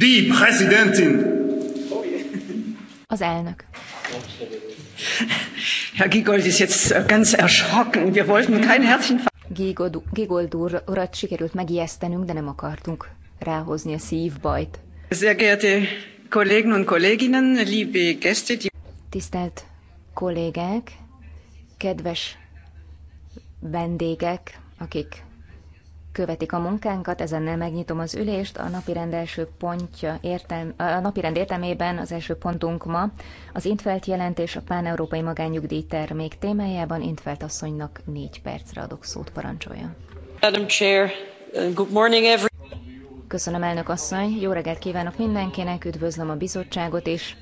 Die Präsidentin! Az elnök. Herr Gigold ist jetzt ganz erschrocken. Wir wollten kein Herzchen... Giegold úr, urat sikerült megijesztenünk, de nem akartunk ráhozni a szívbajt. Sehr geehrte Kollegen und Kolleginnen, liebe Gäste, die... Tisztelt kollégák, kedves vendégek, akik követik a munkánkat, ezennel megnyitom az ülést. A napirend első pontja értelm, a napirend értelmében az első pontunk ma az Intfelt jelentés a páneurópai Magányugdíj termék témájában. Intfelt asszonynak négy percre adok szót, parancsolja. Madam Chair, uh, good morning every... Köszönöm, elnök asszony. Jó reggelt kívánok mindenkinek, üdvözlöm a bizottságot is.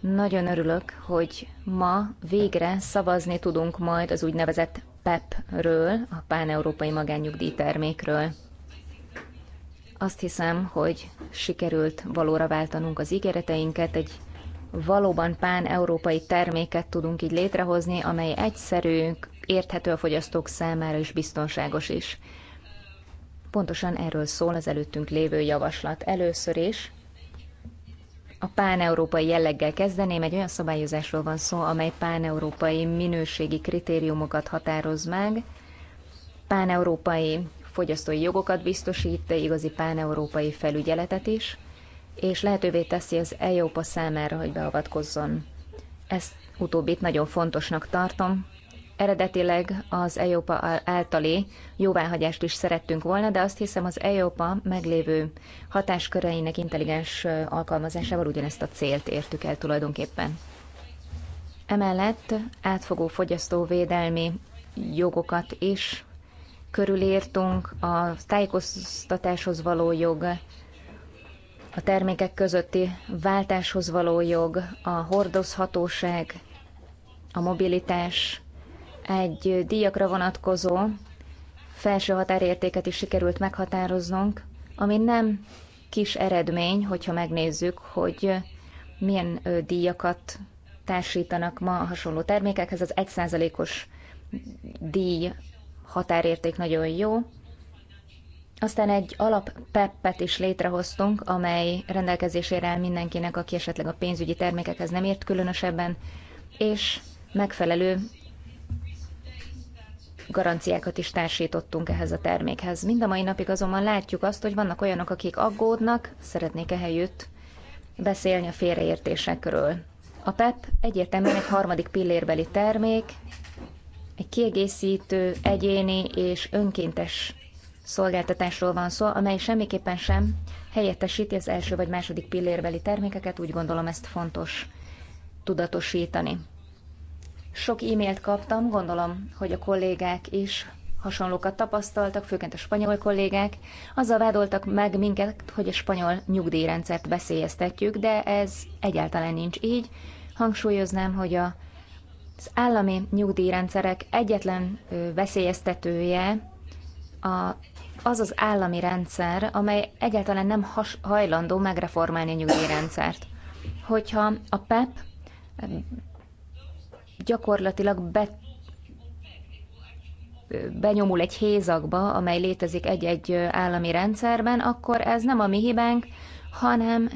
Nagyon örülök, hogy ma végre szavazni tudunk majd az úgynevezett PEP-ről, a páneurópai termékről. Azt hiszem, hogy sikerült valóra váltanunk az ígéreteinket, egy valóban pán-európai terméket tudunk így létrehozni, amely egyszerű, érthető a fogyasztók számára és biztonságos is. Pontosan erről szól az előttünk lévő javaslat. Először is a páneurópai jelleggel kezdeném. Egy olyan szabályozásról van szó, amely páneurópai minőségi kritériumokat határoz meg, páneurópai fogyasztói jogokat biztosít, de igazi páneurópai felügyeletet is, és lehetővé teszi az EIOPA számára, hogy beavatkozzon. Ezt utóbbit nagyon fontosnak tartom, Eredetileg az EIOPA általi jóváhagyást is szerettünk volna, de azt hiszem az EIOPA meglévő hatásköreinek intelligens alkalmazásával ugyanezt a célt értük el tulajdonképpen. Emellett átfogó fogyasztóvédelmi jogokat is körülírtunk, a tájékoztatáshoz való jog, a termékek közötti váltáshoz való jog, a hordozhatóság, a mobilitás, egy díjakra vonatkozó felső határértéket is sikerült meghatároznunk, ami nem kis eredmény, hogyha megnézzük, hogy milyen díjakat társítanak ma a hasonló termékekhez. Az 1%-os díj határérték nagyon jó. Aztán egy alap peppet is létrehoztunk, amely rendelkezésére áll mindenkinek, aki esetleg a pénzügyi termékekhez nem ért különösebben, és megfelelő garanciákat is társítottunk ehhez a termékhez. Mind a mai napig azonban látjuk azt, hogy vannak olyanok, akik aggódnak, szeretnék ehelyütt beszélni a félreértésekről. A PEP e egyértelműen egy harmadik pillérbeli termék, egy kiegészítő, egyéni és önkéntes szolgáltatásról van szó, amely semmiképpen sem helyettesíti az első vagy második pillérbeli termékeket, úgy gondolom ezt fontos tudatosítani. Sok e-mailt kaptam, gondolom, hogy a kollégák is hasonlókat tapasztaltak, főként a spanyol kollégák. Azzal vádoltak meg minket, hogy a spanyol nyugdíjrendszert veszélyeztetjük, de ez egyáltalán nincs így. Hangsúlyoznám, hogy a, az állami nyugdíjrendszerek egyetlen veszélyeztetője a, az az állami rendszer, amely egyáltalán nem has, hajlandó megreformálni a nyugdíjrendszert. Hogyha a PEP e gyakorlatilag be, benyomul egy hézakba, amely létezik egy-egy állami rendszerben, akkor ez nem a mi hibánk, hanem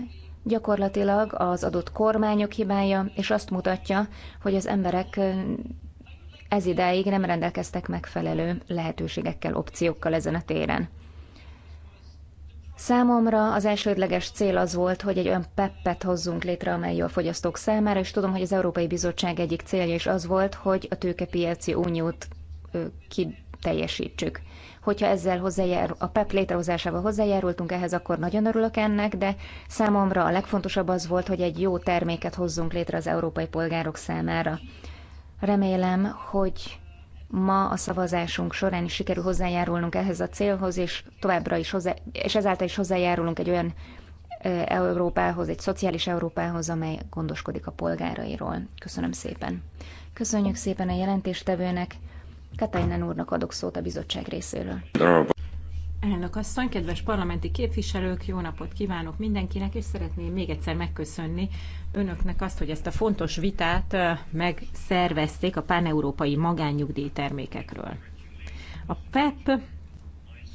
gyakorlatilag az adott kormányok hibája, és azt mutatja, hogy az emberek ez idáig nem rendelkeztek megfelelő lehetőségekkel, opciókkal ezen a téren. Számomra az elsődleges cél az volt, hogy egy olyan peppet hozzunk létre, amely a fogyasztók számára, és tudom, hogy az Európai Bizottság egyik célja is az volt, hogy a tőkepiaci uniót kiteljesítsük. Hogyha ezzel hozzájár, a PEP létrehozásával hozzájárultunk ehhez, akkor nagyon örülök ennek, de számomra a legfontosabb az volt, hogy egy jó terméket hozzunk létre az európai polgárok számára. Remélem, hogy ma a szavazásunk során is sikerül hozzájárulnunk ehhez a célhoz, és továbbra is hozzá, és ezáltal is hozzájárulunk egy olyan Európához, egy szociális Európához, amely gondoskodik a polgárairól. Köszönöm szépen. Köszönjük szépen a jelentéstevőnek. Katainen úrnak adok szót a bizottság részéről. Elnök asszony, kedves parlamenti képviselők, jó napot kívánok mindenkinek, és szeretném még egyszer megköszönni önöknek azt, hogy ezt a fontos vitát megszervezték a páneurópai termékekről. A PEP e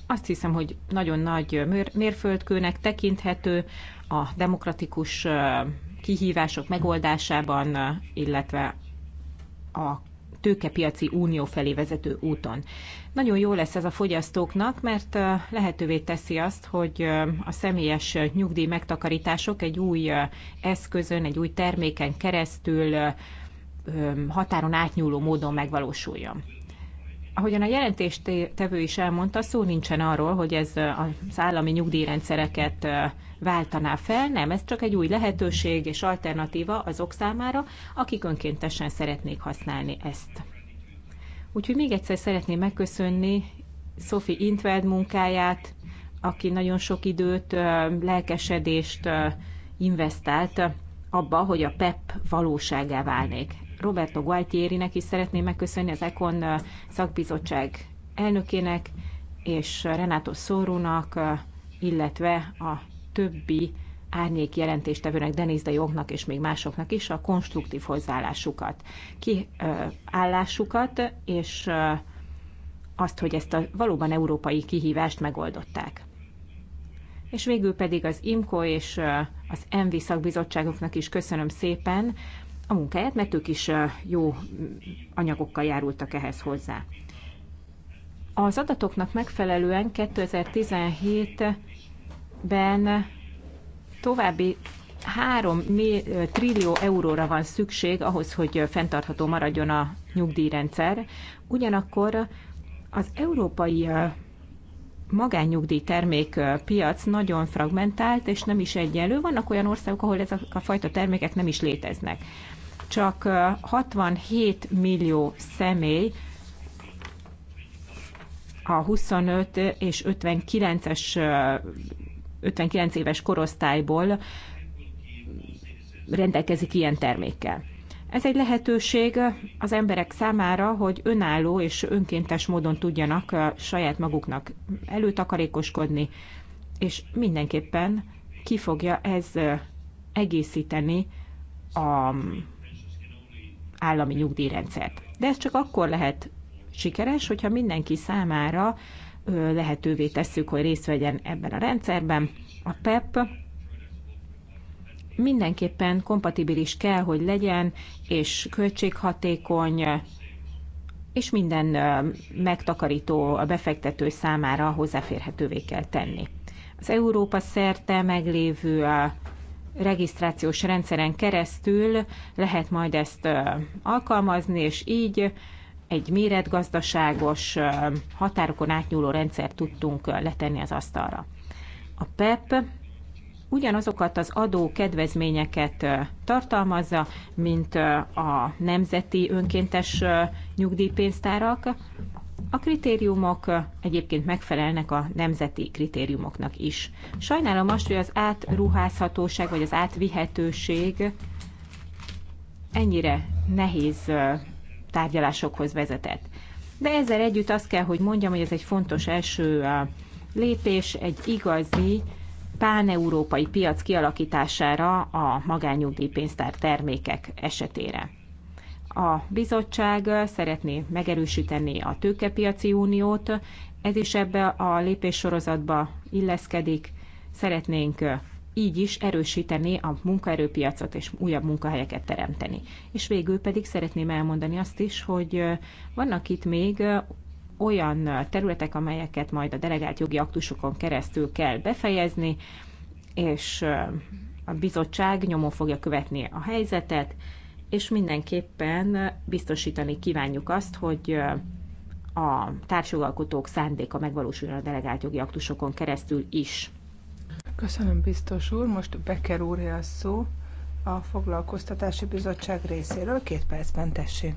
azt hiszem, hogy nagyon nagy mérföldkőnek tekinthető a demokratikus kihívások megoldásában, illetve a tőkepiaci unió felé vezető úton. Nagyon jó lesz ez a fogyasztóknak, mert lehetővé teszi azt, hogy a személyes nyugdíj megtakarítások egy új eszközön, egy új terméken keresztül határon átnyúló módon megvalósuljon. Ahogyan a jelentéstevő is elmondta, szó nincsen arról, hogy ez az állami nyugdíjrendszereket váltaná fel, nem, ez csak egy új lehetőség és alternatíva azok számára, akik önkéntesen szeretnék használni ezt. Úgyhogy még egyszer szeretném megköszönni Sophie Intveld munkáját, aki nagyon sok időt, lelkesedést investált abba, hogy a PEP valóságá válnék. Roberto Gualtierinek is szeretném megköszönni az Econ szakbizottság elnökének, és Renato Szórónak, illetve a többi árnyék jelentéstevőnek, Denis de Jongnak és még másoknak is a konstruktív hozzáállásukat, kiállásukat, és azt, hogy ezt a valóban európai kihívást megoldották. És végül pedig az IMCO és az ENVI szakbizottságoknak is köszönöm szépen a munkáját, mert ők is jó anyagokkal járultak ehhez hozzá. Az adatoknak megfelelően 2017-ben további 3 trillió euróra van szükség ahhoz, hogy fenntartható maradjon a nyugdíjrendszer. Ugyanakkor az európai magánnyugdíj termék piac nagyon fragmentált, és nem is egyenlő. Vannak olyan országok, ahol ezek a fajta termékek nem is léteznek. Csak 67 millió személy a 25 és 59-es 59 éves korosztályból rendelkezik ilyen termékkel. Ez egy lehetőség az emberek számára, hogy önálló és önkéntes módon tudjanak saját maguknak előtakarékoskodni, és mindenképpen ki fogja ez egészíteni a mm, állami nyugdíjrendszert. De ez csak akkor lehet sikeres, hogyha mindenki számára lehetővé tesszük, hogy részt vegyen ebben a rendszerben. A PEP e mindenképpen kompatibilis kell, hogy legyen, és költséghatékony, és minden megtakarító a befektető számára hozzáférhetővé kell tenni. Az Európa szerte meglévő regisztrációs rendszeren keresztül lehet majd ezt alkalmazni, és így egy méretgazdaságos, határokon átnyúló rendszert tudtunk letenni az asztalra. A PEP e ugyanazokat az adó kedvezményeket tartalmazza, mint a nemzeti önkéntes nyugdíjpénztárak. A kritériumok egyébként megfelelnek a nemzeti kritériumoknak is. Sajnálom azt, hogy az átruházhatóság vagy az átvihetőség ennyire nehéz tárgyalásokhoz vezetett. De ezzel együtt azt kell, hogy mondjam, hogy ez egy fontos első lépés egy igazi páneurópai piac kialakítására a magányugdíjpénztár termékek esetére. A bizottság szeretné megerősíteni a tőkepiaci uniót, ez is ebbe a lépéssorozatba illeszkedik. Szeretnénk így is erősíteni a munkaerőpiacot és újabb munkahelyeket teremteni. És végül pedig szeretném elmondani azt is, hogy vannak itt még olyan területek, amelyeket majd a delegált jogi aktusokon keresztül kell befejezni, és a bizottság nyomon fogja követni a helyzetet, és mindenképpen biztosítani kívánjuk azt, hogy a társjogalkotók szándéka megvalósuljon a delegált jogi aktusokon keresztül is. Köszönöm, biztos úr. Most Becker úr a szó a Foglalkoztatási Bizottság részéről. Két percben tessék.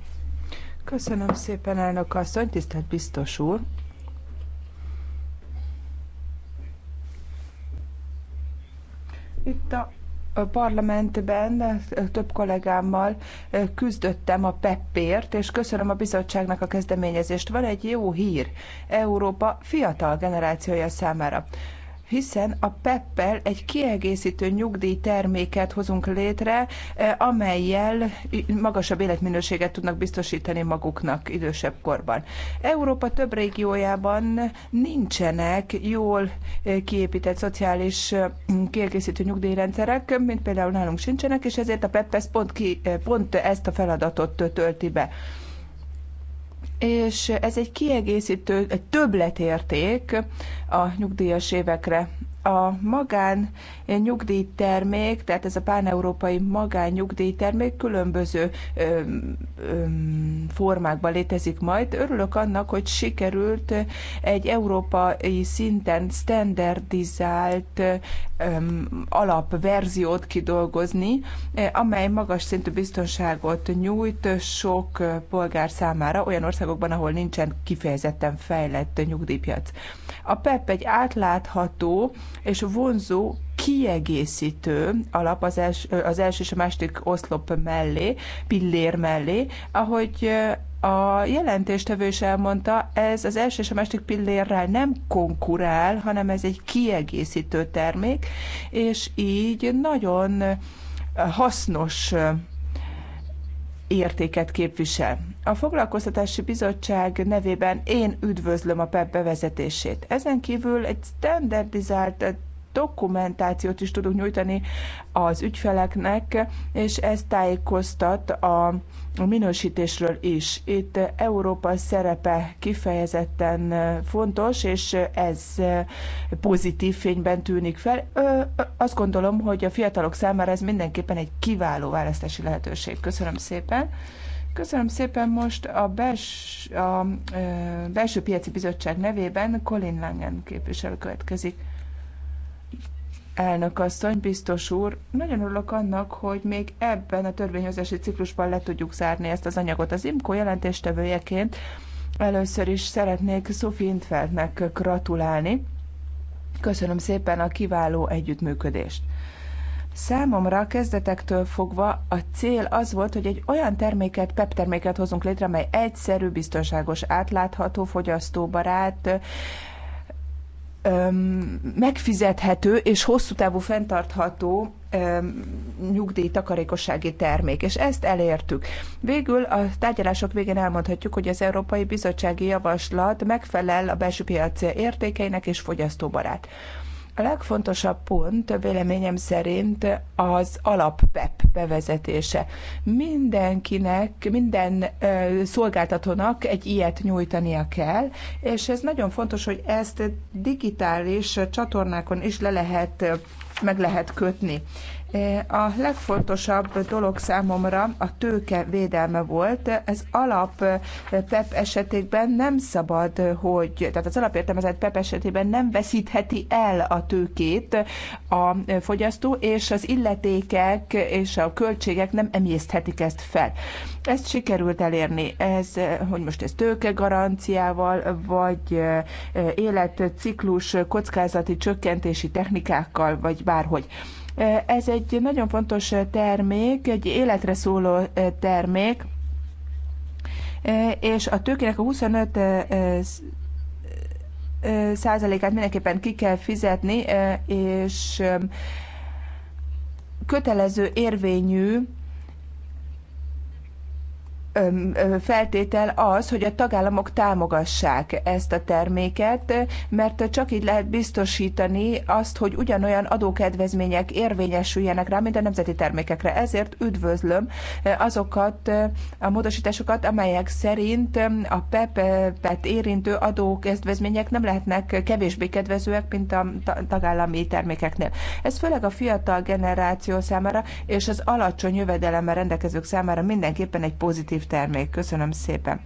Köszönöm szépen, elnök asszony, tisztelt biztos úr. Itt a a parlamentben több kollégámmal küzdöttem a PEPPért, és köszönöm a bizottságnak a kezdeményezést. Van egy jó hír Európa fiatal generációja számára hiszen a peppel egy kiegészítő nyugdíjterméket hozunk létre, eh, amelyel magasabb életminőséget tudnak biztosítani maguknak idősebb korban. Európa több régiójában nincsenek jól eh, kiépített szociális eh, kiegészítő nyugdíjrendszerek, mint például nálunk sincsenek, és ezért a peppes pont, ki, pont ezt a feladatot tölti be és ez egy kiegészítő, egy többletérték a nyugdíjas évekre. A magán nyugdíjtermék, tehát ez a páneurópai magán nyugdíjtermék különböző ö, ö, formákban létezik majd. Örülök annak, hogy sikerült egy európai szinten standardizált alapverziót kidolgozni, eh, amely magas szintű biztonságot nyújt sok eh, polgár számára olyan országokban, ahol nincsen kifejezetten fejlett nyugdíjpiac. A PEP e egy átlátható és vonzó kiegészítő alap az, els, az első és a második oszlop mellé, pillér mellé, ahogy eh, a jelentéstevő is elmondta, ez az első és a második pillérrel nem konkurál, hanem ez egy kiegészítő termék, és így nagyon hasznos értéket képvisel. A Foglalkoztatási Bizottság nevében én üdvözlöm a PEP bevezetését. Ezen kívül egy standardizált dokumentációt is tudunk nyújtani az ügyfeleknek, és ez tájékoztat a minősítésről is. Itt Európa szerepe kifejezetten fontos, és ez pozitív fényben tűnik fel. Azt gondolom, hogy a fiatalok számára ez mindenképpen egy kiváló választási lehetőség. Köszönöm szépen! Köszönöm szépen most a, bels, a Belső Piaci Bizottság nevében Colin Langen képviselő következik. Elnök asszony, biztos úr, nagyon örülök annak, hogy még ebben a törvényhozási ciklusban le tudjuk zárni ezt az anyagot. Az IMCO jelentéstevőjeként először is szeretnék Sophie Intfeldnek gratulálni. Köszönöm szépen a kiváló együttműködést. Számomra a kezdetektől fogva a cél az volt, hogy egy olyan terméket, PEP terméket hozunk létre, mely egyszerű, biztonságos, átlátható, fogyasztóbarát, megfizethető és hosszú távú fenntartható nyugdíj-takarékossági termék, és ezt elértük. Végül a tárgyalások végén elmondhatjuk, hogy az Európai Bizottsági Javaslat megfelel a belső piac értékeinek és fogyasztóbarát. A legfontosabb pont véleményem szerint az alappep bevezetése. Mindenkinek, minden ö, szolgáltatónak egy ilyet nyújtania kell, és ez nagyon fontos, hogy ezt digitális csatornákon is le lehet, meg lehet kötni. A legfontosabb dolog számomra a tőke védelme volt. Ez alap eh, PEP esetében nem szabad, hogy, tehát az alapértelmezett PEP esetében nem veszítheti el a tőkét a fogyasztó, és az illetékek és a költségek nem emészthetik ezt fel. Ezt sikerült elérni. Ez, eh, hogy most ez tőke garanciával, vagy eh, életciklus kockázati csökkentési technikákkal, vagy bárhogy. Ez egy nagyon fontos termék, egy életre szóló eh, termék, eh, és a tőkének a 25 eh, százalékát mindenképpen ki kell fizetni, és kötelező érvényű feltétel az, hogy a tagállamok támogassák ezt a terméket, mert csak így lehet biztosítani azt, hogy ugyanolyan adókedvezmények érvényesüljenek rá, mint a nemzeti termékekre. Ezért üdvözlöm azokat a módosításokat, amelyek szerint a PEP-et érintő adókedvezmények nem lehetnek kevésbé kedvezőek, mint a tagállami termékeknél. Ez főleg a fiatal generáció számára és az alacsony jövedelemmel rendelkezők számára mindenképpen egy pozitív innovatív termék. Köszönöm szépen.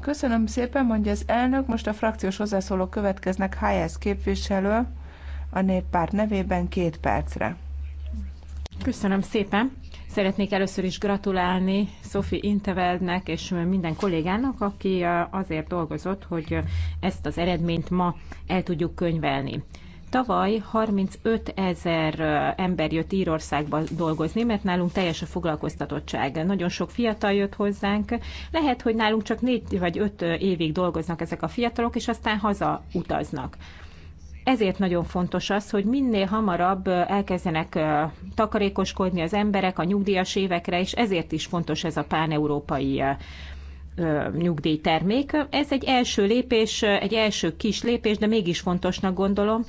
Köszönöm szépen, mondja az elnök. Most a frakciós hozzászólók következnek. HS képviselő a néppárt nevében két percre. Köszönöm szépen. Szeretnék először is gratulálni Szofi Inteveldnek és minden kollégának, aki azért dolgozott, hogy ezt az eredményt ma el tudjuk könyvelni. Tavaly 35 ezer ember jött Írországba dolgozni, mert nálunk teljes a foglalkoztatottság. Nagyon sok fiatal jött hozzánk. Lehet, hogy nálunk csak 4 vagy 5 évig dolgoznak ezek a fiatalok, és aztán haza utaznak. Ezért nagyon fontos az, hogy minél hamarabb elkezdenek takarékoskodni az emberek a nyugdíjas évekre, és ezért is fontos ez a páneurópai nyugdíjtermék. Ez egy első lépés, egy első kis lépés, de mégis fontosnak gondolom,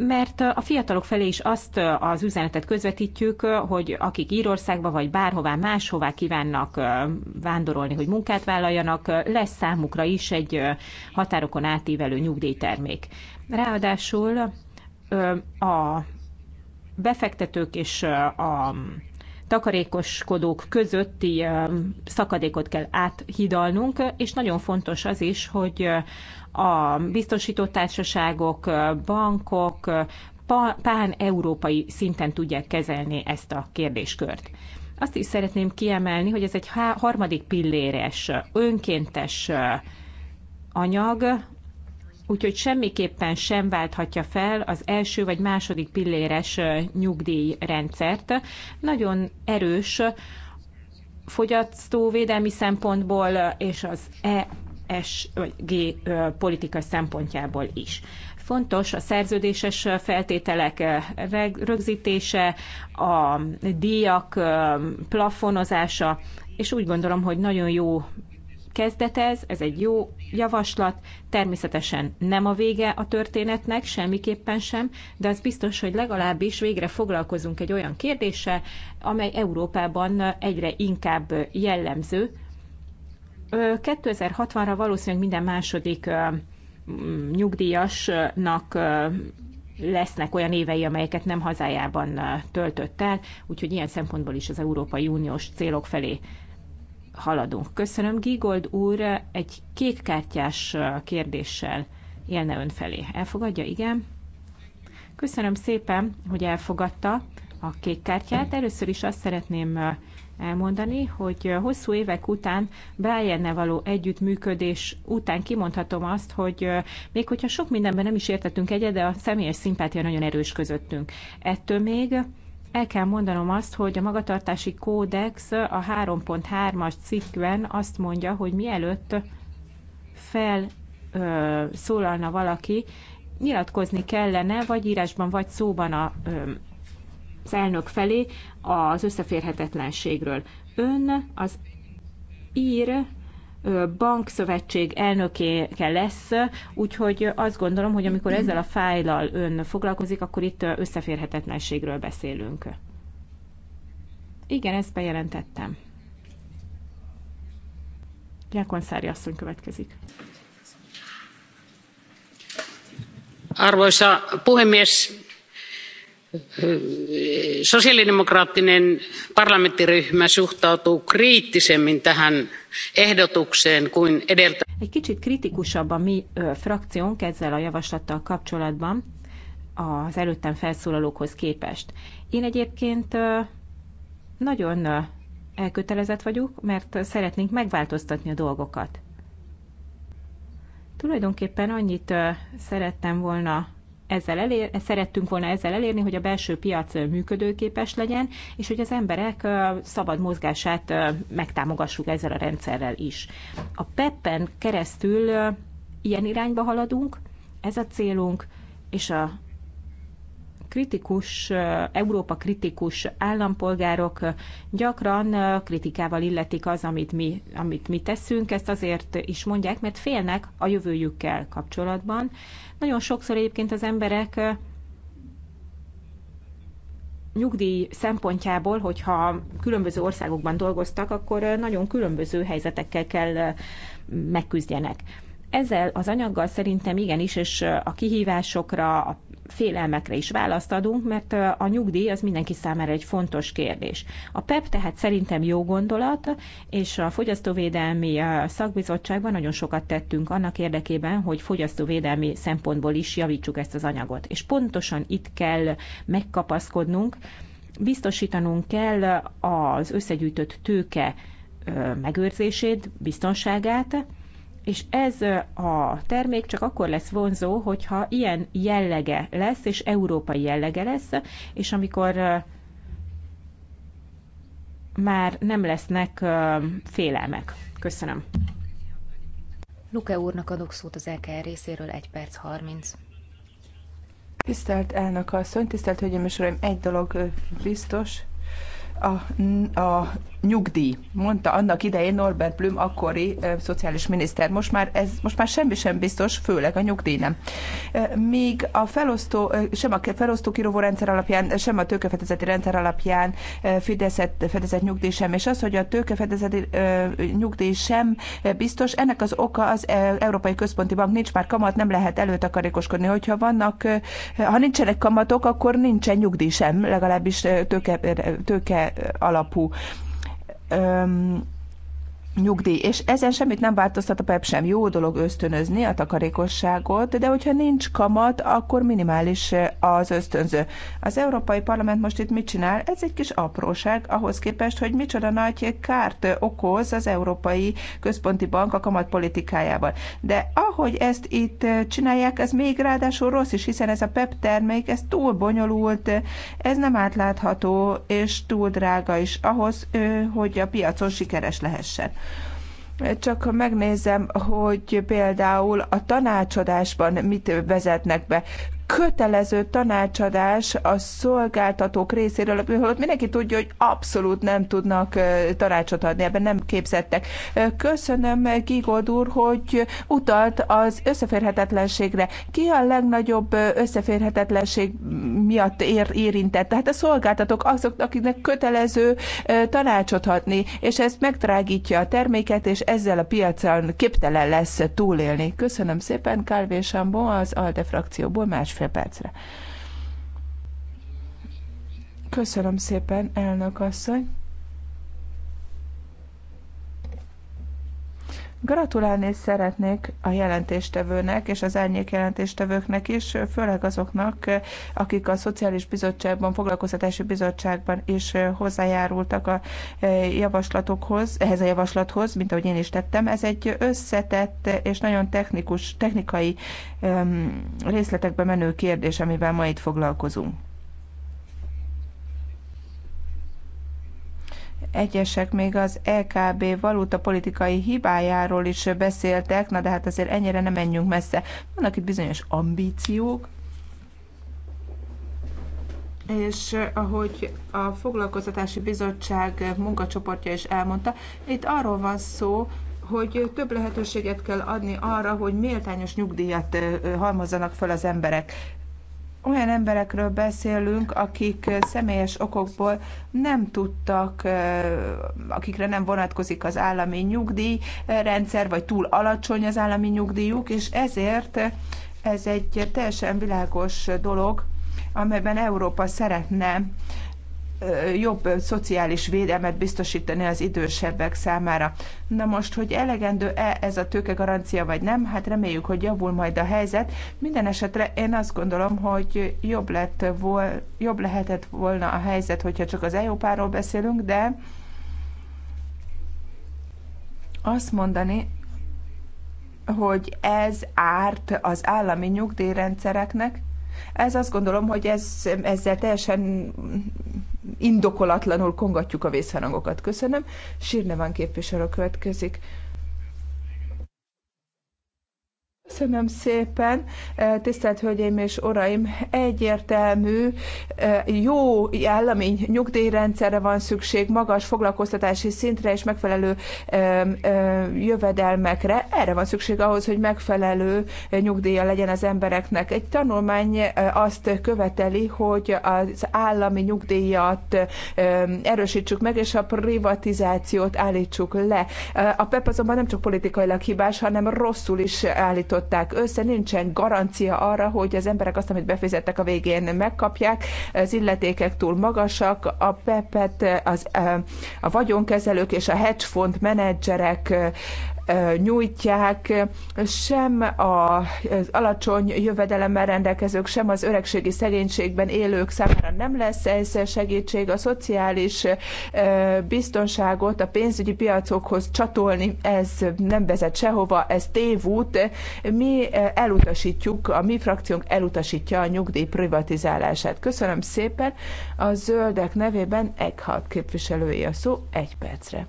mert a fiatalok felé is azt az üzenetet közvetítjük, hogy akik Írországba vagy bárhová máshová kívánnak vándorolni, hogy munkát vállaljanak, lesz számukra is egy határokon átívelő nyugdíjtermék. Ráadásul a befektetők és a takarékoskodók közötti szakadékot kell áthidalnunk, és nagyon fontos az is, hogy a biztosítótársaságok, bankok pán-európai szinten tudják kezelni ezt a kérdéskört. Azt is szeretném kiemelni, hogy ez egy harmadik pilléres, önkéntes anyag, úgyhogy semmiképpen sem válthatja fel az első vagy második pilléres nyugdíjrendszert. Nagyon erős fogyasztóvédelmi szempontból és az s vagy G politika szempontjából is. Fontos a szerződéses feltételek rögzítése, a díjak plafonozása, és úgy gondolom, hogy nagyon jó kezdet ez, ez egy jó javaslat, természetesen nem a vége a történetnek, semmiképpen sem, de az biztos, hogy legalábbis végre foglalkozunk egy olyan kérdéssel, amely Európában egyre inkább jellemző, 2060-ra valószínűleg minden második nyugdíjasnak lesznek olyan évei, amelyeket nem hazájában töltött el, úgyhogy ilyen szempontból is az Európai Uniós célok felé haladunk. Köszönöm, Gigold úr, egy kékkártyás kérdéssel élne ön felé. Elfogadja? Igen. Köszönöm szépen, hogy elfogadta a kék kártyát. Először is azt szeretném elmondani, hogy hosszú évek után brian való együttműködés után kimondhatom azt, hogy még hogyha sok mindenben nem is értettünk egyet, de a személyes szimpátia nagyon erős közöttünk. Ettől még el kell mondanom azt, hogy a magatartási kódex a 3.3-as cikkben azt mondja, hogy mielőtt fel ö, szólalna valaki, nyilatkozni kellene, vagy írásban, vagy szóban a, ö, az elnök felé az összeférhetetlenségről. Ön az ír bankszövetség elnöke lesz, úgyhogy azt gondolom, hogy amikor ezzel a fájlal ön foglalkozik, akkor itt összeférhetetlenségről beszélünk. Igen, ezt bejelentettem. Jákonszári asszony következik. Arvoisa puhemies, sosiaalidemokraattinen parlamenttiryhmä suhtautuu kriittisemmin tähän ehdotukseen kuin edeltä. Egy kicsit kritikusabb a mi ö, frakciónk ezzel a javaslattal kapcsolatban az előttem felszólalókhoz képest. Én egyébként ö, nagyon ö, elkötelezett vagyok, mert szeretnénk megváltoztatni a dolgokat. Tulajdonképpen annyit szerettem volna ezzel elér, szerettünk volna ezzel elérni, hogy a belső piac működőképes legyen, és hogy az emberek szabad mozgását megtámogassuk ezzel a rendszerrel is. A PEP-en keresztül ilyen irányba haladunk, ez a célunk, és a kritikus, Európa kritikus állampolgárok gyakran kritikával illetik az, amit mi, amit mi teszünk. Ezt azért is mondják, mert félnek a jövőjükkel kapcsolatban. Nagyon sokszor egyébként az emberek nyugdíj szempontjából, hogyha különböző országokban dolgoztak, akkor nagyon különböző helyzetekkel kell megküzdjenek. Ezzel az anyaggal szerintem igenis, és a kihívásokra, a félelmekre is választ adunk, mert a nyugdíj az mindenki számára egy fontos kérdés. A PEP e tehát szerintem jó gondolat, és a Fogyasztóvédelmi Szakbizottságban nagyon sokat tettünk annak érdekében, hogy fogyasztóvédelmi szempontból is javítsuk ezt az anyagot. És pontosan itt kell megkapaszkodnunk, biztosítanunk kell az összegyűjtött tőke megőrzését, biztonságát, és ez a termék csak akkor lesz vonzó, hogyha ilyen jellege lesz, és európai jellege lesz, és amikor már nem lesznek félelmek. Köszönöm. Luke úrnak adok szót az LKR részéről 1 perc 30. Tisztelt elnök asszony, tisztelt hölgyeim és uraim, egy dolog biztos, a, a nyugdíj, mondta annak idején Norbert Blüm akkori e, szociális miniszter. Most már, ez, most már semmi sem biztos, főleg a nyugdíj nem. E, míg a felosztó, sem a felosztó kirovó rendszer alapján, sem a tőkefedezeti rendszer alapján e, fedezett, fedezett nyugdíj sem, és az, hogy a tőkefedezeti e, nyugdíj sem e, biztos, ennek az oka az e, Európai Központi Bank nincs már kamat, nem lehet előtakarékoskodni. Hogyha vannak, e, ha nincsenek kamatok, akkor nincsen nyugdíj sem, legalábbis tőke, tőke alapú öm, nyugdíj, és ezen semmit nem változtat a PEP sem. Jó dolog ösztönözni a takarékosságot, de hogyha nincs kamat, akkor minimális eh, az ösztönző. Az Európai Parlament most itt mit csinál? Ez egy kis apróság ahhoz képest, hogy micsoda nagy kárt okoz az Európai Központi Bank a politikájával. De ahogy ezt itt eh, csinálják, ez még ráadásul rossz is, hiszen ez a PEP termék, ez túl bonyolult, ez nem átlátható, és túl drága is ahhoz, eh, hogy a piacon sikeres lehessen. Csak ha megnézem, hogy például a tanácsadásban mit vezetnek be, kötelező tanácsadás a szolgáltatók részéről, ott mindenki tudja, hogy abszolút nem tudnak tanácsot adni, ebben nem képzettek. Köszönöm Gigod úr, hogy utalt az összeférhetetlenségre. Ki a legnagyobb összeférhetetlenség miatt ér, érintett? Tehát a szolgáltatók azok, akiknek kötelező tanácsot adni, és ez megdrágítja a terméket, és ezzel a piacon képtelen lesz túlélni. Köszönöm szépen, Calvé Sambon az ALDE frakcióból másfél másfél percre. Köszönöm szépen, elnök asszony. Gratulálni szeretnék a jelentéstevőnek és az árnyék jelentéstevőknek is, főleg azoknak, akik a Szociális Bizottságban, Foglalkoztatási Bizottságban is hozzájárultak a eh, javaslatokhoz, ehhez a javaslathoz, mint ahogy én is tettem. Ez egy összetett és nagyon technikus, technikai részletekbe menő kérdés, amivel ma itt foglalkozunk. Egyesek még az EKB valutapolitikai hibájáról is beszéltek, na de hát azért ennyire nem menjünk messze. Vannak itt bizonyos ambíciók, és eh, ahogy a Foglalkoztatási Bizottság munkacsoportja is elmondta, itt arról van szó, hogy több lehetőséget kell adni arra, hogy méltányos nyugdíjat eh, halmozzanak fel az emberek olyan emberekről beszélünk, akik személyes okokból nem tudtak, akikre nem vonatkozik az állami nyugdíjrendszer, vagy túl alacsony az állami nyugdíjuk, és ezért ez egy teljesen világos dolog, amelyben Európa szeretne jobb szociális védelmet biztosítani az idősebbek számára. Na most, hogy elegendő-e ez a tőkegarancia vagy nem, hát reméljük, hogy javul majd a helyzet. Minden esetre én azt gondolom, hogy jobb, lett vol, jobb lehetett volna a helyzet, hogyha csak az eu ról beszélünk, de azt mondani, hogy ez árt az állami nyugdíjrendszereknek, ez azt gondolom, hogy ez, ezzel teljesen indokolatlanul kongatjuk a vészhangokat. Köszönöm. Sírne van képviselő következik. Köszönöm szépen, e, tisztelt Hölgyeim és Uraim! Egyértelmű, e, jó állami nyugdíjrendszerre van szükség, magas foglalkoztatási szintre és megfelelő e, jövedelmekre. Erre van szükség ahhoz, hogy megfelelő nyugdíja legyen az embereknek. Egy tanulmány azt követeli, hogy az állami nyugdíjat erősítsük meg, és a privatizációt állítsuk le. A PEP azonban nem csak politikailag hibás, hanem rosszul is állított állították össze, nincsen garancia arra, hogy az emberek azt, amit befizettek a végén megkapják, az illetékek túl magasak, a PEPET, az, eh, a vagyonkezelők és a hedgefond menedzserek nyújtják, sem az alacsony jövedelemmel rendelkezők, sem az öregségi szegénységben élők számára nem lesz ez segítség. A szociális biztonságot a pénzügyi piacokhoz csatolni, ez nem vezet sehova, ez tévút. Mi elutasítjuk, a mi frakciónk elutasítja a nyugdíj privatizálását. Köszönöm szépen. A zöldek nevében Eckhardt képviselője a szó egy percre.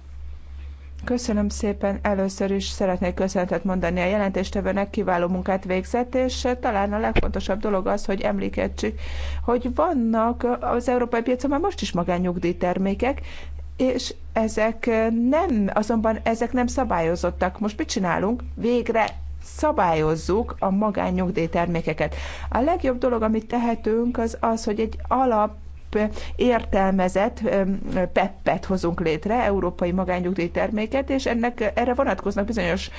Köszönöm szépen. Először is szeretnék köszönetet mondani a jelentéstevőnek, kiváló munkát végzett, és talán a legfontosabb dolog az, hogy emlékezzük, hogy vannak az európai piacon már most is termékek, és ezek nem, azonban ezek nem szabályozottak. Most mit csinálunk? Végre szabályozzuk a termékeket. A legjobb dolog, amit tehetünk, az az, hogy egy alap értelmezett peppet hozunk létre, Európai Magányugdíj Terméket, és ennek erre vonatkoznak bizonyos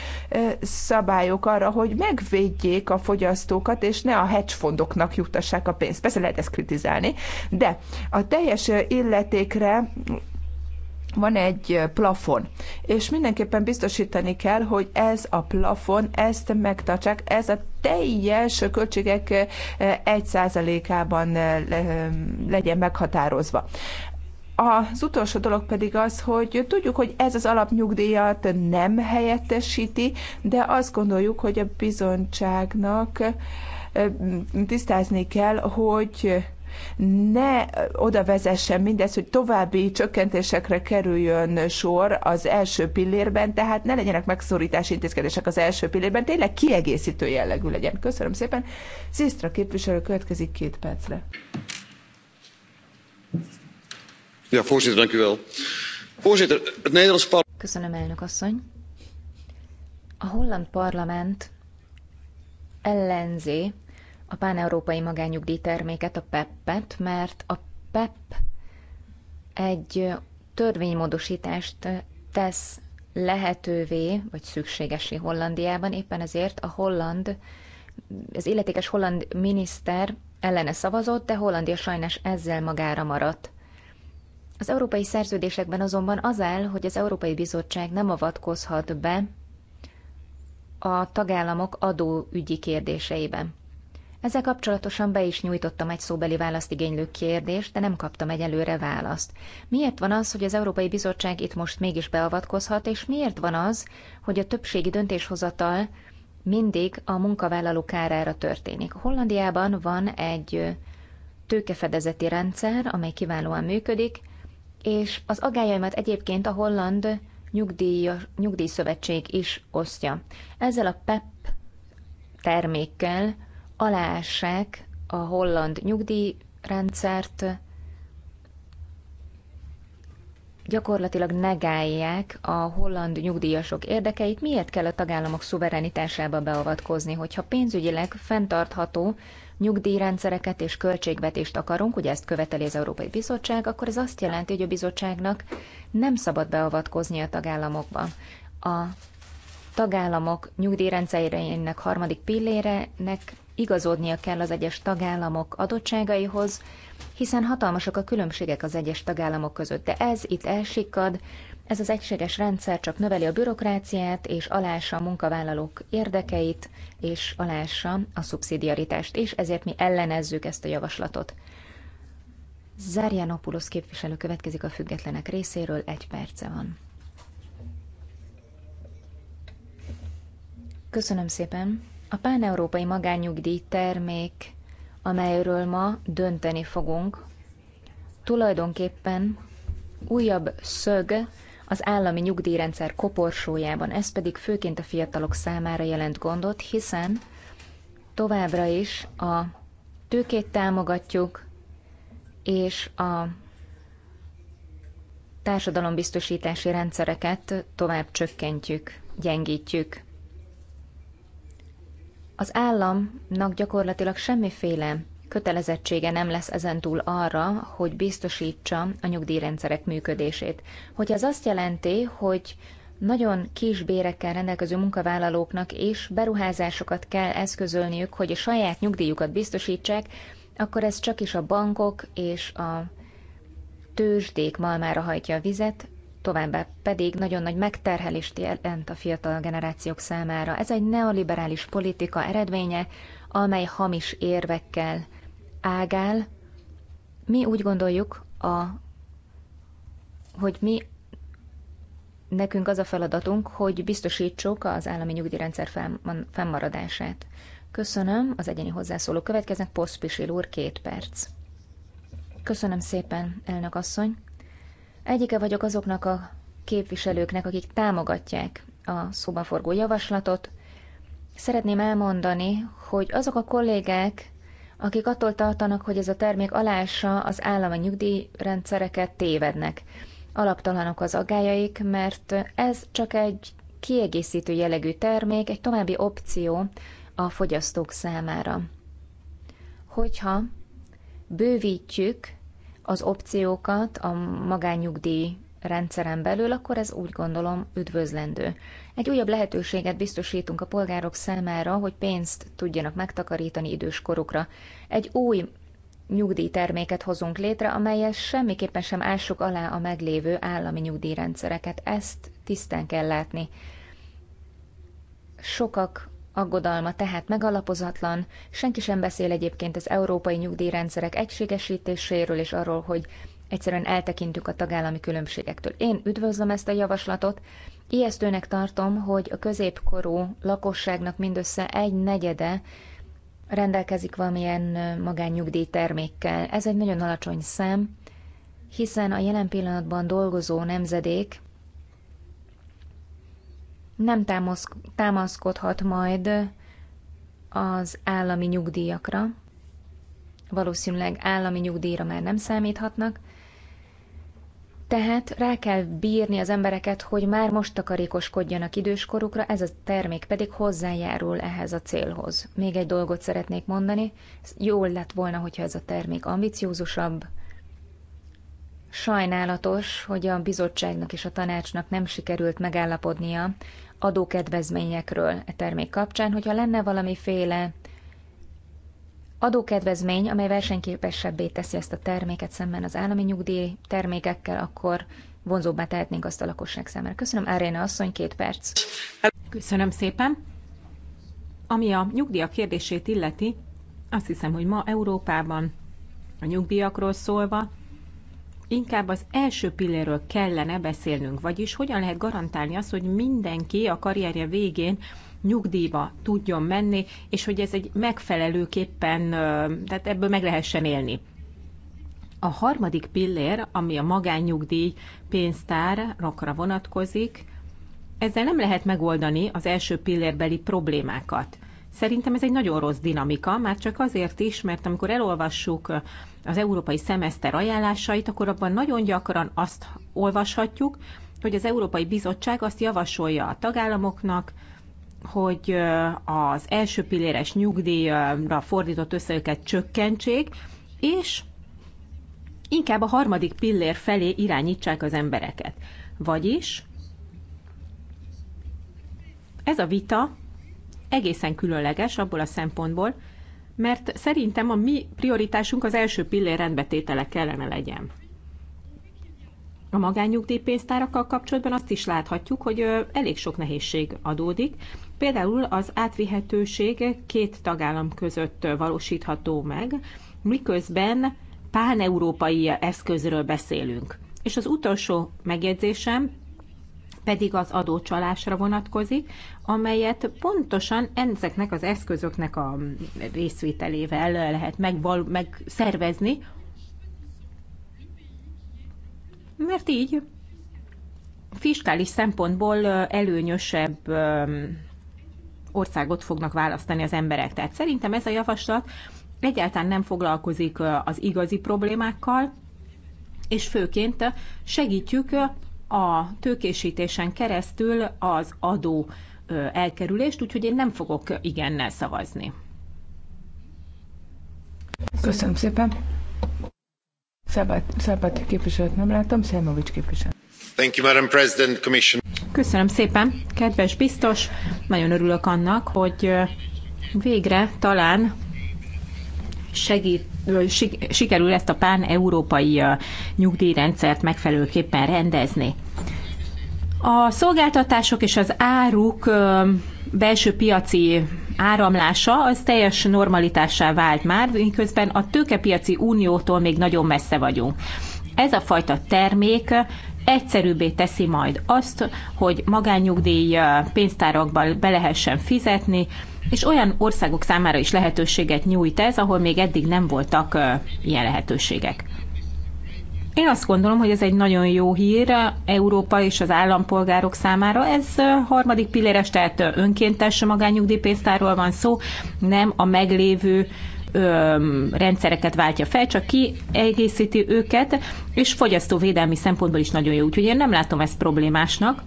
szabályok arra, hogy megvédjék a fogyasztókat, és ne a hedgefondoknak fondoknak juttassák a pénzt. Persze lehet ezt kritizálni, de a teljes illetékre van egy plafon, és mindenképpen biztosítani kell, hogy ez a plafon, ezt megtartsák, ez a teljes költségek 1%-ában legyen meghatározva. Az utolsó dolog pedig az, hogy tudjuk, hogy ez az alapnyugdíjat nem helyettesíti, de azt gondoljuk, hogy a bizonyságnak tisztázni kell, hogy ne oda vezessen mindez, hogy további csökkentésekre kerüljön sor az első pillérben, tehát ne legyenek megszorítási intézkedések az első pillérben, tényleg kiegészítő jellegű legyen. Köszönöm szépen. Szisztra képviselő következik két percre. Ja, voorzitter, dank u wel. Voorzitter, het Nederlands parlement... Köszönöm, elnök asszony. A holland parlament ellenzi a páneurópai terméket, a PEP-et, mert a PEP e egy törvénymódosítást tesz lehetővé, vagy szükségesé Hollandiában, éppen ezért a holland, az illetékes holland miniszter ellene szavazott, de Hollandia sajnos ezzel magára maradt. Az európai szerződésekben azonban az áll, hogy az Európai Bizottság nem avatkozhat be a tagállamok adóügyi kérdéseiben. Ezzel kapcsolatosan be is nyújtottam egy szóbeli választ igénylő kérdést, de nem kaptam egyelőre választ. Miért van az, hogy az Európai Bizottság itt most mégis beavatkozhat, és miért van az, hogy a többségi döntéshozatal mindig a munkavállaló kárára történik? Hollandiában van egy tőkefedezeti rendszer, amely kiválóan működik, és az agályaimat egyébként a holland nyugdíj, nyugdíjszövetség is osztja. Ezzel a PEP e termékkel aláássák a holland nyugdíjrendszert, gyakorlatilag negálják a holland nyugdíjasok érdekeit. Miért kell a tagállamok szuverenitásába beavatkozni, hogyha pénzügyileg fenntartható nyugdíjrendszereket és költségvetést akarunk, ugye ezt követeli az Európai Bizottság, akkor ez azt jelenti, hogy a bizottságnak nem szabad beavatkozni a tagállamokba. A tagállamok nyugdíjrendszerének harmadik pillérenek igazodnia kell az egyes tagállamok adottságaihoz, hiszen hatalmasak a különbségek az egyes tagállamok között, de ez itt elsikad, ez az egységes rendszer csak növeli a bürokráciát, és alássa a munkavállalók érdekeit, és alássa a szubszidiaritást, és ezért mi ellenezzük ezt a javaslatot. Zárjánopulosz képviselő következik a függetlenek részéről, egy perce van. Köszönöm szépen! A páneurópai magánnyugdíj termék, amelyről ma dönteni fogunk, tulajdonképpen újabb szög az állami nyugdíjrendszer koporsójában, ez pedig főként a fiatalok számára jelent gondot, hiszen továbbra is a tőkét támogatjuk, és a társadalombiztosítási rendszereket tovább csökkentjük, gyengítjük. Az államnak gyakorlatilag semmiféle kötelezettsége nem lesz ezentúl arra, hogy biztosítsa a nyugdíjrendszerek működését. Hogy ez azt jelenti, hogy nagyon kis bérekkel rendelkező munkavállalóknak és beruházásokat kell eszközölniük, hogy a saját nyugdíjukat biztosítsák, akkor ez csak is a bankok és a tőzsdék malmára hajtja a vizet, továbbá pedig nagyon nagy megterhelést jelent a fiatal generációk számára. Ez egy neoliberális politika eredménye, amely hamis érvekkel ágál. Mi úgy gondoljuk, a, hogy mi nekünk az a feladatunk, hogy biztosítsuk az állami nyugdíjrendszer fennmaradását. Köszönöm, az egyéni hozzászóló következnek, Poszpisil úr, két perc. Köszönöm szépen, elnök asszony. Egyike vagyok azoknak a képviselőknek, akik támogatják a szobaforgó javaslatot. Szeretném elmondani, hogy azok a kollégák, akik attól tartanak, hogy ez a termék alássa az állami nyugdíjrendszereket, tévednek. Alaptalanok az aggájaik, mert ez csak egy kiegészítő jellegű termék, egy további opció a fogyasztók számára. Hogyha bővítjük az opciókat a magánnyugdíj rendszeren belül, akkor ez úgy gondolom üdvözlendő. Egy újabb lehetőséget biztosítunk a polgárok számára, hogy pénzt tudjanak megtakarítani idős korukra. Egy új nyugdíjterméket hozunk létre, amelyet semmiképpen sem ássuk alá a meglévő állami nyugdíjrendszereket. Ezt tisztán kell látni. Sokak Aggodalma tehát megalapozatlan, senki sem beszél egyébként az európai nyugdíjrendszerek egységesítéséről és arról, hogy egyszerűen eltekintünk a tagállami különbségektől. Én üdvözlöm ezt a javaslatot, ijesztőnek tartom, hogy a középkorú lakosságnak mindössze egy negyede rendelkezik valamilyen magánnyugdíj termékkel. Ez egy nagyon alacsony szám, hiszen a jelen pillanatban dolgozó nemzedék nem támaszkodhat majd az állami nyugdíjakra, valószínűleg állami nyugdíjra már nem számíthatnak, tehát rá kell bírni az embereket, hogy már most takarékoskodjanak időskorukra, ez a termék pedig hozzájárul ehhez a célhoz. Még egy dolgot szeretnék mondani, jól lett volna, hogyha ez a termék ambiciózusabb. Sajnálatos, hogy a bizottságnak és a tanácsnak nem sikerült megállapodnia adókedvezményekről e termék kapcsán, hogyha lenne valamiféle adókedvezmény, amely versenyképesebbé teszi ezt a terméket szemben az állami nyugdíj termékekkel, akkor vonzóbbá tehetnénk azt a lakosság számára. Köszönöm, Áréna asszony, két perc. Köszönöm szépen. Ami a nyugdíjak kérdését illeti, azt hiszem, hogy ma Európában a nyugdíjakról szólva inkább az első pilléről kellene beszélnünk, vagyis hogyan lehet garantálni azt, hogy mindenki a karrierje végén nyugdíjba tudjon menni, és hogy ez egy megfelelőképpen, tehát ebből meg lehessen élni. A harmadik pillér, ami a magánnyugdíj rokra vonatkozik, ezzel nem lehet megoldani az első pillérbeli problémákat. Szerintem ez egy nagyon rossz dinamika, már csak azért is, mert amikor elolvassuk az európai szemeszter ajánlásait, akkor abban nagyon gyakran azt olvashatjuk, hogy az Európai Bizottság azt javasolja a tagállamoknak, hogy az első pilléres nyugdíjra fordított összegeket csökkentsék, és inkább a harmadik pillér felé irányítsák az embereket. Vagyis ez a vita egészen különleges abból a szempontból, mert szerintem a mi prioritásunk az első pillér rendbetétele kellene legyen. A magánnyugdíjpénztárakkal kapcsolatban azt is láthatjuk, hogy elég sok nehézség adódik. Például az átvihetőség két tagállam között valósítható meg, miközben európai eszközről beszélünk. És az utolsó megjegyzésem pedig az adócsalásra vonatkozik, amelyet pontosan ezeknek az eszközöknek a részvételével lehet megval- megszervezni, mert így fiskális szempontból előnyösebb országot fognak választani az emberek. Tehát szerintem ez a javaslat egyáltalán nem foglalkozik az igazi problémákkal, és főként segítjük a tőkésítésen keresztül az adó elkerülést, úgyhogy én nem fogok igennel szavazni. Köszönöm szépen. Szabad képviselőt nem láttam, Szelmovics képviselő. Thank you, Madam President, Commission. Köszönöm szépen, kedves biztos. Nagyon örülök annak, hogy végre talán segít sikerül ezt a pán-európai nyugdíjrendszert megfelelőképpen rendezni. A szolgáltatások és az áruk belső piaci áramlása az teljes normalitássá vált már, miközben a tőkepiaci uniótól még nagyon messze vagyunk. Ez a fajta termék egyszerűbbé teszi majd azt, hogy magányugdíj pénztárakban be lehessen fizetni, és olyan országok számára is lehetőséget nyújt ez, ahol még eddig nem voltak ilyen lehetőségek. Én azt gondolom, hogy ez egy nagyon jó hír Európa és az állampolgárok számára. Ez harmadik pilléres, tehát önkéntes magányugdíjpénztárról van szó, nem a meglévő ö, rendszereket váltja fel, csak kiegészíti őket, és fogyasztóvédelmi szempontból is nagyon jó. Úgyhogy én nem látom ezt problémásnak.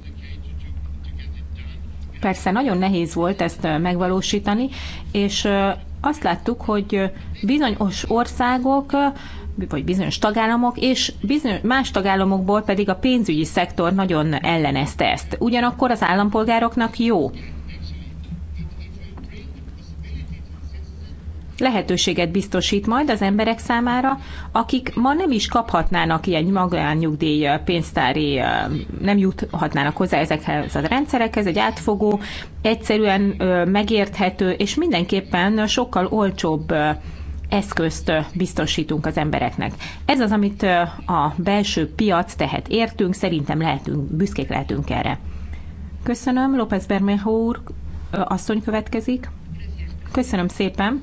Persze nagyon nehéz volt ezt megvalósítani, és azt láttuk, hogy bizonyos országok vagy bizonyos tagállamok, és bizonyos, más tagállamokból pedig a pénzügyi szektor nagyon ellenezte ezt. Ugyanakkor az állampolgároknak jó lehetőséget biztosít majd az emberek számára, akik ma nem is kaphatnának ilyen magánnyugdíj pénztári, nem juthatnának hozzá ezekhez a rendszerekhez, egy átfogó, egyszerűen megérthető és mindenképpen sokkal olcsóbb eszközt biztosítunk az embereknek. Ez az, amit a belső piac tehet értünk, szerintem lehetünk, büszkék lehetünk erre. Köszönöm, López Bermejo úr, asszony következik. Köszönöm szépen.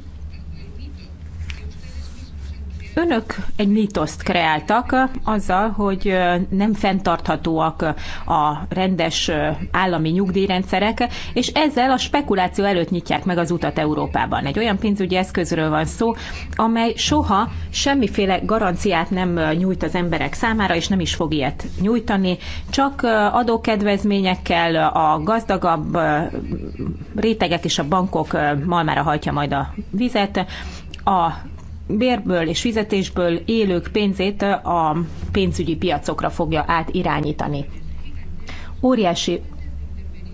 Önök egy mítoszt kreáltak eh, azzal, hogy eh, nem fenntarthatóak eh, a rendes állami nyugdíjrendszerek, és ezzel a spekuláció előtt nyitják meg az utat Európában. Egy olyan pénzügyi eszközről van szó, amely soha semmiféle garanciát nem nyújt az emberek számára, és nem is fog ilyet nyújtani, csak adókedvezményekkel a gazdagabb rétegek és a bankok malmára hajtja majd a vizet, a bérből és fizetésből élők pénzét a pénzügyi piacokra fogja átirányítani. Óriási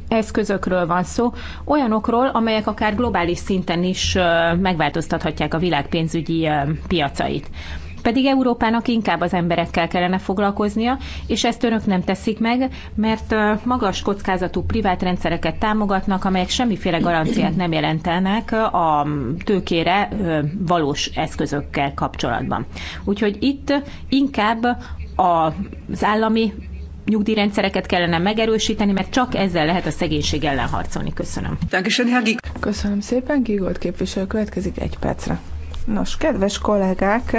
eszközökről van szó, olyanokról, amelyek akár globális szinten is megváltoztathatják a világ pénzügyi piacait. Pedig Európának inkább az emberekkel kellene foglalkoznia, és ezt önök nem teszik meg, mert magas kockázatú privát rendszereket támogatnak, amelyek semmiféle garanciát nem jelentenek a tőkére valós eszközökkel kapcsolatban. Úgyhogy itt inkább az állami nyugdíjrendszereket kellene megerősíteni, mert csak ezzel lehet a szegénység ellen harcolni. Köszönöm. Köszönöm szépen, Gigolt képviselő következik egy percre. Nos, kedves kollégák,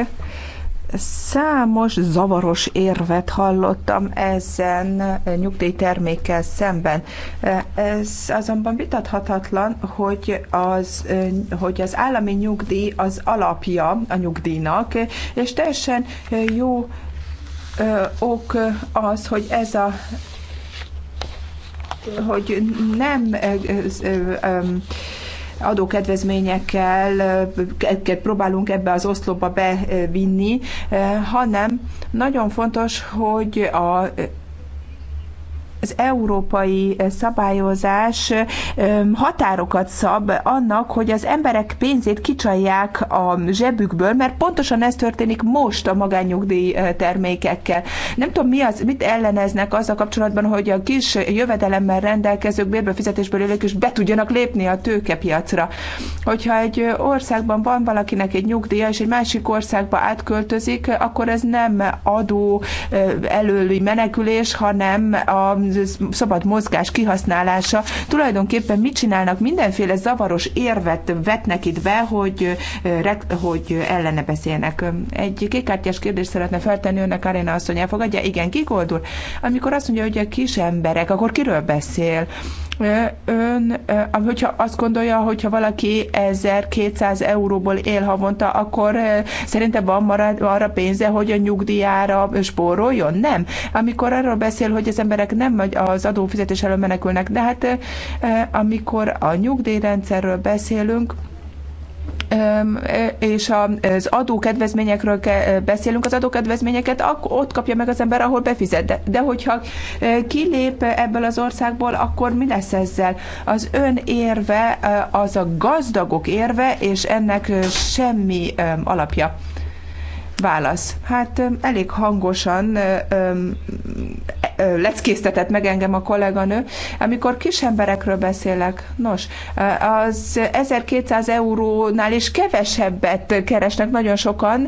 Számos zavaros érvet hallottam ezen nyugdíjtermékkel szemben. Ez azonban vitathatatlan, hogy az, hogy az állami nyugdíj az alapja a nyugdíjnak, és teljesen jó ok az, hogy ez a hogy nem adókedvezményekkel próbálunk ebbe az oszlopba bevinni, hanem nagyon fontos, hogy a az európai szabályozás határokat szab annak, hogy az emberek pénzét kicsalják a zsebükből, mert pontosan ez történik most a magánnyugdíj termékekkel. Nem tudom, mi az, mit elleneznek azzal kapcsolatban, hogy a kis jövedelemmel rendelkezők bérbefizetésből élők is be tudjanak lépni a tőkepiacra. Hogyha egy országban van valakinek egy nyugdíja, és egy másik országba átköltözik, akkor ez nem adó előli menekülés, hanem a szabad mozgás kihasználása tulajdonképpen mit csinálnak, mindenféle zavaros érvet vetnek itt be, hogy, hogy ellene beszélnek. Egy kékkártyás kérdést szeretne feltenni önnek, Aréna asszony elfogadja? Igen, kikoldul. Amikor azt mondja, hogy a kis emberek, akkor kiről beszél? ön, hogyha azt gondolja, hogyha valaki 1200 euróból él havonta, akkor szerintem van marad, arra pénze, hogy a nyugdíjára spóroljon? Nem. Amikor arról beszél, hogy az emberek nem az adófizetés elől menekülnek, de hát amikor a nyugdíjrendszerről beszélünk, és az adókedvezményekről beszélünk, az adókedvezményeket ott kapja meg az ember, ahol befizet. De, de hogyha kilép ebből az országból, akkor mi lesz ezzel? Az ön érve az a gazdagok érve, és ennek semmi alapja. Válasz. Hát elég hangosan leckésztetett meg engem a kolléganő, amikor kis emberekről beszélek. Nos, az 1200 eurónál is kevesebbet keresnek nagyon sokan,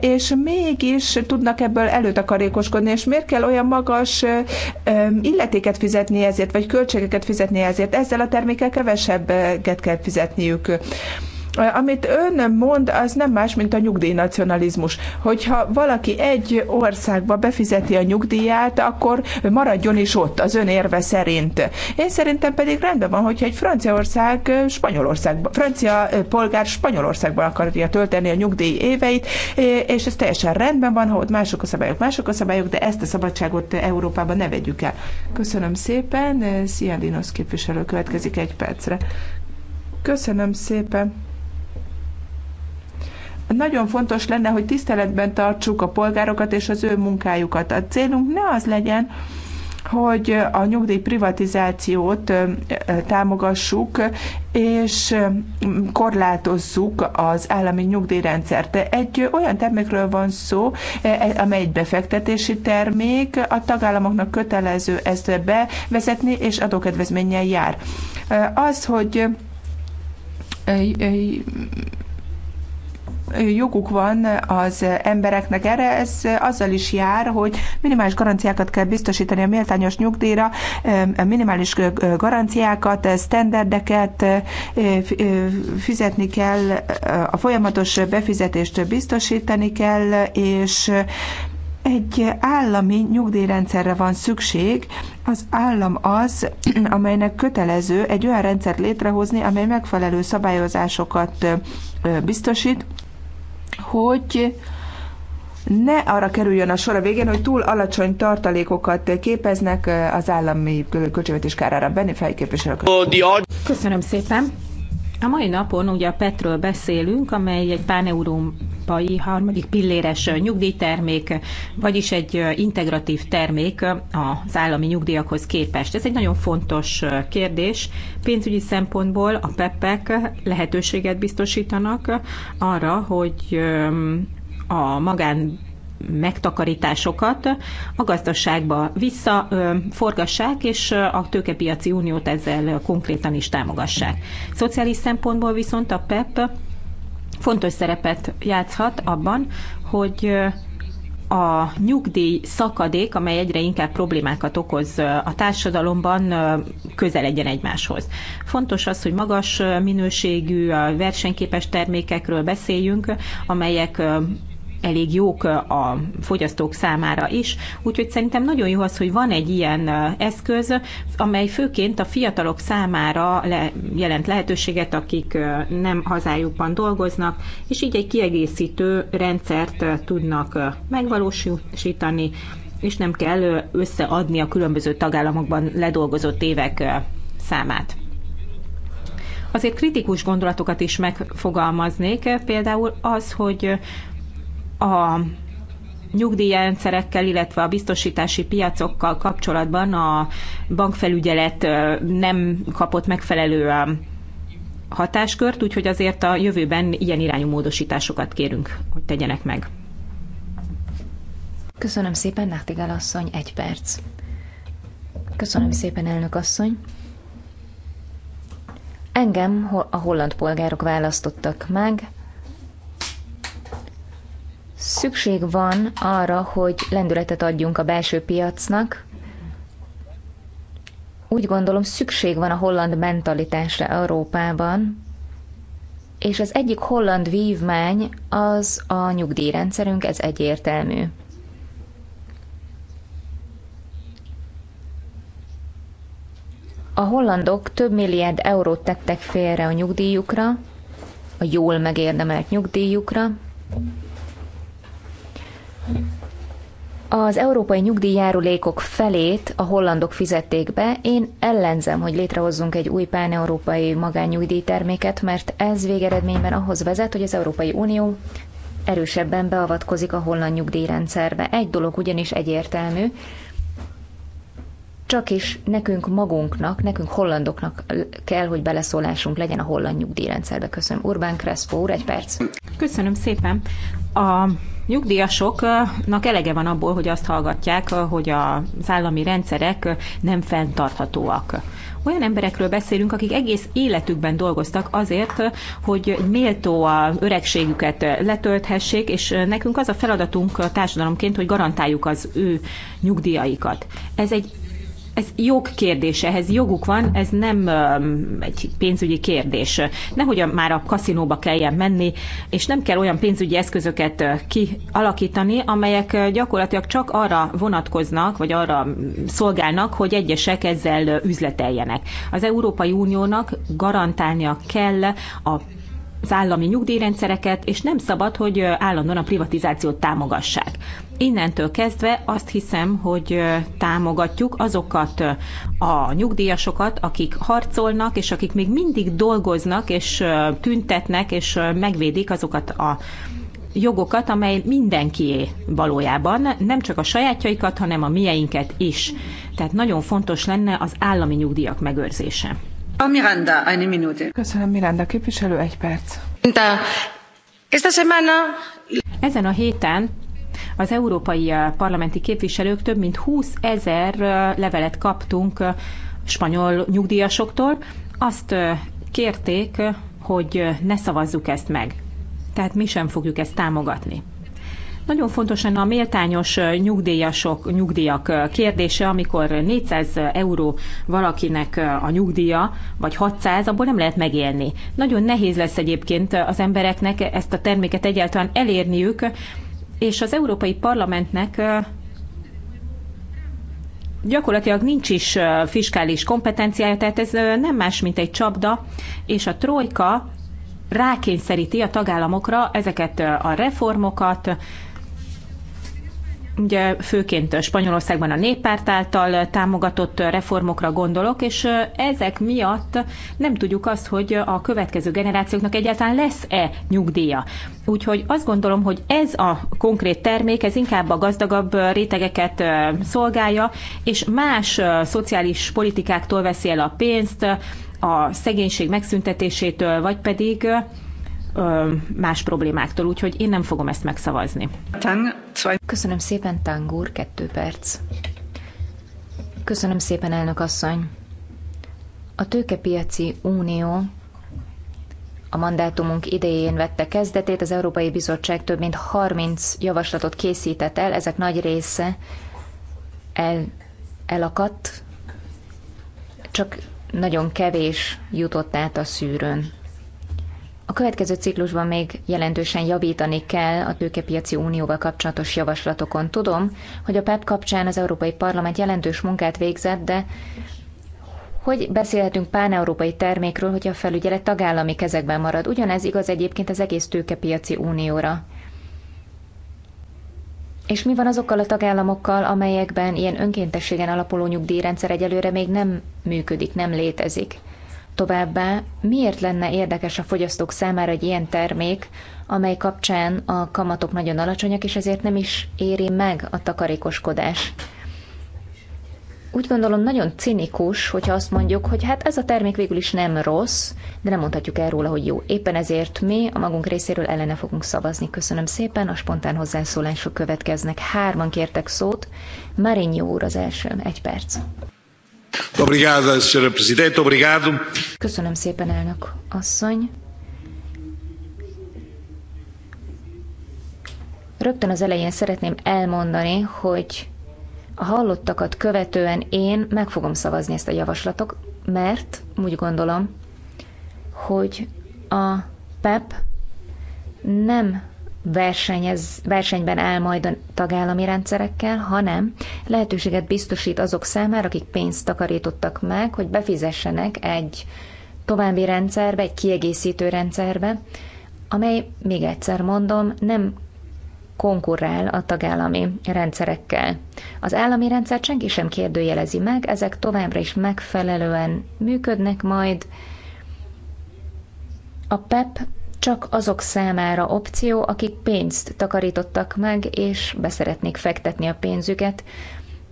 és mégis tudnak ebből előtakarékoskodni, és miért kell olyan magas illetéket fizetni ezért, vagy költségeket fizetni ezért? Ezzel a termékkel kevesebbet kell fizetniük. Amit ön mond, az nem más, mint a nyugdíjnacionalizmus. Hogyha valaki egy országba befizeti a nyugdíját, akkor maradjon is ott, az ön érve szerint. Én szerintem pedig rendben van, hogyha egy Franciaország Spanyolországban, francia polgár Spanyolországban akarja tölteni a nyugdíj éveit, és ez teljesen rendben van, ha ott mások a szabályok, mások a szabályok, de ezt a szabadságot Európában ne vegyük el. Köszönöm szépen, Szia Dinosz képviselő következik egy percre. Köszönöm szépen. Nagyon fontos lenne, hogy tiszteletben tartsuk a polgárokat és az ő munkájukat. A célunk ne az legyen, hogy a nyugdíj privatizációt támogassuk, és korlátozzuk az állami nyugdíjrendszert. Egy olyan termékről van szó, e, amely egy befektetési termék, a tagállamoknak kötelező ezt bevezetni, és adókedvezménnyel jár. Az, hogy joguk van az embereknek erre, ez azzal is jár, hogy minimális garanciákat kell biztosítani a méltányos nyugdíjra, minimális garanciákat, standardeket e, e, fizetni kell, e, a folyamatos befizetést biztosítani kell, és egy állami nyugdíjrendszerre van szükség. Az állam az, amelynek kötelező egy olyan rendszert létrehozni, amely megfelelő szabályozásokat biztosít, hogy ne arra kerüljön a sor a végén, hogy túl alacsony tartalékokat képeznek az állami költségvetés kárára. Benni fejképviselők. Köszönöm szépen. A mai napon ugye a Petről beszélünk, amely egy páneurum európai harmadik pilléres nyugdíjtermék, vagyis egy integratív termék az állami nyugdíjakhoz képest. Ez egy nagyon fontos kérdés. Pénzügyi szempontból a PEPek lehetőséget biztosítanak arra, hogy a magán megtakarításokat a gazdaságba visszaforgassák, és a tőkepiaci uniót ezzel konkrétan is támogassák. Szociális szempontból viszont a PEP e fontos szerepet játszhat abban, hogy a nyugdíj szakadék, amely egyre inkább problémákat okoz a társadalomban, közel legyen egymáshoz. Fontos az, hogy magas minőségű, versenyképes termékekről beszéljünk, amelyek elég jók a fogyasztók számára is, úgyhogy szerintem nagyon jó az, hogy van egy ilyen eszköz, amely főként a fiatalok számára le, jelent lehetőséget, akik nem hazájukban dolgoznak, és így egy kiegészítő rendszert tudnak megvalósítani, és nem kell összeadni a különböző tagállamokban ledolgozott évek számát. Azért kritikus gondolatokat is megfogalmaznék, például az, hogy a nyugdíjrendszerekkel, illetve a biztosítási piacokkal kapcsolatban a bankfelügyelet nem kapott megfelelő hatáskört, úgyhogy azért a jövőben ilyen irányú módosításokat kérünk, hogy tegyenek meg. Köszönöm szépen, Nátigál asszony, egy perc. Köszönöm szépen, elnök asszony. Engem a holland polgárok választottak meg, Szükség van arra, hogy lendületet adjunk a belső piacnak. Úgy gondolom, szükség van a holland mentalitásra Európában, és az egyik holland vívmány az a nyugdíjrendszerünk, ez egyértelmű. A hollandok több milliárd eurót tettek félre a nyugdíjukra, a jól megérdemelt nyugdíjukra, az európai nyugdíjjárulékok felét a hollandok fizették be, én ellenzem, hogy létrehozzunk egy új páneurópai magánnyugdíjterméket, mert ez végeredményben ahhoz vezet, hogy az Európai Unió erősebben beavatkozik a holland nyugdíjrendszerbe. Egy dolog ugyanis egyértelmű, csak is nekünk magunknak, nekünk hollandoknak kell, hogy beleszólásunk legyen a holland nyugdíjrendszerbe. Köszönöm. Urbán Kreszpó, úr, egy perc. Köszönöm szépen. A nyugdíjasoknak elege van abból, hogy azt hallgatják, hogy az állami rendszerek nem fenntarthatóak. Olyan emberekről beszélünk, akik egész életükben dolgoztak azért, hogy méltó a öregségüket letölthessék, és nekünk az a feladatunk társadalomként, hogy garantáljuk az ő nyugdíjaikat. Ez egy ez jogkérdés, ehhez joguk van, ez nem egy pénzügyi kérdés. Nehogy már a kaszinóba kelljen menni, és nem kell olyan pénzügyi eszközöket kialakítani, amelyek gyakorlatilag csak arra vonatkoznak, vagy arra szolgálnak, hogy egyesek ezzel üzleteljenek. Az Európai Uniónak garantálnia kell a az állami nyugdíjrendszereket, és nem szabad, hogy állandóan a privatizációt támogassák. Innentől kezdve azt hiszem, hogy támogatjuk azokat a nyugdíjasokat, akik harcolnak, és akik még mindig dolgoznak, és tüntetnek, és megvédik azokat a jogokat, amely mindenkié valójában, nem csak a sajátjaikat, hanem a mieinket is. Tehát nagyon fontos lenne az állami nyugdíjak megőrzése. A Miranda, egy minute. Köszönöm, Miranda képviselő, egy perc. Esta semana... Ezen a héten az európai eh, parlamenti képviselők több mint 20 ezer eh, levelet kaptunk eh, spanyol nyugdíjasoktól. Azt kérték, hogy ne szavazzuk ezt meg. Tehát mi sem fogjuk ezt támogatni. Nagyon fontos lenne a méltányos nyugdíjasok, nyugdíjak kérdése, amikor 400 euró valakinek a nyugdíja, vagy 600, abból nem lehet megélni. Nagyon nehéz lesz egyébként az embereknek ezt a terméket egyáltalán elérniük, és az Európai Parlamentnek gyakorlatilag nincs is fiskális kompetenciája, tehát ez nem más, mint egy csapda, és a trojka rákényszeríti a tagállamokra ezeket a reformokat, ugye főként Spanyolországban a néppárt által támogatott reformokra gondolok, és ezek miatt nem tudjuk azt, hogy a következő generációknak egyáltalán lesz-e nyugdíja. Úgyhogy azt gondolom, hogy ez a konkrét termék, ez inkább a gazdagabb rétegeket szolgálja, és más szociális politikáktól veszi el a pénzt, a szegénység megszüntetésétől, vagy pedig más problémáktól, úgyhogy én nem fogom ezt megszavazni. Köszönöm szépen, Tangur, kettő perc. Köszönöm szépen, elnök asszony. A tőkepiaci unió a mandátumunk idején vette kezdetét, az Európai Bizottság több mint 30 javaslatot készített el, ezek nagy része el, elakadt, csak nagyon kevés jutott át a szűrőn. A következő ciklusban még jelentősen javítani kell a tőkepiaci unióval kapcsolatos javaslatokon. Tudom, hogy a PEP kapcsán az Európai Parlament jelentős munkát végzett, de hogy beszélhetünk páneurópai termékről, hogyha a felügyelet tagállami kezekben marad? Ugyanez igaz egyébként az egész tőkepiaci unióra. És mi van azokkal a tagállamokkal, amelyekben ilyen önkéntességen alapuló nyugdíjrendszer egyelőre még nem működik, nem létezik? Továbbá, miért lenne érdekes a fogyasztók számára egy ilyen termék, amely kapcsán a kamatok nagyon alacsonyak, és ezért nem is éri meg a takarékoskodás? Úgy gondolom nagyon cinikus, hogyha azt mondjuk, hogy hát ez a termék végül is nem rossz, de nem mondhatjuk el róla, hogy jó. Éppen ezért mi a magunk részéről ellene fogunk szavazni. Köszönöm szépen, a spontán hozzászólások következnek. Hárman kértek szót, Marinyó úr az első, egy perc. Köszönöm szépen, elnök asszony. Rögtön az elején szeretném elmondani, hogy a hallottakat követően én meg fogom szavazni ezt a javaslatot, mert úgy gondolom, hogy a PEP e nem versenyez, versenyben áll majd a tagállami rendszerekkel, hanem lehetőséget biztosít azok számára, akik pénzt takarítottak meg, hogy befizessenek egy további rendszerbe, egy kiegészítő rendszerbe, amely, még egyszer mondom, nem konkurál a tagállami rendszerekkel. Az állami rendszer senki sem kérdőjelezi meg, ezek továbbra is megfelelően működnek majd. A PEP csak azok számára opció, akik pénzt takarítottak meg, és beszeretnék fektetni a pénzüket,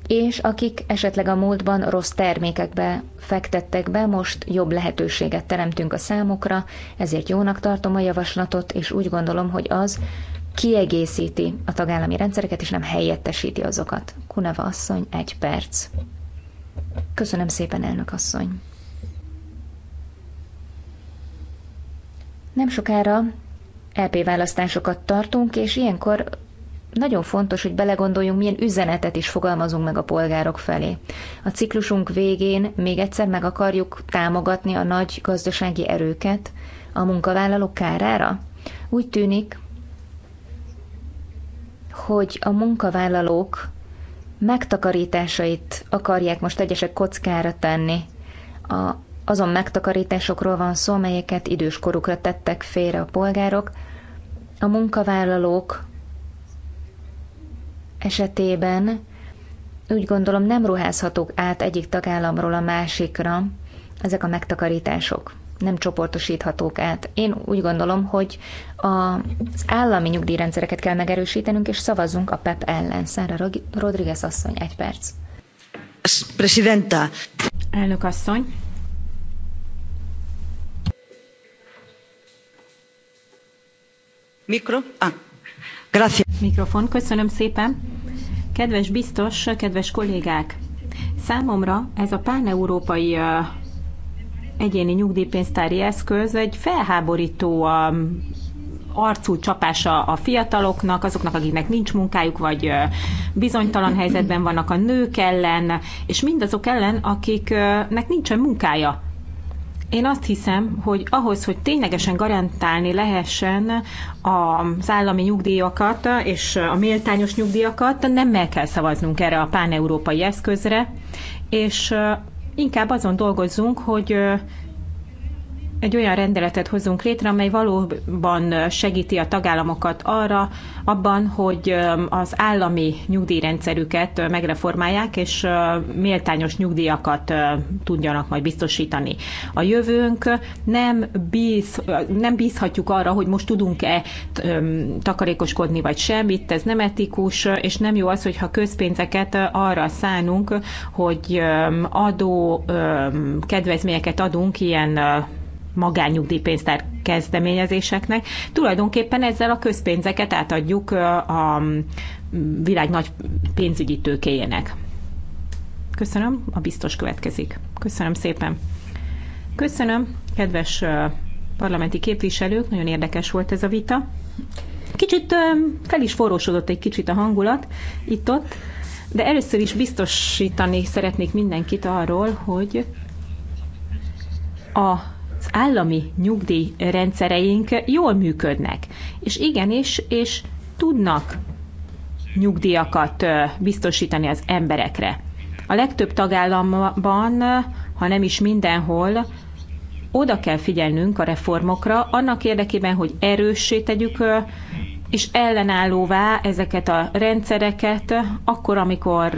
és akik esetleg a múltban rossz termékekbe fektettek be, most jobb lehetőséget teremtünk a számukra, ezért jónak tartom a javaslatot, és úgy gondolom, hogy az kiegészíti a tagállami rendszereket, és nem helyettesíti azokat. Kuneva asszony, egy perc. Köszönöm szépen, elnök asszony. Nem sokára LP e választásokat tartunk, és ilyenkor nagyon fontos, hogy belegondoljunk, milyen üzenetet is fogalmazunk meg a polgárok felé. A ciklusunk végén még egyszer meg akarjuk támogatni a nagy gazdasági erőket a munkavállalók kárára? Úgy tűnik, hogy a munkavállalók megtakarításait akarják most egyesek kockára tenni. A azon megtakarításokról van szó, melyeket időskorukra tettek félre a polgárok. A munkavállalók esetében úgy gondolom nem ruházhatók át egyik tagállamról a másikra ezek a megtakarítások. Nem csoportosíthatók át. Én úgy gondolom, hogy az állami nyugdíjrendszereket kell megerősítenünk, és szavazzunk a PEP ellen. Szára Rodriguez asszony, egy perc. Presidenta. Elnök asszony. Ah, Mikrofon, köszönöm szépen. Kedves biztos, kedves kollégák! Számomra ez a páneurópai egyéni nyugdíjpénztári eszköz egy felháborító arcú csapása a fiataloknak, azoknak, akiknek nincs munkájuk, vagy bizonytalan helyzetben vannak a nők ellen, és mindazok ellen, akiknek nincsen munkája. Én azt hiszem, hogy ahhoz, hogy ténylegesen garantálni lehessen az állami nyugdíjakat és a méltányos nyugdíjakat, nem meg kell szavaznunk erre a páneurópai eszközre, és inkább azon dolgozzunk, hogy egy olyan rendeletet hozunk létre, amely valóban segíti a tagállamokat arra, abban, hogy az állami nyugdíjrendszerüket megreformálják, és méltányos nyugdíjakat tudjanak majd biztosítani. A jövőnk nem, bíz, nem bízhatjuk arra, hogy most tudunk-e takarékoskodni vagy sem, itt ez nem etikus, és nem jó az, hogyha közpénzeket arra szánunk, hogy adó kedvezményeket adunk ilyen magányugdíjpénztár kezdeményezéseknek. Tulajdonképpen ezzel a közpénzeket átadjuk a világ nagy pénzügyi tőkéjének. Köszönöm, a biztos következik. Köszönöm szépen. Köszönöm, kedves parlamenti képviselők, nagyon érdekes volt ez a vita. Kicsit fel is forrósodott egy kicsit a hangulat itt-ott, de először is biztosítani szeretnék mindenkit arról, hogy a az állami nyugdíjrendszereink jól működnek, és igenis, és tudnak nyugdíjakat biztosítani az emberekre. A legtöbb tagállamban, ha nem is mindenhol, oda kell figyelnünk a reformokra, annak érdekében, hogy erőssé tegyük és ellenállóvá ezeket a rendszereket, akkor, amikor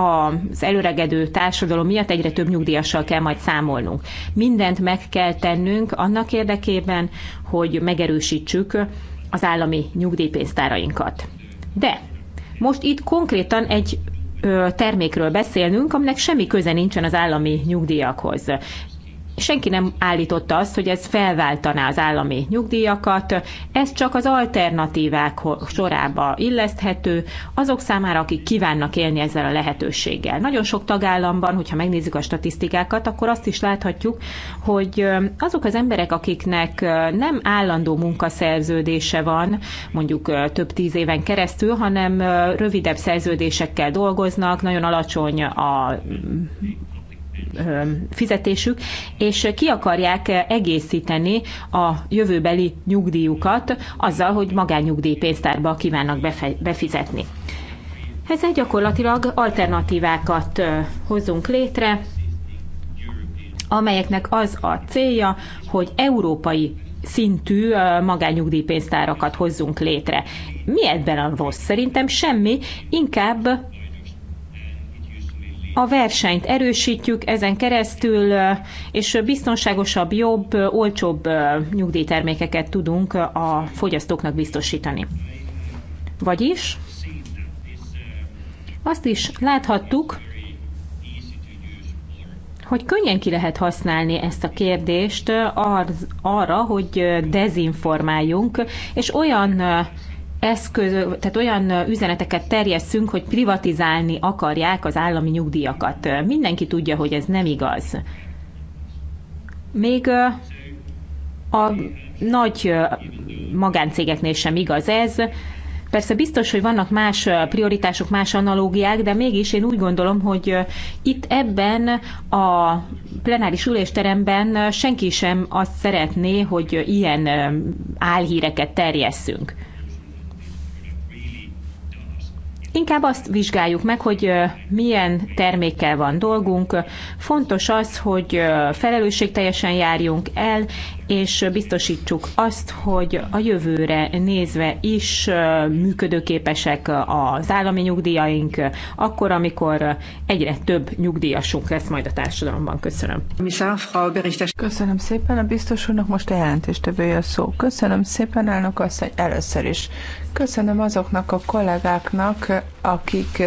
az előregedő társadalom miatt egyre több nyugdíjassal kell majd számolnunk. Mindent meg kell tennünk annak érdekében, hogy megerősítsük az állami nyugdíjpénztárainkat. De most itt konkrétan egy termékről beszélnünk, aminek semmi köze nincsen az állami nyugdíjakhoz senki nem állította azt, hogy ez felváltaná az állami nyugdíjakat, ez csak az alternatívák sorába illeszthető, azok számára, akik kívánnak élni ezzel a lehetőséggel. Nagyon sok tagállamban, hogyha megnézzük a statisztikákat, akkor azt is láthatjuk, hogy azok az emberek, akiknek nem állandó munkaszerződése van, mondjuk több tíz éven keresztül, hanem rövidebb szerződésekkel dolgoznak, nagyon alacsony a fizetésük, és ki akarják egészíteni a jövőbeli nyugdíjukat azzal, hogy magánnyugdíjpénztárba kívánnak befizetni. Ezzel gyakorlatilag alternatívákat hozunk létre, amelyeknek az a célja, hogy európai szintű magányugdíjpénztárakat hozzunk létre. Mi ebben a rossz? Szerintem semmi, inkább a versenyt erősítjük ezen keresztül, és biztonságosabb, jobb, olcsóbb nyugdíjtermékeket tudunk a fogyasztóknak biztosítani. Vagyis azt is láthattuk, hogy könnyen ki lehet használni ezt a kérdést ar- arra, hogy dezinformáljunk, és olyan eszköz, tehát olyan üzeneteket terjesszünk, hogy privatizálni akarják az állami nyugdíjakat. Mindenki tudja, hogy ez nem igaz. Még a nagy magáncégeknél sem igaz ez. Persze biztos, hogy vannak más prioritások, más analógiák, de mégis én úgy gondolom, hogy itt ebben a plenáris ülésteremben senki sem azt szeretné, hogy ilyen álhíreket terjesszünk. Inkább azt vizsgáljuk meg, hogy milyen termékkel van dolgunk. Fontos az, hogy felelősségteljesen járjunk el, és biztosítsuk azt, hogy a jövőre nézve is működőképesek az állami nyugdíjaink, akkor, amikor egyre több nyugdíjasunk lesz majd a társadalomban. Köszönöm. Köszönöm szépen a biztos úrnak, most a jelentéstevője a szó. Köszönöm szépen, elnök asszony, először is. Köszönöm azoknak a kollégáknak, akik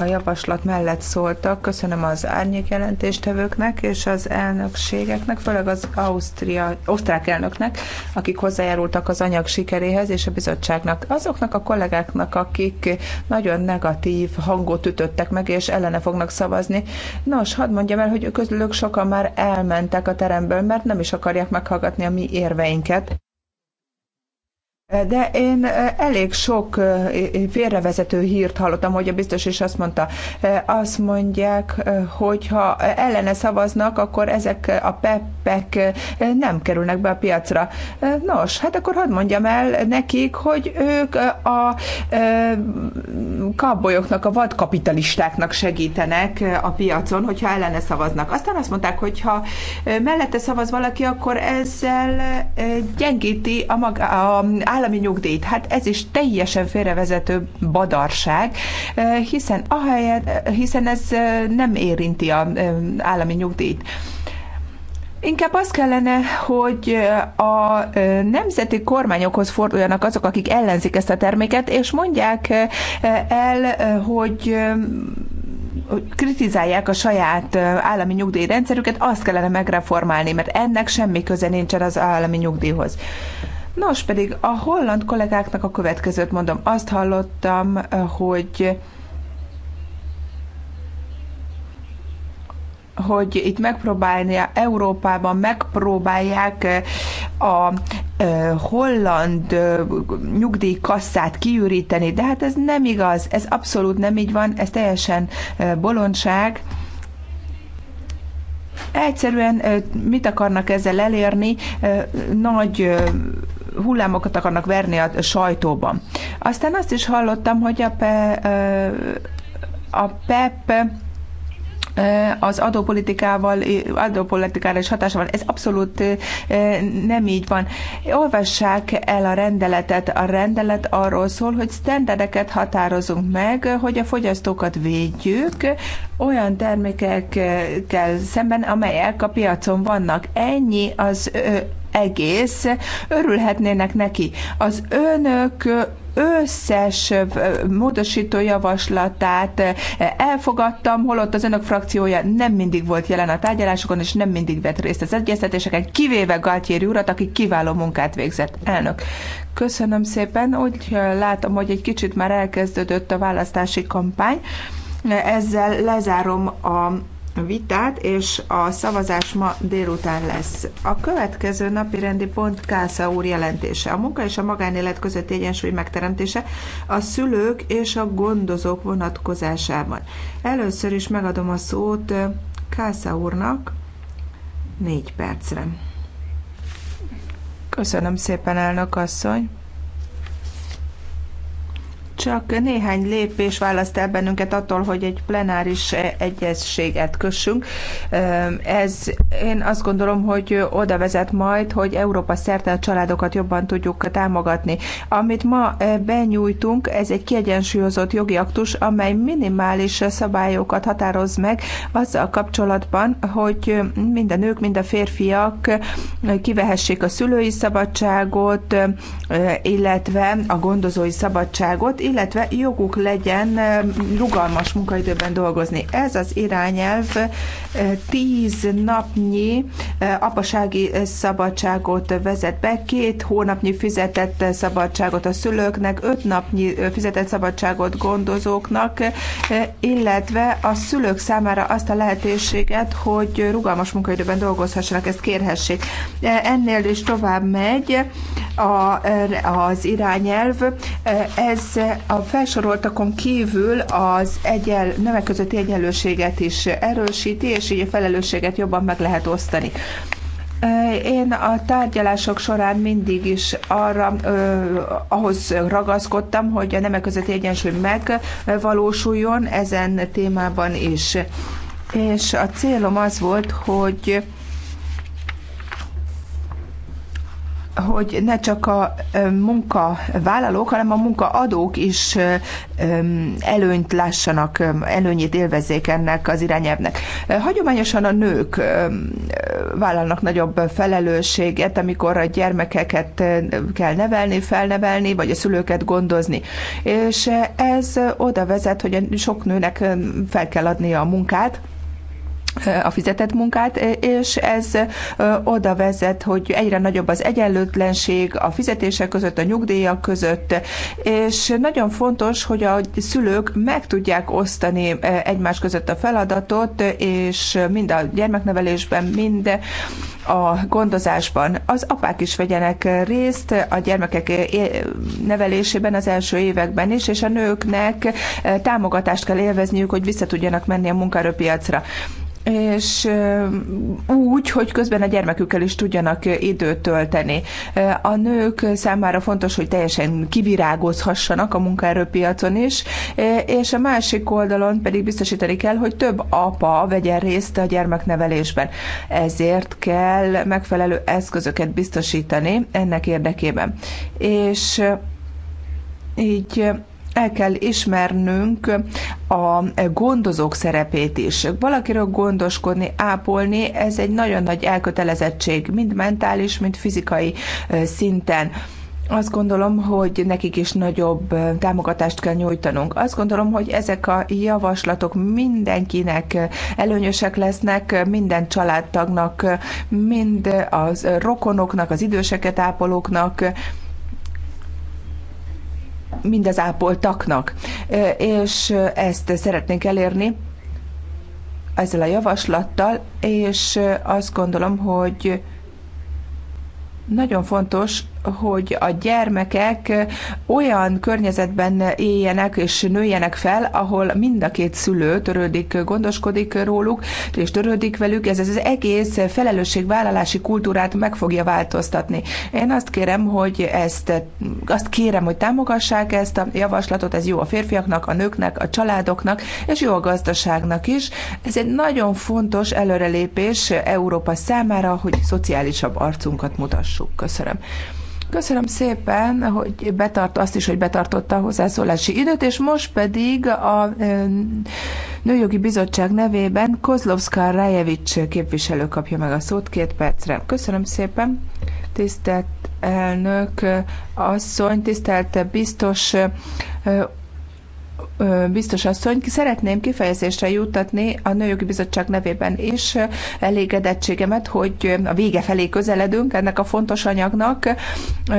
a javaslat mellett szóltak. Köszönöm az árnyék jelentéstevőknek és az elnökségeknek, főleg az Ausztria, osztrák elnöknek, akik hozzájárultak az anyag sikeréhez, és a bizottságnak. Azoknak a kollégáknak, akik nagyon negatív hangot ütöttek meg, és ellene fognak szavazni. Nos, hadd mondjam el, hogy közülük sokan már elmentek a teremből, mert nem is akarják meghallgatni a mi érveinket. De én elég sok félrevezető hírt hallottam, hogy a biztos is azt mondta. Azt mondják, hogy ha ellene szavaznak, akkor ezek a peppek nem kerülnek be a piacra. Nos, hát akkor hadd mondjam el nekik, hogy ők a kabolyoknak, a vadkapitalistáknak segítenek a piacon, hogyha ellene szavaznak. Aztán azt mondták, hogy ha mellette szavaz valaki, akkor ezzel gyengíti a maga, a állami nyugdíjt. Hát ez is teljesen félrevezető badarság, eh, hiszen, ahelyett, eh, hiszen ez eh, nem érinti a állami nyugdíjt. Inkább az kellene, hogy a nemzeti kormányokhoz forduljanak azok, akik ellenzik ezt a terméket, és mondják el, hogy kritizálják a saját állami nyugdíjrendszerüket, azt kellene megreformálni, mert ennek semmi köze nincsen az állami nyugdíjhoz. Nos, pedig a holland kollégáknak a következőt mondom. Azt hallottam, eh, hogy hogy itt megpróbálni Európában megpróbálják eh, a eh, holland nyugdíjkasszát kiüríteni, de hát ez nem igaz, ez abszolút nem így van, ez teljesen bolondság. Egyszerűen mit akarnak ezzel elérni? Nagy hullámokat akarnak verni a sajtóban. Aztán azt is hallottam, hogy a, pe, a PEP az adópolitikával, adópolitikára is hatása van. Ez abszolút nem így van. Olvassák el a rendeletet. A rendelet arról szól, hogy standardeket határozunk meg, hogy a fogyasztókat védjük olyan termékekkel szemben, amelyek a piacon vannak. Ennyi az egész, örülhetnének neki. Az önök összes módosító javaslatát elfogadtam, holott az önök frakciója nem mindig volt jelen a tárgyalásokon, és nem mindig vett részt az egyeztetéseken, kivéve Galtieri urat, aki kiváló munkát végzett. Elnök, köszönöm szépen. Úgy látom, hogy egy kicsit már elkezdődött a választási kampány. Ezzel lezárom a vitát, és a szavazás ma délután lesz. A következő napi rendi pont Kásza úr jelentése. A munka és a magánélet közötti egyensúly megteremtése a szülők és a gondozók vonatkozásában. Először is megadom a szót Kásza úrnak négy percre. Köszönöm szépen, elnök asszony! csak néhány lépés választ el bennünket attól, hogy egy plenáris egyezséget kössünk. Ez én azt gondolom, hogy oda vezet majd, hogy Európa szerte a családokat jobban tudjuk támogatni. Amit ma benyújtunk, ez egy kiegyensúlyozott jogi aktus, amely minimális szabályokat határoz meg azzal kapcsolatban, hogy mind a nők, mind a férfiak kivehessék a szülői szabadságot, illetve a gondozói szabadságot, illetve joguk legyen rugalmas munkaidőben dolgozni. Ez az irányelv tíz napnyi apasági szabadságot vezet be, két hónapnyi fizetett szabadságot a szülőknek, öt napnyi fizetett szabadságot gondozóknak, illetve a szülők számára azt a lehetőséget, hogy rugalmas munkaidőben dolgozhassanak, ezt kérhessék. Ennél is tovább megy a, az irányelv. Ez a felsoroltakon kívül az egyel, nemek közötti egyenlőséget is erősíti, és így a felelősséget jobban meg lehet osztani. Én a tárgyalások során mindig is arra, eh, ahhoz ragaszkodtam, hogy a nemek közötti egyensúly megvalósuljon ezen témában is. És a célom az volt, hogy hogy ne csak a munkavállalók, hanem a munkaadók is előnyt lássanak, előnyét élvezzék ennek az irányelvnek. Hagyományosan a nők vállalnak nagyobb felelősséget, amikor a gyermekeket kell nevelni, felnevelni, vagy a szülőket gondozni. És ez oda vezet, hogy sok nőnek fel kell adnia a munkát, a fizetett munkát, és ez oda vezet, hogy egyre nagyobb az egyenlőtlenség a fizetések között, a nyugdíjak között, és nagyon fontos, hogy a szülők meg tudják osztani egymás között a feladatot, és mind a gyermeknevelésben, mind a gondozásban. Az apák is vegyenek részt a gyermekek nevelésében az első években is, és a nőknek támogatást kell élvezniük, hogy visszatudjanak menni a munkaerőpiacra és úgy, hogy közben a gyermekükkel is tudjanak időt tölteni. A nők számára fontos, hogy teljesen kivirágozhassanak a munkaerőpiacon is, és a másik oldalon pedig biztosítani kell, hogy több apa vegyen részt a gyermeknevelésben. Ezért kell megfelelő eszközöket biztosítani ennek érdekében. És így el kell ismernünk a gondozók szerepét is. Valakiről gondoskodni, ápolni, ez egy nagyon nagy elkötelezettség, mind mentális, mind fizikai szinten. Azt gondolom, hogy nekik is nagyobb támogatást kell nyújtanunk. Azt gondolom, hogy ezek a javaslatok mindenkinek előnyösek lesznek, minden családtagnak, mind az rokonoknak, az időseket ápolóknak, mind az ápoltaknak. És ezt szeretnénk elérni ezzel a javaslattal, és azt gondolom, hogy nagyon fontos hogy a gyermekek olyan környezetben éljenek és nőjenek fel, ahol mind a két szülő törődik, gondoskodik róluk, és törődik velük, ez az egész felelősségvállalási kultúrát meg fogja változtatni. Én azt kérem, hogy ezt, azt kérem, hogy támogassák ezt a javaslatot, ez jó a férfiaknak, a nőknek, a családoknak, és jó a gazdaságnak is. Ez egy nagyon fontos előrelépés Európa számára, hogy szociálisabb arcunkat mutassuk. Köszönöm. Köszönöm szépen, hogy betart azt is, hogy betartotta a hozzászólási időt, és most pedig a Nőjogi Bizottság nevében Kozlovszka Rajevics képviselő kapja meg a szót két percre. Köszönöm szépen, tisztelt elnök asszony, tisztelt biztos biztos asszony, szeretném kifejezésre juttatni a Nőjogi Bizottság nevében is elégedettségemet, hogy a vége felé közeledünk ennek a fontos anyagnak.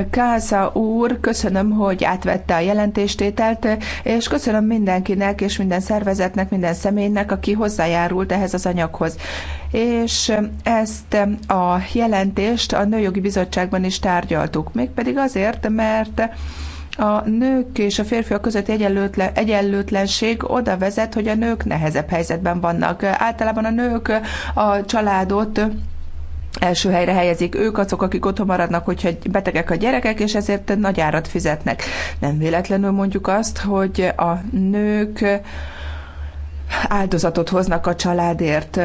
Káza úr, köszönöm, hogy átvette a jelentéstételt, és köszönöm mindenkinek és minden szervezetnek, minden személynek, aki hozzájárult ehhez az anyaghoz. És ezt a jelentést a Nőjogi Bizottságban is tárgyaltuk, mégpedig azért, mert a nők és a férfiak közötti egyenlőtlenség oda vezet, hogy a nők nehezebb helyzetben vannak. Általában a nők a családot első helyre helyezik. Ők azok, akik otthon maradnak, hogyha betegek a gyerekek, és ezért nagy árat fizetnek. Nem véletlenül mondjuk azt, hogy a nők áldozatot hoznak a családért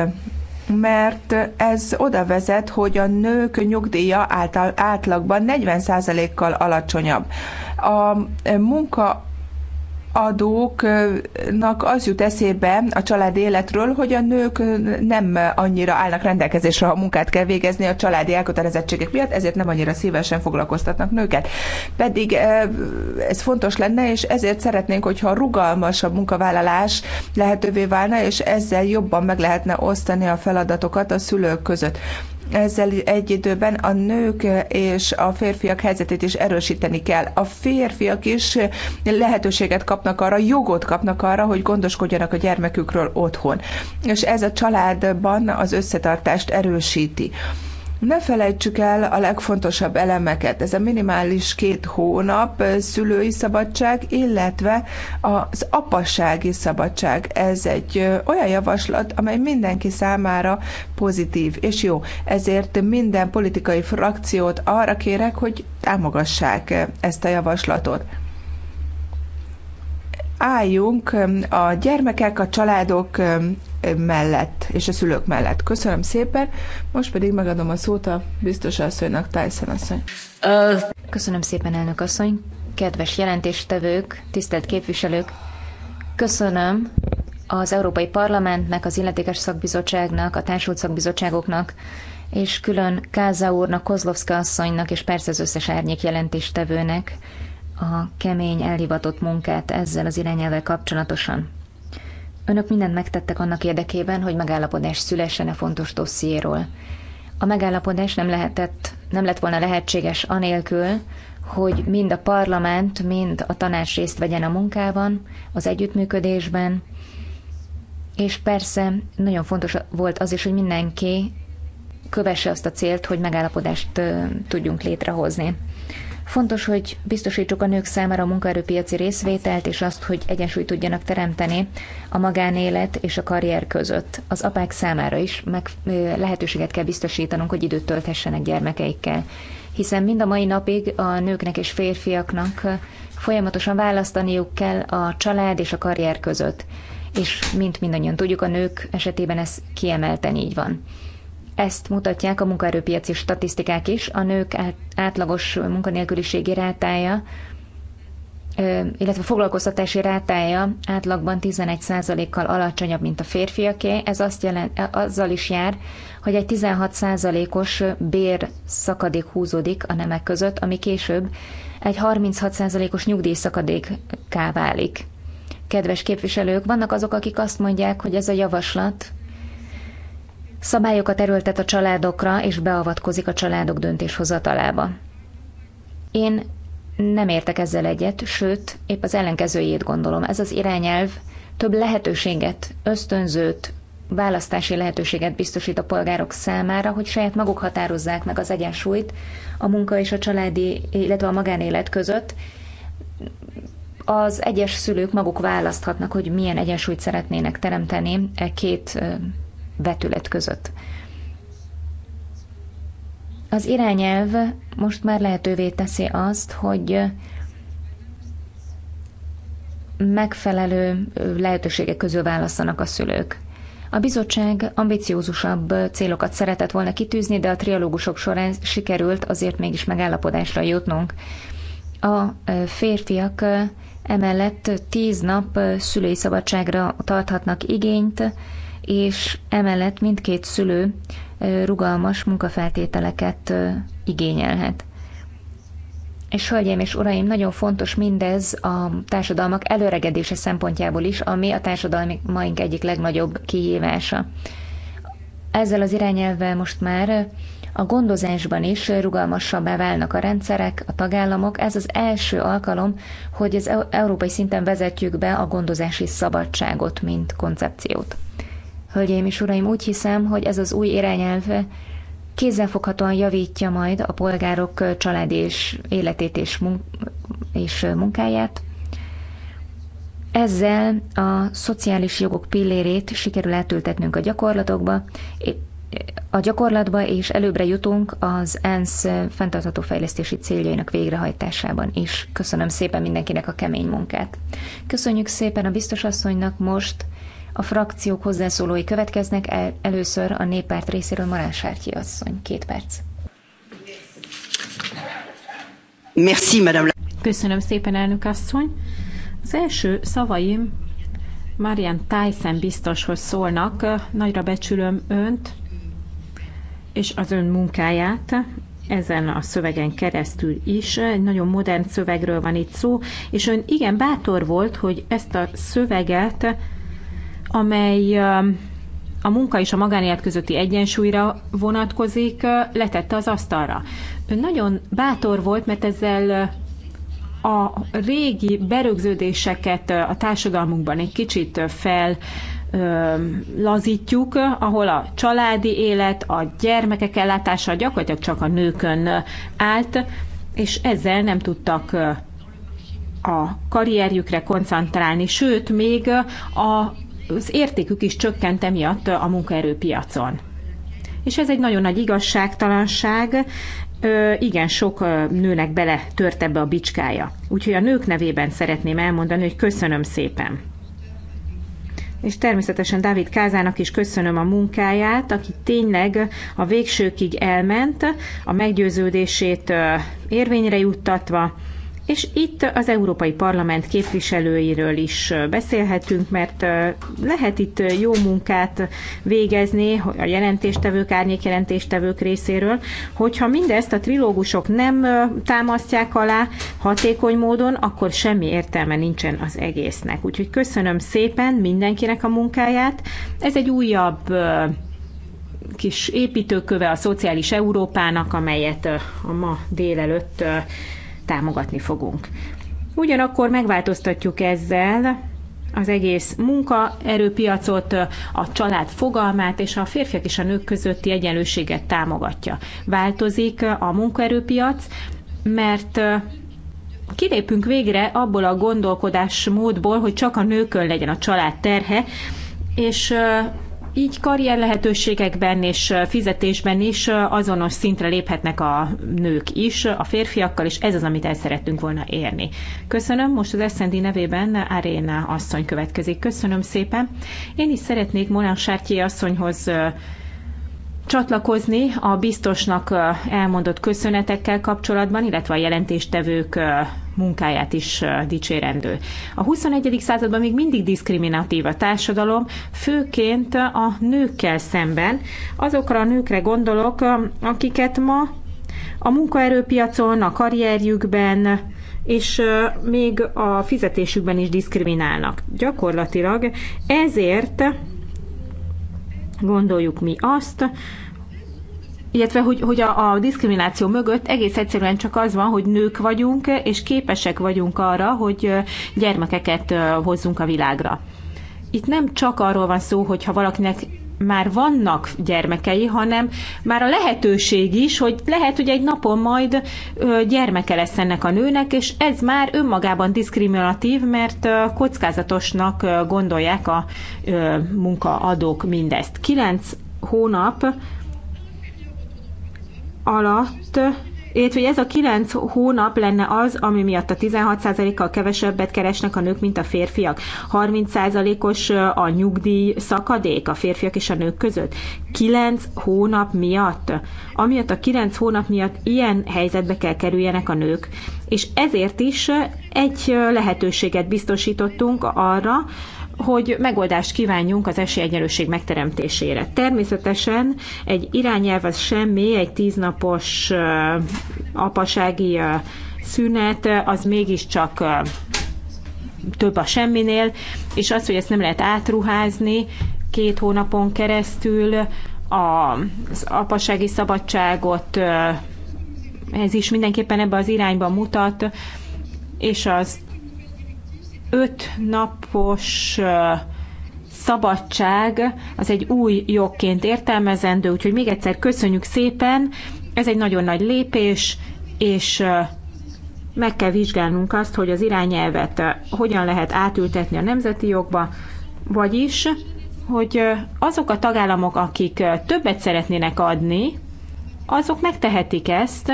mert ez oda vezet, hogy a nők nyugdíja által, átlagban 40%-kal alacsonyabb. A munka adóknak az jut eszébe a család életről, hogy a nők nem annyira állnak rendelkezésre, ha munkát kell végezni a családi elkötelezettségek miatt, ezért nem annyira szívesen foglalkoztatnak nőket. Pedig eh, ez fontos lenne, és ezért szeretnénk, hogyha rugalmasabb munkavállalás lehetővé válna, és ezzel jobban meg lehetne osztani a feladatokat a szülők között ezzel egy időben a nők és a férfiak helyzetét is erősíteni kell. A férfiak is lehetőséget kapnak arra, jogot kapnak arra, hogy gondoskodjanak a gyermekükről otthon. És ez a családban az összetartást erősíti. Ne felejtsük el a legfontosabb elemeket. Ez a minimális két hónap eh, szülői szabadság, illetve az apassági szabadság. Ez egy eh, olyan javaslat, amely mindenki számára pozitív és jó. Ezért minden politikai frakciót arra kérek, hogy támogassák eh, ezt a javaslatot álljunk um, a gyermekek, a családok um, mellett és a szülők mellett. Köszönöm szépen, most pedig megadom a szót a biztos asszonynak, Tyson asszony. Uh, köszönöm szépen, elnök asszony, kedves jelentéstevők, tisztelt képviselők, köszönöm az Európai Parlamentnek, az illetékes szakbizottságnak, a társult szakbizottságoknak, és külön Káza úrnak, Kozlovszka asszonynak, és persze az összes árnyék jelentéstevőnek a kemény, elhivatott munkát ezzel az irányelvel kapcsolatosan. Önök mindent megtettek annak érdekében, hogy megállapodás szülessen a fontos dossziéról. A megállapodás nem, lehetett, nem lett volna lehetséges anélkül, hogy mind a parlament, mind a tanács részt vegyen a munkában, az együttműködésben, és persze nagyon fontos volt az is, hogy mindenki kövesse azt a célt, hogy megállapodást tudjunk létrehozni. Fontos, hogy biztosítsuk a nők számára a munkaerőpiaci részvételt, és azt, hogy egyensúlyt tudjanak teremteni a magánélet és a karrier között. Az apák számára is meg lehetőséget kell biztosítanunk, hogy időt tölthessenek gyermekeikkel. Hiszen mind a mai napig a nőknek és férfiaknak folyamatosan választaniuk kell a család és a karrier között. És mint mindannyian tudjuk, a nők esetében ez kiemelten így van. Ezt mutatják a munkaerőpiaci statisztikák is. A nők átlagos munkanélküliségi rátája, illetve foglalkoztatási rátája átlagban 11%-kal alacsonyabb, mint a férfiaké. Ez azt jelent, e, azzal is jár, hogy egy 16%-os bér szakadék húzódik a nemek között, ami később egy 36%-os nyugdíjszakadékká válik. Kedves képviselők, vannak azok, akik azt mondják, hogy ez a javaslat Szabályokat erőltet a családokra, és beavatkozik a családok döntéshozatalába. Én nem értek ezzel egyet, sőt, épp az ellenkezőjét gondolom. Ez az irányelv több lehetőséget, ösztönzőt, választási lehetőséget biztosít a polgárok számára, hogy saját maguk határozzák meg az egyensúlyt a munka és a családi, illetve a magánélet között. Az egyes szülők maguk választhatnak, hogy milyen egyensúlyt szeretnének teremteni e két vetület között. Az irányelv most már lehetővé teszi azt, hogy megfelelő lehetőségek közül válaszanak a szülők. A bizottság ambiciózusabb célokat szeretett volna kitűzni, de a trialógusok során sikerült azért mégis megállapodásra jutnunk. A férfiak emellett tíz nap szülői szabadságra tarthatnak igényt, és emellett mindkét szülő rugalmas munkafeltételeket igényelhet. És hölgyeim és uraim, nagyon fontos mindez a társadalmak előregedése szempontjából is, ami a társadalmi maink egyik legnagyobb kihívása. Ezzel az irányelvvel most már a gondozásban is rugalmasabbá válnak a rendszerek, a tagállamok. Ez az első alkalom, hogy az európai szinten vezetjük be a gondozási szabadságot, mint koncepciót. Hölgyeim és uraim, úgy hiszem, hogy ez az új irányelv kézzelfoghatóan javítja majd a polgárok család és életét és, mun- és munkáját. Ezzel a szociális jogok pillérét sikerül átültetnünk a gyakorlatokba, a gyakorlatba, és előbbre jutunk az ENSZ fenntartható fejlesztési céljainak végrehajtásában is. Köszönöm szépen mindenkinek a kemény munkát. Köszönjük szépen a biztosasszonynak most a frakciók hozzászólói következnek, el, először a néppárt részéről Marán Sárki asszony. Két perc. Merci, madame. Köszönöm szépen, elnök asszony. Az első szavaim Marian Tyson biztoshoz szólnak. Nagyra becsülöm önt és az ön munkáját ezen a szövegen keresztül is. Egy nagyon modern szövegről van itt szó, és ön igen bátor volt, hogy ezt a szöveget amely um, a munka és a magánélet közötti egyensúlyra vonatkozik, uh, letette az asztalra. Ön nagyon bátor volt, mert ezzel uh, a régi berögződéseket uh, a társadalmunkban egy kicsit fel um, lazítjuk, ahol a családi élet, a gyermekek ellátása gyakorlatilag csak a nőkön állt, és ezzel nem tudtak a karrierjükre koncentrálni, sőt, még a az értékük is csökkent emiatt a munkaerőpiacon. És ez egy nagyon nagy igazságtalanság, igen sok nőnek bele tört ebbe a bicskája. Úgyhogy a nők nevében szeretném elmondani, hogy köszönöm szépen. És természetesen Dávid Kázának is köszönöm a munkáját, aki tényleg a végsőkig elment, a meggyőződését érvényre juttatva, és itt az Európai Parlament képviselőiről is beszélhetünk, mert lehet itt jó munkát végezni a jelentéstevők, árnyékjelentéstevők részéről, hogyha mindezt a trilógusok nem támasztják alá hatékony módon, akkor semmi értelme nincsen az egésznek. Úgyhogy köszönöm szépen mindenkinek a munkáját. Ez egy újabb kis építőköve a szociális Európának, amelyet a ma délelőtt támogatni fogunk. Ugyanakkor megváltoztatjuk ezzel az egész munkaerőpiacot, a család fogalmát és a férfiak és a nők közötti egyenlőséget támogatja. Változik a munkaerőpiac, mert kilépünk végre abból a gondolkodásmódból, hogy csak a nőkön legyen a család terhe, és így karrier lehetőségekben és fizetésben is azonos szintre léphetnek a nők is, a férfiakkal, és ez az, amit el szerettünk volna érni. Köszönöm, most az SZND nevében Aréna asszony következik. Köszönöm szépen. Én is szeretnék Molán Sártyi asszonyhoz csatlakozni a biztosnak elmondott köszönetekkel kapcsolatban, illetve a jelentéstevők munkáját is dicsérendő. A 21. században még mindig diszkriminatív a társadalom, főként a nőkkel szemben. Azokra a nőkre gondolok, akiket ma a munkaerőpiacon, a karrierjükben, és még a fizetésükben is diszkriminálnak. Gyakorlatilag ezért gondoljuk mi azt, illetve hogy, hogy a, a diszkrimináció mögött egész egyszerűen csak az van, hogy nők vagyunk, és képesek vagyunk arra, hogy gyermekeket hozzunk a világra. Itt nem csak arról van szó, hogy ha valakinek már vannak gyermekei, hanem már a lehetőség is, hogy lehet, hogy egy napon majd gyermeke lesz ennek a nőnek, és ez már önmagában diszkriminatív, mert kockázatosnak gondolják a munkaadók mindezt. Kilenc hónap alatt illetve hogy ez a kilenc hónap lenne az, ami miatt a 16%-kal kevesebbet keresnek a nők, mint a férfiak. 30%-os a nyugdíj szakadék a férfiak és a nők között. Kilenc hónap miatt. Amiatt a kilenc hónap miatt ilyen helyzetbe kell kerüljenek a nők. És ezért is egy lehetőséget biztosítottunk arra, hogy megoldást kívánjunk az esélyegyenlőség megteremtésére. Természetesen egy irányelv az semmi, egy tíznapos apasági szünet az mégiscsak több a semminél, és az, hogy ezt nem lehet átruházni két hónapon keresztül, az apasági szabadságot, ez is mindenképpen ebbe az irányba mutat, és az öt napos szabadság az egy új jogként értelmezendő, úgyhogy még egyszer köszönjük szépen, ez egy nagyon nagy lépés, és meg kell vizsgálnunk azt, hogy az irányelvet hogyan lehet átültetni a nemzeti jogba, vagyis, hogy azok a tagállamok, akik többet szeretnének adni, azok megtehetik ezt,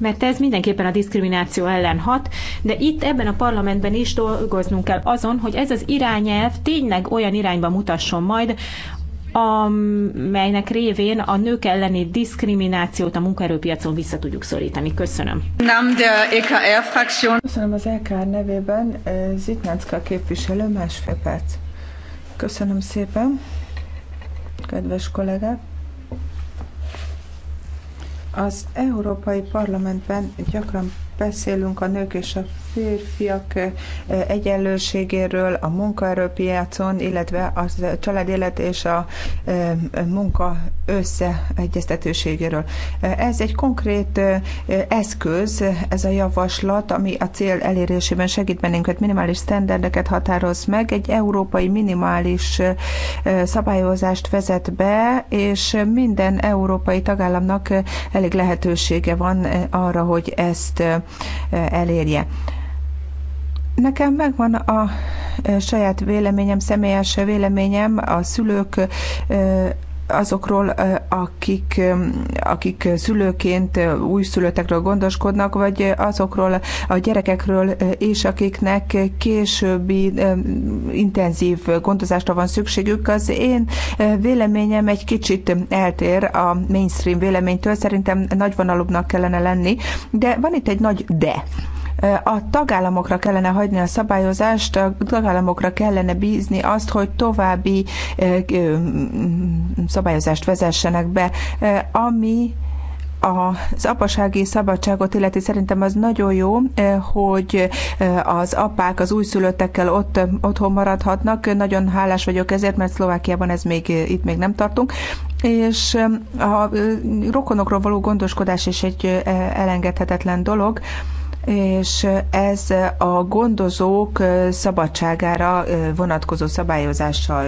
mert ez mindenképpen a diszkrimináció ellen hat, de itt ebben a parlamentben is dolgoznunk kell azon, hogy ez az irányelv tényleg olyan irányba mutasson majd, amelynek révén a nők elleni diszkriminációt a munkaerőpiacon vissza tudjuk szorítani. Köszönöm. Nem, de EKR frakció. Köszönöm az EKR nevében, e, Zitnácka képviselő, másfél perc. Köszönöm szépen, kedves kollégák az európai parlamentben gyakran beszélünk a nők és a férfiak eh, egyenlőségéről, a munkaerőpiacon, illetve a család élet és a eh, munka összeegyeztetőségéről. Eh, ez egy konkrét eszköz, ez a javaslat, ami a cél elérésében segít bennünket, minimális sztenderdeket határoz meg, egy európai minimális szabályozást vezet be, és minden európai tagállamnak elég lehetősége van arra, hogy ezt elérje. Nekem megvan a saját véleményem, személyes véleményem, a szülők azokról, akik, akik szülőként újszülöttekről gondoskodnak, vagy azokról a gyerekekről és akiknek későbbi intenzív gondozásra van szükségük. Az én véleményem egy kicsit eltér a mainstream véleménytől, szerintem nagyvonalúbbnak kellene lenni, de van itt egy nagy de. A tagállamokra kellene hagyni a szabályozást, a tagállamokra kellene bízni azt, hogy további szabályozást vezessenek be, ami az apasági szabadságot illeti szerintem az nagyon jó, hogy az apák az újszülöttekkel ott otthon maradhatnak. Nagyon hálás vagyok ezért, mert Szlovákiában ez még, itt még nem tartunk. És a rokonokról való gondoskodás is egy elengedhetetlen dolog és ez a gondozók szabadságára vonatkozó szabályozással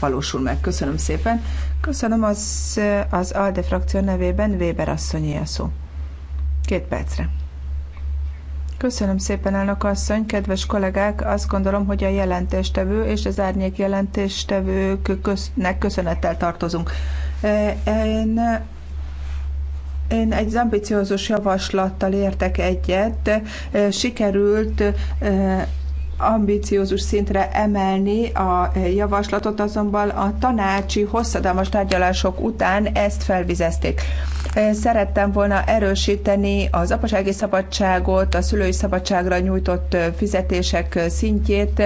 valósul meg. Köszönöm szépen. Köszönöm az, az ALDE frakció nevében Weber asszonyi a szó. Két percre. Köszönöm szépen, elnök asszony, kedves kollégák! Azt gondolom, hogy a jelentéstevő és az árnyék jelentéstevőknek köszönettel tartozunk. Én én egy ambiciózus javaslattal értek egyet. Sikerült ambiciózus szintre emelni a javaslatot, azonban a tanácsi hosszadalmas tárgyalások után ezt felvizezték. Szerettem volna erősíteni az apasági szabadságot, a szülői szabadságra nyújtott fizetések szintjét.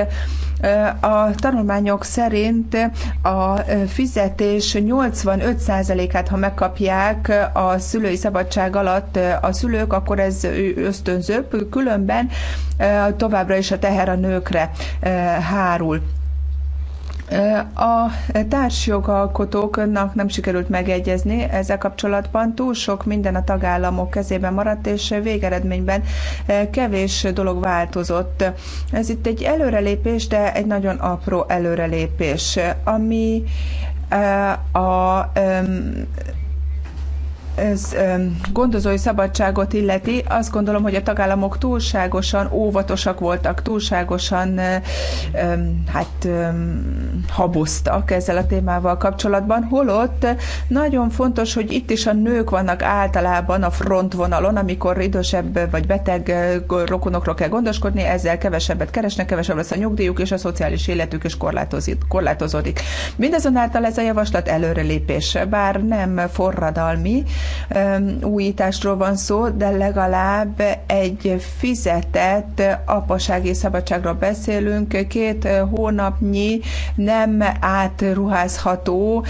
A tanulmányok szerint a fizetés 85%-át, ha megkapják a szülői szabadság alatt a szülők, akkor ez ösztönzőbb, különben továbbra is a teher a nőkre eh, hárul. Eh, a társjogalkotóknak nem sikerült megegyezni ezzel kapcsolatban. Túl sok minden a tagállamok kezében maradt, és végeredményben eh, kevés dolog változott. Ez itt egy előrelépés, de egy nagyon apró előrelépés, ami a ez gondozói szabadságot illeti, azt gondolom, hogy a tagállamok túlságosan óvatosak voltak, túlságosan eh, hát haboztak ezzel a témával kapcsolatban, holott nagyon fontos, hogy itt is a nők vannak általában a frontvonalon, amikor idősebb vagy beteg eh, rokonokról kell gondoskodni, ezzel kevesebbet keresnek, kevesebb lesz a nyugdíjuk, és a szociális életük is korlátozódik. Mindazonáltal ez a javaslat előrelépés, bár nem forradalmi, újításról van szó, de legalább egy fizetett apasági szabadságról beszélünk, két hónapnyi nem átruházható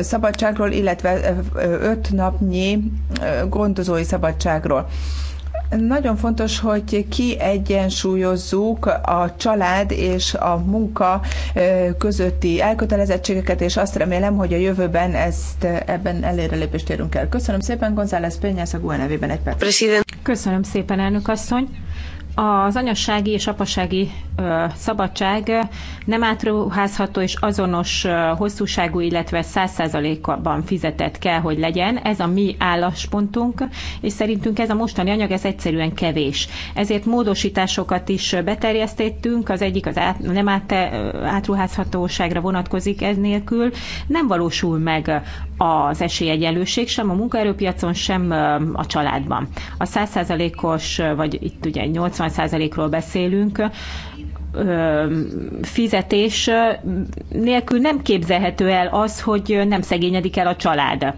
szabadságról, illetve öt napnyi gondozói szabadságról. Nagyon fontos, hogy kiegyensúlyozzuk a család és a munka közötti elkötelezettségeket, és azt remélem, hogy a jövőben ezt ebben előrelépést érünk el. Köszönöm szépen, González Pényász a GUE nevében egy perc. Köszönöm szépen, elnök asszony az anyassági és apassági szabadság nem átruházható és azonos hosszúságú, illetve 100%-ban fizetett kell, hogy legyen. Ez a mi álláspontunk, és szerintünk ez a mostani anyag, ez egyszerűen kevés. Ezért módosításokat is beterjesztettünk, az egyik az át, nem át, átruházhatóságra vonatkozik ez nélkül. Nem valósul meg az esélyegyenlőség sem a munkaerőpiacon, sem a családban. A 100%-os, vagy itt ugye 80%-ról beszélünk, fizetés nélkül nem képzelhető el az, hogy nem szegényedik el a család.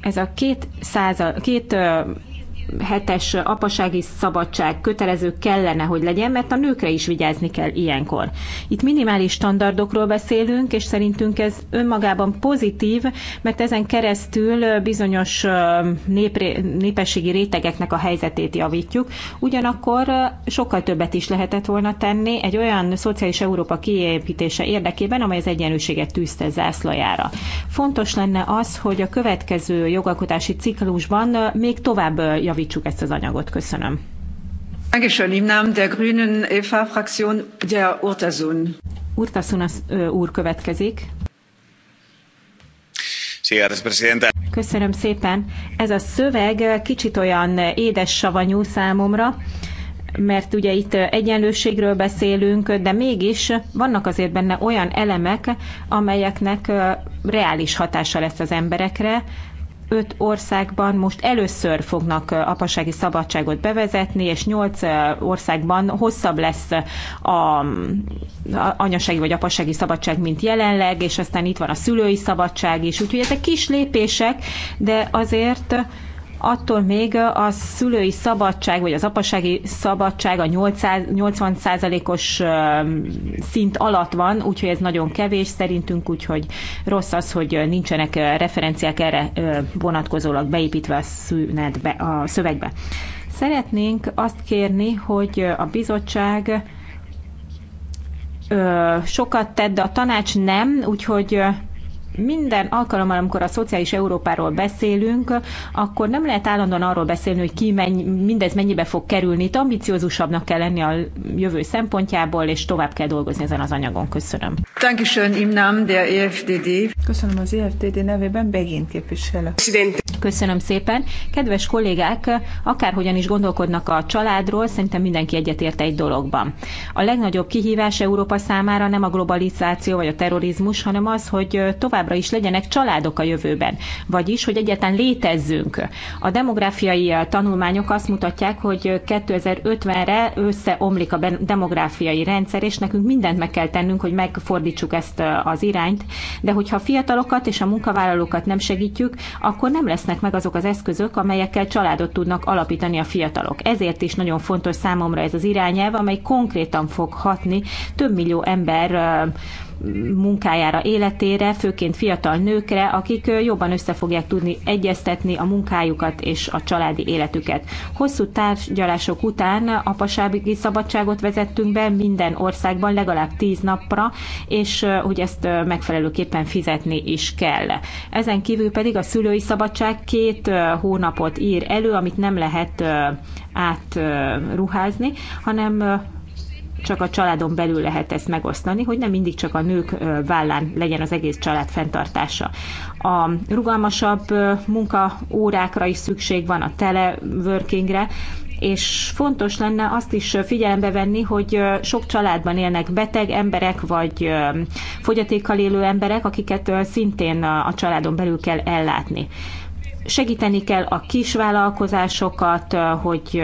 Ez a két, száza, két hetes apasági szabadság kötelező kellene, hogy legyen, mert a nőkre is vigyázni kell ilyenkor. Itt minimális standardokról beszélünk, és szerintünk ez önmagában pozitív, mert ezen keresztül bizonyos népré, népességi rétegeknek a helyzetét javítjuk. Ugyanakkor sokkal többet is lehetett volna tenni egy olyan szociális Európa kiépítése érdekében, amely az egyenlőséget tűzte zászlajára. Fontos lenne az, hogy a következő jogalkotási ciklusban még tovább javítsuk ezt az anyagot. Köszönöm. Dankeschön. Im Namen der Grünen Eva Fraktion der Urtasun. Urtasun úr következik. Köszönöm szépen. Ez a szöveg kicsit olyan édes savanyú számomra, mert ugye itt egyenlőségről beszélünk, de mégis vannak azért benne olyan elemek, amelyeknek reális hatása lesz az emberekre, öt országban most először fognak apasági szabadságot bevezetni, és nyolc országban hosszabb lesz a anyasági vagy apasági szabadság, mint jelenleg, és aztán itt van a szülői szabadság is, úgyhogy ezek kis lépések, de azért attól még a szülői szabadság, vagy az apasági szabadság a 80%-os szint alatt van, úgyhogy ez nagyon kevés szerintünk, úgyhogy rossz az, hogy nincsenek referenciák erre vonatkozólag beépítve a, szünetbe, a szövegbe. Szeretnénk azt kérni, hogy a bizottság sokat tett, de a tanács nem, úgyhogy minden alkalommal, amikor a szociális Európáról beszélünk, akkor nem lehet állandóan arról beszélni, hogy ki mennyi, mindez mennyibe fog kerülni. Itt ambiciózusabbnak kell lenni a jövő szempontjából, és tovább kell dolgozni ezen az anyagon. Köszönöm. E Köszönöm az EFTD nevében, Begin képviselő. Köszönöm szépen. Kedves kollégák, akárhogyan is gondolkodnak a családról, szerintem mindenki egyetért egy dologban. A legnagyobb kihívás Európa számára nem a globalizáció vagy a terrorizmus, hanem az, hogy tovább továbbra is legyenek családok a jövőben, vagyis, hogy egyáltalán létezzünk. A demográfiai eh, tanulmányok azt mutatják, hogy 2050-re eh, összeomlik a demográfiai rendszer, és nekünk mindent meg kell tennünk, hogy megfordítsuk ezt eh, az irányt, de hogyha a fiatalokat és a munkavállalókat nem segítjük, akkor nem lesznek meg azok az eszközök, amelyekkel családot tudnak alapítani a fiatalok. Ezért is nagyon fontos számomra ez az irányelv, amely konkrétan fog hatni több millió ember munkájára, életére, főként fiatal nőkre, akik jobban össze fogják tudni egyeztetni a munkájukat és a családi életüket. Hosszú tárgyalások után apasági szabadságot vezettünk be minden országban legalább tíz napra, és hogy ezt megfelelőképpen fizetni is kell. Ezen kívül pedig a szülői szabadság két hónapot ír elő, amit nem lehet átruházni, hanem csak a családon belül lehet ezt megosztani, hogy nem mindig csak a nők vállán legyen az egész család fenntartása. A rugalmasabb munkaórákra is szükség van, a teleworkingre, és fontos lenne azt is figyelembe venni, hogy sok családban élnek beteg emberek, vagy fogyatékkal élő emberek, akiket szintén a családon belül kell ellátni. Segíteni kell a kisvállalkozásokat, hogy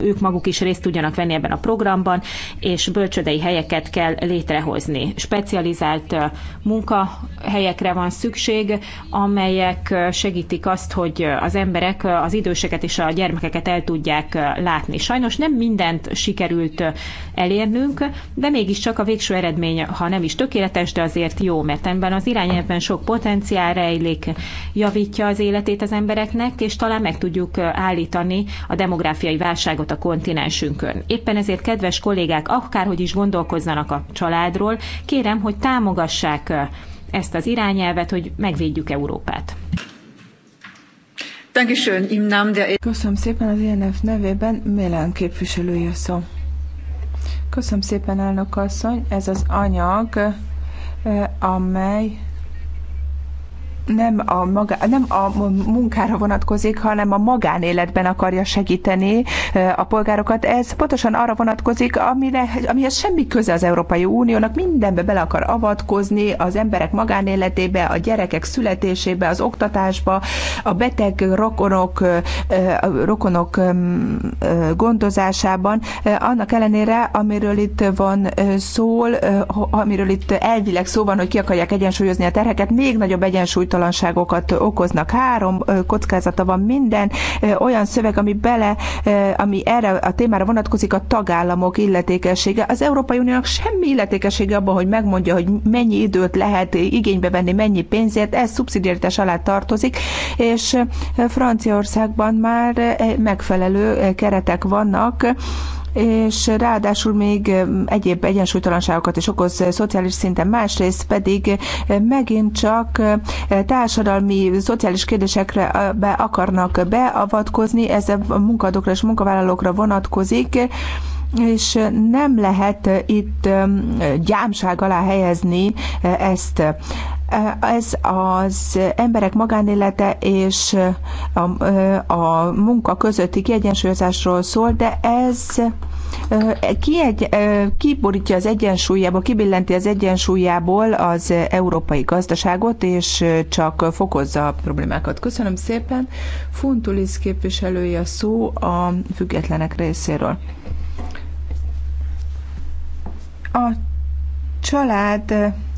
ők maguk is részt tudjanak venni ebben a programban, és bölcsödei helyeket kell létrehozni. Specializált munkahelyekre van szükség, amelyek segítik azt, hogy az emberek az időseket és a gyermekeket el tudják látni. Sajnos nem mindent sikerült elérnünk, de mégiscsak a végső eredmény, ha nem is tökéletes, de azért jó, mert ebben az irányában sok potenciál rejlik, javítja az életét az embereknek, és talán meg tudjuk állítani a demográfiai válságot világot a kontinensünkön. Éppen ezért, kedves kollégák, akárhogy is gondolkozzanak a családról, kérem, hogy támogassák ezt az irányelvet, hogy megvédjük Európát. E- Köszönöm szépen az INF e nevében, Mélán képviselője szó. Köszönöm szépen, elnök asszony. Ez az anyag, amely nem a, maga, nem a munkára vonatkozik, hanem a magánéletben akarja segíteni a polgárokat. Ez pontosan arra vonatkozik, amire, amihez semmi köze az Európai Uniónak, mindenbe bele akar avatkozni, az emberek magánéletébe, a gyerekek születésébe, az oktatásba, a beteg rokonok, rokonok gondozásában. Annak ellenére, amiről itt van szól, amiről itt elvileg szó van, hogy ki akarják egyensúlyozni a terheket, még nagyobb egyensúlyt bizonytalanságokat okoznak. Három kockázata van minden olyan szöveg, ami bele, ami erre a témára vonatkozik, a tagállamok illetékessége. Az Európai Uniónak semmi illetékessége abban, hogy megmondja, hogy mennyi időt lehet igénybe venni, mennyi pénzért, ez szubszidiaritás alá tartozik, és Franciaországban már megfelelő keretek vannak, és ráadásul még egyéb egyensúlytalanságokat is okoz szociális szinten, másrészt pedig megint csak társadalmi, szociális kérdésekre be akarnak beavatkozni, ez a munkadokra és munkavállalókra vonatkozik, és nem lehet itt gyámság alá helyezni ezt. Ez az emberek magánélete és a, a munka közötti kiegyensúlyozásról szól, de ez kiegy, kiborítja az egyensúlyából, kibillenti az egyensúlyából az európai gazdaságot, és csak fokozza a problémákat. Köszönöm szépen. Funtulis képviselője szó a függetlenek részéről. A család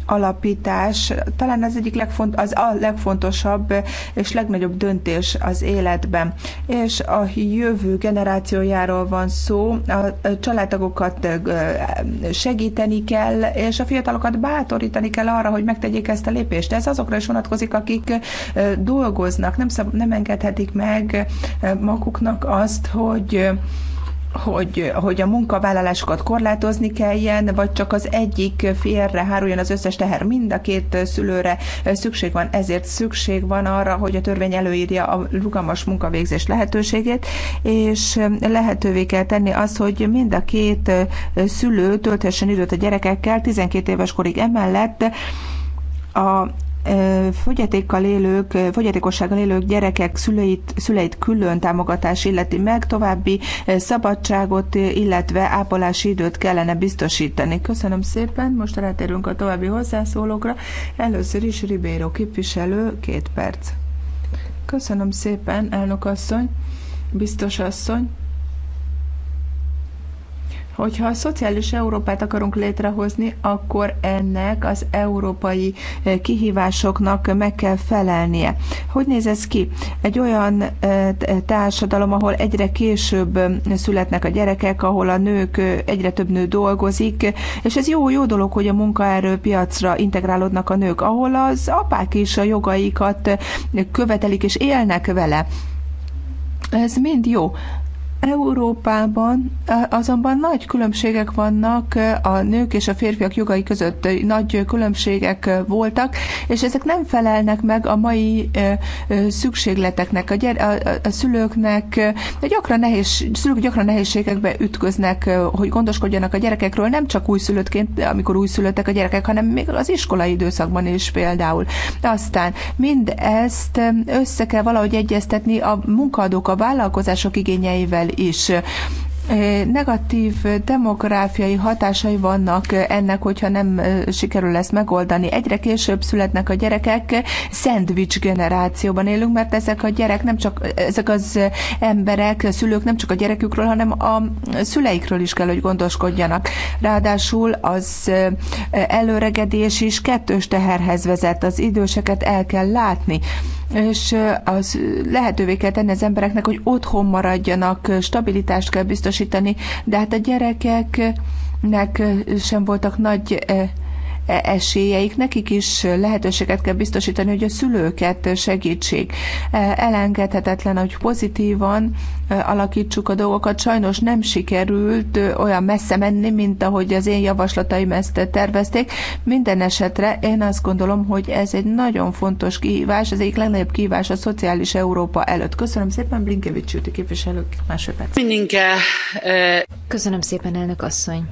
alapítás talán az egyik legfont, az a legfontosabb és legnagyobb döntés az életben. És a jövő generációjáról van szó, a családtagokat segíteni kell, és a fiatalokat bátorítani kell arra, hogy megtegyék ezt a lépést. Ez azokra is vonatkozik, akik dolgoznak, nem, szab, nem engedhetik meg maguknak azt, hogy hogy, hogy a munkavállalásokat korlátozni kelljen, vagy csak az egyik férre háruljon az összes teher. Mind a két szülőre szükség van, ezért szükség van arra, hogy a törvény előírja a rugalmas munkavégzés lehetőségét, és lehetővé kell tenni azt, hogy mind a két szülő tölthessen időt a gyerekekkel 12 éves korig emellett a fogyatékkal élők, fogyatékossággal élők gyerekek szüleit, szüleit külön támogatás illeti meg, további szabadságot, illetve ápolási időt kellene biztosítani. Köszönöm szépen, most rátérünk a további hozzászólókra. Először is Ribéro képviselő, két perc. Köszönöm szépen, elnök asszony, biztos asszony. Hogyha a szociális Európát akarunk létrehozni, akkor ennek az európai eh, kihívásoknak meg kell felelnie. Hogy néz ez ki? Egy olyan eh, társadalom, ahol egyre később eh, születnek a gyerekek, ahol a nők, egyre több nő dolgozik, és ez jó, jó dolog, hogy a munkaerőpiacra integrálódnak a nők, ahol az apák is a jogaikat követelik és élnek vele. Ez mind jó. Európában azonban nagy különbségek vannak a nők és a férfiak jogai között. Nagy különbségek voltak, és ezek nem felelnek meg a mai szükségleteknek, a, gyere, a, a szülőknek. De gyakran nehéz, szülők gyakran nehézségekbe ütköznek, hogy gondoskodjanak a gyerekekről, nem csak újszülöttként, amikor újszülöttek a gyerekek, hanem még az iskolai időszakban is például. Aztán mindezt össze kell valahogy egyeztetni a munkaadók, a vállalkozások igényeivel is negatív demográfiai hatásai vannak ennek, hogyha nem sikerül ezt megoldani. Egyre később születnek a gyerekek, szendvics generációban élünk, mert ezek a gyerek nem csak, ezek az emberek, a szülők nem csak a gyerekükről, hanem a szüleikről is kell, hogy gondoskodjanak. Ráadásul az előregedés is kettős teherhez vezet, az időseket el kell látni és az lehetővé kell tenni az embereknek, hogy otthon maradjanak, stabilitást kell biztosítani, de hát a gyerekeknek sem voltak nagy esélyeik, nekik is lehetőséget kell biztosítani, hogy a szülőket segítsék. E, elengedhetetlen, hogy pozitívan e, alakítsuk a dolgokat. Sajnos nem sikerült e, olyan messze menni, mint ahogy az én javaslataim ezt tervezték. Minden esetre én azt gondolom, hogy ez egy nagyon fontos kihívás, az egyik legnagyobb kihívás a szociális Európa előtt. Köszönöm szépen, Blinkevics Júti képviselők másodperc. Köszönöm szépen, elnök asszony.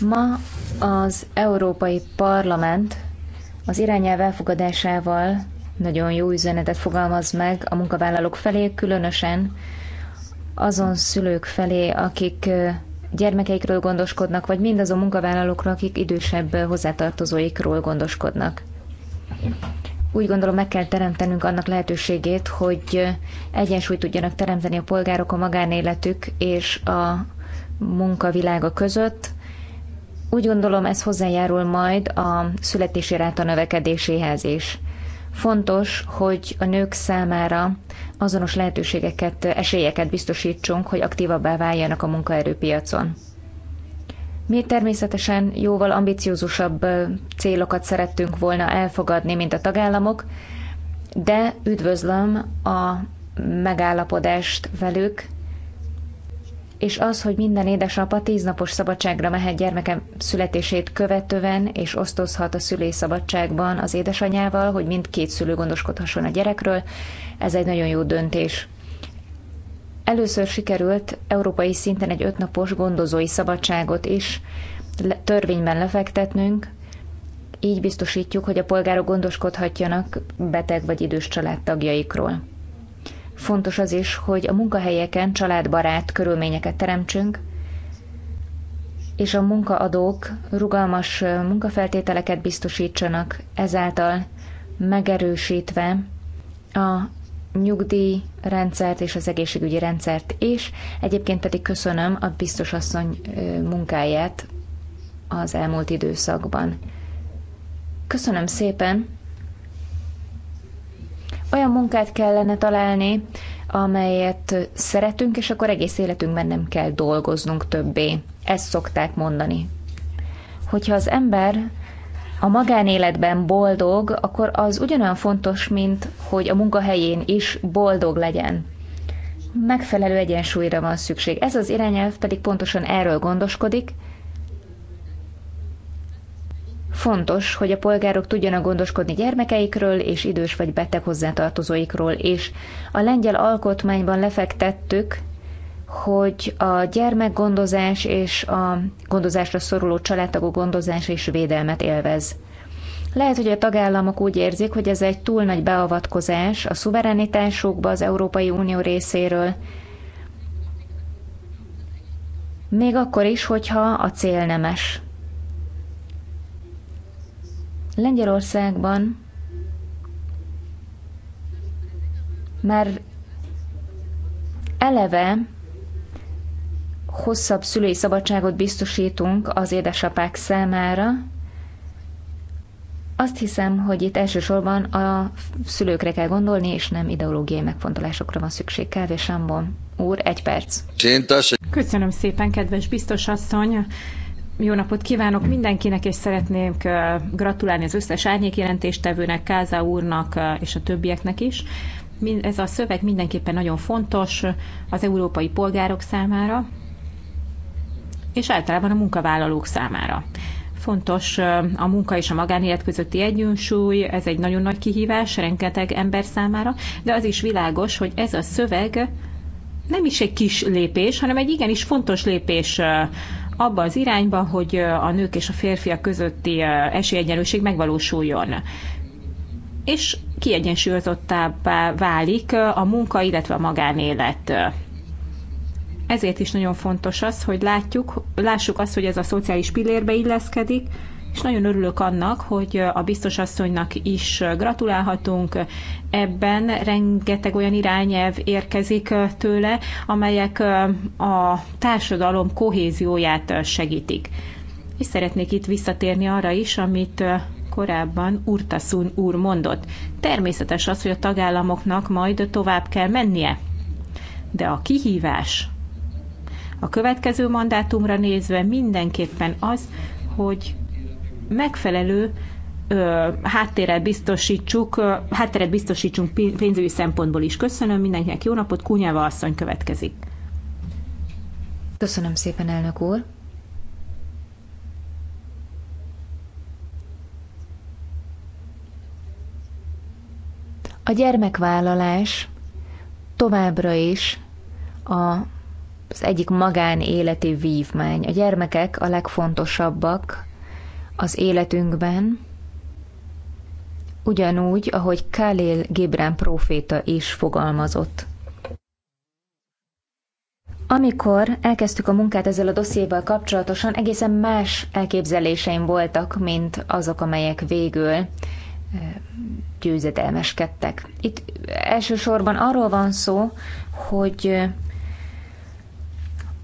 Ma az Európai Parlament az irányelv elfogadásával nagyon jó üzenetet fogalmaz meg a munkavállalók felé, különösen azon szülők felé, akik gyermekeikről gondoskodnak, vagy mindazon munkavállalókra, akik idősebb hozzátartozóikról gondoskodnak. Úgy gondolom, meg kell teremtenünk annak lehetőségét, hogy egyensúlyt tudjanak teremteni a polgárok a magánéletük és a munkavilága között, úgy gondolom, ez hozzájárul majd a születési ráta növekedéséhez is. Fontos, hogy a nők számára azonos lehetőségeket, esélyeket biztosítsunk, hogy aktívabbá váljanak a munkaerőpiacon. Mi természetesen jóval ambiciózusabb célokat szerettünk volna elfogadni, mint a tagállamok, de üdvözlöm a megállapodást velük, és az, hogy minden édesapa tíz napos szabadságra mehet gyermekem születését követően, és osztozhat a szülés szabadságban az édesanyával, hogy mindkét szülő gondoskodhasson a gyerekről, ez egy nagyon jó döntés. Először sikerült európai szinten egy ötnapos gondozói szabadságot is törvényben lefektetnünk, így biztosítjuk, hogy a polgárok gondoskodhatjanak beteg vagy idős családtagjaikról. Fontos az is, hogy a munkahelyeken családbarát körülményeket teremtsünk, és a munkaadók rugalmas munkafeltételeket biztosítsanak, ezáltal megerősítve a nyugdíjrendszert és az egészségügyi rendszert is. Egyébként pedig köszönöm a biztosasszony munkáját az elmúlt időszakban. Köszönöm szépen! olyan munkát kellene találni, amelyet szeretünk, és akkor egész életünkben nem kell dolgoznunk többé. Ezt szokták mondani. Hogyha az ember a magánéletben boldog, akkor az ugyanolyan fontos, mint hogy a munkahelyén is boldog legyen. Megfelelő egyensúlyra van szükség. Ez az irányelv pedig pontosan erről gondoskodik, Fontos, hogy a polgárok tudjanak gondoskodni gyermekeikről és idős vagy beteg hozzátartozóikról, és a lengyel alkotmányban lefektettük, hogy a gyermekgondozás és a gondozásra szoruló családtagok gondozása és védelmet élvez. Lehet, hogy a tagállamok úgy érzik, hogy ez egy túl nagy beavatkozás a szuverenitásukba az Európai Unió részéről, még akkor is, hogyha a cél nemes. Lengyelországban már eleve hosszabb szülői szabadságot biztosítunk az édesapák számára. Azt hiszem, hogy itt elsősorban a szülőkre kell gondolni, és nem ideológiai megfontolásokra van szükség. Kávé Sambon úr, egy perc. Köszönöm szépen, kedves biztos asszony. Jó napot kívánok mindenkinek, és szeretnék gratulálni az összes árnyékjelentéstevőnek, Káza úrnak és a többieknek is. Ez a szöveg mindenképpen nagyon fontos az európai polgárok számára, és általában a munkavállalók számára. Fontos a munka és a magánélet közötti egyensúly, ez egy nagyon nagy kihívás rengeteg ember számára, de az is világos, hogy ez a szöveg nem is egy kis lépés, hanem egy igenis fontos lépés abba az irányba, hogy a nők és a férfiak közötti esélyegyenlőség megvalósuljon és kiegyensúlyozottabbá válik a munka, illetve a magánélet. Ezért is nagyon fontos az, hogy látjuk, lássuk azt, hogy ez a szociális pillérbe illeszkedik, és nagyon örülök annak, hogy a biztos asszonynak is gratulálhatunk. Ebben rengeteg olyan irányelv érkezik tőle, amelyek a társadalom kohézióját segítik. És szeretnék itt visszatérni arra is, amit korábban Urtasun úr mondott. Természetes az, hogy a tagállamoknak majd tovább kell mennie. De a kihívás a következő mandátumra nézve mindenképpen az, hogy megfelelő háttérrel biztosítsuk, hátteret biztosítsunk pénzügyi szempontból is. Köszönöm mindenkinek, jó napot, Kúnyáva asszony következik. Köszönöm szépen, elnök úr. A gyermekvállalás továbbra is a, az egyik magánéleti vívmány. A gyermekek a legfontosabbak az életünkben, ugyanúgy, ahogy Kálél Gibran próféta is fogalmazott. Amikor elkezdtük a munkát ezzel a dossziéval kapcsolatosan, egészen más elképzeléseim voltak, mint azok, amelyek végül eh, győzedelmeskedtek. Itt elsősorban arról van szó, hogy eh,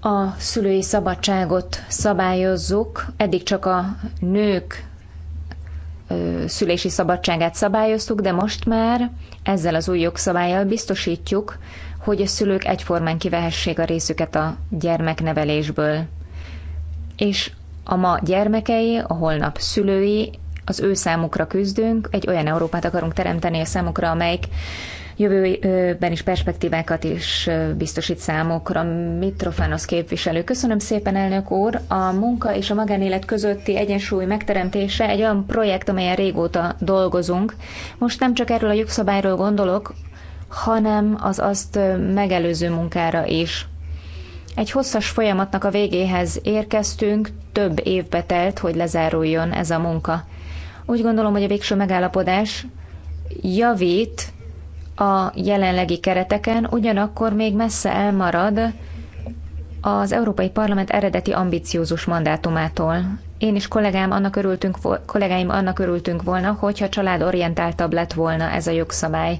a szülői szabadságot szabályozzuk, eddig csak a nők szülési szabadságát szabályoztuk, de most már ezzel az új jogszabályjal biztosítjuk, hogy a szülők egyformán kivehessék a részüket a gyermeknevelésből. És a ma gyermekei, a holnap szülői, az ő számukra küzdünk, egy olyan Európát akarunk teremteni a számukra, amelyik jövőben is perspektívákat is biztosít számokra. Mitrofános képviselő, köszönöm szépen, elnök úr. A munka és a magánélet közötti egyensúly megteremtése egy olyan projekt, amelyen régóta dolgozunk. Most nem csak erről a jogszabályról gondolok, hanem az azt megelőző munkára is. Egy hosszas folyamatnak a végéhez érkeztünk, több évbe telt, hogy lezáruljon ez a munka. Úgy gondolom, hogy a végső megállapodás javít a jelenlegi kereteken, ugyanakkor még messze elmarad az Európai Parlament eredeti ambiciózus mandátumától. Én is kollégám annak örültünk, kollégáim annak örültünk volna, hogyha családorientáltabb lett volna ez a jogszabály.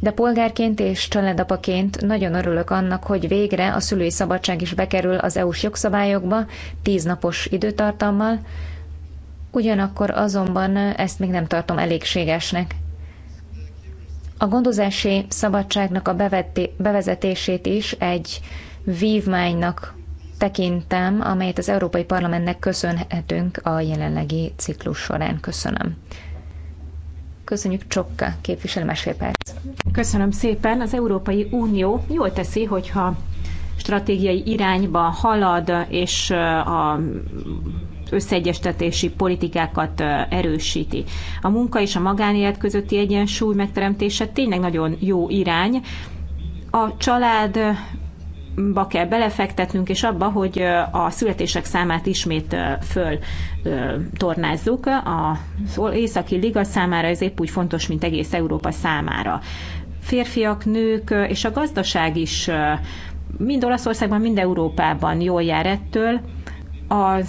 De polgárként és családapaként nagyon örülök annak, hogy végre a szülői szabadság is bekerül az EU-s jogszabályokba, tíz napos időtartammal, ugyanakkor azonban ezt még nem tartom elégségesnek a gondozási szabadságnak a bevezetését is egy vívmánynak tekintem, amelyet az Európai Parlamentnek köszönhetünk a jelenlegi ciklus során. Köszönöm. Köszönjük Csokka, képviselő másfél perc. Köszönöm szépen. Az Európai Unió jól teszi, hogyha stratégiai irányba halad, és a összeegyeztetési politikákat erősíti. A munka és a magánélet közötti egyensúly megteremtése tényleg nagyon jó irány. A család ba kell belefektetnünk, és abba, hogy a születések számát ismét föl tornázzuk. Az északi liga számára ez épp úgy fontos, mint egész Európa számára. Férfiak, nők és a gazdaság is mind Olaszországban, mind Európában jól jár ettől. Az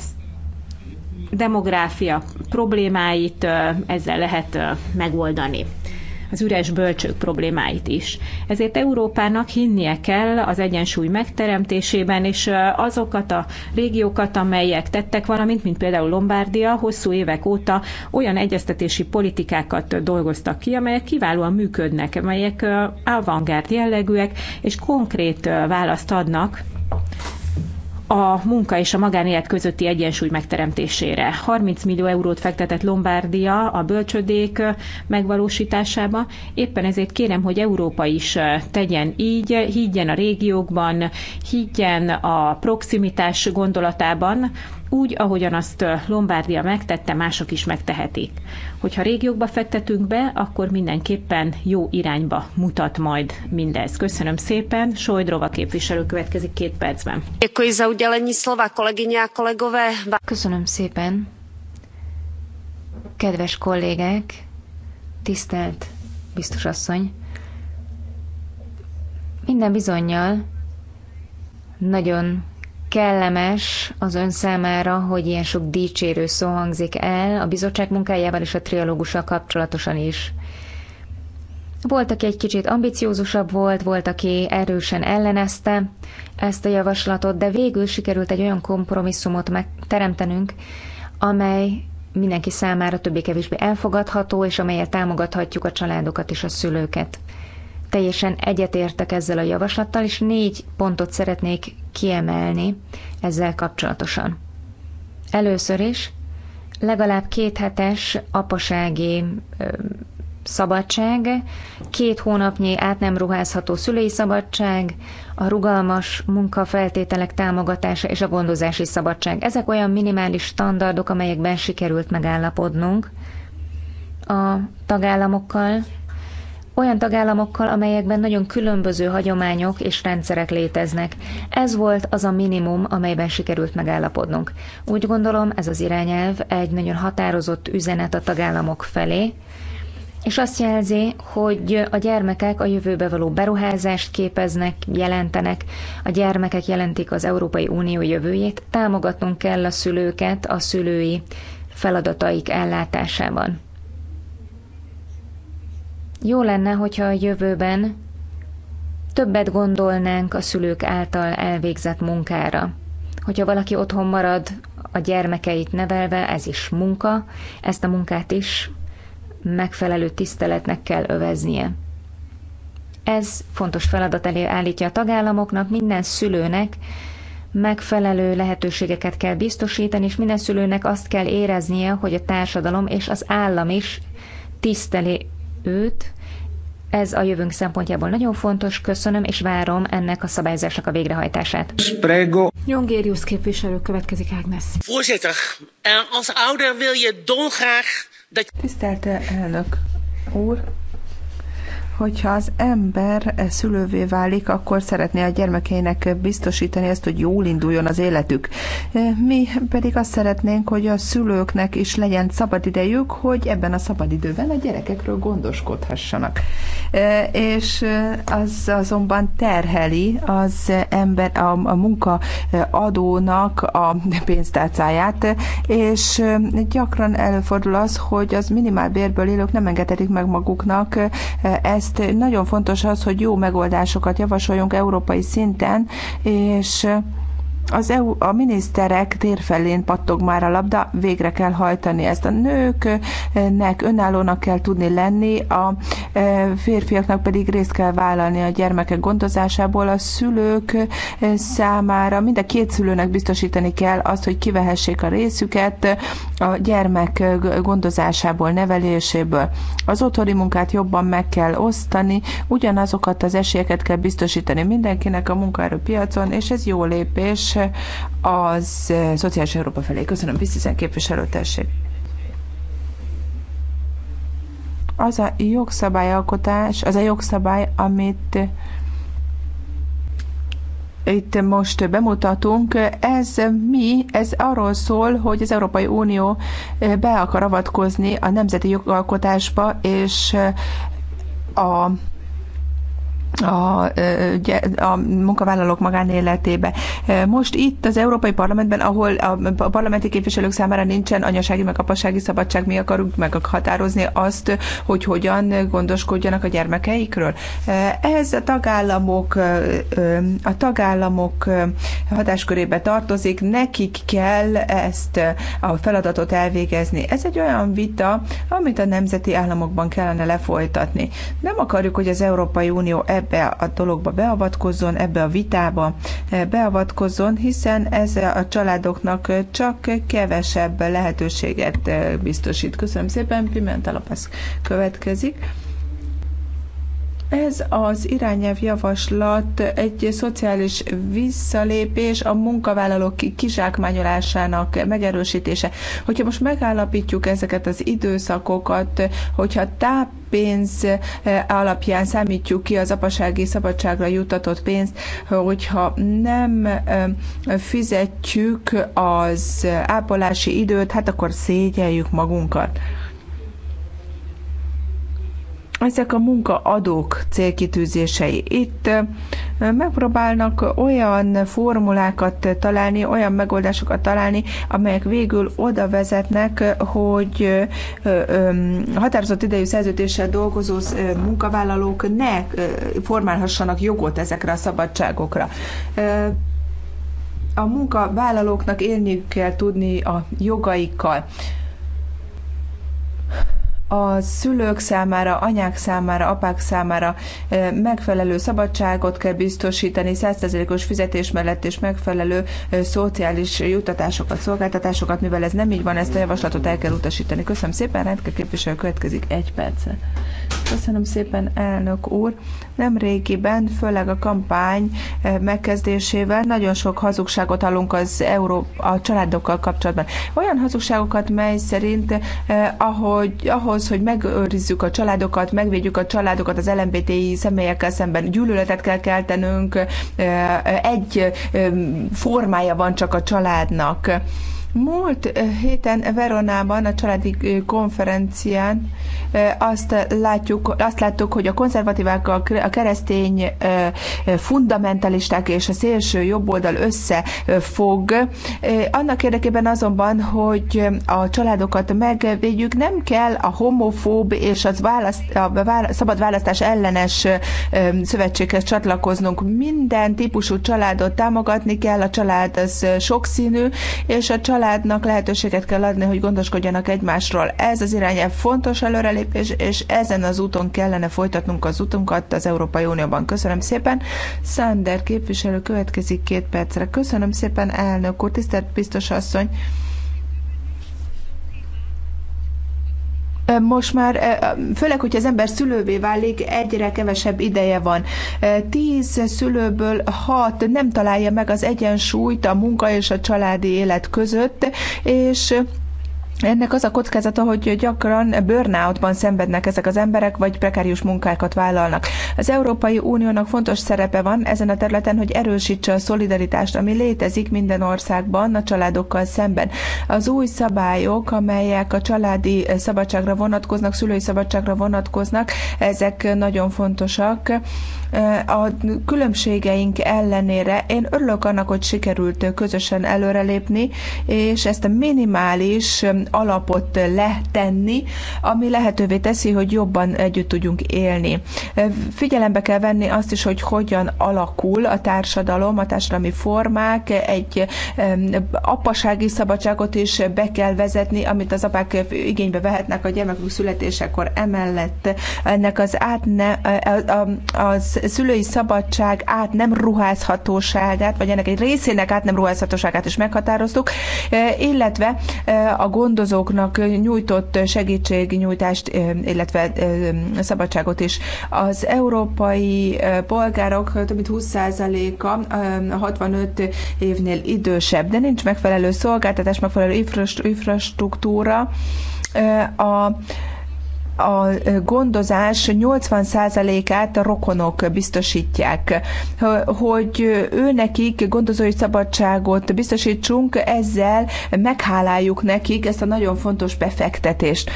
demográfia problémáit ezzel lehet megoldani az üres bölcsők problémáit is. Ezért Európának hinnie kell az egyensúly megteremtésében, és azokat a régiókat, amelyek tettek valamint, mint például Lombardia, hosszú évek óta olyan egyeztetési politikákat dolgoztak ki, amelyek kiválóan működnek, amelyek avantgárd jellegűek, és konkrét választ adnak a munka és a magánélet közötti egyensúly megteremtésére. 30 millió eurót fektetett Lombardia a bölcsödék megvalósításába. Éppen ezért kérem, hogy Európa is eh, tegyen így, higgyen a régiókban, higgyen a proximitás gondolatában, úgy, ahogyan azt Lombardia megtette, mások is megtehetik. Hogyha régiókba fektetünk be, akkor mindenképpen jó irányba mutat majd mindez. Köszönöm szépen, Sojdrova képviselő következik két percben. Köszönöm szépen. Kedves kollégek, tisztelt biztosasszony, minden bizonyal nagyon kellemes az ön számára, hogy ilyen sok dicsérő szó hangzik el a bizottság munkájával és a trialógussal kapcsolatosan is. Volt, aki egy kicsit ambiciózusabb volt, volt, aki erősen ellenezte ezt a javaslatot, de végül sikerült egy olyan kompromisszumot megteremtenünk, amely mindenki számára többé-kevésbé elfogadható, és amelyet támogathatjuk a családokat és a szülőket teljesen egyetértek ezzel a javaslattal, és négy pontot szeretnék kiemelni ezzel kapcsolatosan. Először is legalább két hetes apasági szabadság, két hónapnyi át nem ruházható szülői szabadság, a rugalmas munkafeltételek támogatása és a gondozási szabadság. Ezek olyan minimális standardok, amelyekben sikerült megállapodnunk a tagállamokkal, olyan tagállamokkal, amelyekben nagyon különböző hagyományok és rendszerek léteznek. Ez volt az a minimum, amelyben sikerült megállapodnunk. Úgy gondolom, ez az irányelv egy nagyon határozott üzenet a tagállamok felé, és azt jelzi, hogy a gyermekek a jövőbe való beruházást képeznek, jelentenek, a gyermekek jelentik az Európai Unió jövőjét, támogatnunk kell a szülőket a szülői feladataik ellátásában. Jó lenne, hogyha a jövőben többet gondolnánk a szülők által elvégzett munkára. Hogyha valaki otthon marad a gyermekeit nevelve, ez is munka, ezt a munkát is megfelelő tiszteletnek kell öveznie. Ez fontos feladat elé állítja a tagállamoknak, minden szülőnek megfelelő lehetőségeket kell biztosítani, és minden szülőnek azt kell éreznie, hogy a társadalom és az állam is tiszteli őt, ez a jövőnk szempontjából nagyon fontos, köszönöm, és várom ennek a szabályzásnak a végrehajtását. Sprego. Jongérius képviselő következik, Ágnes. Voorzitter, eh, wil je dat... Tisztelt eh, elnök úr, hogyha az ember szülővé válik, akkor szeretné a gyermekeinek biztosítani ezt, hogy jól induljon az életük. Mi pedig azt szeretnénk, hogy a szülőknek is legyen szabadidejük, hogy ebben a szabadidőben a gyerekekről gondoskodhassanak. E, és az azonban terheli az ember a, a adónak a pénztárcáját, és gyakran előfordul az, hogy az minimálbérből élők nem engedhetik meg maguknak e, ezt Egyrészt nagyon fontos az, hogy jó megoldásokat javasoljunk európai szinten, és az EU, a miniszterek térfelén pattog már a labda, végre kell hajtani ezt. A nőknek önállónak kell tudni lenni, a e, férfiaknak pedig részt kell vállalni a gyermekek gondozásából. A szülők e, számára mind a két szülőnek biztosítani kell azt, hogy kivehessék a részüket a gyermek gondozásából, neveléséből. Az otthoni munkát jobban meg kell osztani, ugyanazokat az esélyeket kell biztosítani mindenkinek a piacon, és ez jó lépés kérdése az Szociális Európa felé. Köszönöm, Pisztizen képviselőtesség. Az a jogszabályalkotás, az a jogszabály, amit itt most bemutatunk. Ez mi? Ez arról szól, hogy az Európai Unió be akar avatkozni a nemzeti jogalkotásba, és a a, a munkavállalók magánéletébe. Most itt az Európai Parlamentben, ahol a parlamenti képviselők számára nincsen anyasági meg apasági szabadság, mi akarunk meg határozni azt, hogy hogyan gondoskodjanak a gyermekeikről. Ez a tagállamok, a tagállamok hatáskörébe tartozik, nekik kell ezt a feladatot elvégezni. Ez egy olyan vita, amit a nemzeti államokban kellene lefolytatni. Nem akarjuk, hogy az Európai Unió ebben ebbe a dologba beavatkozzon, ebbe a vitába eh, beavatkozzon, hiszen ez a családoknak csak kevesebb lehetőséget eh, biztosít. Köszönöm szépen, Pimentel Lopez következik. Ez az irányelv javaslat egy szociális visszalépés a munkavállalók kizsákmányolásának megerősítése. Hogyha most megállapítjuk ezeket az időszakokat, hogyha táp pénz eh, alapján számítjuk ki az apasági szabadságra juttatott pénzt, hogyha nem eh, fizetjük az ápolási időt, hát akkor szégyeljük magunkat ezek a munkaadók célkitűzései. Itt megpróbálnak olyan formulákat találni, olyan megoldásokat találni, amelyek végül oda vezetnek, hogy határozott idejű szerződéssel dolgozó munkavállalók ne formálhassanak jogot ezekre a szabadságokra a munkavállalóknak élniük kell tudni a jogaikkal a szülők számára, anyák számára, apák számára megfelelő szabadságot kell biztosítani, százszerzelékos fizetés mellett és megfelelő szociális juttatásokat, szolgáltatásokat, mivel ez nem így van, ezt a javaslatot el kell utasítani. Köszönöm szépen, Rendke képviselő következik egy perce. Köszönöm szépen, elnök úr. Nem régiben, főleg a kampány megkezdésével nagyon sok hazugságot hallunk az Euró, a családokkal kapcsolatban. Olyan hazugságokat, mely szerint, ahogy, ahogy ahhoz, hogy megőrizzük a családokat, megvédjük a családokat az LMBTI személyekkel szemben. Gyűlöletet kell keltenünk, egy formája van csak a családnak. Múlt eh, héten Veronában, a családi eh, konferencián eh, azt, látjuk, azt láttuk, hogy a konzervatívák, a keresztény fundamentalisták és a szélső jobboldal összefog. Annak érdekében azonban, hogy a családokat megvédjük, nem kell a homofób és az választ, a vála, szabad választás ellenes szövetséghez csatlakoznunk. Minden típusú családot támogatni kell, a család az sokszínű, és a család családnak lehetőséget kell adni, hogy gondoskodjanak egymásról. Ez az irányelv fontos előrelépés, és ezen az úton kellene folytatnunk az utunkat az Európai Unióban. Köszönöm szépen. Sander képviselő következik két percre. Köszönöm szépen, elnök úr, tisztelt biztos asszony. most már, eh, főleg, hogyha az ember szülővé válik, egyre kevesebb ideje van. Eh, tíz szülőből hat nem találja meg az egyensúlyt a munka és a családi élet között, és ennek az a kockázata, hogy gyakran burnoutban szenvednek ezek az emberek, vagy prekárius munkákat vállalnak. Az Európai Uniónak fontos szerepe van ezen a területen, hogy erősítse a szolidaritást, ami létezik minden országban a családokkal szemben. Az új szabályok, amelyek a családi szabadságra vonatkoznak, szülői szabadságra vonatkoznak, ezek nagyon fontosak. A különbségeink ellenére én örülök annak, hogy sikerült közösen előrelépni, és ezt a minimális alapot letenni, ami lehetővé teszi, hogy jobban együtt tudjunk élni. Figyelembe kell venni azt is, hogy hogyan alakul a társadalom, a társadalmi formák, egy apasági szabadságot is be kell vezetni, amit az apák igénybe vehetnek a gyermekük születésekor. Emellett ennek az át ne, a szülői szabadság át nem ruházhatóságát, vagy ennek egy részének át nem ruházhatóságát is meghatároztuk, illetve a gond gondozóknak nyújtott segítségnyújtást, illetve szabadságot is. Az európai polgárok több mint 20%-a 65 évnél idősebb, de nincs megfelelő szolgáltatás, megfelelő infrastruktúra. A a gondozás 80%-át a rokonok biztosítják. Hogy ő nekik gondozói szabadságot biztosítsunk, ezzel megháláljuk nekik ezt a nagyon fontos befektetést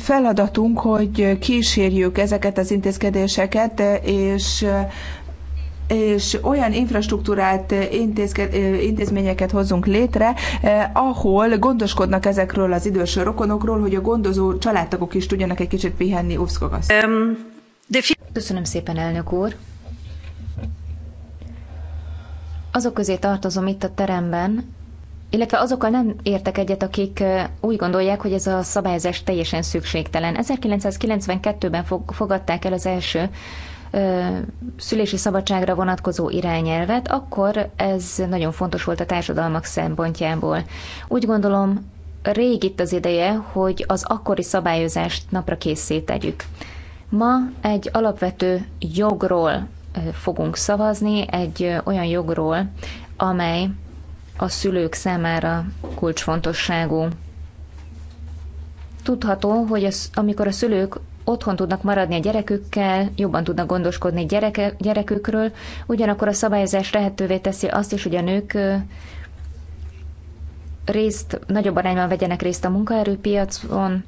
feladatunk, hogy kísérjük ezeket az intézkedéseket, és és olyan infrastruktúrát, eh, eh, intézményeket hozzunk létre, eh, ahol gondoskodnak ezekről az idős rokonokról, hogy a gondozó családtagok is tudjanak egy kicsit pihenni, úszkogasz. Köszönöm szépen, elnök úr. Azok közé tartozom itt a teremben, illetve azokkal nem értek egyet, akik úgy gondolják, hogy ez a szabályozás teljesen szükségtelen. 1992-ben fogadták el az első szülési szabadságra vonatkozó irányelvet, akkor ez nagyon fontos volt a társadalmak szempontjából. Úgy gondolom, rég itt az ideje, hogy az akkori szabályozást napra készé tegyük. Ma egy alapvető jogról fogunk szavazni, egy olyan jogról, amely a szülők számára kulcsfontosságú. Tudható, hogy az, amikor a szülők otthon tudnak maradni a gyerekükkel, jobban tudnak gondoskodni gyereke, gyerekükről, ugyanakkor a szabályozás lehetővé teszi azt is, hogy a nők részt, nagyobb arányban vegyenek részt a munkaerőpiacon,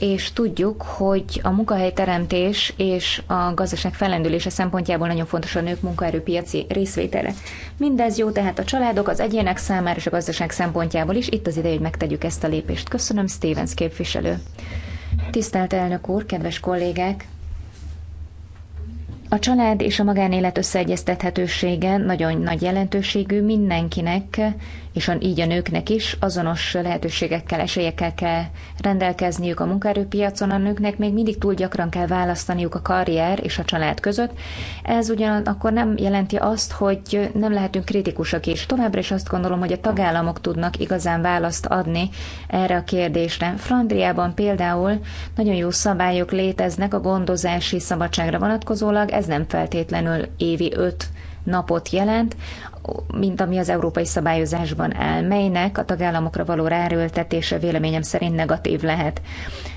és tudjuk, hogy a munkahelyteremtés és a gazdaság fellendülése szempontjából nagyon fontos a nők munkaerőpiaci részvétele. Mindez jó tehát a családok, az egyének számára és a gazdaság szempontjából is. Itt az ideje, hogy megtegyük ezt a lépést. Köszönöm, Stevens képviselő. Tisztelt elnök úr, kedves kollégák! A család és a magánélet összeegyeztethetősége nagyon nagy jelentőségű mindenkinek, és így a nőknek is azonos lehetőségekkel, esélyekkel kell rendelkezniük a munkaerőpiacon. A nőknek még mindig túl gyakran kell választaniuk a karrier és a család között. Ez ugyanakkor nem jelenti azt, hogy nem lehetünk kritikusak is. Továbbra is azt gondolom, hogy a tagállamok tudnak igazán választ adni erre a kérdésre. Flandriában például nagyon jó szabályok léteznek a gondozási szabadságra vonatkozólag, ez nem feltétlenül évi öt napot jelent, mint ami az európai szabályozásban áll, melynek a tagállamokra való ráerőltetése véleményem szerint negatív lehet.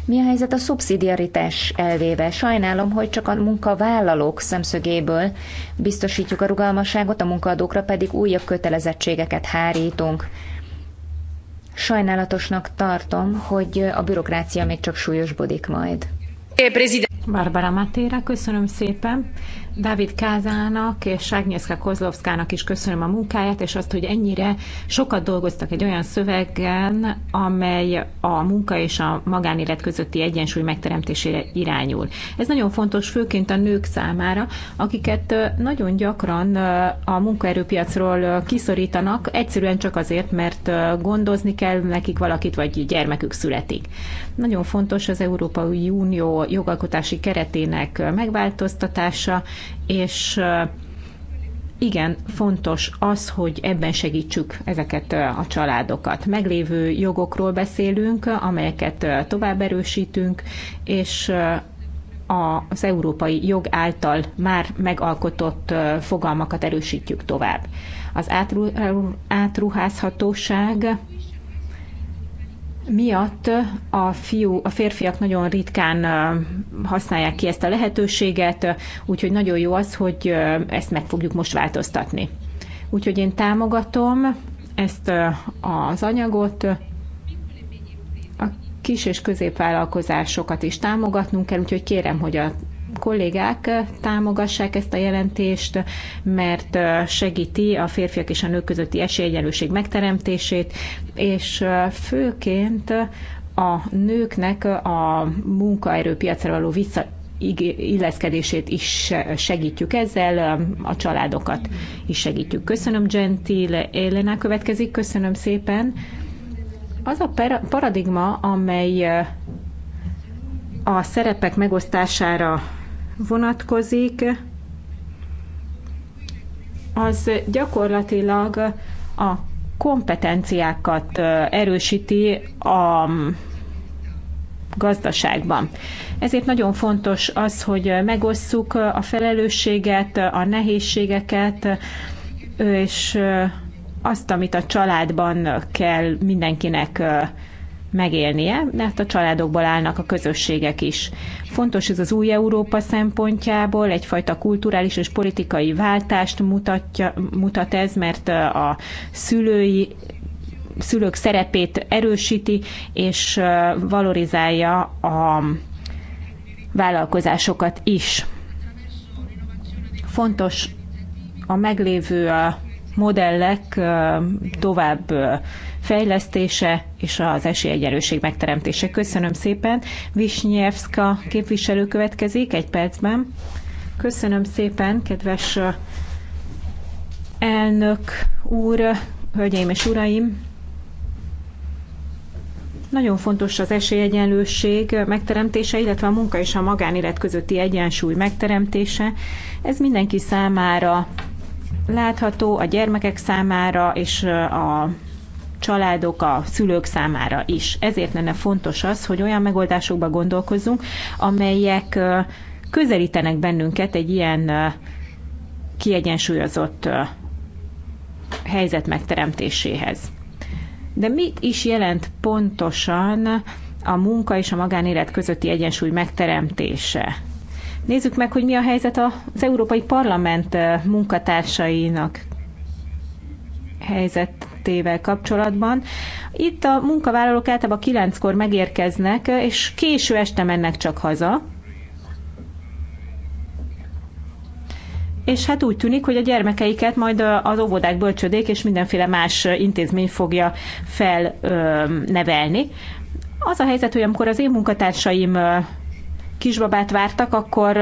Mi a helyzet a szubszidiaritás elvével? Sajnálom, hogy csak a munkavállalók szemszögéből biztosítjuk a rugalmasságot, a munkaadókra pedig újabb kötelezettségeket hárítunk. Sajnálatosnak tartom, hogy a bürokrácia még csak súlyosbodik majd. Barbara Matéra, köszönöm szépen. Dávid Kázának és Ságnyeszka Kozlovszkának is köszönöm a munkáját, és azt, hogy ennyire sokat dolgoztak egy olyan szövegen, amely a munka és a magánélet közötti egyensúly megteremtésére irányul. Ez nagyon fontos, főként a nők számára, akiket nagyon gyakran a munkaerőpiacról kiszorítanak, egyszerűen csak azért, mert gondozni kell nekik valakit, vagy gyermekük születik. Nagyon fontos az Európai Unió jogalkotási keretének megváltoztatása, és igen, fontos az, hogy ebben segítsük ezeket a családokat. Meglévő jogokról beszélünk, amelyeket tovább erősítünk, és az európai jog által már megalkotott fogalmakat erősítjük tovább. Az átruházhatóság miatt a, fiú, a férfiak nagyon ritkán használják ki ezt a lehetőséget, úgyhogy nagyon jó az, hogy ezt meg fogjuk most változtatni. Úgyhogy én támogatom ezt az anyagot, a kis és középvállalkozásokat is támogatnunk kell, úgyhogy kérem, hogy a kollégák eh, támogassák ezt a jelentést, mert eh, segíti a férfiak és a nők közötti esélyegyenlőség megteremtését, és eh, főként a nőknek a munkaerőpiacra való vissza illeszkedését is segítjük ezzel, a családokat is segítjük. Köszönöm, Gentile Elena következik, köszönöm szépen. Az a paradigma, amely a szerepek megosztására vonatkozik, az gyakorlatilag a kompetenciákat erősíti a gazdaságban. Ezért nagyon fontos az, hogy megosszuk a felelősséget, a nehézségeket, és azt, amit a családban kell mindenkinek megélnie, de hát a családokból állnak a közösségek is. Fontos ez az új Európa szempontjából, egyfajta kulturális és politikai váltást mutatja, mutat ez, mert a szülői szülők szerepét erősíti és valorizálja a vállalkozásokat is. Fontos a meglévő modellek tovább fejlesztése és az esélyegyenlőség megteremtése. Köszönöm szépen. Visnyevska képviselő következik egy percben. Köszönöm szépen, kedves uh, elnök úr, hölgyeim és uraim! Nagyon fontos az esélyegyenlőség megteremtése, illetve a munka és a magánélet közötti egyensúly megteremtése. Ez mindenki számára látható, a gyermekek számára és uh, a családok, a szülők számára is. Ezért lenne fontos az, hogy olyan megoldásokba gondolkozzunk, amelyek közelítenek bennünket egy ilyen kiegyensúlyozott helyzet megteremtéséhez. De mit is jelent pontosan a munka és a magánélet közötti egyensúly megteremtése? Nézzük meg, hogy mi a helyzet az Európai Parlament munkatársainak helyzet kontaktével kapcsolatban. Itt a munkavállalók általában kilenckor megérkeznek, és késő este mennek csak haza, és hát úgy tűnik, hogy a gyermekeiket majd az óvodák, bölcsödék és mindenféle más intézmény fogja felnevelni. Az a helyzet, hogy amikor az én munkatársaim kisbabát vártak, akkor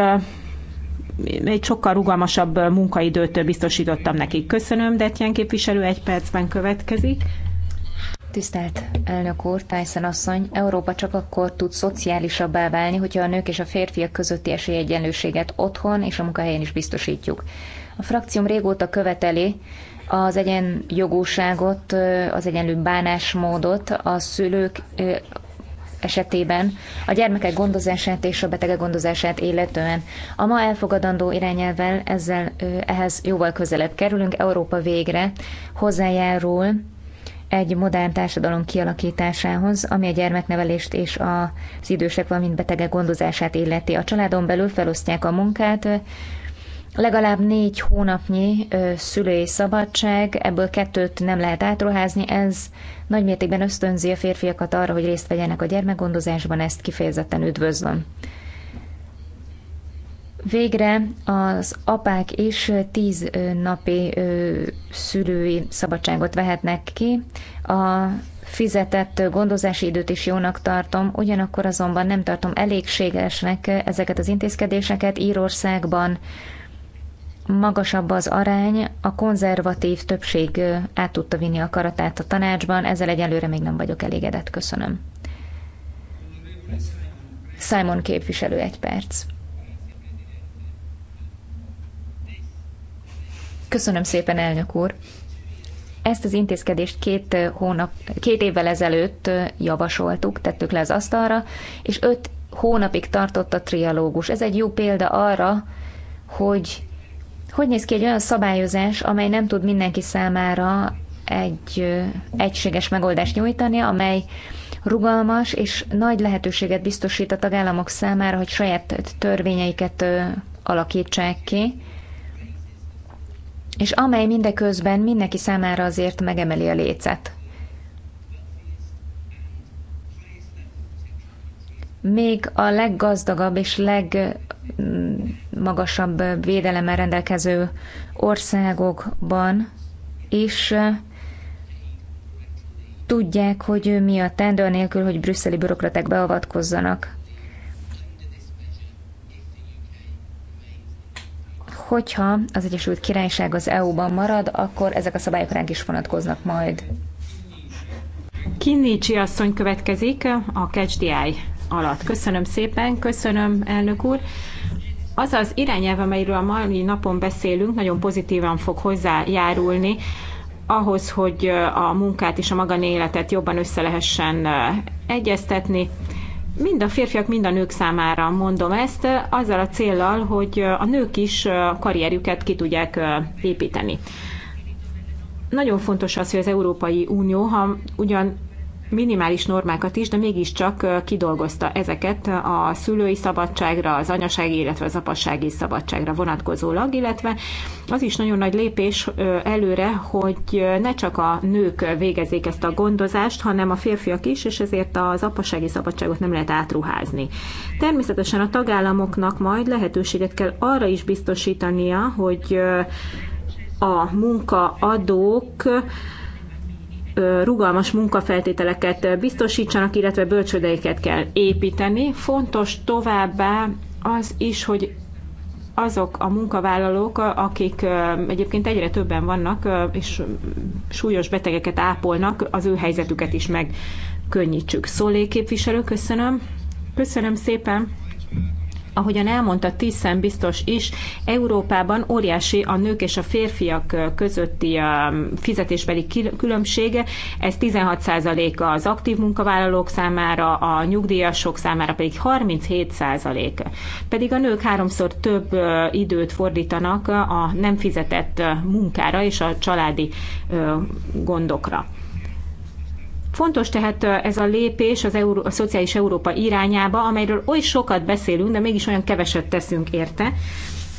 egy sokkal rugalmasabb munkaidőt biztosítottam nekik. Köszönöm, Detjen képviselő egy percben következik. Tisztelt elnök úr, Tyson asszony, Európa csak akkor tud szociálisabbá válni, hogyha a nők és a férfiak közötti esélyegyenlőséget otthon és a munkahelyen is biztosítjuk. A frakcióm régóta követeli az egyenjogúságot, az egyenlő bánásmódot a szülők esetében a gyermekek gondozását és a betegek gondozását illetően. A ma elfogadandó irányelvvel ezzel ehhez jóval közelebb kerülünk. Európa végre hozzájárul egy modern társadalom kialakításához, ami a gyermeknevelést és az idősek, valamint betegek gondozását illeti. A családon belül felosztják a munkát, legalább négy hónapnyi szülői szabadság, ebből kettőt nem lehet átruházni, ez nagymértékben ösztönzi a férfiakat arra, hogy részt vegyenek a gyermekgondozásban, ezt kifejezetten üdvözlöm. Végre az apák is tíz napi szülői szabadságot vehetnek ki. A fizetett gondozási időt is jónak tartom, ugyanakkor azonban nem tartom elégségesnek ezeket az intézkedéseket Írországban, magasabb az arány, a konzervatív többség át tudta vinni a karatát a tanácsban, ezzel egyelőre még nem vagyok elégedett, köszönöm. Simon képviselő, egy perc. Köszönöm szépen, elnök úr. Ezt az intézkedést két, hónap, két évvel ezelőtt javasoltuk, tettük le az asztalra, és öt hónapig tartott a trialógus. Ez egy jó példa arra, hogy hogy néz ki egy olyan szabályozás, amely nem tud mindenki számára egy egységes megoldást nyújtani, amely rugalmas és nagy lehetőséget biztosít a tagállamok számára, hogy saját törvényeiket alakítsák ki, és amely mindeközben mindenki számára azért megemeli a lécet. még a leggazdagabb és legmagasabb védelemmel rendelkező országokban is tudják, hogy mi a tendő, nélkül, hogy brüsszeli bürokraták beavatkozzanak. Hogyha az Egyesült Királyság az EU-ban marad, akkor ezek a szabályok ránk is vonatkoznak majd. Kinnicsi asszony következik a Catch the Eye alatt. Köszönöm szépen, köszönöm elnök úr. Az az irányelv, amelyről a mai napon beszélünk, nagyon pozitívan fog hozzájárulni ahhoz, hogy a munkát és a magánéletet jobban össze lehessen egyeztetni. Mind a férfiak, mind a nők számára mondom ezt, azzal a céllal, hogy a nők is karrierjüket ki tudják építeni. Nagyon fontos az, hogy az Európai Unió, ha ugyan minimális normákat is, de mégiscsak kidolgozta ezeket a szülői szabadságra, az anyasági, illetve az apassági szabadságra vonatkozólag, illetve az is nagyon nagy lépés előre, hogy ne csak a nők végezzék ezt a gondozást, hanem a férfiak is, és ezért az apassági szabadságot nem lehet átruházni. Természetesen a tagállamoknak majd lehetőséget kell arra is biztosítania, hogy a munkaadók rugalmas munkafeltételeket biztosítsanak, illetve bölcsödeiket kell építeni. Fontos továbbá az is, hogy azok a munkavállalók, akik egyébként egyre többen vannak, és súlyos betegeket ápolnak, az ő helyzetüket is megkönnyítsük. Szólé képviselő, köszönöm. Köszönöm szépen ahogyan elmondta Tiszen biztos is, Európában óriási a nők és a férfiak közötti fizetésbeli különbsége. Ez 16% az aktív munkavállalók számára, a nyugdíjasok számára pedig 37%. Pedig a nők háromszor több időt fordítanak a nem fizetett munkára és a családi gondokra. Fontos tehát ez a lépés az Euró- a szociális Európa irányába, amelyről oly sokat beszélünk, de mégis olyan keveset teszünk érte.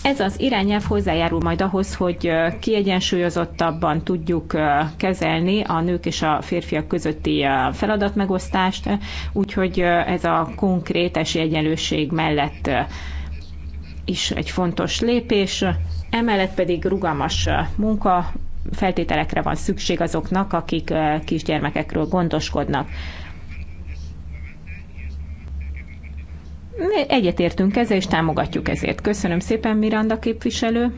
Ez az irányelv hozzájárul majd ahhoz, hogy kiegyensúlyozottabban tudjuk kezelni a nők és a férfiak közötti feladatmegosztást, úgyhogy ez a konkrét egyenlőség mellett is egy fontos lépés, emellett pedig rugalmas munka feltételekre van szükség azoknak, akik kisgyermekekről gondoskodnak. Egyetértünk ezzel, és támogatjuk ezért. Köszönöm szépen, Miranda képviselő.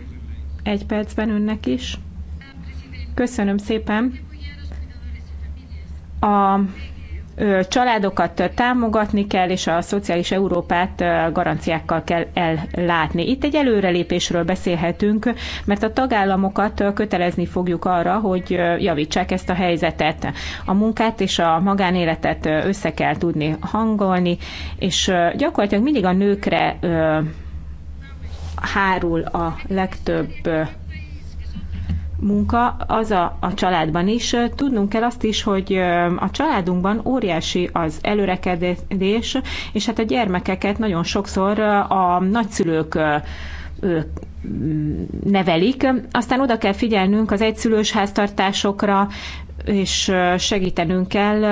Egy percben önnek is. Köszönöm szépen. A családokat támogatni kell, és a szociális Európát garanciákkal kell ellátni. Itt egy előrelépésről beszélhetünk, mert a tagállamokat kötelezni fogjuk arra, hogy javítsák ezt a helyzetet. A munkát és a magánéletet össze kell tudni hangolni, és gyakorlatilag mindig a nőkre hárul a legtöbb munka az a, a családban is. Tudnunk kell azt is, hogy a családunkban óriási az előrekedés, és hát a gyermekeket nagyon sokszor a nagyszülők nevelik. Aztán oda kell figyelnünk az egyszülős háztartásokra, és segítenünk kell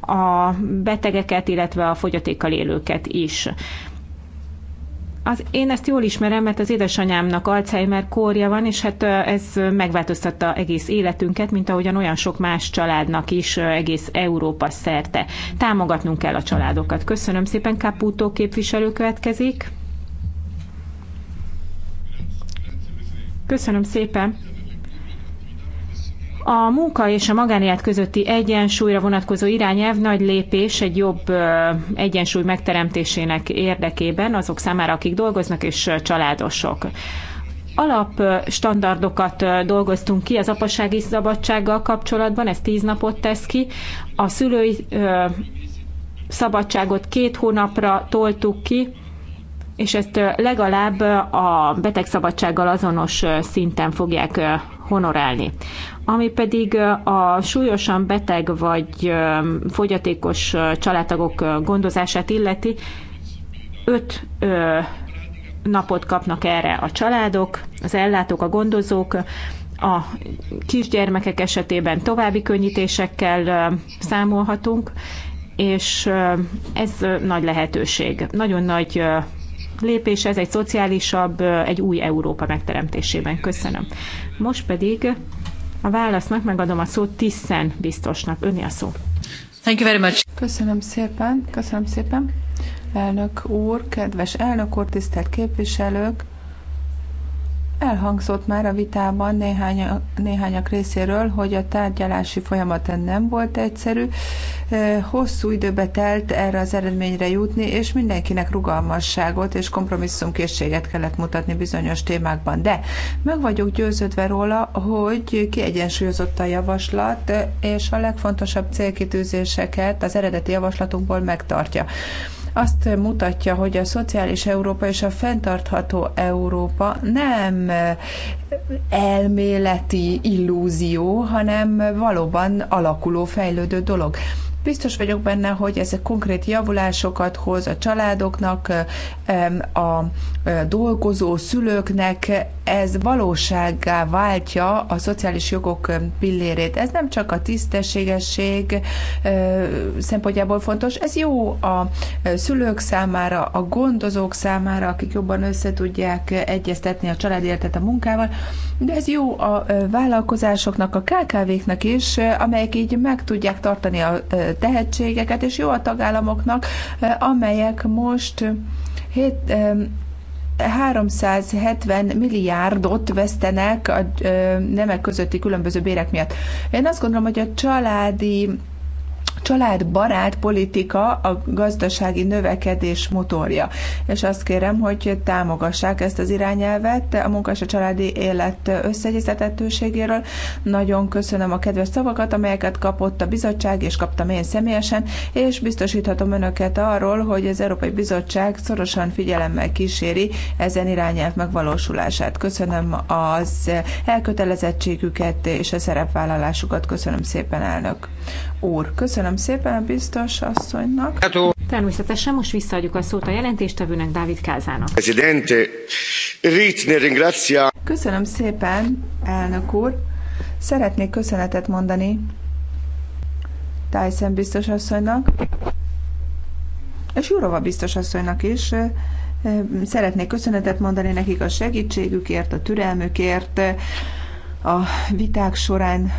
a betegeket, illetve a fogyatékkal élőket is. Az, én ezt jól ismerem, mert az édesanyámnak Alzheimer kórja van, és hát ez megváltoztatta egész életünket, mint ahogyan olyan sok más családnak is egész Európa szerte. Támogatnunk kell a családokat. Köszönöm szépen, Caputo képviselő következik. Köszönöm szépen. A munka és a magánélet közötti egyensúlyra vonatkozó irányelv nagy lépés egy jobb egyensúly megteremtésének érdekében azok számára, akik dolgoznak és családosok alapstandardokat dolgoztunk ki az apasági szabadsággal kapcsolatban, ez tíz napot tesz ki. A szülői szabadságot két hónapra toltuk ki, és ezt legalább a betegszabadsággal azonos szinten fogják honorálni ami pedig a súlyosan beteg vagy fogyatékos családtagok gondozását illeti, öt napot kapnak erre a családok, az ellátók, a gondozók, a kisgyermekek esetében további könnyítésekkel számolhatunk, és ez nagy lehetőség. Nagyon nagy lépés, ez egy szociálisabb, egy új Európa megteremtésében. Köszönöm. Most pedig a válasznak megadom a szót Tiszen biztosnak. Önni a szó. Thank you very much. Köszönöm szépen, köszönöm szépen. Elnök úr, kedves elnök úr, tisztelt képviselők! Elhangzott már a vitában néhány, néhányak részéről, hogy a tárgyalási folyamata nem volt egyszerű. Hosszú időbe telt erre az eredményre jutni, és mindenkinek rugalmasságot és kompromisszumkészséget kellett mutatni bizonyos témákban. De meg vagyok győződve róla, hogy kiegyensúlyozott a javaslat, és a legfontosabb célkitűzéseket az eredeti javaslatunkból megtartja azt mutatja, hogy a szociális Európa és a fenntartható Európa nem elméleti illúzió, hanem valóban alakuló, fejlődő dolog. Biztos vagyok benne, hogy ezek konkrét javulásokat hoz a családoknak, a dolgozó szülőknek, ez valósággá váltja a szociális jogok pillérét. Ez nem csak a tisztességesség szempontjából fontos, ez jó a szülők számára, a gondozók számára, akik jobban összetudják egyeztetni a életet a munkával, de ez jó a vállalkozásoknak, a KKV-knak is, amelyek így meg tudják tartani a tehetségeket, és jó a tagállamoknak, eh, amelyek most 7, eh, 370 eh, milliárdot vesztenek a nemek közötti különböző bérek miatt. Én azt gondolom, hogy a családi családbarát politika a gazdasági növekedés motorja. És azt kérem, hogy támogassák ezt az irányelvet a munkás és a családi élet összeegyeztethetőségéről. Nagyon köszönöm a kedves szavakat, amelyeket kapott a bizottság, és kaptam én személyesen, és biztosíthatom önöket arról, hogy az Európai Bizottság szorosan figyelemmel kíséri ezen irányelv megvalósulását. Köszönöm az elkötelezettségüket és a szerepvállalásukat. Köszönöm szépen, elnök úr. Köszönöm szépen a biztos asszonynak. Természetesen most visszaadjuk a szót a jelentéstevőnek, Dávid Kázának. Köszönöm szépen, elnök úr. Szeretnék köszönetet mondani Tyson biztos asszonynak, és Jurova biztos asszonynak is. Szeretnék köszönetet mondani nekik a segítségükért, a türelmükért, a viták során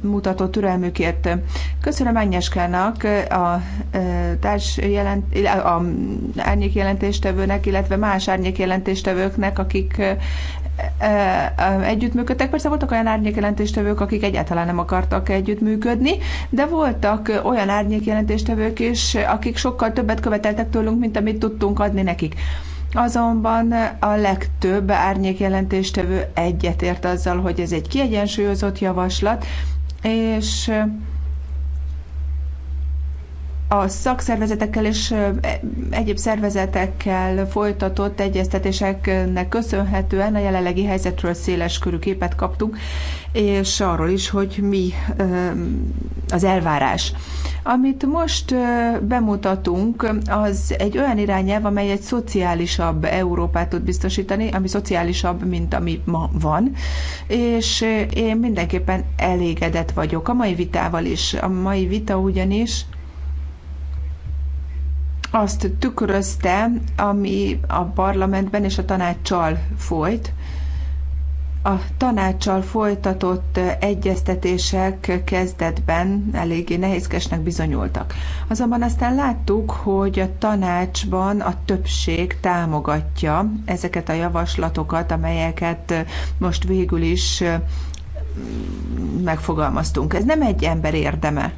mutatott türelmükért. Köszönöm Ágnyeskának, a társ jelent, a árnyékjelentéstevőnek, illetve más árnyékjelentéstevőknek, akik együttműködtek. Persze voltak olyan árnyékjelentéstevők, akik egyáltalán nem akartak együttműködni, de voltak olyan árnyékjelentéstevők is, akik sokkal többet követeltek tőlünk, mint amit tudtunk adni nekik. Azonban a legtöbb árnyékjelentéstevő egyetért azzal, hogy ez egy kiegyensúlyozott javaslat, és a szakszervezetekkel és e, egyéb szervezetekkel folytatott egyeztetéseknek köszönhetően a jelenlegi helyzetről széles körű képet kaptunk, és arról is, hogy mi az elvárás. Amit most bemutatunk, az egy olyan irányelv, amely egy szociálisabb Európát tud biztosítani, ami szociálisabb, mint ami ma van, és én mindenképpen elégedett vagyok a mai vitával is. A mai vita ugyanis azt tükrözte, ami a parlamentben és a tanácssal folyt. A tanácssal folytatott egyeztetések kezdetben eléggé nehézkesnek bizonyultak. Azonban aztán láttuk, hogy a tanácsban a többség támogatja ezeket a javaslatokat, amelyeket most végül is mm, megfogalmaztunk. Ez nem egy ember érdeme.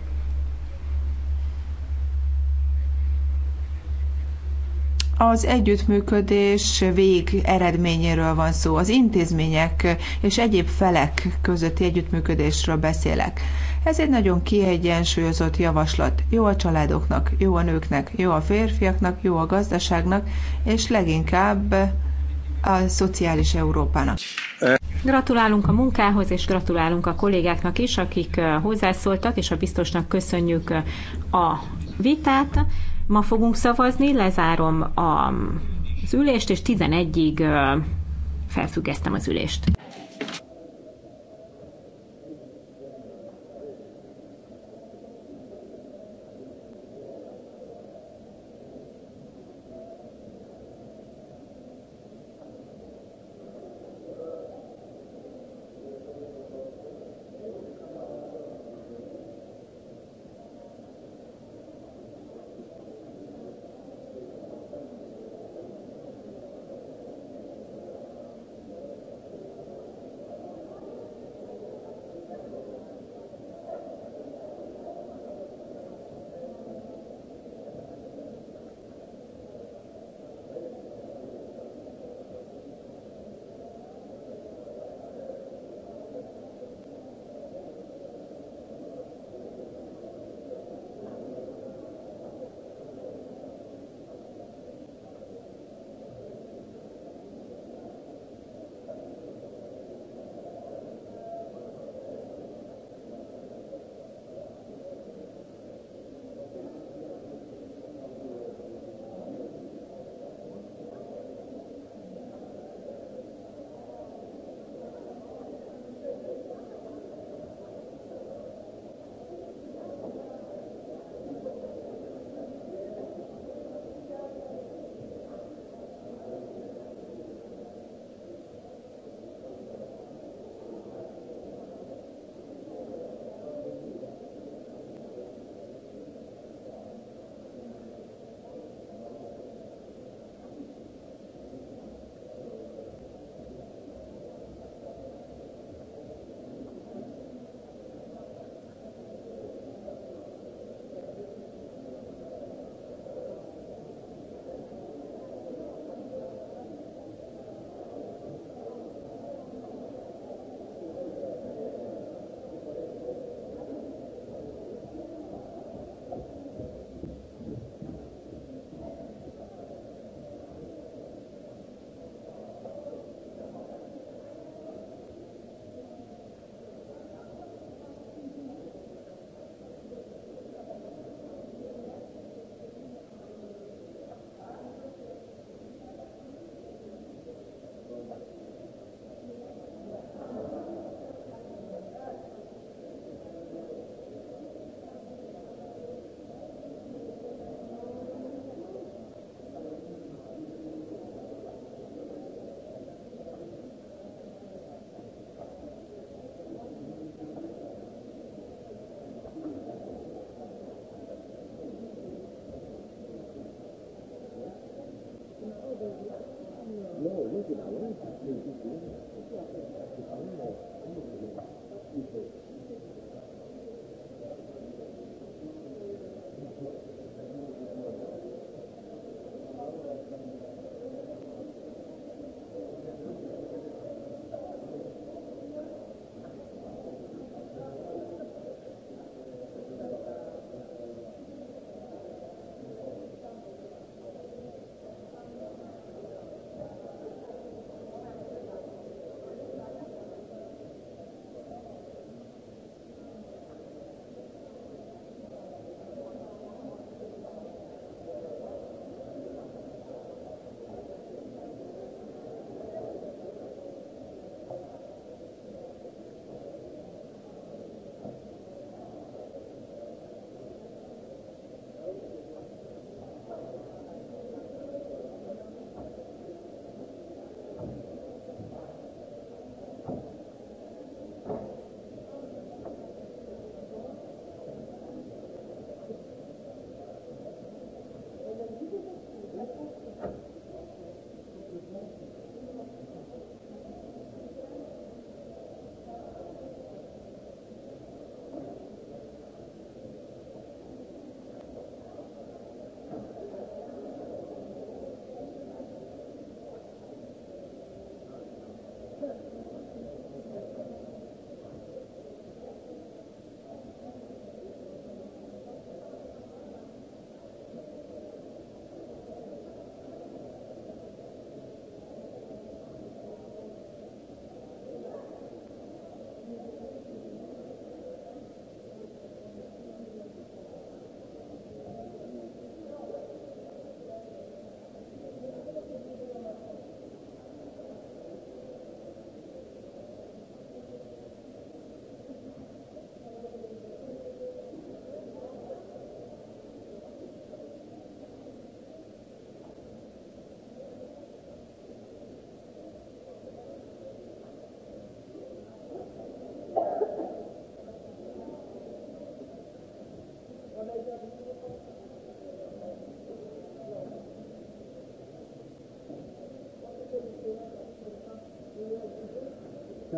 az együttműködés vég eredményéről van szó, az intézmények és egyéb felek közötti együttműködésről beszélek. Ez egy nagyon kiegyensúlyozott javaslat. Jó a családoknak, jó a nőknek, jó a férfiaknak, jó a gazdaságnak, és leginkább a szociális Európának. Gratulálunk a munkához, és gratulálunk a kollégáknak is, akik eh, hozzászóltak, és a biztosnak köszönjük eh, a vitát. Ma fogunk szavazni, lezárom a, az ülést, és 11-ig felfüggesztem az ülést.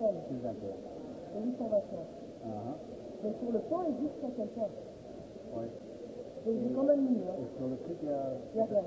Les Et Les 8 Uh -huh. sur le il existe à quelqu'un. Oui. quand même mis. Hein. Et sur le truc, il y a... Il y a rien.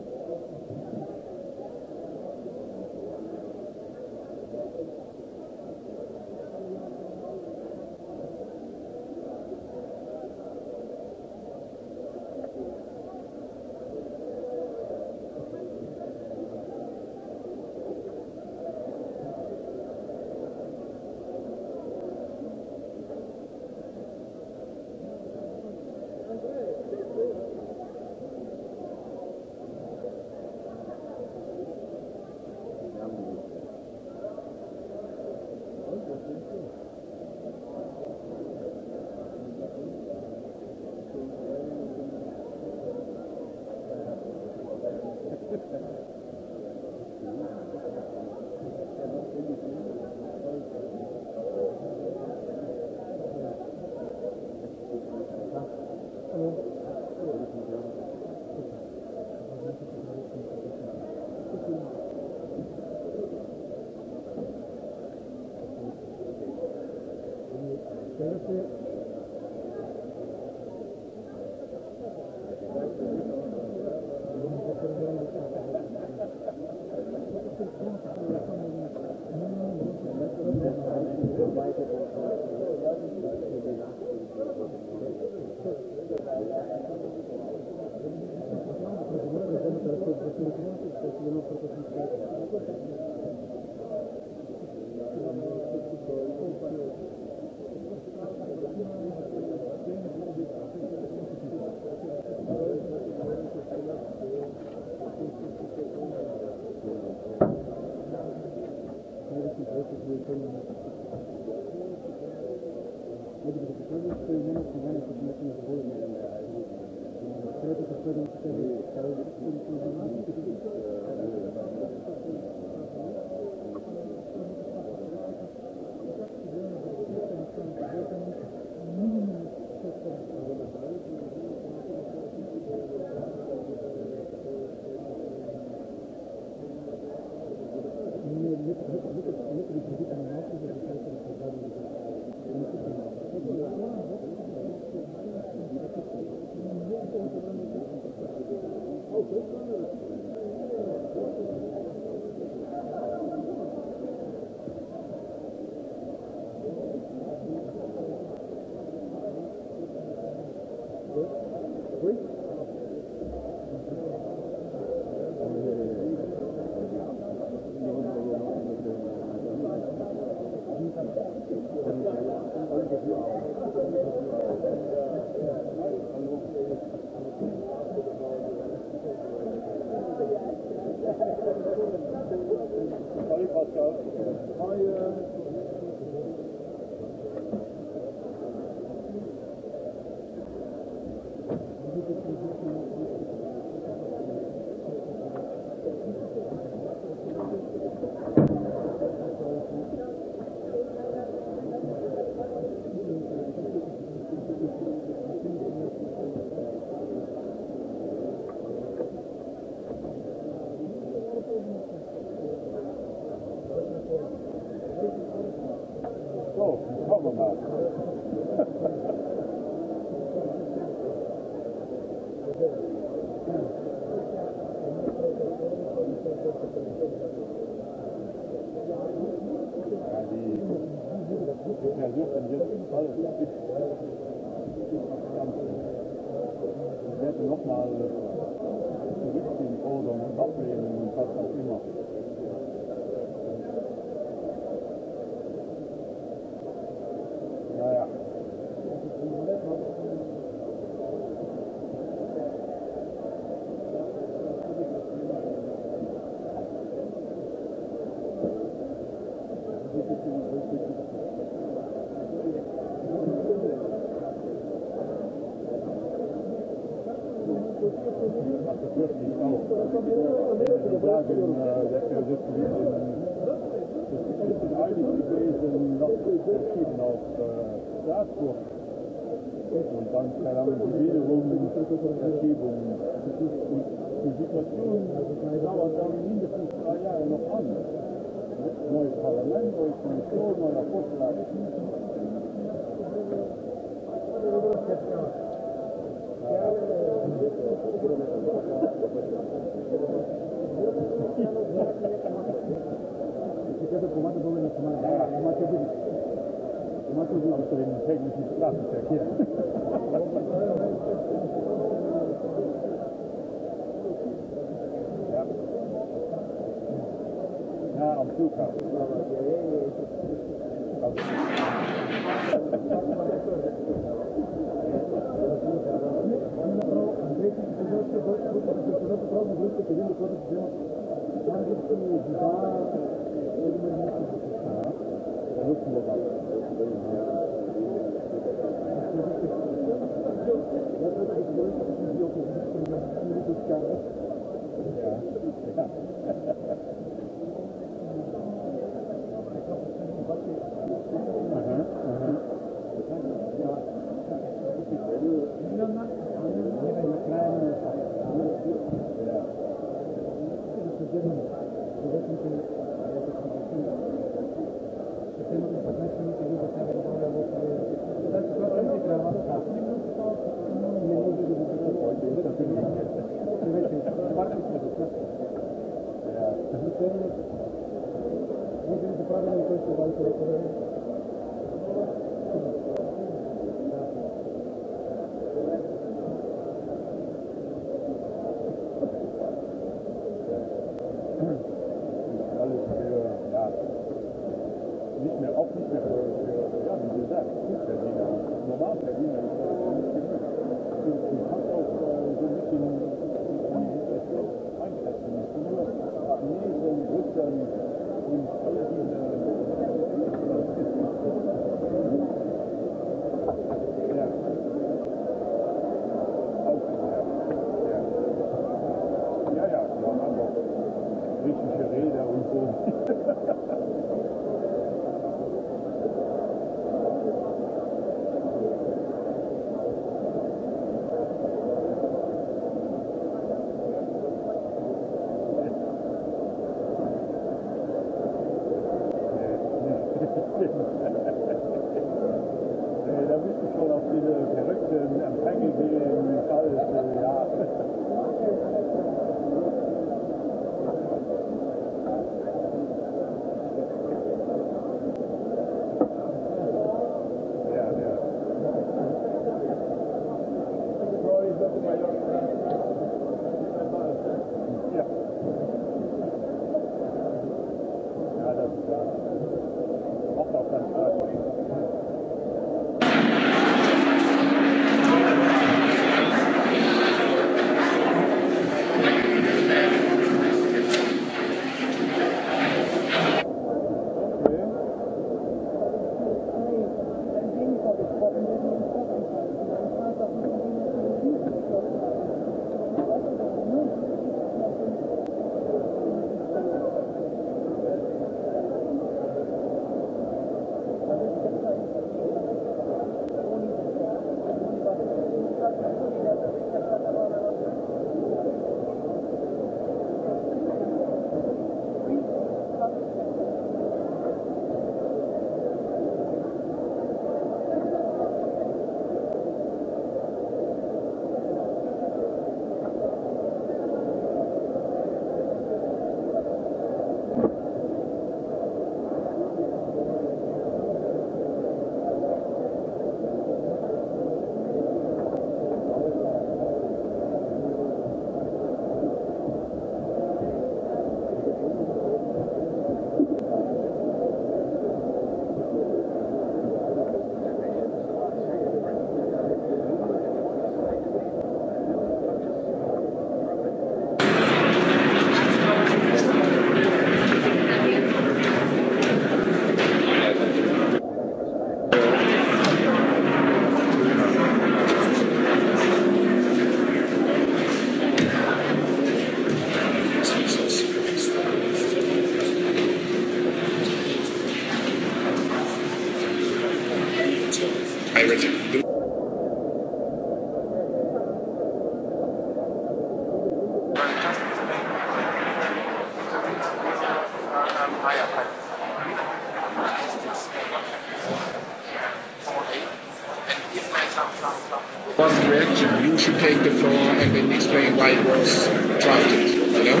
take the floor and then explain why it was drafted, you know?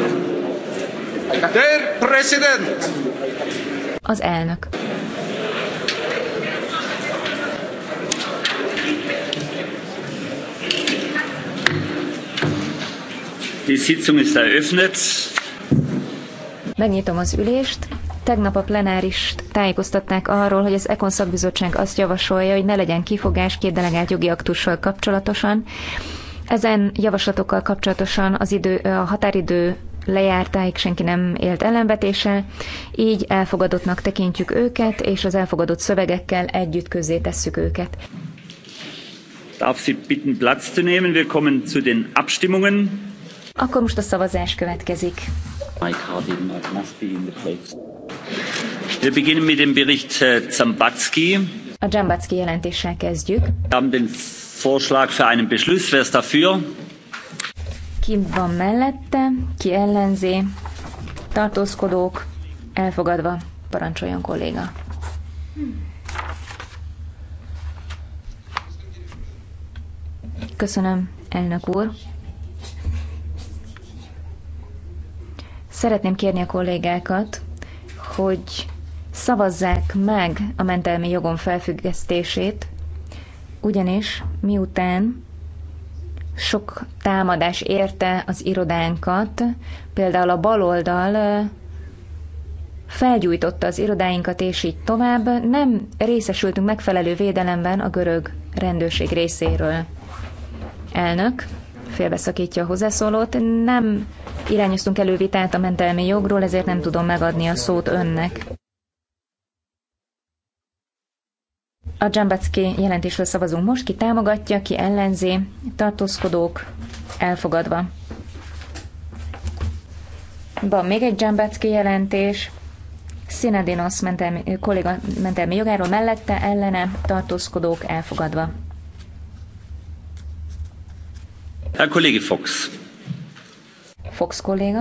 Der President! Az elnök. Die Sitzung ist eröffnet. Megnyitom az ülést. Tegnap a plenárist tájékoztatták arról, hogy az Ekon szakbizottság azt javasolja, hogy ne legyen kifogás két delegált jogi aktussal kapcsolatosan, ezen javaslatokkal kapcsolatosan az idő, a határidő lejártáig senki nem élt ellenvetése, így elfogadottnak tekintjük őket, és az elfogadott szövegekkel együtt közzé tesszük őket. Darf Sie bitten Platz zu nehmen? Wir kommen zu den Abstimmungen. Akkor most a szavazás következik. My card must be in the place. Wir beginnen mit dem Bericht äh, Zambatski. A Zambatski jelentéssel kezdjük. Haben den Vorschlag für einen Beschluss. Wer ist dafür? Ki van mellette, ki ellenzi, tartózkodók, elfogadva, parancsoljon kolléga. Köszönöm, elnök úr. Szeretném kérni a kollégákat, hogy szavazzák meg a mentelmi jogom felfüggesztését, ugyanis miután sok támadás érte az irodánkat, például a baloldal felgyújtotta az irodáinkat, és így tovább, nem részesültünk megfelelő védelemben a görög rendőrség részéről. Elnök félbeszakítja a hozzászólót, nem irányoztunk elővitát a mentelmi jogról, ezért nem tudom megadni a szót önnek. A Dzsambacki jelentésről szavazunk most, ki támogatja, ki ellenzi, tartózkodók elfogadva. Van még egy Dzsambacki jelentés, Sinadinos kolléga mentelmi jogáról mellette ellene tartózkodók elfogadva. A kollégi Fox. Fox kolléga.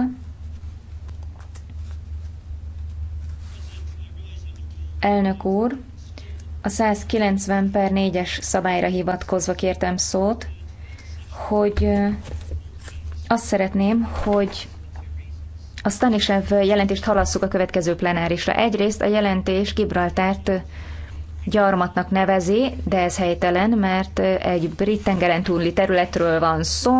Elnök úr, a 190 per 4-es szabályra hivatkozva kértem szót, hogy azt szeretném, hogy a Stanisev jelentést halasszuk a következő plenárisra. Egyrészt a jelentés Gibraltárt gyarmatnak nevezi, de ez helytelen, mert egy brit tengeren túli területről van szó.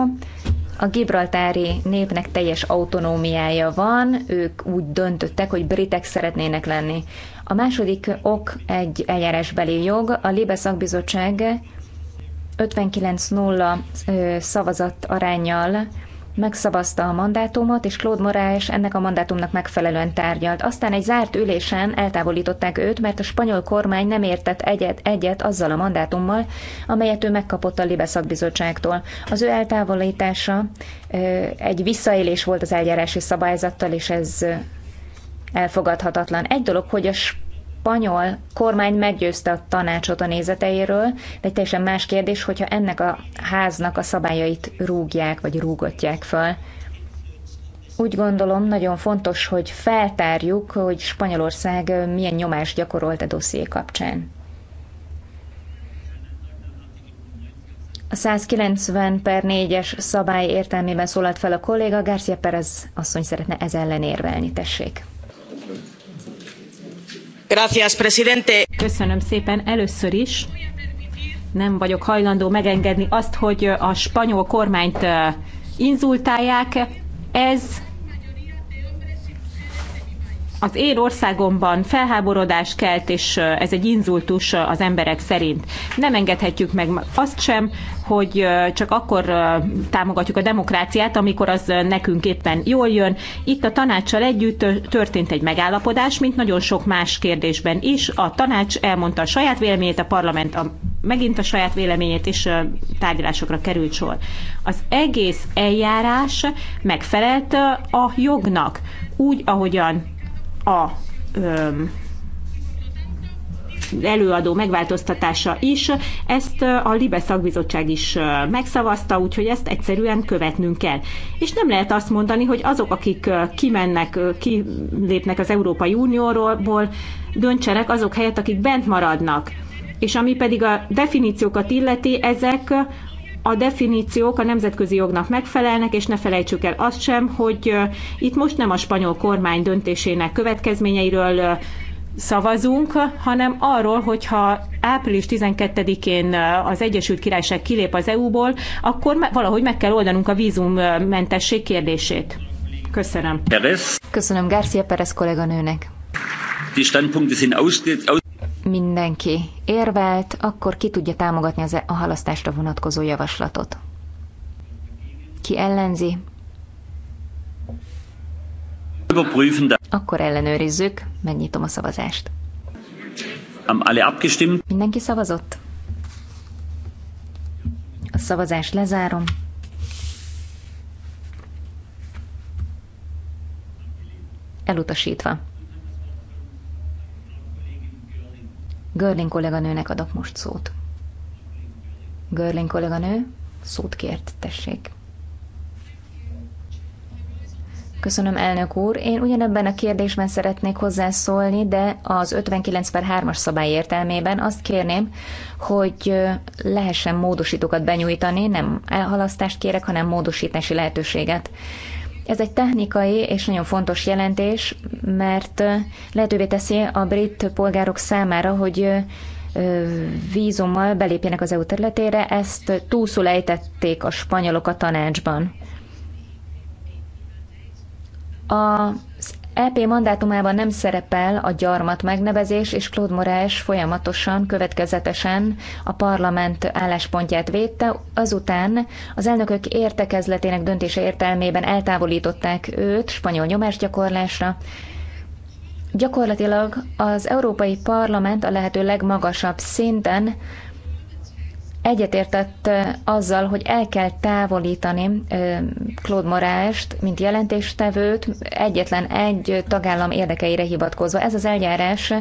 A gibraltári népnek teljes autonómiája van, ők úgy döntöttek, hogy britek szeretnének lenni. A második ok egy eljárásbeli jog. A Libe szakbizottság 59-0 szavazat arányjal megszavazta a mandátumot, és Claude Moraes ennek a mandátumnak megfelelően tárgyalt. Aztán egy zárt ülésen eltávolították őt, mert a spanyol kormány nem értett egyet, egyet azzal a mandátummal, amelyet ő megkapott a Libe szakbizottságtól. Az ő eltávolítása egy visszaélés volt az eljárási szabályzattal, és ez elfogadhatatlan. Egy dolog, hogy a spanyol kormány meggyőzte a tanácsot a nézeteiről, de egy teljesen más kérdés, hogyha ennek a háznak a szabályait rúgják vagy rúgatják fel. Úgy gondolom, nagyon fontos, hogy feltárjuk, hogy Spanyolország milyen nyomást gyakorolt a dosszié kapcsán. A 190 per 4-es szabály értelmében szólalt fel a kolléga, Garcia Perez asszony szeretne ez ellen érvelni, tessék. Köszönöm szépen először is. Nem vagyok hajlandó megengedni azt, hogy a spanyol kormányt inzultálják. Ez az én országomban felháborodás kelt, és ez egy inzultus az emberek szerint. Nem engedhetjük meg azt sem, hogy csak akkor támogatjuk a demokráciát, amikor az nekünk éppen jól jön. Itt a tanácssal együtt történt egy megállapodás, mint nagyon sok más kérdésben is. A tanács elmondta a saját véleményét, a parlament a, megint a saját véleményét, és tárgyalásokra került sor. Az egész eljárás megfelelt a jognak, úgy, ahogyan a előadó megváltoztatása is. Ezt a Libe szakbizottság is megszavazta, úgyhogy ezt egyszerűen követnünk kell. És nem lehet azt mondani, hogy azok, akik kimennek, kilépnek az Európai Unióról, döntsenek azok helyett, akik bent maradnak. És ami pedig a definíciókat illeti, ezek a definíciók a nemzetközi jognak megfelelnek, és ne felejtsük el azt sem, hogy itt most nem a spanyol kormány döntésének következményeiről szavazunk, hanem arról, hogyha április 12-én az Egyesült Királyság kilép az EU-ból, akkor valahogy meg kell oldanunk a vízummentesség kérdését. Köszönöm. Köszönöm Garcia Perez kolléganőnek. Die Standpunkte sind aus mindenki érvelt, akkor ki tudja támogatni az e- a halasztásra vonatkozó javaslatot. Ki ellenzi? Akkor ellenőrizzük, megnyitom a szavazást. Mindenki szavazott? A szavazást lezárom. Elutasítva. Görling kolléganőnek adok most szót. Görling kolléganő, szót kért, tessék. Köszönöm, elnök úr. Én ugyanebben a kérdésben szeretnék hozzászólni, de az 59 per 3-as szabály értelmében azt kérném, hogy lehessen módosítókat benyújtani, nem elhalasztást kérek, hanem módosítási lehetőséget. Ez egy technikai és nagyon fontos jelentés, mert lehetővé teszi a brit polgárok számára, hogy vízummal belépjenek az EU területére, ezt túlszul ejtették a spanyolok a tanácsban. Az EP mandátumában nem szerepel a gyarmat megnevezés, és Claude Moraes folyamatosan, következetesen a parlament álláspontját védte. Azután az elnökök értekezletének döntése értelmében eltávolították őt spanyol nyomásgyakorlásra. Gyakorlatilag az Európai Parlament a lehető legmagasabb szinten egyetértett azzal, hogy el kell távolítani Claude Morást, mint jelentéstevőt, egyetlen egy tagállam érdekeire hivatkozva. Ez az eljárás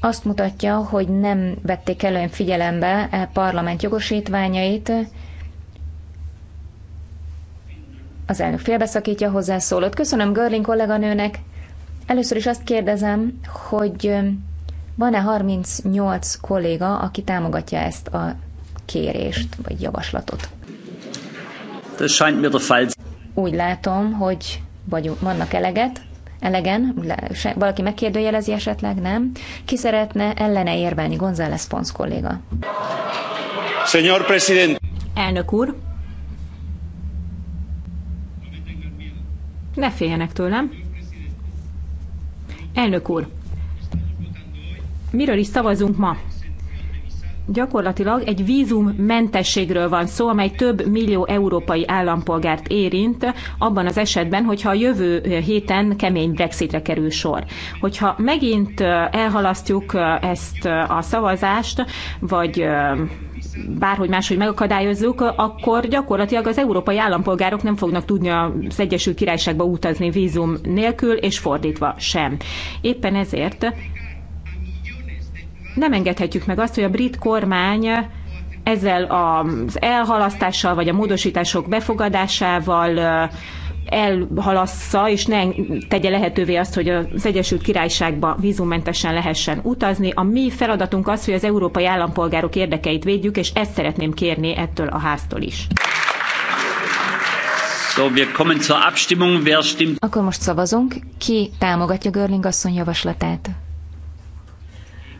azt mutatja, hogy nem vették előn figyelembe a e parlament jogosítványait. Az elnök félbeszakítja hozzászólót. Köszönöm Görling kolléganőnek. Először is azt kérdezem, hogy van-e 38 kolléga, aki támogatja ezt a kérést vagy javaslatot. Úgy látom, hogy vagyunk, vannak eleget, elegen, valaki megkérdőjelezi esetleg, nem? Ki szeretne ellene érvelni, González Pons kolléga? Señor president. Elnök úr, ne féljenek tőlem. Elnök úr, miről is szavazunk ma? gyakorlatilag egy vízummentességről van szó, amely több millió európai állampolgárt érint, abban az esetben, hogyha a jövő héten kemény Brexitre kerül sor. Hogyha megint elhalasztjuk ezt a szavazást, vagy bárhogy máshogy megakadályozzuk, akkor gyakorlatilag az európai állampolgárok nem fognak tudni az Egyesült Királyságba utazni vízum nélkül, és fordítva sem. Éppen ezért nem engedhetjük meg azt, hogy a brit kormány ezzel az elhalasztással vagy a módosítások befogadásával elhalassza, és ne tegye lehetővé azt, hogy az Egyesült Királyságba vízummentesen lehessen utazni. A mi feladatunk az, hogy az európai állampolgárok érdekeit védjük, és ezt szeretném kérni ettől a háztól is. So, wir kommen zur Abstimmung. Wer stimmt? Akkor most szavazunk. Ki támogatja Görling asszony javaslatát?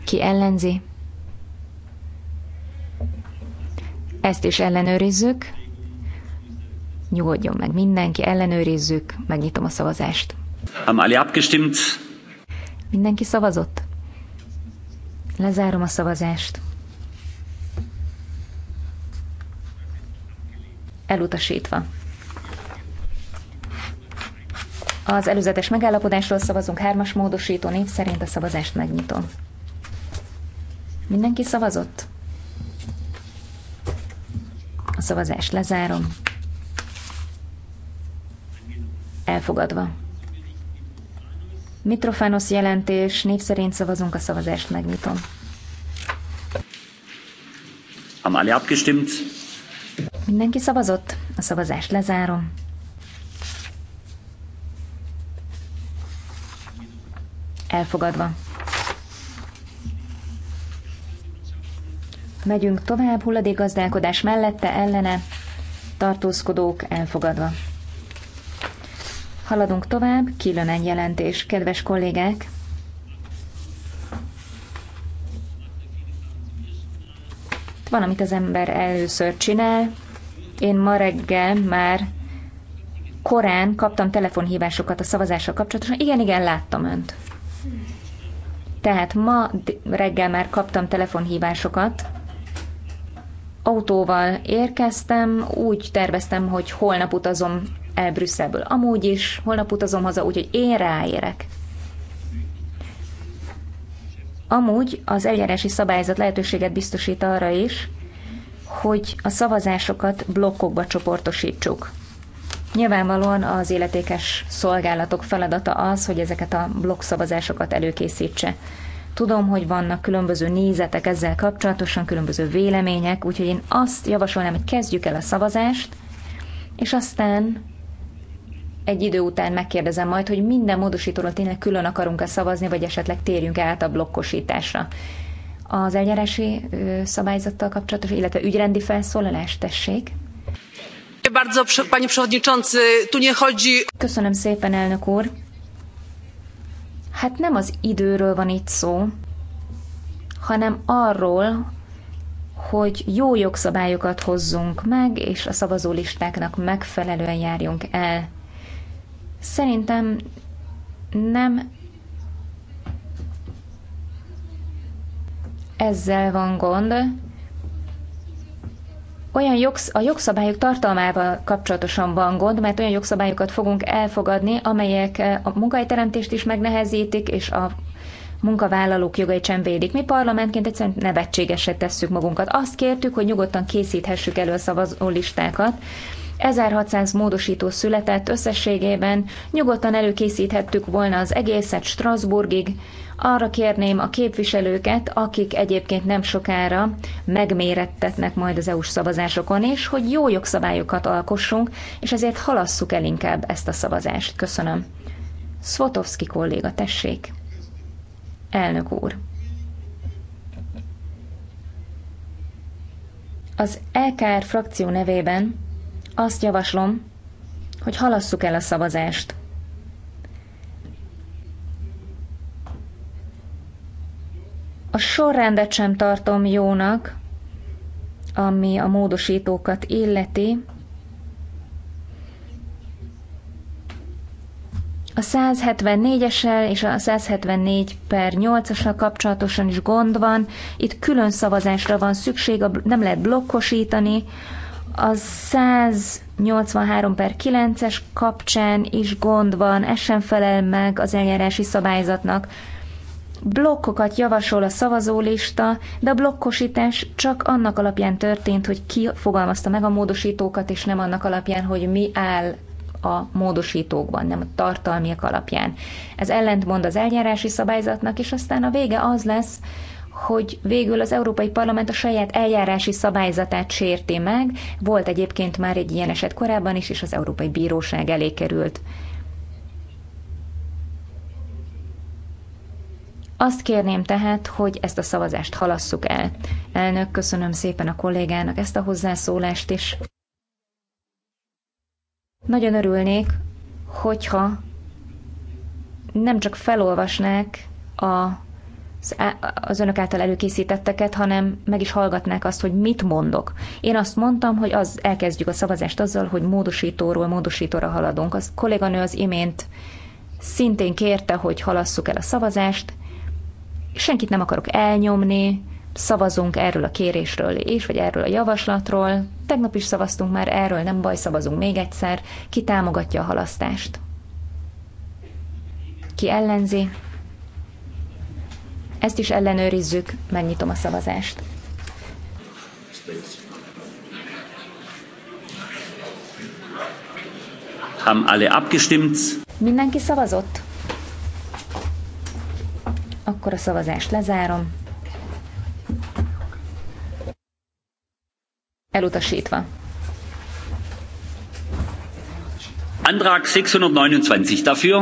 Ki ellenzi? Ezt is ellenőrizzük. Nyugodjon meg mindenki, ellenőrizzük, megnyitom a szavazást. abgestimmt? Mindenki szavazott? Lezárom a szavazást. Elutasítva. Az előzetes megállapodásról szavazunk hármas módosító név szerint a szavazást megnyitom. Mindenki szavazott? A szavazást lezárom. Elfogadva. Mitrofánosz jelentés, név szerint szavazunk, a szavazást megnyitom. Haben alle abgestimmt? Mindenki szavazott? A szavazást lezárom. Elfogadva. Megyünk tovább, hulladékgazdálkodás mellette, ellene, tartózkodók elfogadva. Haladunk tovább, egy jelentés, kedves kollégák! Van, amit az ember először csinál. Én ma reggel már korán kaptam telefonhívásokat a szavazással kapcsolatosan. Igen, igen, láttam önt. Tehát ma reggel már kaptam telefonhívásokat autóval érkeztem, úgy terveztem, hogy holnap utazom el Brüsszelből. Amúgy is holnap utazom haza, úgyhogy én ráérek. Amúgy az eljárási szabályzat lehetőséget biztosít arra is, hogy a szavazásokat blokkokba csoportosítsuk. Nyilvánvalóan az életékes szolgálatok feladata az, hogy ezeket a blokkszavazásokat előkészítse. Tudom, hogy vannak különböző nézetek ezzel kapcsolatosan, különböző vélemények, úgyhogy én azt javasolnám, hogy kezdjük el a szavazást, és aztán egy idő után megkérdezem majd, hogy minden módosítóról tényleg külön akarunk-e szavazni, vagy esetleg térjünk át a blokkosításra. Az eljárási szabályzattal kapcsolatos, illetve ügyrendi felszólalás, tessék. Köszönöm szépen, elnök úr. Hát nem az időről van itt szó, hanem arról, hogy jó jogszabályokat hozzunk meg, és a szavazólistáknak megfelelően járjunk el. Szerintem nem ezzel van gond, olyan jogsz, a jogszabályok tartalmával kapcsolatosan van gond, mert olyan jogszabályokat fogunk elfogadni, amelyek eh, a munkahelyteremtést is megnehezítik, és a munkavállalók jogait sem védik. Mi parlamentként egyszerűen nevetségeset tesszük magunkat. Azt kértük, hogy nyugodtan készíthessük elő a szavazólistákat, 1600 módosító született összességében, nyugodtan előkészíthettük volna az egészet Strasbourgig, arra kérném a képviselőket, akik egyébként nem sokára megmérettetnek majd az EU-s szavazásokon is, hogy jó jogszabályokat alkossunk, és ezért halasszuk el inkább ezt a szavazást. Köszönöm. Szvotovszki kolléga, tessék. Elnök úr. Az EKR frakció nevében azt javaslom, hogy halasszuk el a szavazást. A sorrendet sem tartom jónak, ami a módosítókat illeti. A 174-esel és a 174 per 8-asra kapcsolatosan is gond van. Itt külön szavazásra van szükség, nem lehet blokkosítani. A 183 per 9-es kapcsán is gond van, ez sem felel meg az eljárási szabályzatnak. Blokkokat javasol a szavazólista, de a blokkosítás csak annak alapján történt, hogy ki fogalmazta meg a módosítókat, és nem annak alapján, hogy mi áll a módosítókban, nem a tartalmiak alapján. Ez ellentmond az eljárási szabályzatnak, és aztán a vége az lesz, hogy végül az Európai Parlament a saját eljárási szabályzatát sérti meg. Volt egyébként már egy ilyen eset korábban is, és az Európai Bíróság elé került. Azt kérném tehát, hogy ezt a szavazást halasszuk el. Elnök, köszönöm szépen a kollégának ezt a hozzászólást is. Nagyon örülnék, hogyha nem csak felolvasnák a az önök által előkészítetteket, hanem meg is hallgatnák azt, hogy mit mondok. Én azt mondtam, hogy az elkezdjük a szavazást azzal, hogy módosítóról módosítóra haladunk. Az kolléganő az imént szintén kérte, hogy halasszuk el a szavazást. Senkit nem akarok elnyomni, szavazunk erről a kérésről és, vagy erről a javaslatról. Tegnap is szavaztunk már erről, nem baj, szavazunk még egyszer. Ki támogatja a halasztást? Ki ellenzi? Ezt is ellenőrizzük, megnyitom a szavazást. Haben alle abgestimmt? Mindenki szavazott? Akkor a szavazást lezárom. Elutasítva. Antrag 629 dafür.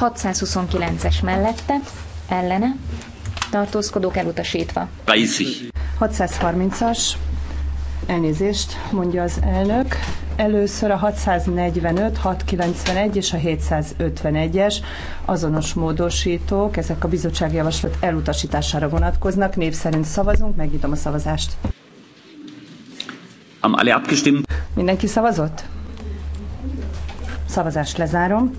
629-es mellette ellene, tartózkodók elutasítva. 630-as, elnézést, mondja az elnök. Először a 645, 691 és a 751-es azonos módosítók, ezek a bizottsági javaslat elutasítására vonatkoznak. Név szerint szavazunk, megnyitom a szavazást. Am Mindenki szavazott? Szavazást lezárom.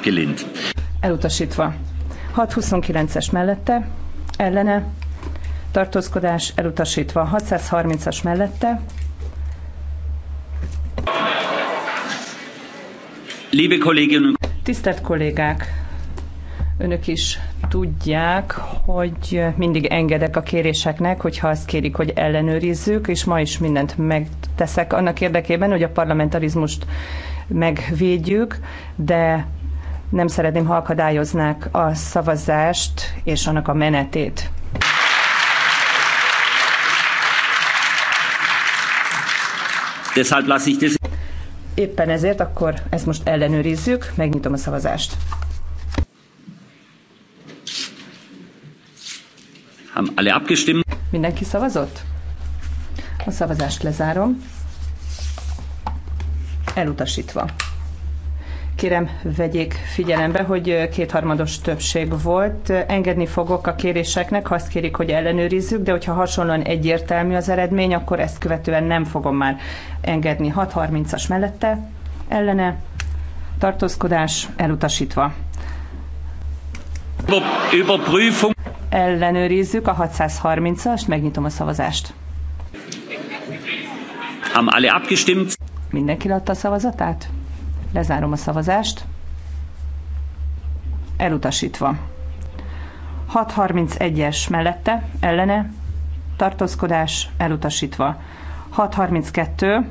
abgelehnt. Elutasítva. 629-es mellette, ellene, tartózkodás elutasítva. 630-as mellette. Liebe Kolleginnen Tisztelt kollégák! Önök is tudják, hogy mindig engedek a kéréseknek, hogyha azt kérik, hogy ellenőrizzük, és ma is mindent megteszek annak érdekében, hogy a parlamentarizmust megvédjük, de nem szeretném, ha akadályoznák a szavazást és annak a menetét. Deshalb lasse ich das Éppen ezért akkor ezt most ellenőrizzük, megnyitom a szavazást. Haben alle abgestimmt? Mindenki szavazott? A szavazást lezárom. Elutasítva. Kérem, vegyék figyelembe, hogy kétharmados többség volt. Engedni fogok a kéréseknek, ha azt kérik, hogy ellenőrizzük, de hogyha hasonlóan egyértelmű az eredmény, akkor ezt követően nem fogom már engedni. 6.30-as mellette ellene tartózkodás elutasítva. Ellenőrizzük a 630-ast, megnyitom a szavazást. Haben alle abgestimmt? Mindenki adta a szavazatát? Lezárom a szavazást. Elutasítva. 631-es mellette, ellene, tartózkodás, elutasítva. 632,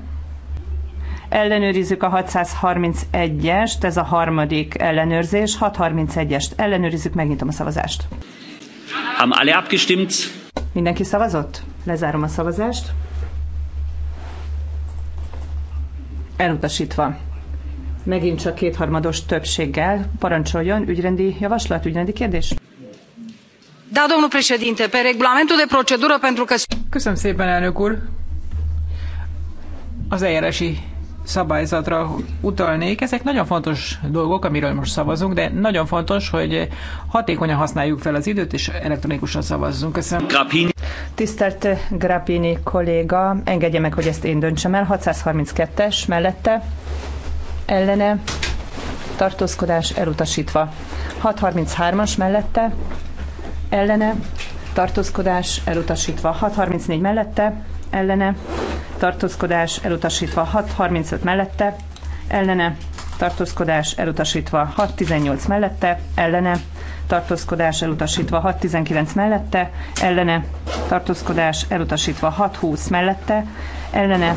ellenőrizzük a 631-est, ez a harmadik ellenőrzés, 631-est ellenőrizzük, megnyitom a szavazást. Haben alle abgestimmt? Mindenki szavazott? Lezárom a szavazást. Elutasítva megint csak kétharmados többséggel. Parancsoljon, ügyrendi javaslat, ügyrendi kérdés? Da, domnul președinte, pe regulamentul de procedură pentru că... Köszönöm szépen, elnök úr. Az eljárási szabályzatra utalnék. Ezek nagyon fontos dolgok, amiről most szavazunk, de nagyon fontos, hogy hatékonyan használjuk fel az időt, és elektronikusan szavazzunk. Köszönöm. Grappini. Tisztelt Grappini kolléga, engedje meg, hogy ezt én döntsem el. 632-es mellette ellene tartózkodás elutasítva. 633-as mellette ellene tartózkodás elutasítva. 634 mellette ellene tartózkodás elutasítva. 635 mellette ellene tartózkodás elutasítva. 618 mellette ellene tartózkodás elutasítva 619 mellette, ellene tartózkodás elutasítva 620 mellette, ellene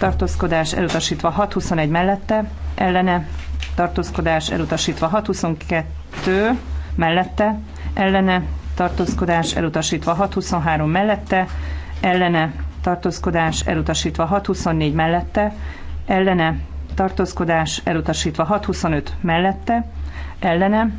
tartózkodás elutasítva 621 mellette, ellene tartózkodás elutasítva 622 mellette, ellene tartózkodás elutasítva 623 mellette, ellene tartózkodás elutasítva 624 mellette, ellene tartózkodás elutasítva 625 mellette, ellene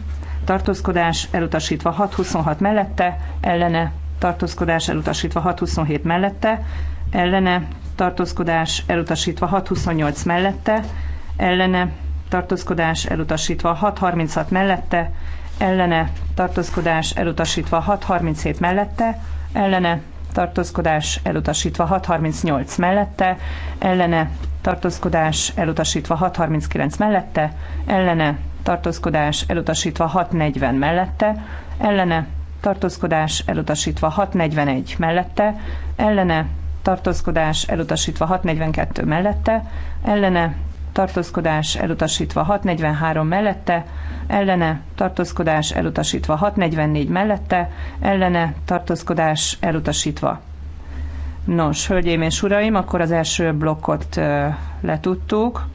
tartózkodás elutasítva 626 mellette, ellene tartózkodás elutasítva 627 mellette, ellene tartózkodás elutasítva 628 mellette, ellene tartózkodás elutasítva 636 mellette, ellene tartózkodás elutasítva 637 mellette, ellene tartózkodás elutasítva 638 mellette, ellene tartózkodás elutasítva 639 mellette, ellene tartózkodás elutasítva 640 mellette, ellene tartózkodás elutasítva 641 mellette, ellene tartózkodás elutasítva 642 mellette, ellene tartózkodás elutasítva 643 mellette, ellene tartózkodás elutasítva 644 mellette, ellene tartózkodás elutasítva. Nos, hölgyeim és uraim, akkor az első blokkot letudtuk.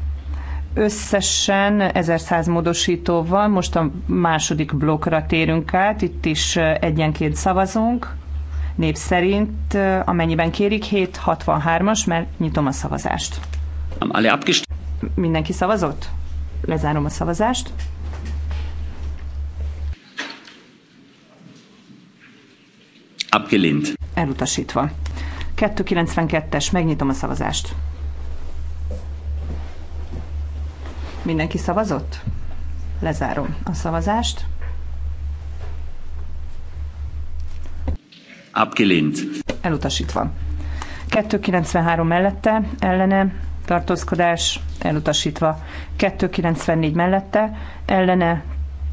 Összesen 1100 módosítóval most a második blokkra térünk át, itt is egyenként szavazunk név szerint, amennyiben kérik, 763-as, mert nyitom a szavazást. Mindenki szavazott? Lezárom a szavazást. Abgelint. Elutasítva. 292-es, megnyitom a szavazást. Mindenki szavazott? Lezárom a szavazást. Abgelehnt. Elutasítva. 293 mellette, ellene, tartózkodás, elutasítva. 294 mellette, ellene,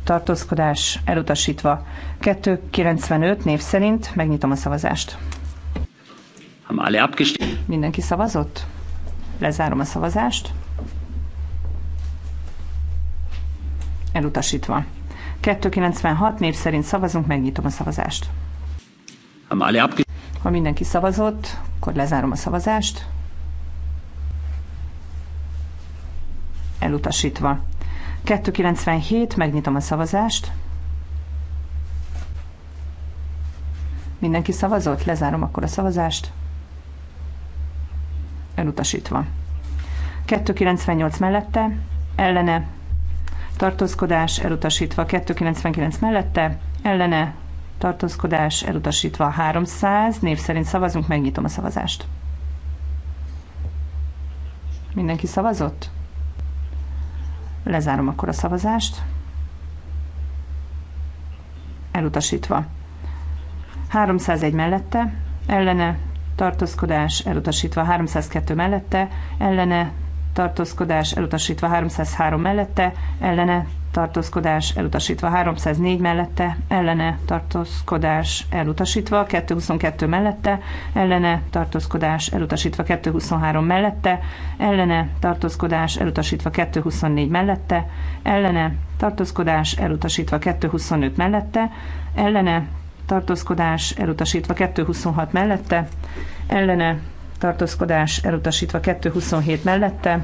tartózkodás, elutasítva. 295 név szerint megnyitom a szavazást. Mindenki szavazott? Lezárom a szavazást. Elutasítva. 296 név szerint szavazunk, megnyitom a szavazást. Ha mindenki szavazott, akkor lezárom a szavazást. Elutasítva. 297, megnyitom a szavazást. Mindenki szavazott? Lezárom akkor a szavazást. Elutasítva. 298 mellette, ellene, tartózkodás, elutasítva. 299 mellette, ellene, tartózkodás elutasítva 300. Név szerint szavazunk, megnyitom a szavazást. Mindenki szavazott? Lezárom akkor a szavazást. Elutasítva. 301 mellette, ellene tartózkodás elutasítva 302 mellette, ellene tartózkodás elutasítva 303 mellette, ellene tartózkodás elutasítva, 304 mellette ellene tartózkodás elutasítva, 222 mellette ellene tartózkodás elutasítva, 223 mellette ellene tartózkodás elutasítva, 224 mellette ellene tartózkodás elutasítva, 225 mellette ellene tartózkodás elutasítva, 226 mellette ellene tartózkodás elutasítva, 227 mellette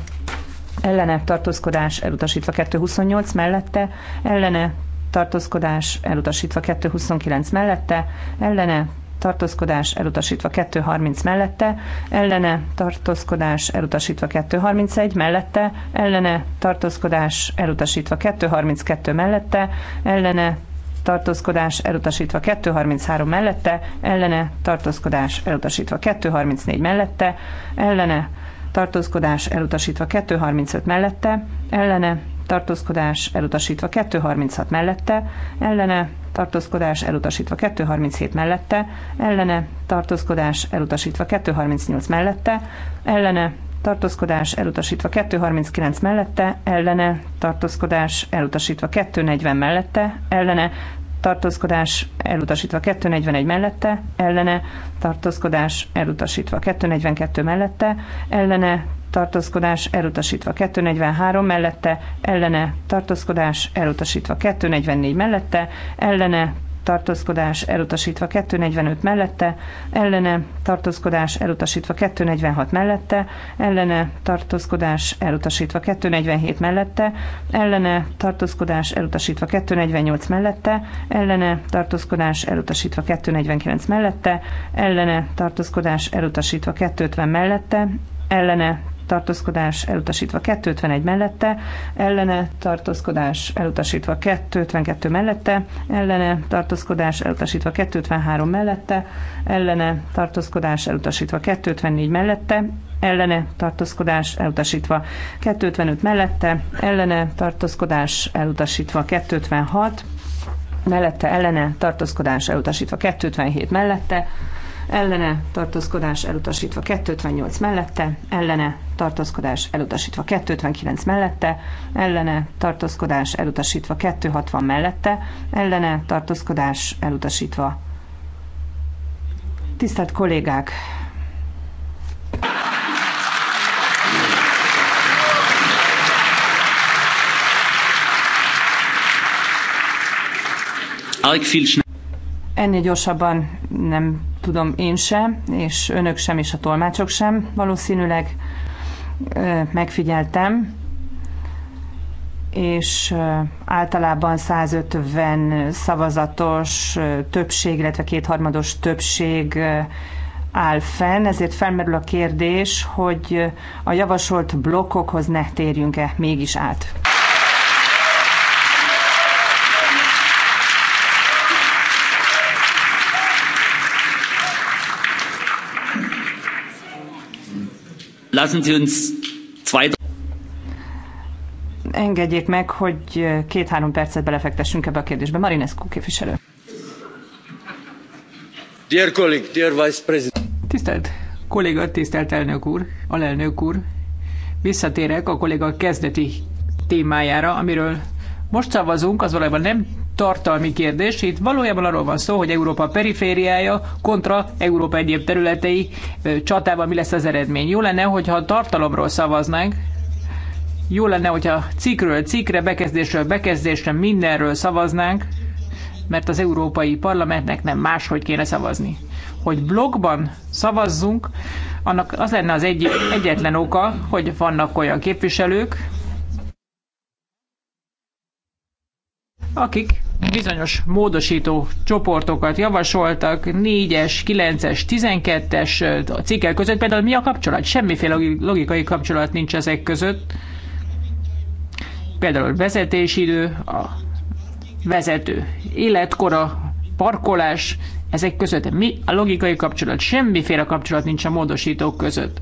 ellene tartózkodás elutasítva 228 mellette, ellene tartózkodás elutasítva 229 mellette, ellene tartózkodás elutasítva 230 mellette, ellene tartózkodás elutasítva 231 mellette, ellene tartózkodás elutasítva 232 mellette, ellene tartózkodás elutasítva 233 mellette, ellene tartózkodás elutasítva 234 mellette, ellene tartózkodás elutasítva 235 mellette, ellene tartózkodás elutasítva 236 mellette, ellene tartózkodás elutasítva 237 mellette, ellene tartózkodás elutasítva 238 mellette, ellene tartózkodás elutasítva 239 mellette, ellene tartózkodás elutasítva 240 mellette, ellene tartózkodás elutasítva 241 mellette, ellene tartózkodás elutasítva 242 mellette, ellene tartózkodás elutasítva 243 mellette, ellene tartózkodás elutasítva 244 mellette, ellene tartózkodás elutasítva 245 mellette, ellene tartózkodás elutasítva 246 mellette, ellene tartózkodás elutasítva 247 mellette, ellene tartózkodás elutasítva 248 mellette, ellene tartózkodás elutasítva 249 mellette, ellene tartózkodás elutasítva 250 mellette, ellene tartózkodás elutasítva 251 mellette, ellene tartózkodás elutasítva 252 mellette, ellene tartózkodás elutasítva 253 mellette, ellene tartózkodás elutasítva 254 mellette, ellene tartózkodás elutasítva 255 mellette, ellene tartózkodás elutasítva 256 mellette, ellene tartózkodás elutasítva 257 mellette, ellene tartózkodás elutasítva 258 mellette, ellene tartózkodás elutasítva 259 mellette, ellene tartózkodás elutasítva 260 mellette, ellene tartózkodás elutasítva. Tisztelt kollégák! Arg viel Ennél gyorsabban nem tudom én sem, és önök sem, és a tolmácsok sem valószínűleg megfigyeltem, és általában 150 szavazatos többség, illetve kétharmados többség áll fenn, ezért felmerül a kérdés, hogy a javasolt blokkokhoz ne térjünk-e mégis át. Lassen Sie uns zwei engedjék meg, hogy két-három percet belefektessünk ebbe a kérdésbe. Marinescu képviselő. Dear colleague, dear vice president. Tisztelt kolléga, tisztelt elnök úr, alelnök úr. Visszatérek a kolléga kezdeti témájára, amiről most szavazunk, az valójában nem tartalmi kérdés, itt valójában arról van szó, hogy Európa perifériája kontra Európa egyéb területei csatában mi lesz az eredmény. Jó lenne, hogyha a tartalomról szavaznánk, jó lenne, hogyha cikről cikre, bekezdésről bekezdésre mindenről szavaznánk, mert az Európai Parlamentnek nem máshogy kéne szavazni. Hogy blogban szavazzunk, annak az lenne az egy, egyetlen oka, hogy vannak olyan képviselők, akik bizonyos módosító csoportokat javasoltak, 4-es, 9-es, 12-es cikkel között. Például mi a kapcsolat? Semmiféle logikai kapcsolat nincs ezek között. Például vezetésidő, a vezető életkora, parkolás, ezek között mi a logikai kapcsolat? Semmiféle kapcsolat nincs a módosítók között.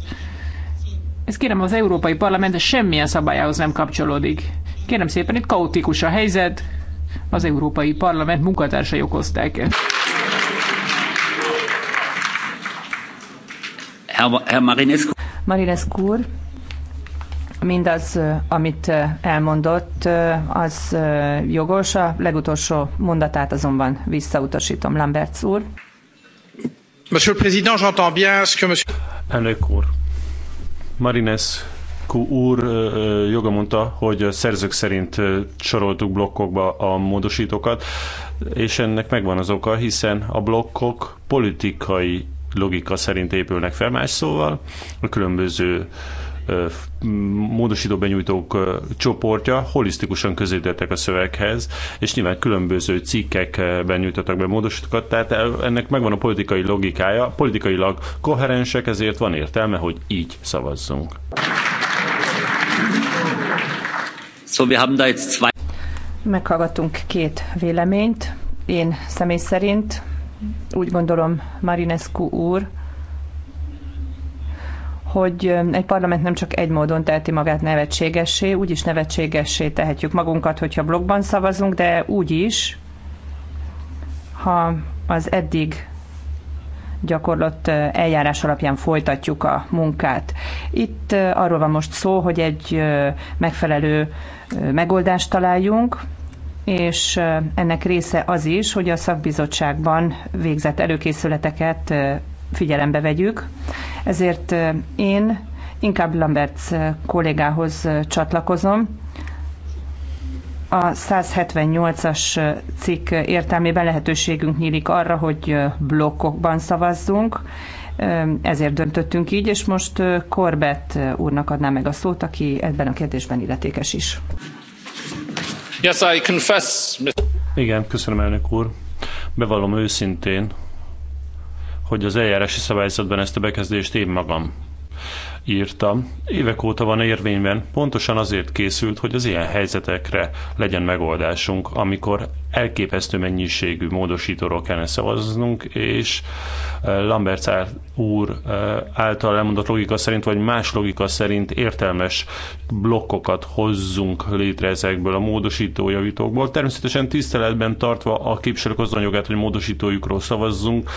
Ez kérem az Európai Parlament semmilyen szabályához nem kapcsolódik. Kérem szépen, itt kaotikus a helyzet, az Európai Parlament munkatársai okozták Herr, Marinescu. Marinescu úr, mindaz, amit elmondott, az jogos. A legutolsó mondatát azonban visszautasítom, Lamberts úr. Monsieur le Président, j'entends bien ce que Monsieur... Elnök úr, Marines Kú úr joga mondta, hogy szerzők szerint soroltuk blokkokba a módosítókat, és ennek megvan az oka, hiszen a blokkok politikai logika szerint épülnek fel, más szóval a különböző módosító benyújtók csoportja holisztikusan közítettek a szöveghez, és nyilván különböző cikkekben nyújtottak be módosítókat, tehát ennek megvan a politikai logikája, politikailag koherensek, ezért van értelme, hogy így szavazzunk. Meghallgattunk két véleményt. Én személy szerint úgy gondolom Marinescu úr, hogy egy parlament nem csak egy módon teheti magát nevetségessé, úgy is nevetségessé tehetjük magunkat, hogyha blogban szavazunk, de úgy is, ha az eddig gyakorlott eljárás alapján folytatjuk a munkát. Itt arról van most szó, hogy egy megfelelő megoldást találjunk, és ennek része az is, hogy a szakbizottságban végzett előkészületeket figyelembe vegyük. Ezért én inkább Lamberts kollégához csatlakozom, a 178-as cikk értelmében lehetőségünk nyílik arra, hogy blokkokban szavazzunk, ezért döntöttünk így, és most Korbett úrnak adnám meg a szót, aki ebben a kérdésben illetékes is. Yes, I confess. Igen, köszönöm elnök úr. Bevallom őszintén, hogy az eljárási szabályzatban ezt a bekezdést én magam írta, évek óta van érvényben, pontosan azért készült, hogy az ilyen helyzetekre legyen megoldásunk, amikor elképesztő mennyiségű módosítóról kellene szavaznunk, és eh, Lambert úr eh, által elmondott logika szerint, vagy más logika szerint értelmes blokkokat hozzunk létre ezekből a módosítójavítókból. Természetesen tiszteletben tartva a képviselők azon jogát, hogy módosítójukról szavazzunk,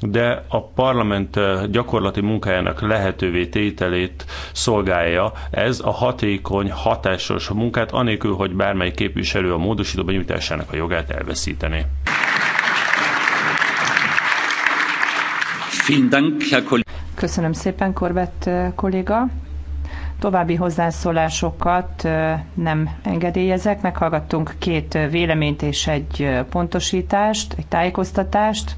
de a parlament eh, gyakorlati munkájának lehetővé tételét szolgálja ez a hatékony, hatásos munkát, anélkül, hogy bármely képviselő a módosító benyújtásának a jogát lehet elveszíteni. Köszönöm szépen, Korbett kolléga. További hozzászólásokat nem engedélyezek. Meghallgattunk két véleményt és egy pontosítást, egy tájékoztatást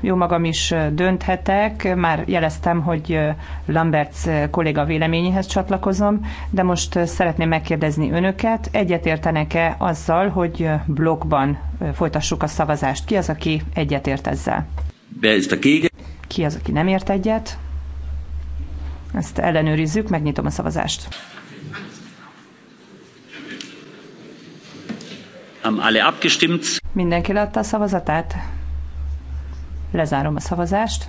jó magam is dönthetek. Már jeleztem, hogy Lamberts kolléga véleményéhez csatlakozom, de most szeretném megkérdezni önöket, egyetértenek-e azzal, hogy blogban folytassuk a szavazást? Ki az, aki egyetért ezzel? Ki az, aki nem ért egyet? Ezt ellenőrizzük, megnyitom a szavazást. Mindenki látta a szavazatát? Lezárom a szavazást.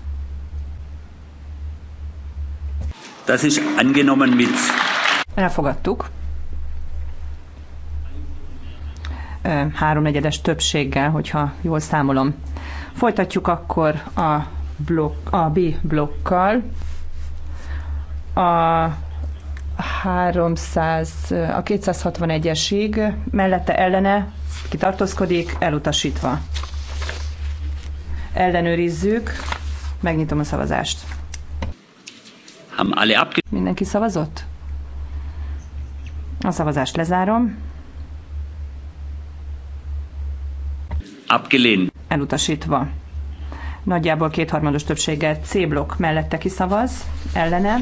Das ist angenommen mit. Elfogadtuk. Háromnegyedes többséggel, hogyha jól számolom. Folytatjuk akkor a, blokk, a B blokkal. A 300, a 261-esig mellette ellene kitartózkodik, elutasítva ellenőrizzük. Megnyitom a szavazást. Mindenki szavazott? A szavazást lezárom. Elutasítva. Nagyjából kétharmados többséggel C blokk mellette kiszavaz, ellene,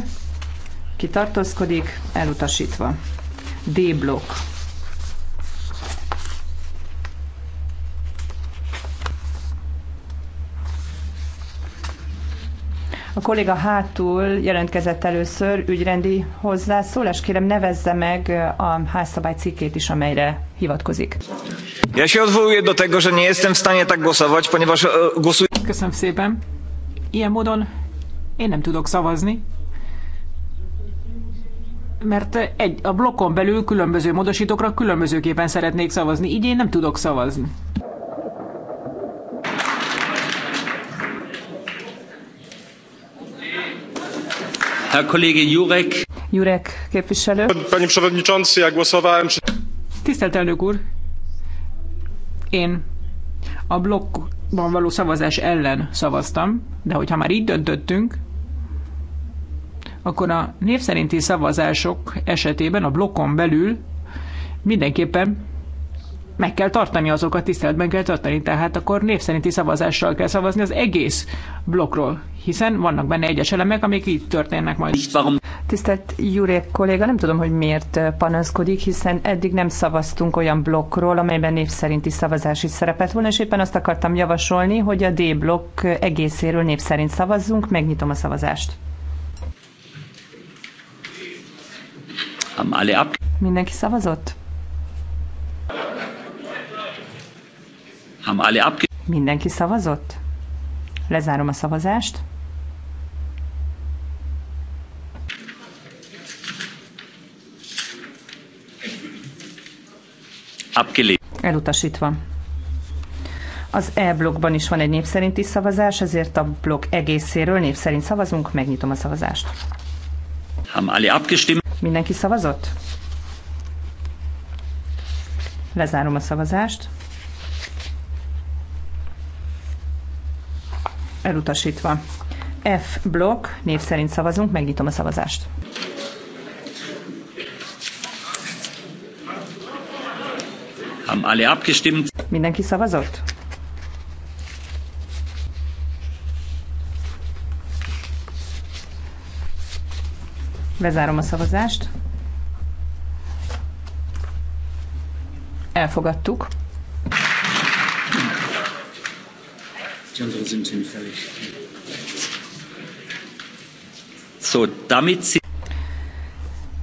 kitartózkodik, elutasítva. D blokk A kolléga hátul jelentkezett először ügyrendi hozzászólás. Kérem, nevezze meg a házszabály cikkét is, amelyre hivatkozik. Ja się odwołuję do tego, że nie jestem w stanie tak głosować, ponieważ e, głosuję... Köszönöm szépen. Ilyen módon én nem tudok szavazni, mert egy, a blokkon belül különböző módosítókra különbözőképpen szeretnék szavazni, így én nem tudok szavazni. Herr Kollege Jurek. Jurek képviselő. Panie Przewodniczący, ja głosowałem... Tisztelt elnök úr, én a blokkban való szavazás ellen szavaztam, de hogyha már így döntöttünk, akkor a név szerinti szavazások esetében a blokkon belül mindenképpen meg kell tartani azokat, tiszteletben kell tartani. Tehát akkor név szerinti szavazással kell szavazni az egész blokkról, hiszen vannak benne egyes elemek, amik így történnek majd. Tisztelt Jurek kolléga, nem tudom, hogy miért panaszkodik, hiszen eddig nem szavaztunk olyan blokkról, amelyben név szerinti szavazás is szerepelt volna, és éppen azt akartam javasolni, hogy a D blokk egészéről név szerint szavazzunk, megnyitom a szavazást. Mindenki szavazott? Mindenki szavazott? Lezárom a szavazást. Elutasítva. Az E-blokkban is van egy népszerinti szavazás, ezért a blokk egészéről népszerint szavazunk, megnyitom a szavazást. Mindenki szavazott? Lezárom a szavazást. elutasítva. F blokk, név szerint szavazunk, megnyitom a szavazást. Haben alle abgestimmt? Mindenki szavazott? Bezárom a szavazást. Elfogadtuk. Die sind hinfällig. So, damit sie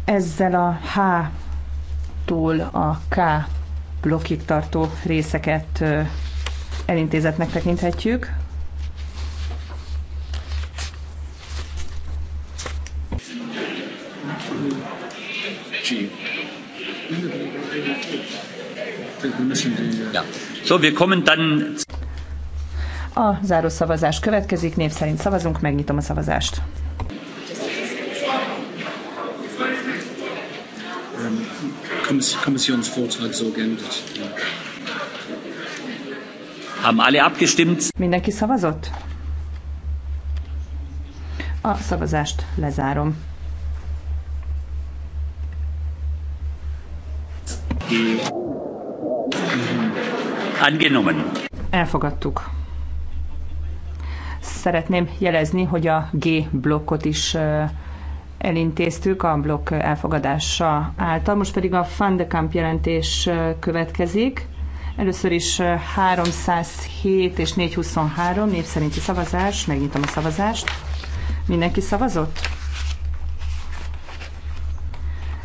ezzel a H-tól a K blokkig tartó részeket elintézetnek tekinthetjük. So, wir kommen dann a záró szavazás következik, név szerint szavazunk, megnyitom a szavazást. Mindenki szavazott? A szavazást lezárom. Angenommen. Elfogadtuk. Szeretném jelezni, hogy a G blokkot is elintéztük a blokk elfogadása által. Most pedig a Fandekamp jelentés következik. Először is 307 és 423 név szerinti szavazás. Megnyitom a szavazást. Mindenki szavazott?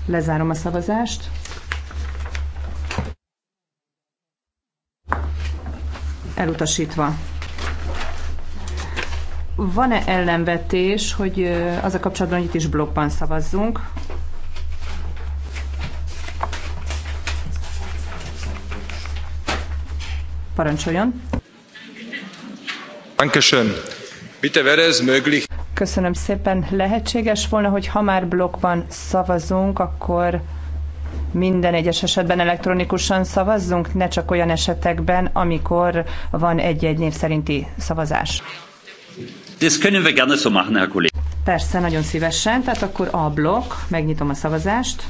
Lezárom a szavazást. Elutasítva. Van-e ellenvetés, hogy az a kapcsolatban, hogy itt is blokkban szavazzunk? Parancsoljon. Dankeschön. Bitte wäre es möglich. Köszönöm szépen. Lehetséges volna, hogy ha már blokkban szavazunk, akkor minden egyes esetben elektronikusan szavazzunk, ne csak olyan esetekben, amikor van egy-egy név szerinti szavazás. Das können wir gerne so machen, Herr Kollege. Persze, nagyon szívesen. Tehát akkor A blokk, megnyitom a szavazást.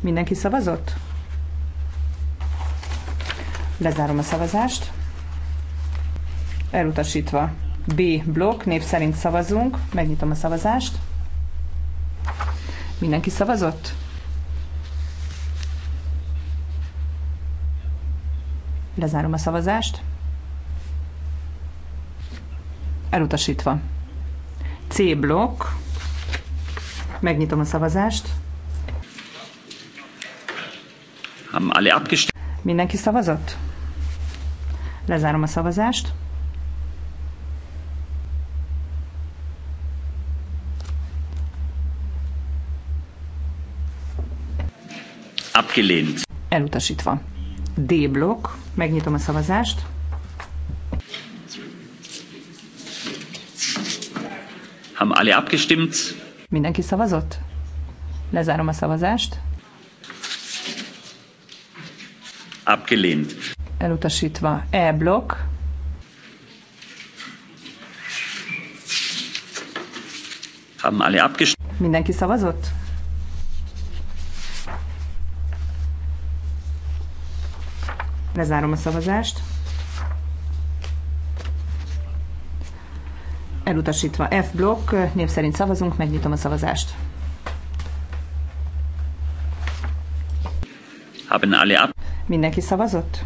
Mindenki szavazott? Lezárom a szavazást. Elutasítva. B blokk, név szerint szavazunk. Megnyitom a szavazást. Mindenki szavazott? Lezárom a szavazást. Elutasítva. C blokk. Megnyitom a szavazást. Mindenki szavazott? Lezárom a szavazást. Abgelehnt. Elutasítva. D blokk. Megnyitom a szavazást. Haben alle abgestimmt? Mindenki szavazott? Lezárom a szavazást. Abgelehnt. Elutasítva. E blokk. Haben alle abgestimmt? Mindenki szavazott? Lezárom a szavazást. Elutasítva F blokk, név szerint szavazunk, megnyitom a szavazást. Haben alle ab. Mindenki szavazott?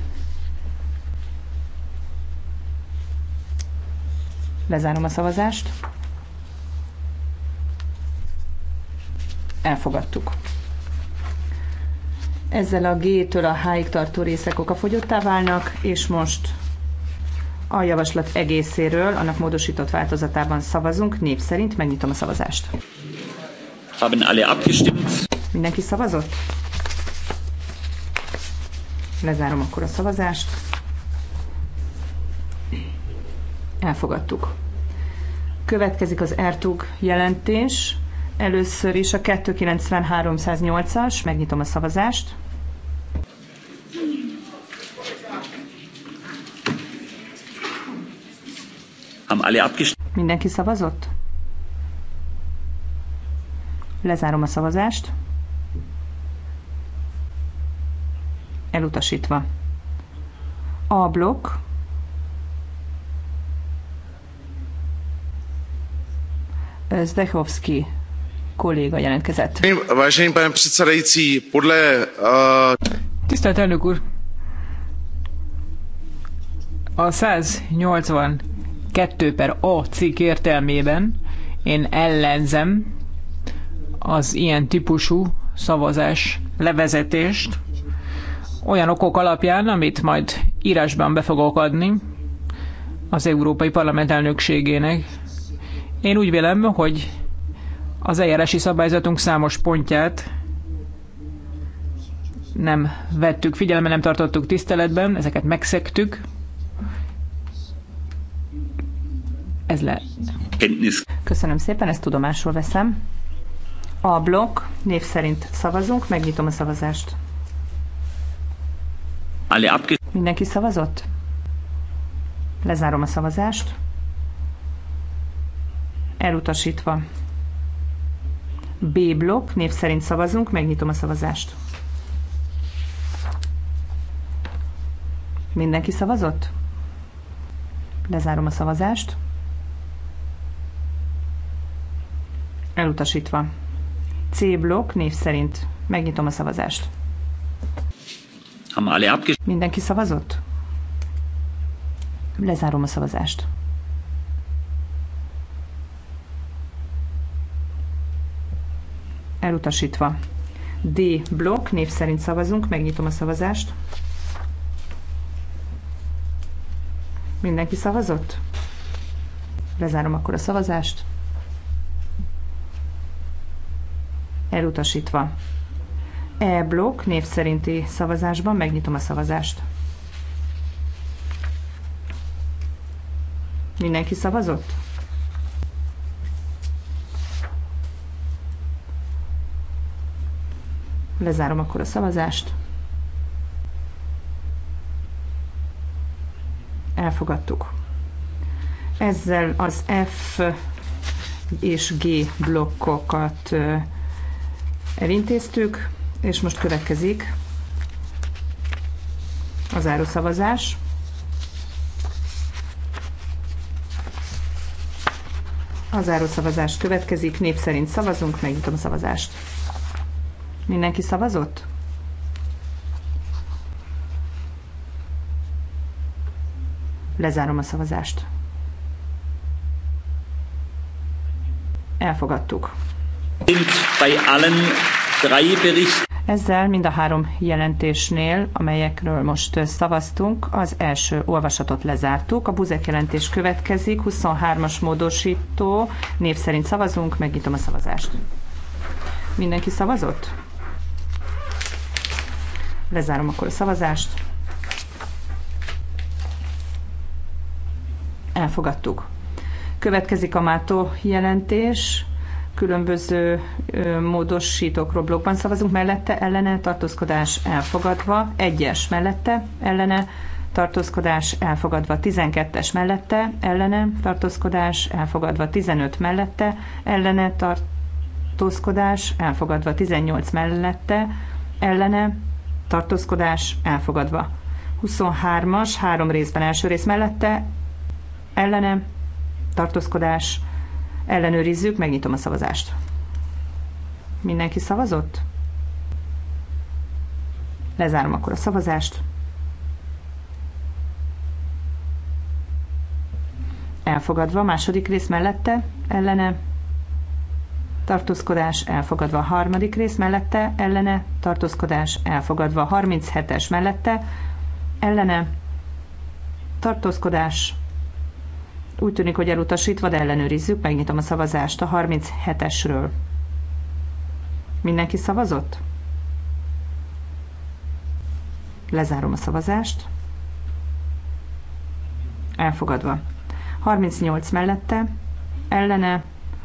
Lezárom a szavazást. Elfogadtuk. Ezzel a G-től a H-ig tartó részek okafogyottá válnak, és most a javaslat egészéről, annak módosított változatában szavazunk. Név szerint megnyitom a szavazást. Haben alle abgestimmt. Mindenki szavazott? Lezárom akkor a szavazást. Elfogadtuk. Következik az Ertug jelentés. Először is a 29308 as megnyitom a szavazást. Mindenki szavazott? Lezárom a szavazást. Elutasítva. A blokk. Zdechovski kolléga jelentkezett. Vážený pane předsedající, podle... Uh... Tisztelt elnök úr! A 182 per A cikk értelmében én ellenzem az ilyen típusú szavazás levezetést olyan okok alapján, amit majd írásban be fogok adni az Európai Parlament elnökségének. Én úgy vélem, hogy az eljárási szabályzatunk számos pontját nem vettük figyelembe, nem tartottuk tiszteletben, ezeket megszektük. Ez le. Köszönöm szépen, ezt tudomásul veszem. A blokk név szerint szavazunk, megnyitom a szavazást. Mindenki szavazott? Lezárom a szavazást. Elutasítva. B blokk, név szerint szavazunk, megnyitom a szavazást. Mindenki szavazott? Lezárom a szavazást. Elutasítva. C blokk név szerint. Megnyitom a szavazást. Mindenki szavazott? Lezárom a szavazást. Elutasítva. D blokk név szerint szavazunk, megnyitom a szavazást. Mindenki szavazott? Lezárom akkor a szavazást. Elutasítva. E blokk név szerinti szavazásban megnyitom a szavazást. Mindenki szavazott? Lezárom akkor a szavazást. elfogadtuk. Ezzel az F és G blokkokat elintéztük, és most következik a zárószavazás. A zárószavazás következik, népszerint szavazunk, megnyitom a szavazást. Mindenki szavazott? Lezárom a szavazást. Elfogadtuk. Ezzel mind a három jelentésnél, amelyekről most szavaztunk, az első olvasatot lezártuk. A buzek jelentés következik, 23-as módosító, név szerint szavazunk, megnyitom a szavazást. Mindenki szavazott? Lezárom akkor a szavazást. elfogadtuk. Következik a Mátó jelentés, különböző módosítókról blogban szavazunk, mellette ellene tartózkodás elfogadva, egyes mellette ellene tartózkodás elfogadva 12-es mellette, ellene tartózkodás elfogadva 15 mellette, ellene tartózkodás elfogadva 18 mellette, ellene tartózkodás elfogadva. 23-as, három részben első rész mellette, ellene, tartózkodás, ellenőrizzük, megnyitom a szavazást. Mindenki szavazott? Lezárom akkor a szavazást. Elfogadva, második rész mellette, ellene, tartózkodás elfogadva a harmadik rész mellette, ellene, tartózkodás elfogadva a 37-es mellette, ellene, tartózkodás úgy tűnik, hogy elutasítva, de ellenőrizzük. Megnyitom a szavazást a 37-esről. Mindenki szavazott? Lezárom a szavazást. Elfogadva. 38 mellette, ellene,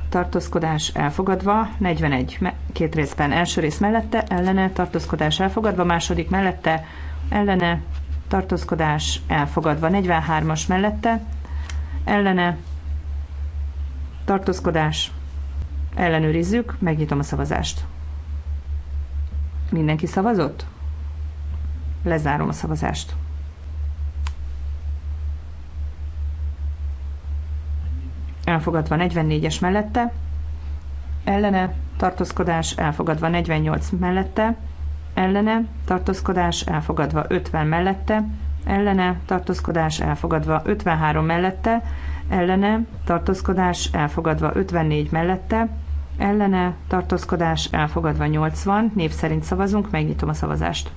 tartózkodás elfogadva, 41 két részben első rész mellette, ellene, tartózkodás elfogadva, második mellette, ellene, tartózkodás elfogadva, 43-as mellette, ellene tartózkodás ellenőrizzük, megnyitom a szavazást. Mindenki szavazott? Lezárom a szavazást. Elfogadva 44-es mellette, ellene tartózkodás, elfogadva 48 mellette, ellene tartózkodás, elfogadva 50 mellette, ellene tartózkodás elfogadva 53 mellette, ellene tartózkodás elfogadva 54 mellette, ellene tartózkodás elfogadva 80, név szerint szavazunk, megnyitom a szavazást.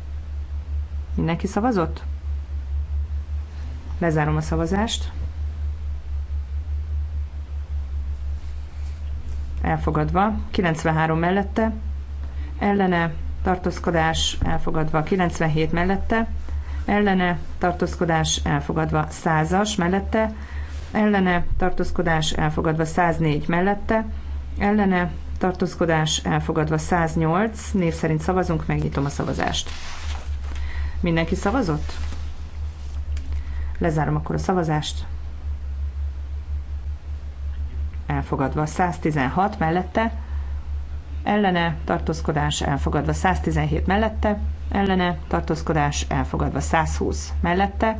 Mindenki szavazott? Lezárom a szavazást. Elfogadva 93 mellette, ellene tartózkodás elfogadva 97 mellette, ellene tartózkodás elfogadva 100-as mellette, ellene tartózkodás elfogadva 104 mellette, ellene tartózkodás elfogadva 108, név szerint szavazunk, megnyitom a szavazást. Mindenki szavazott? Lezárom akkor a szavazást. Elfogadva 116 mellette, ellene tartózkodás elfogadva 117 mellette, ellene tartózkodás elfogadva 120 mellette,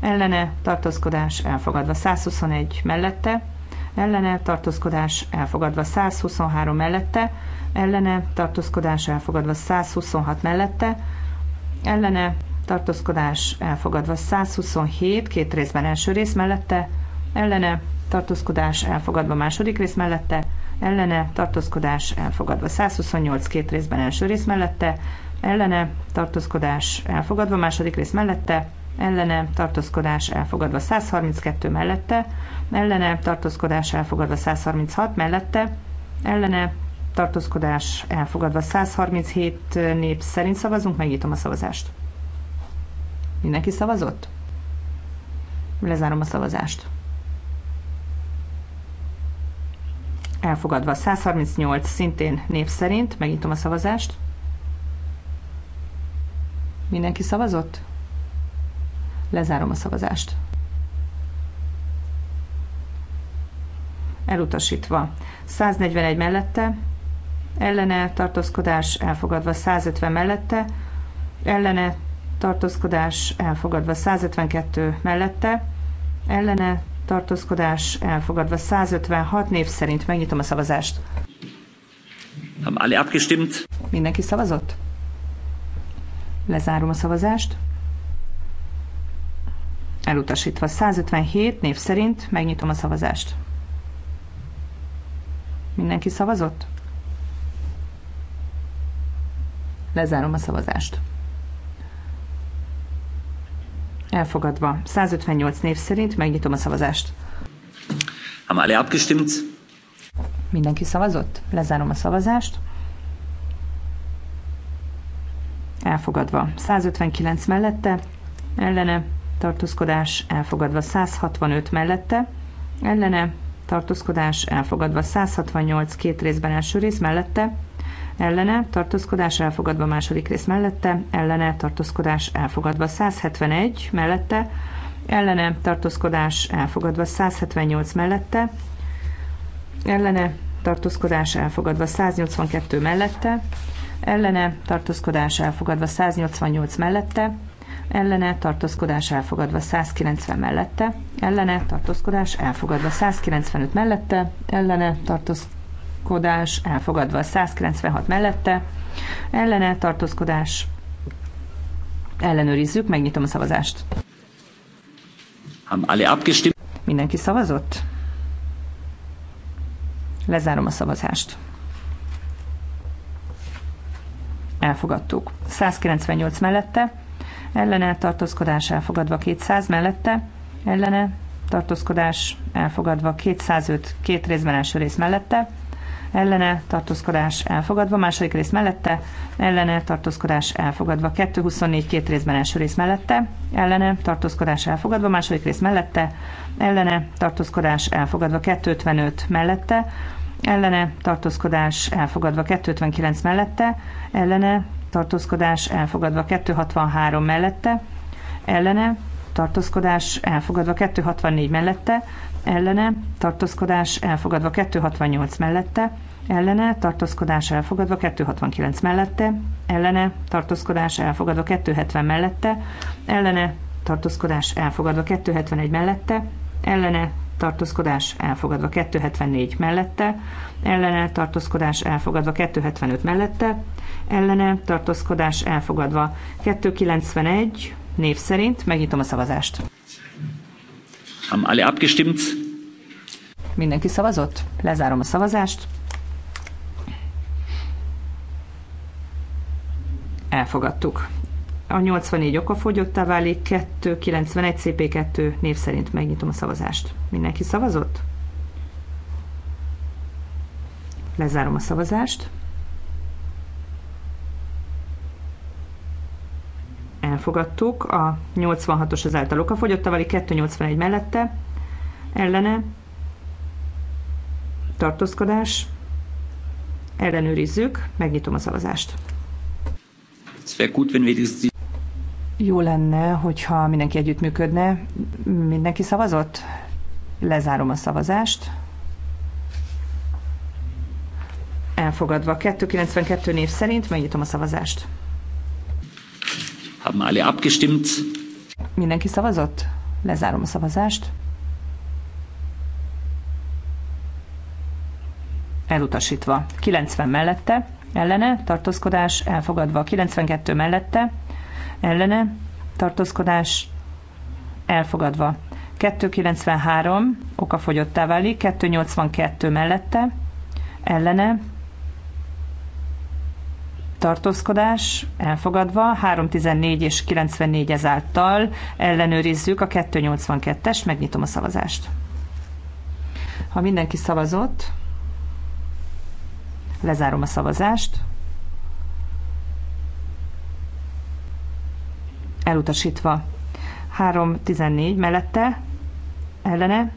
ellene tartózkodás elfogadva 121 mellette, ellene tartózkodás elfogadva 123 mellette, ellene tartózkodás elfogadva 126 mellette, ellene tartózkodás elfogadva 127 két részben első rész mellette, ellene tartózkodás elfogadva második rész mellette, ellene tartózkodás elfogadva 128 két részben első rész mellette, ellene tartózkodás elfogadva, második rész mellette ellene tartózkodás elfogadva 132 mellette, ellene tartózkodás elfogadva 136 mellette, ellene tartózkodás elfogadva 137 nép szerint szavazunk, megnyitom a szavazást. Mindenki szavazott? Lezárom a szavazást. Elfogadva 138 szintén nép szerint, megnyitom a szavazást. Mindenki szavazott? Lezárom a szavazást. Elutasítva. 141 mellette, ellene tartózkodás elfogadva 150 mellette, ellene tartózkodás elfogadva 152 mellette, ellene tartózkodás elfogadva 156 név szerint megnyitom a szavazást. Haben alle abgestimmt? Mindenki szavazott? Lezárom a szavazást. Elutasítva 157 név szerint megnyitom a szavazást. Mindenki szavazott? Lezárom a szavazást. Elfogadva. 158 név szerint megnyitom a szavazást. Haben alle abgestimmt? Mindenki szavazott? Lezárom a szavazást. elfogadva. 159 mellette, ellene, tartózkodás elfogadva. 165 mellette, ellene, tartózkodás elfogadva. 168 két részben első rész mellette, ellene, tartózkodás elfogadva második rész mellette, ellene, tartózkodás elfogadva 171 mellette, ellene, tartózkodás elfogadva 178 mellette, ellene, tartózkodás elfogadva 182 mellette, ellene tartózkodás elfogadva 188 mellette, ellene tartózkodás elfogadva 190 mellette, ellene tartózkodás elfogadva 195 mellette, ellene tartózkodás elfogadva 196 mellette, ellene tartózkodás ellenőrizzük, megnyitom a szavazást. Mindenki szavazott? Lezárom a szavazást. elfogadtuk. 198 mellette, ellene tartózkodás elfogadva 200 mellette, ellene tartózkodás elfogadva 205 két részben első rész mellette, ellene tartózkodás elfogadva, második rész mellette, ellene tartózkodás elfogadva, 224 két részben első rész mellette, ellene tartózkodás elfogadva, második rész mellette, ellene tartózkodás elfogadva, 255 mellette, ellene tartózkodás elfogadva 259 mellette, ellene tartózkodás elfogadva 263 mellette, ellene tartózkodás elfogadva 264 mellette, ellene tartózkodás elfogadva 268 mellette, ellene tartózkodás elfogadva 269 mellette, ellene tartózkodás elfogadva 270 mellette, ellene tartózkodás elfogadva 271 mellette, ellene tartózkodás elfogadva 274 mellette, ellene tartózkodás elfogadva 275 mellette, ellene tartózkodás elfogadva 291 név szerint megnyitom a szavazást. Haben alle abgestimmt? Mindenki szavazott? Lezárom a szavazást. Elfogadtuk. A 84 okafogyottá válik, 291 CP2 név szerint megnyitom a szavazást. Mindenki szavazott? Lezárom a szavazást. Elfogadtuk. A 86-os ezáltal okafogyottá válik, 281 mellette, ellene, tartózkodás, ellenőrizzük, megnyitom a szavazást. Es wäre gut, wenn jó lenne, hogyha mindenki együttműködne. Mindenki szavazott? Lezárom a szavazást. Elfogadva. 292 név szerint megnyitom a szavazást. Haben alle abgestimmt. Mindenki szavazott? Lezárom a szavazást. Elutasítva. 90 mellette, ellene, tartózkodás, elfogadva. 92 mellette, ellene, tartózkodás elfogadva. 293 okafogyottá válik, 282 mellette, ellene, tartózkodás elfogadva, 314 és 94 ezáltal ellenőrizzük a 282 es megnyitom a szavazást. Ha mindenki szavazott, lezárom a szavazást. elutasítva. 3.14 mellette, ellene,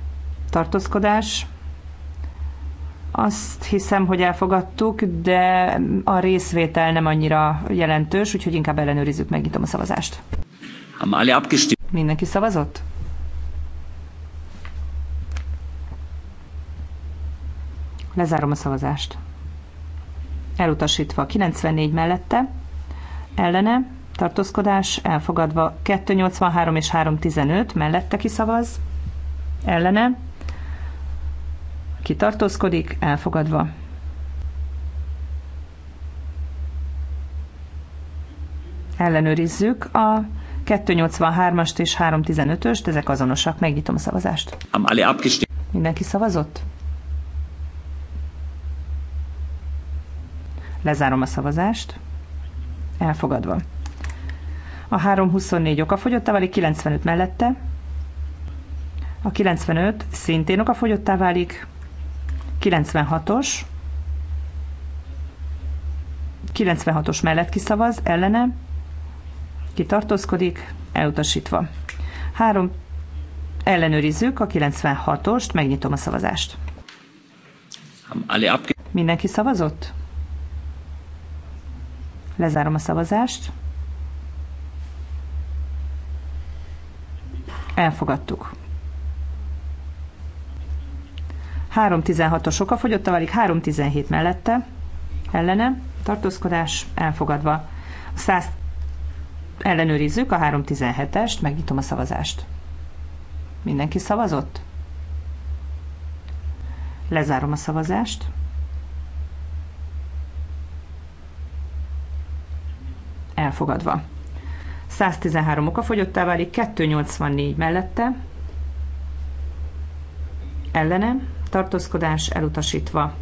tartózkodás. Azt hiszem, hogy elfogadtuk, de a részvétel nem annyira jelentős, úgyhogy inkább ellenőrizzük, megnyitom a szavazást. Mindenki szavazott? Lezárom a szavazást. Elutasítva 94 mellette, ellene, tartózkodás elfogadva. 283 és 315 mellette kiszavaz, ellene, ki tartózkodik, elfogadva. Ellenőrizzük a 283-ast és 315-öst, ezek azonosak, megnyitom a szavazást. Mindenki szavazott? Lezárom a szavazást. Elfogadva. A 324 okafogyottá válik, 95 mellette. A 95 szintén okafogyottá válik. 96-os. 96-os mellett kiszavaz, ellene. Kitartózkodik, elutasítva. Három ellenőrizzük a 96-ost, megnyitom a szavazást. Mindenki szavazott? Lezárom a szavazást. Elfogadtuk. 3.16-os oka fogyott, alig 3.17 mellette, ellene, tartózkodás, elfogadva. A 100 ellenőrizzük a 3.17-est, megnyitom a szavazást. Mindenki szavazott? Lezárom a szavazást. Elfogadva. 113 okafogyottá válik, 284 mellette, ellene, tartózkodás elutasítva.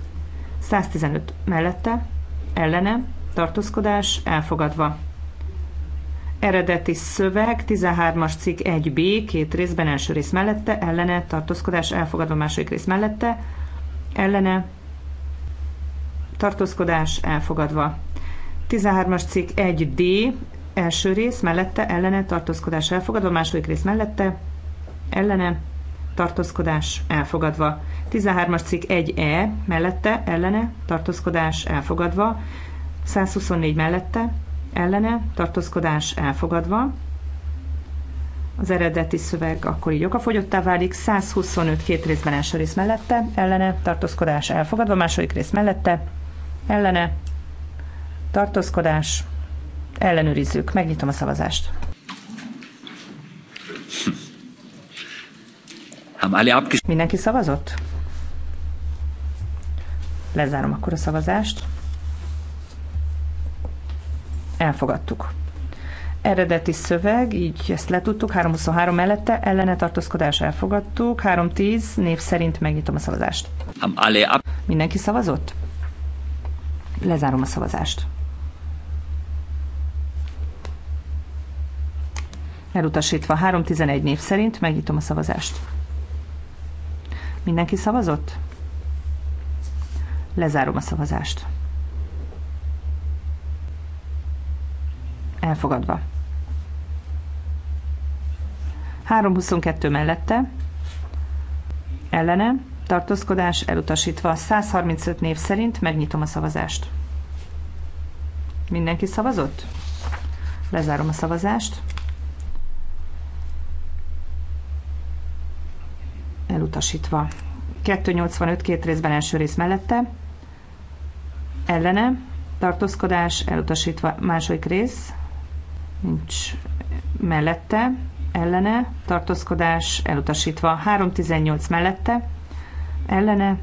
115 mellette, ellene, tartózkodás elfogadva. Eredeti szöveg 13-as cikk 1b, két részben, első rész mellette, ellene, tartózkodás elfogadva, második rész mellette, ellene, tartózkodás elfogadva. 13-as cikk 1d, Első rész mellette ellene tartózkodás elfogadva, második rész mellette ellene tartózkodás elfogadva. 13-as cikk 1E mellette ellene tartózkodás elfogadva, 124 mellette ellene tartózkodás elfogadva. Az eredeti szöveg akkor így okafogyottá válik, 125 két részben első rész mellette, ellene tartózkodás elfogadva, második rész mellette, ellene tartózkodás ellenőrizzük. Megnyitom a szavazást. Mindenki szavazott? Lezárom akkor a szavazást. Elfogadtuk. Eredeti szöveg, így ezt letudtuk, 323 mellette, ellene tartózkodás elfogadtuk, 310 név szerint megnyitom a szavazást. Mindenki szavazott? Lezárom a szavazást. elutasítva 311 név szerint. Megnyitom a szavazást. Mindenki szavazott? Lezárom a szavazást. Elfogadva. 322 mellette, ellene, tartózkodás elutasítva. 135 név szerint megnyitom a szavazást. Mindenki szavazott? Lezárom a szavazást. elutasítva. 285 két részben első rész mellette, ellene, tartózkodás, elutasítva második rész, nincs mellette, ellene, tartózkodás, elutasítva 318 mellette, ellene,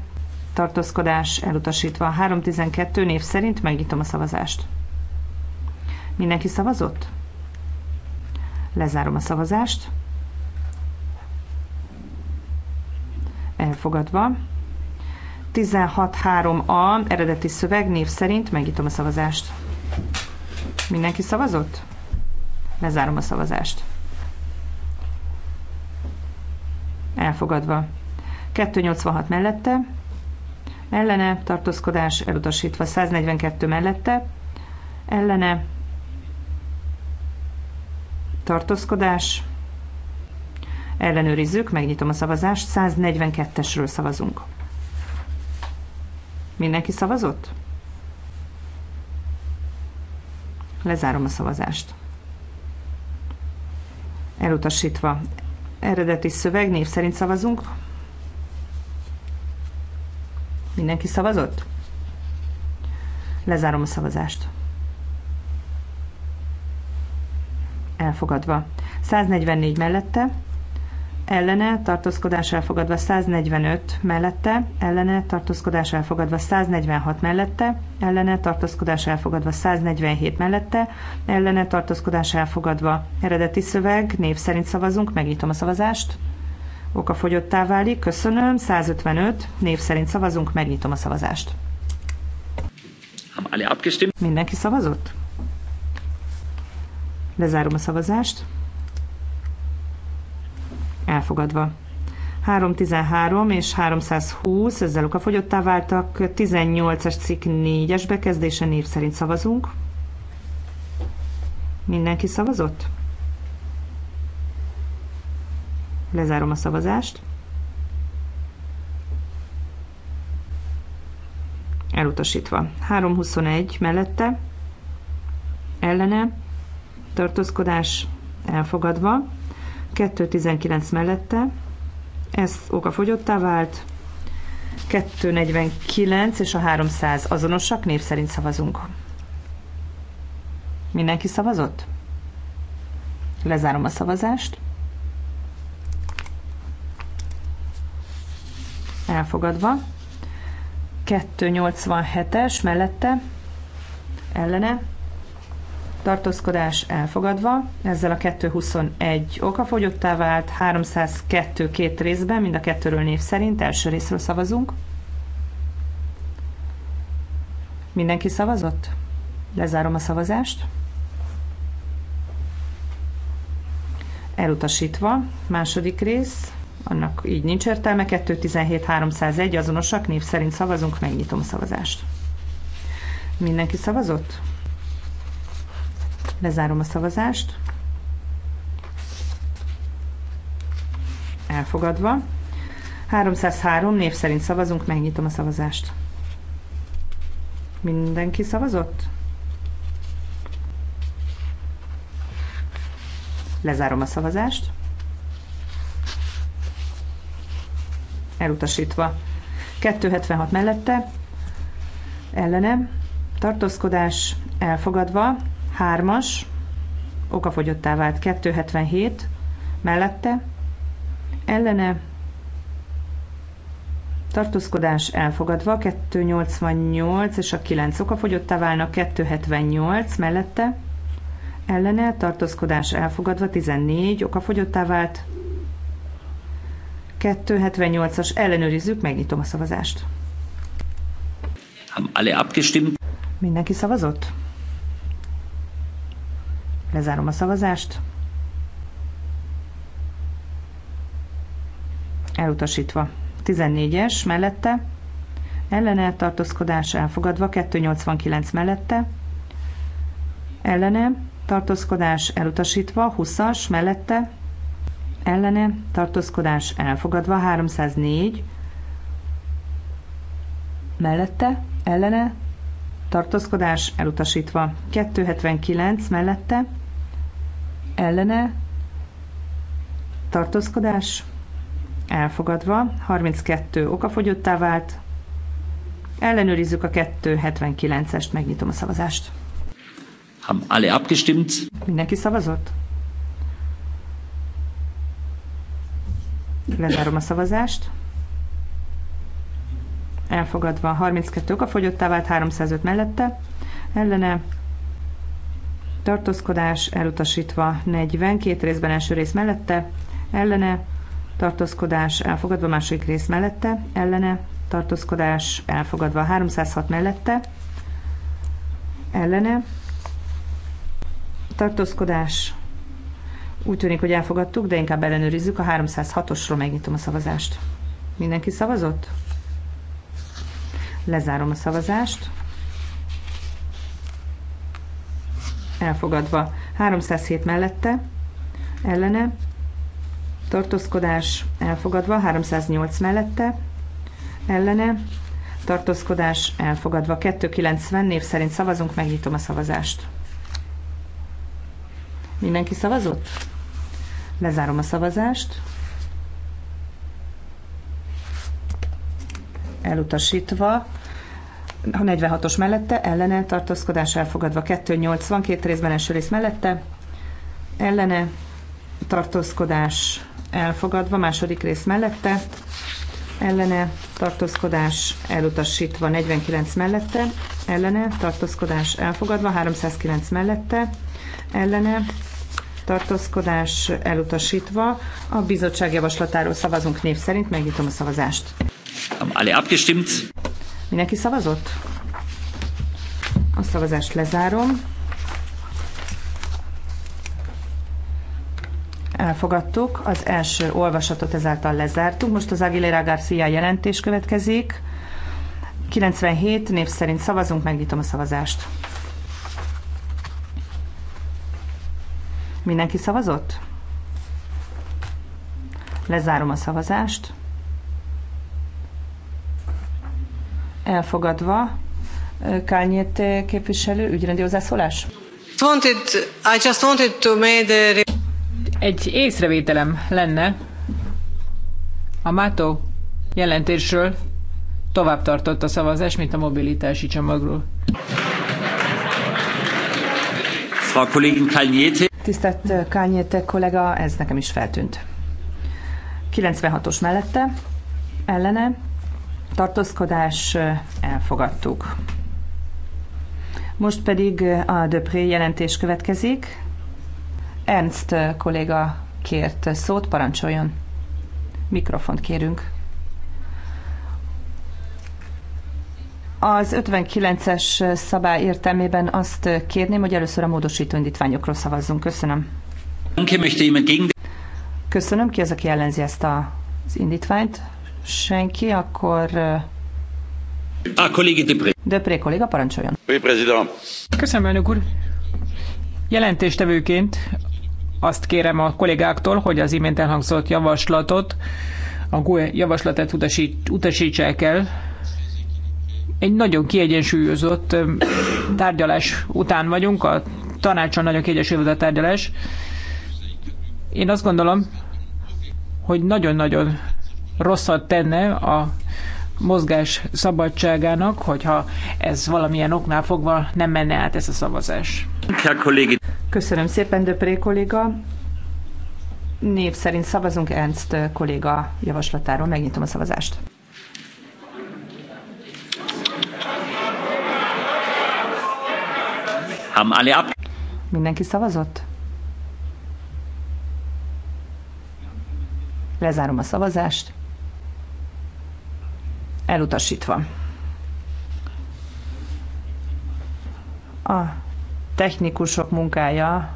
tartózkodás, elutasítva 312 név szerint megnyitom a szavazást. Mindenki szavazott? Lezárom a szavazást. elfogadva. 16.3a eredeti szöveg név szerint megnyitom a szavazást. Mindenki szavazott? Lezárom a szavazást. Elfogadva. 286 mellette, ellene, tartózkodás elutasítva. 142 mellette, ellene, tartózkodás ellenőrizzük, megnyitom a szavazást, 142-esről szavazunk. Mindenki szavazott? Lezárom a szavazást. Elutasítva. Eredeti szöveg, név szerint szavazunk. Mindenki szavazott? Lezárom a szavazást. Elfogadva. 144 mellette, ellene tartózkodás elfogadva 145 mellette, ellene tartózkodás elfogadva 146 mellette, ellene tartózkodás elfogadva 147 mellette, ellene tartózkodás elfogadva. Eredeti szöveg, név szerint szavazunk, megnyitom a szavazást. Okafogyottá válik, köszönöm, 155, név szerint szavazunk, megnyitom a szavazást. Mindenki szavazott? Lezárom a szavazást elfogadva. 313 és 320 ezzel okafogyottá váltak, 18-as cikk 4-es bekezdése név szerint szavazunk. Mindenki szavazott? Lezárom a szavazást. Elutasítva. 321 mellette, ellene, tartózkodás elfogadva. 2.19 mellette, ez oka fogyottá vált, 249 és a 300 azonosak, név szerint szavazunk. Mindenki szavazott? Lezárom a szavazást. Elfogadva. 287-es mellette, ellene, tartózkodás elfogadva, ezzel a 221 okafogyottá vált, 302 két részben, mind a kettőről név szerint, első részről szavazunk. Mindenki szavazott? Lezárom a szavazást. Elutasítva, második rész, annak így nincs értelme, 217 301 azonosak, név szerint szavazunk, megnyitom a szavazást. Mindenki szavazott? Lezárom a szavazást. Elfogadva. 303 név szerint szavazunk, megnyitom a szavazást. Mindenki szavazott? Lezárom a szavazást. Elutasítva. 276 mellette, Ellenem. tartózkodás elfogadva, Hármas, okafogyottá vált 277, mellette, ellene, tartózkodás elfogadva, 288 és a 9 okafogyottá válnak, 278 mellette, ellene, tartózkodás elfogadva, 14 okafogyottá vált, 278-as ellenőrizzük, megnyitom a szavazást. Haben alle abgestimmt? Mindenki szavazott? Lezárom a szavazást. Elutasítva. 14-es mellette. Ellene tartózkodás elfogadva. 289 mellette. Ellene tartózkodás elutasítva. 20-as mellette. Ellene tartózkodás elfogadva. 304 mellette. Ellene tartózkodás elutasítva. 279 mellette ellene tartózkodás elfogadva, 32 okafogyottá vált, ellenőrizzük a 279-est, megnyitom a szavazást. Haben alle abgestimmt? Mindenki szavazott? Lezárom a szavazást. Elfogadva 32 okafogyottá vált, 305 mellette, ellene tartózkodás elutasítva 42 részben első rész mellette, ellene, tartózkodás elfogadva második rész mellette, ellene, tartózkodás elfogadva 306 mellette, ellene, tartózkodás úgy tűnik, hogy elfogadtuk, de inkább ellenőrizzük a 306-osról, megnyitom a szavazást. Mindenki szavazott? Lezárom a szavazást. elfogadva. 307 mellette, ellene, tartózkodás elfogadva, 308 mellette, ellene, tartózkodás elfogadva. 290 név szerint szavazunk, megnyitom a szavazást. Mindenki szavazott? Lezárom a szavazást. Elutasítva, a 46-os mellette, ellene, tartózkodás elfogadva. 280, két részben első rész mellette, ellene, tartózkodás elfogadva, második rész mellette, ellene, tartózkodás elutasítva, 49 mellette, ellene, tartózkodás elfogadva, 309 mellette, ellene, tartózkodás elutasítva. A bizottság javaslatáról szavazunk név szerint, megnyitom a szavazást. Alle abgestimmt. Mindenki szavazott? A szavazást lezárom. Elfogadtuk. Az első olvasatot ezáltal lezártuk. Most az Aguilera Garcia jelentés következik. 97 név szerint szavazunk, megnyitom a szavazást. Mindenki szavazott? Lezárom a szavazást. Elfogadva. Kányét képviselő, ügyrendi hozzászólás? Egy észrevételem lenne a MATO jelentésről tovább tartott a szavazás, mint a mobilitási csomagról. Tisztelt Kányéte kollega, ez nekem is feltűnt. 96-os mellette, ellene, tartózkodás elfogadtuk. Most pedig a Döpré jelentés következik. Ernst kolléga kért szót, parancsoljon. Mikrofont kérünk. Az 59-es szabály értelmében azt kérném, hogy először a módosító indítványokról szavazzunk. Köszönöm. Köszönöm. Ki az, aki ellenzi ezt az indítványt? senki, akkor... A ah, kollégi De Depré kolléga, parancsoljon. Oui, président. Köszönöm, elnök úr. Jelentéstevőként azt kérem a kollégáktól, hogy az imént elhangzott javaslatot, a GUE javaslatát utasít, utasítsák el. Egy nagyon kiegyensúlyozott tárgyalás után vagyunk, a tanácson nagyon kiegyensúlyozott a tárgyalás. Én azt gondolom, hogy nagyon-nagyon rosszat tenne a mozgás szabadságának, hogyha ez valamilyen oknál fogva nem menne át ez a szavazás. Köszönöm szépen, Döpré kolléga. Név szerint szavazunk Ernst kolléga javaslatáról. Megnyitom a szavazást. Mindenki szavazott? Lezárom a szavazást elutasítva. A technikusok munkája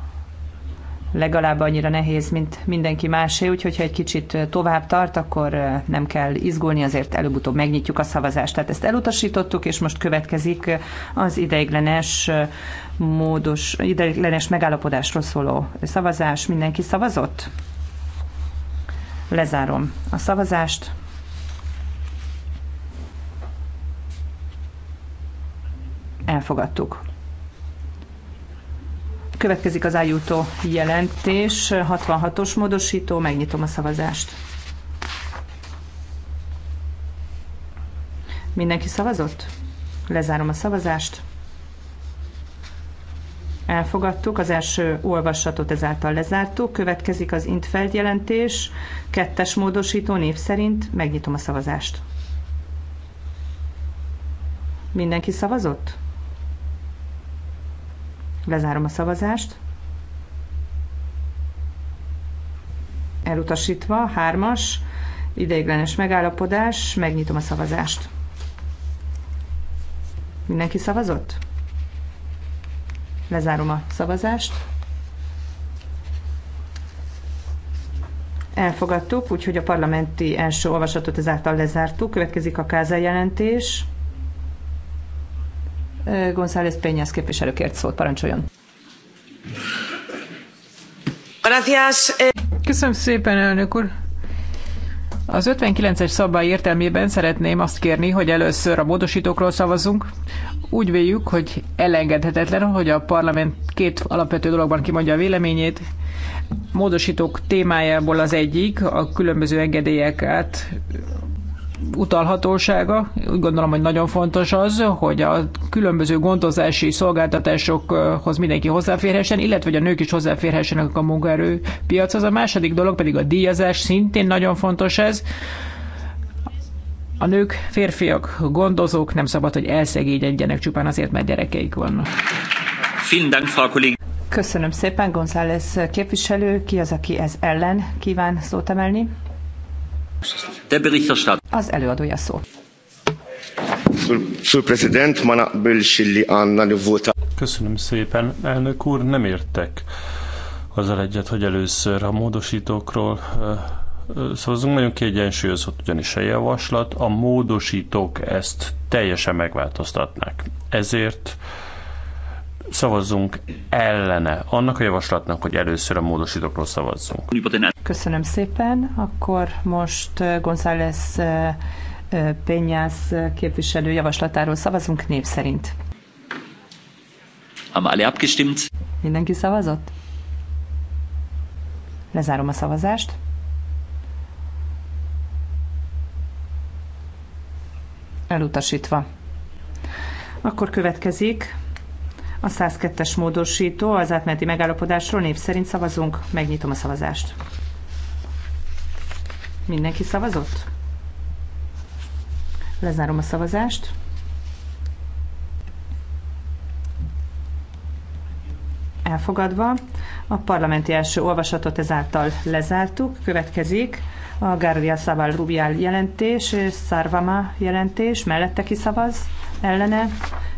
legalább annyira nehéz, mint mindenki másé, úgyhogy ha egy kicsit tovább tart, akkor nem kell izgulni, azért előbb-utóbb megnyitjuk a szavazást. Tehát ezt elutasítottuk, és most következik az ideiglenes módos, ideiglenes megállapodásról szóló szavazás. Mindenki szavazott? Lezárom a szavazást. elfogadtuk. Következik az ájútó jelentés, 66-os módosító, megnyitom a szavazást. Mindenki szavazott? Lezárom a szavazást. Elfogadtuk, az első olvasatot ezáltal lezártuk, következik az Intfeld jelentés, kettes módosító név szerint, megnyitom a szavazást. Mindenki szavazott? Lezárom a szavazást. Elutasítva, hármas, ideiglenes megállapodás, megnyitom a szavazást. Mindenki szavazott? Lezárom a szavazást. Elfogadtuk, úgyhogy a parlamenti első olvasatot ezáltal lezártuk. Következik a Káza jelentés. González Peñas képviselőkért szólt. parancsoljon. Eh. Köszönöm szépen, elnök úr. Az 59-es szabály értelmében szeretném azt kérni, hogy először a módosítókról szavazunk. Úgy véljük, hogy elengedhetetlen, hogy a parlament két alapvető dologban kimondja a véleményét. Módosítók témájából az egyik a különböző engedélyek át utalhatósága. Úgy gondolom, hogy nagyon fontos az, hogy a különböző gondozási szolgáltatásokhoz mindenki hozzáférhessen, illetve hogy a nők is hozzáférhessenek a munkaerőpiachoz. A második dolog pedig a díjazás, szintén nagyon fontos ez. A nők, férfiak, gondozók nem szabad, hogy elszegényedjenek csupán azért, mert gyerekeik vannak. Köszönöm szépen, González képviselő. Ki az, aki ez ellen kíván szót emelni? Az előadója szó. Köszönöm szépen, elnök úr, nem értek azzal egyet, hogy először a módosítókról szavazunk, nagyon kiegyensúlyozott ugyanis a javaslat, a módosítók ezt teljesen megváltoztatnák. Ezért szavazzunk ellene annak a javaslatnak, hogy először a módosítókról szavazzunk. Köszönöm szépen. Akkor most eh, González eh, eh, Pényász képviselő javaslatáról szavazunk név szerint. Mindenki szavazott? Lezárom a szavazást. Elutasítva. Akkor következik a 102-es módosító az átmeneti megállapodásról név szerint szavazunk. Megnyitom a szavazást. Mindenki szavazott? Lezárom a szavazást. Elfogadva. A parlamenti első olvasatot ezáltal lezártuk. Következik a Gárdia Szabal Rubial jelentés és Szárvama jelentés. Mellette kiszavaz, ellene,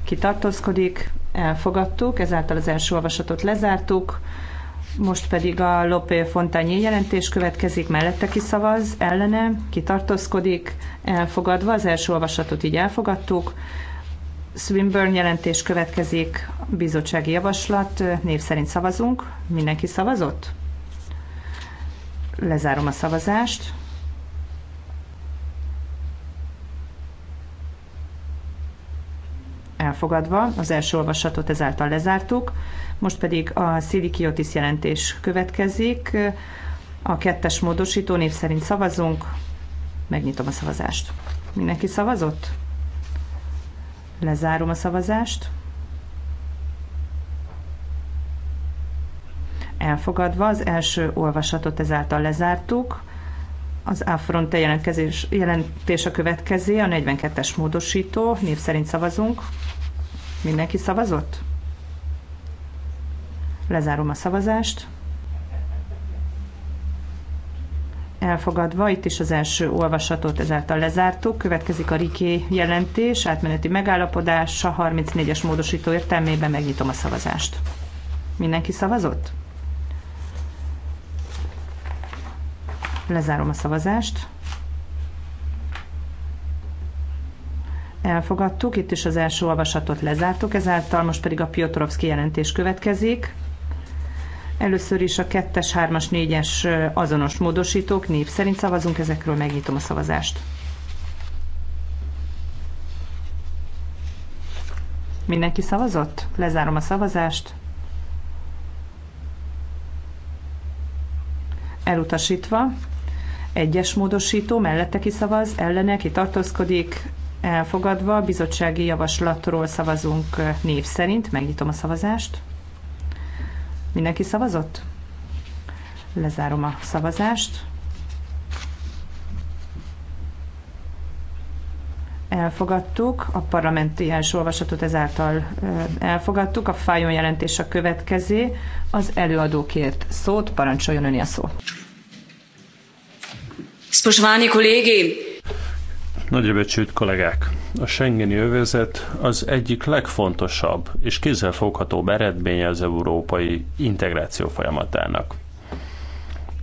kitartózkodik, elfogadtuk, ezáltal az első olvasatot lezártuk, most pedig a Lopé Fontányi jelentés következik, mellette kiszavaz, ellene, kitartózkodik, elfogadva, az első olvasatot így elfogadtuk, Swinburne jelentés következik, bizottsági javaslat, név szerint szavazunk, mindenki szavazott? Lezárom a szavazást. elfogadva. Az első olvasatot ezáltal lezártuk. Most pedig a Szilikiotis jelentés következik. A kettes módosító név szerint szavazunk. Megnyitom a szavazást. Mindenki szavazott? Lezárom a szavazást. Elfogadva az első olvasatot ezáltal lezártuk. Az Affronte jelentkezés, jelentés a következő, a 42-es módosító, név szerint szavazunk. Mindenki szavazott? Lezárom a szavazást. Elfogadva, itt is az első olvasatot ezáltal lezártuk. Következik a Riké jelentés, átmeneti megállapodás, a 34-es módosító értelmében megnyitom a szavazást. Mindenki szavazott? Lezárom a szavazást. Elfogadtuk, itt is az első olvasatot lezártuk, ezáltal most pedig a Piotrowski jelentés következik. Először is a 2-es, 3-as, 4-es azonos módosítók, név szerint szavazunk, ezekről megnyitom a szavazást. Mindenki szavazott? Lezárom a szavazást. Elutasítva. Egyes módosító mellette kiszavaz, ellene ki tartózkodik, elfogadva. Bizottsági javaslatról szavazunk név szerint. Megnyitom a szavazást. Mindenki szavazott? Lezárom a szavazást. elfogadtuk, a parlamenti első olvasatot ezáltal elfogadtuk, a fájón jelentés a következő, az előadókért szót, parancsoljon öné a szó. Spoštovani kollégi! Nagybecsült kollégák! A Schengeni övezet az egyik legfontosabb és kézzelfoghatóbb eredménye az európai integráció folyamatának.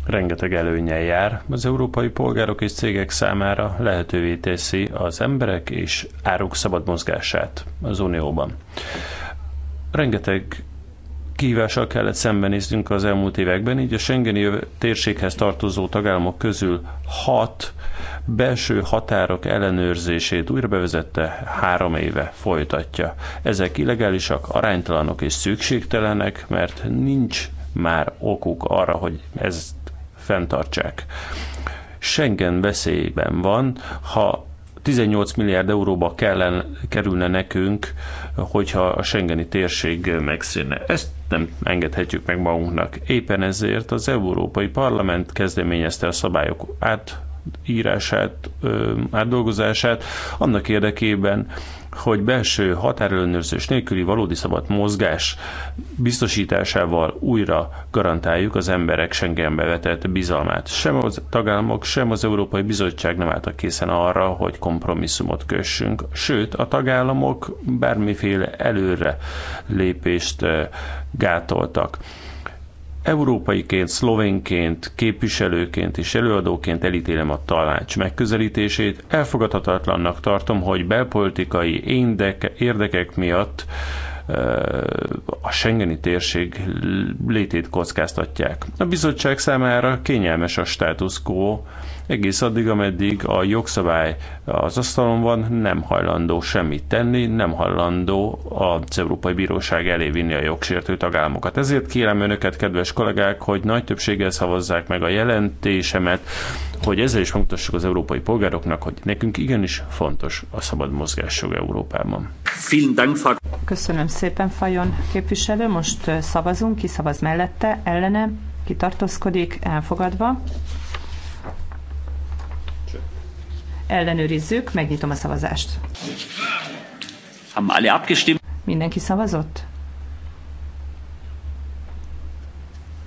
Rengeteg előnye jár, az európai polgárok és cégek számára lehetővé teszi az emberek és áruk szabad mozgását az Unióban. Rengeteg kihívással kellett szembenéznünk az elmúlt években, így a Schengeni térséghez tartozó tagállamok közül hat belső határok ellenőrzését újra bevezette három éve folytatja. Ezek illegálisak, aránytalanok és szükségtelenek, mert nincs már okuk arra, hogy ezt fenntartsák. Schengen veszélyben van, ha 18 milliárd euróba kellene, kerülne nekünk, hogyha a Schengeni térség megszűnne. Ezt nem engedhetjük meg magunknak. Éppen ezért az Európai Parlament kezdeményezte a szabályok átírását, átdolgozását annak érdekében, hogy belső határellenőrzés nélküli valódi szabad mozgás biztosításával újra garantáljuk az emberek Schengenbe vetett bizalmát. Sem az tagállamok, sem az Európai Bizottság nem álltak készen arra, hogy kompromisszumot kössünk. Sőt, a tagállamok bármiféle előre lépést eh, gátoltak. Európaiként, szlovénként, képviselőként és előadóként elítélem a talács megközelítését. Elfogadhatatlannak tartom, hogy belpolitikai érdeke, érdekek miatt a Schengeni térség létét kockáztatják. A bizottság számára kényelmes a státuszkó, egész addig, ameddig a jogszabály az asztalon van, nem hajlandó semmit tenni, nem hajlandó az Európai Bíróság elé vinni a jogsértő tagállamokat. Ezért kérem önöket, kedves kollégák, hogy nagy többséggel szavazzák meg a jelentésemet, hogy ezzel is megmutassuk az európai polgároknak, hogy nekünk igenis fontos a szabad mozgás jog Európában. Köszönöm szépen, Fajon képviselő. Most szavazunk, ki szavaz mellette, ellene, ki tartózkodik, elfogadva ellenőrizzük, megnyitom a szavazást. Mindenki szavazott?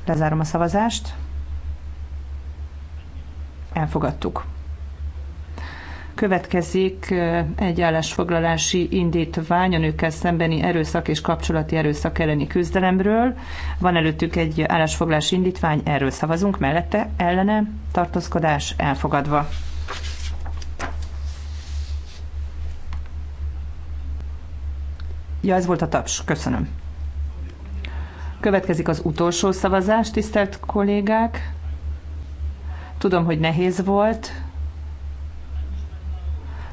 Lezárom a szavazást. Elfogadtuk. Következik egy állásfoglalási indítvány a nőkkel szembeni erőszak és kapcsolati erőszak elleni küzdelemről. Van előttük egy állásfoglalási indítvány, erről szavazunk, mellette ellene tartózkodás elfogadva. Ja, ez volt a taps. Köszönöm. Következik az utolsó szavazás, tisztelt kollégák. Tudom, hogy nehéz volt,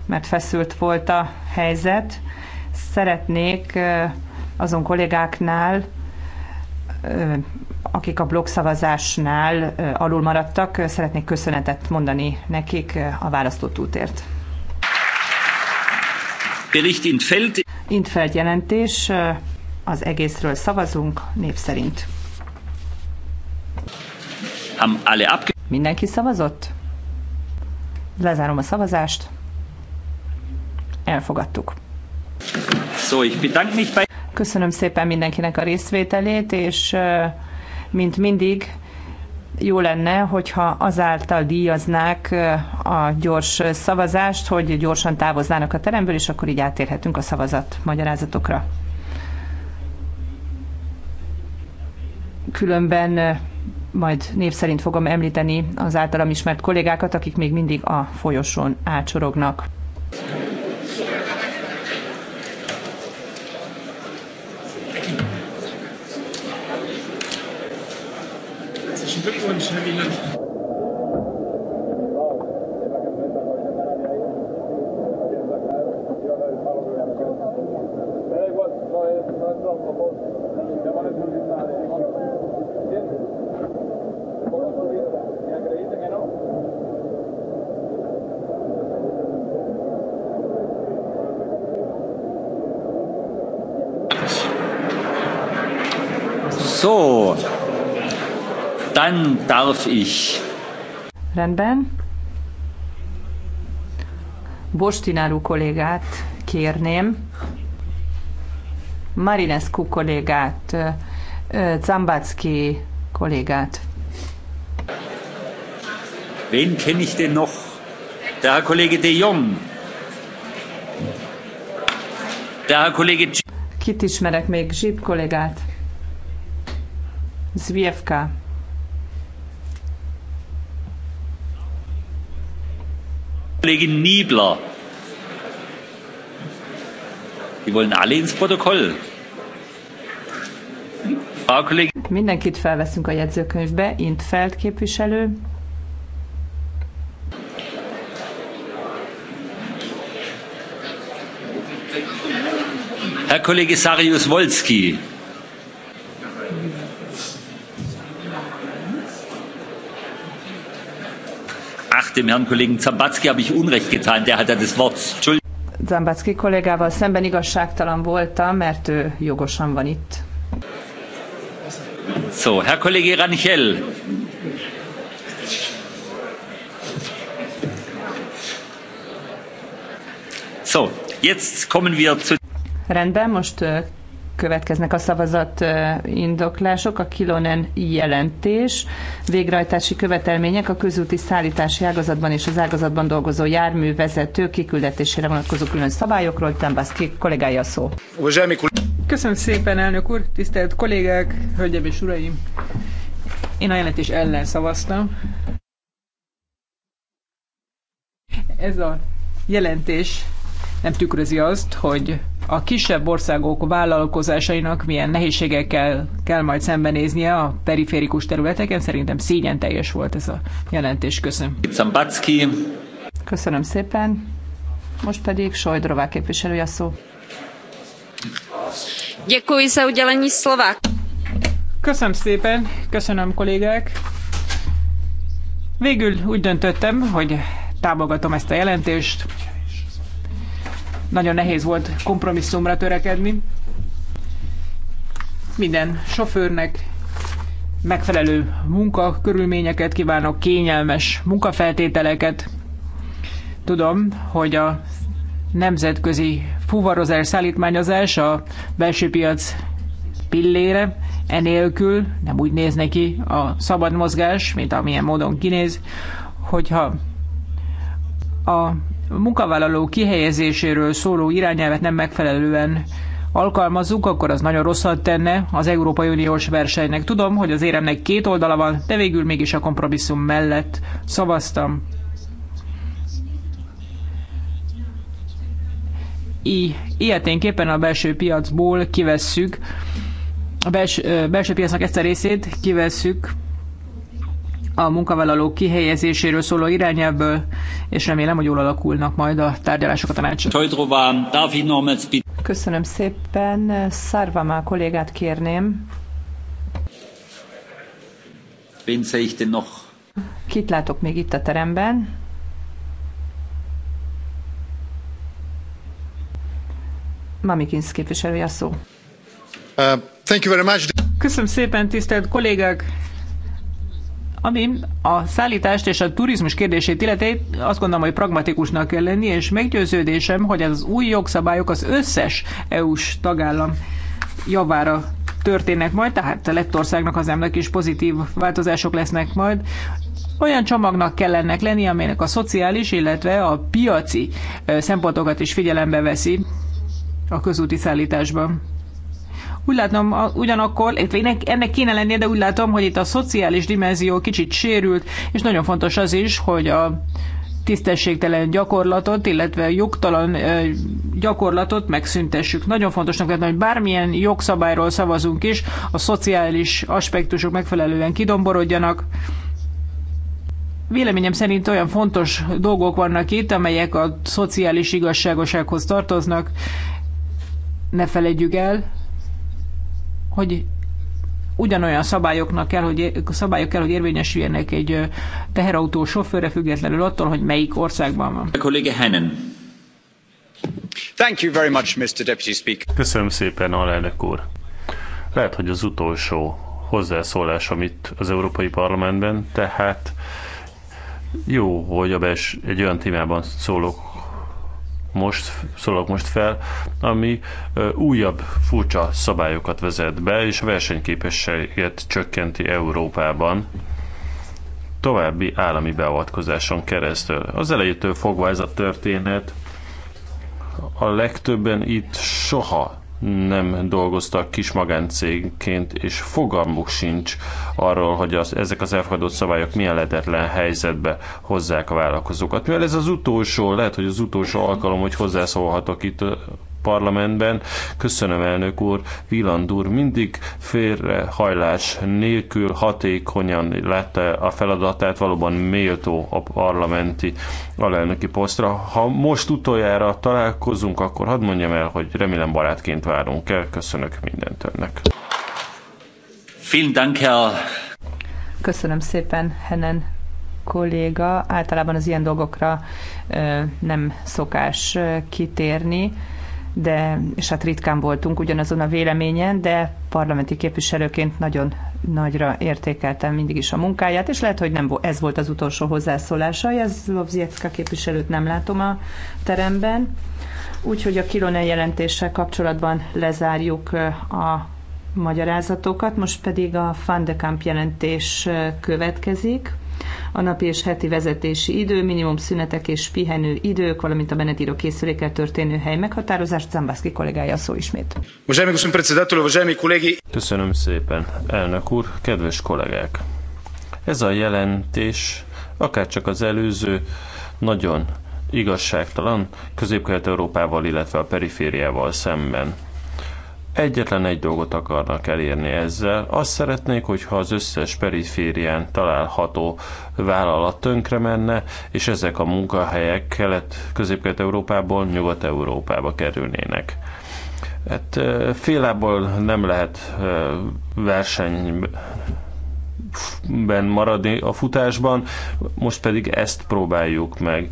mert feszült volt a helyzet. Szeretnék azon kollégáknál, akik a blogszavazásnál alul maradtak, szeretnék köszönetet mondani nekik a választott útért. Bericht In Feld jelentés, az egészről szavazunk név szerint. Mindenki szavazott? Lezárom a szavazást. Elfogadtuk. So, ich mich bei... Köszönöm szépen mindenkinek a részvételét, és mint mindig jó lenne, hogyha azáltal díjaznák a gyors szavazást, hogy gyorsan távoznának a teremből, és akkor így átérhetünk a szavazat magyarázatokra. Különben majd név szerint fogom említeni az általam ismert kollégákat, akik még mindig a folyosón ácsorognak. Glückwunsch, Herr Wieland. Dann darf ich. Rendben. Bostináru kollégát kérném. Marinescu kollégát, Zambacki kollégát. Wen kenne ich denn noch? Der Herr Kollege de Jong. Der Herr Kollege... Kit ismerek még? Zsib kollégát. Zvievka. Kollegin Niebler. Die wollen alle ins Protokoll. Frau Kollegin. Mindenkit felveszünk a jegyzőkönyvbe. Int Feld képviselő. Herr Kollege Sarius Wolski. Dem Herrn Kollegen Zambatzki habe ich Unrecht getan, der das Wort. Zambatzki kollégával szemben igazságtalan voltam, mert ő jogosan van itt. So, Herr Kollege Ranichel. So, jetzt kommen wir zu... Rendben, most következnek a szavazat indoklások, a Kilonen jelentés, végrehajtási követelmények a közúti szállítási ágazatban és az ágazatban dolgozó járművezető kiküldetésére vonatkozó külön szabályokról. Tembászki kollégája szó. Köszönöm szépen, elnök úr, tisztelt kollégák, hölgyeim és uraim! Én a jelentés ellen szavaztam. Ez a jelentés nem tükrözi azt, hogy a kisebb országok vállalkozásainak milyen nehézségekkel kell majd szembenéznie a periférikus területeken. Szerintem szégyen teljes volt ez a jelentés. Köszönöm. Zambacki. Köszönöm szépen. Most pedig Sajdrová képviselője a szó. Děkuji za udělení slova. Köszönöm szépen, köszönöm kollégák. Végül úgy döntöttem, hogy támogatom ezt a jelentést nagyon nehéz volt kompromisszumra törekedni. Minden sofőrnek megfelelő munkakörülményeket kívánok, kényelmes munkafeltételeket. Tudom, hogy a nemzetközi fuvarozás, szállítmányozás a belső piac pillére, enélkül nem úgy néz neki a szabad mozgás, mint amilyen módon kinéz, hogyha a munkavállaló kihelyezéséről szóló irányelvet nem megfelelően alkalmazzuk, akkor az nagyon rosszat tenne az Európai Uniós versenynek. Tudom, hogy az éremnek két oldala van, de végül mégis a kompromisszum mellett szavaztam. I, ilyeténképpen a belső piacból kivesszük, a belső, belső piacnak ezt a részét kivesszük a munkavállalók kihelyezéséről szóló irányelvből, és remélem, hogy jól alakulnak majd a tárgyalások a tanácsban. Köszönöm szépen. Szárvamá kollégát kérném. Kit látok még itt a teremben? Mamikins képviselője a szó. Uh, thank you very much. Köszönöm szépen, tisztelt kollégák! Ami a szállítást és a turizmus kérdését illeti, azt gondolom, hogy pragmatikusnak kell lenni, és meggyőződésem, hogy az új jogszabályok az összes EU-s tagállam javára történnek majd, tehát a Lettországnak, emnek is pozitív változások lesznek majd. Olyan csomagnak kell ennek lenni, amelynek a szociális, illetve a piaci szempontokat is figyelembe veszi a közúti szállításban. Úgy látom, ugyanakkor, ennek kéne lennie, de úgy látom, hogy itt a szociális dimenzió kicsit sérült, és nagyon fontos az is, hogy a tisztességtelen gyakorlatot, illetve jogtalan gyakorlatot megszüntessük. Nagyon fontosnak lehet, hogy bármilyen jogszabályról szavazunk is, a szociális aspektusok megfelelően kidomborodjanak. Véleményem szerint olyan fontos dolgok vannak itt, amelyek a szociális igazságosághoz tartoznak. Ne felejtjük el, hogy ugyanolyan szabályoknak kell, hogy, szabályok kell, hogy érvényesüljenek egy teherautó sofőre függetlenül attól, hogy melyik országban van. A kolléga Hennen. Thank you very much, Mr. Deputy Speaker. Köszönöm szépen, alelnök úr. Lehet, hogy az utolsó hozzászólás, amit az Európai Parlamentben, tehát jó, hogy a egy olyan témában szólok, most, szólok most fel, ami újabb furcsa szabályokat vezet be, és a versenyképességet csökkenti Európában további állami beavatkozáson keresztül. Az elejétől fogva ez a történet, a legtöbben itt soha nem dolgoztak kis magáncégként, és fogalmuk sincs arról, hogy az, ezek az elfogadott szabályok milyen lehetetlen helyzetbe hozzák a vállalkozókat. Mivel ez az utolsó, lehet, hogy az utolsó alkalom, hogy hozzászólhatok itt parlamentben. Köszönöm, elnök úr, Viland úr mindig félrehajlás nélkül hatékonyan látta a feladatát, valóban méltó a parlamenti alelnöki posztra. Ha most utoljára találkozunk, akkor hadd mondjam el, hogy remélem barátként várunk el. Köszönök mindent önnek. Köszönöm szépen, Henen kolléga. Általában az ilyen dolgokra nem szokás kitérni de, és hát ritkán voltunk ugyanazon a véleményen, de parlamenti képviselőként nagyon nagyra értékeltem mindig is a munkáját, és lehet, hogy nem ez volt az utolsó hozzászólása. Jazlovziecka képviselőt nem látom a teremben, úgyhogy a Kilonen jelentéssel kapcsolatban lezárjuk a magyarázatokat, most pedig a Fandekamp jelentés következik. A napi és heti vezetési idő, minimum szünetek és pihenő idők, valamint a menetíró készülékkel történő hely meghatározás, Zambászki kollégája szó ismét. Köszönöm szépen, elnök úr, kedves kollégák! Ez a jelentés, akár csak az előző, nagyon igazságtalan közép európával illetve a perifériával szemben. Egyetlen egy dolgot akarnak elérni ezzel. Azt szeretnék, hogyha az összes periférián található vállalat tönkre menne, és ezek a munkahelyek kelet, közép-kelet-európából nyugat-európába kerülnének. Hát félából nem lehet versenyben maradni a futásban, most pedig ezt próbáljuk meg.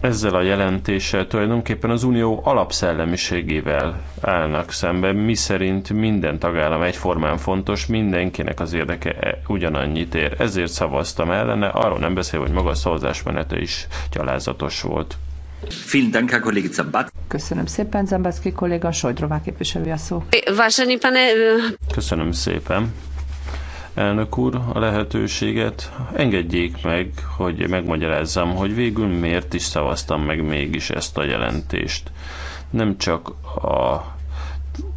ezzel a jelentéssel tulajdonképpen az unió alapszellemiségével állnak szemben, mi szerint minden tagállam egyformán fontos, mindenkinek az érdeke e- ugyanannyit ér. Ezért szavaztam ellene, arról nem beszél, hogy maga a szavazásmenete is gyalázatos volt. Köszönöm szépen, Zambaszki kolléga, Sojdrová képviselő a szó. Köszönöm szépen elnök úr, a lehetőséget. Engedjék meg, hogy megmagyarázzam, hogy végül miért is szavaztam meg mégis ezt a jelentést. Nem csak a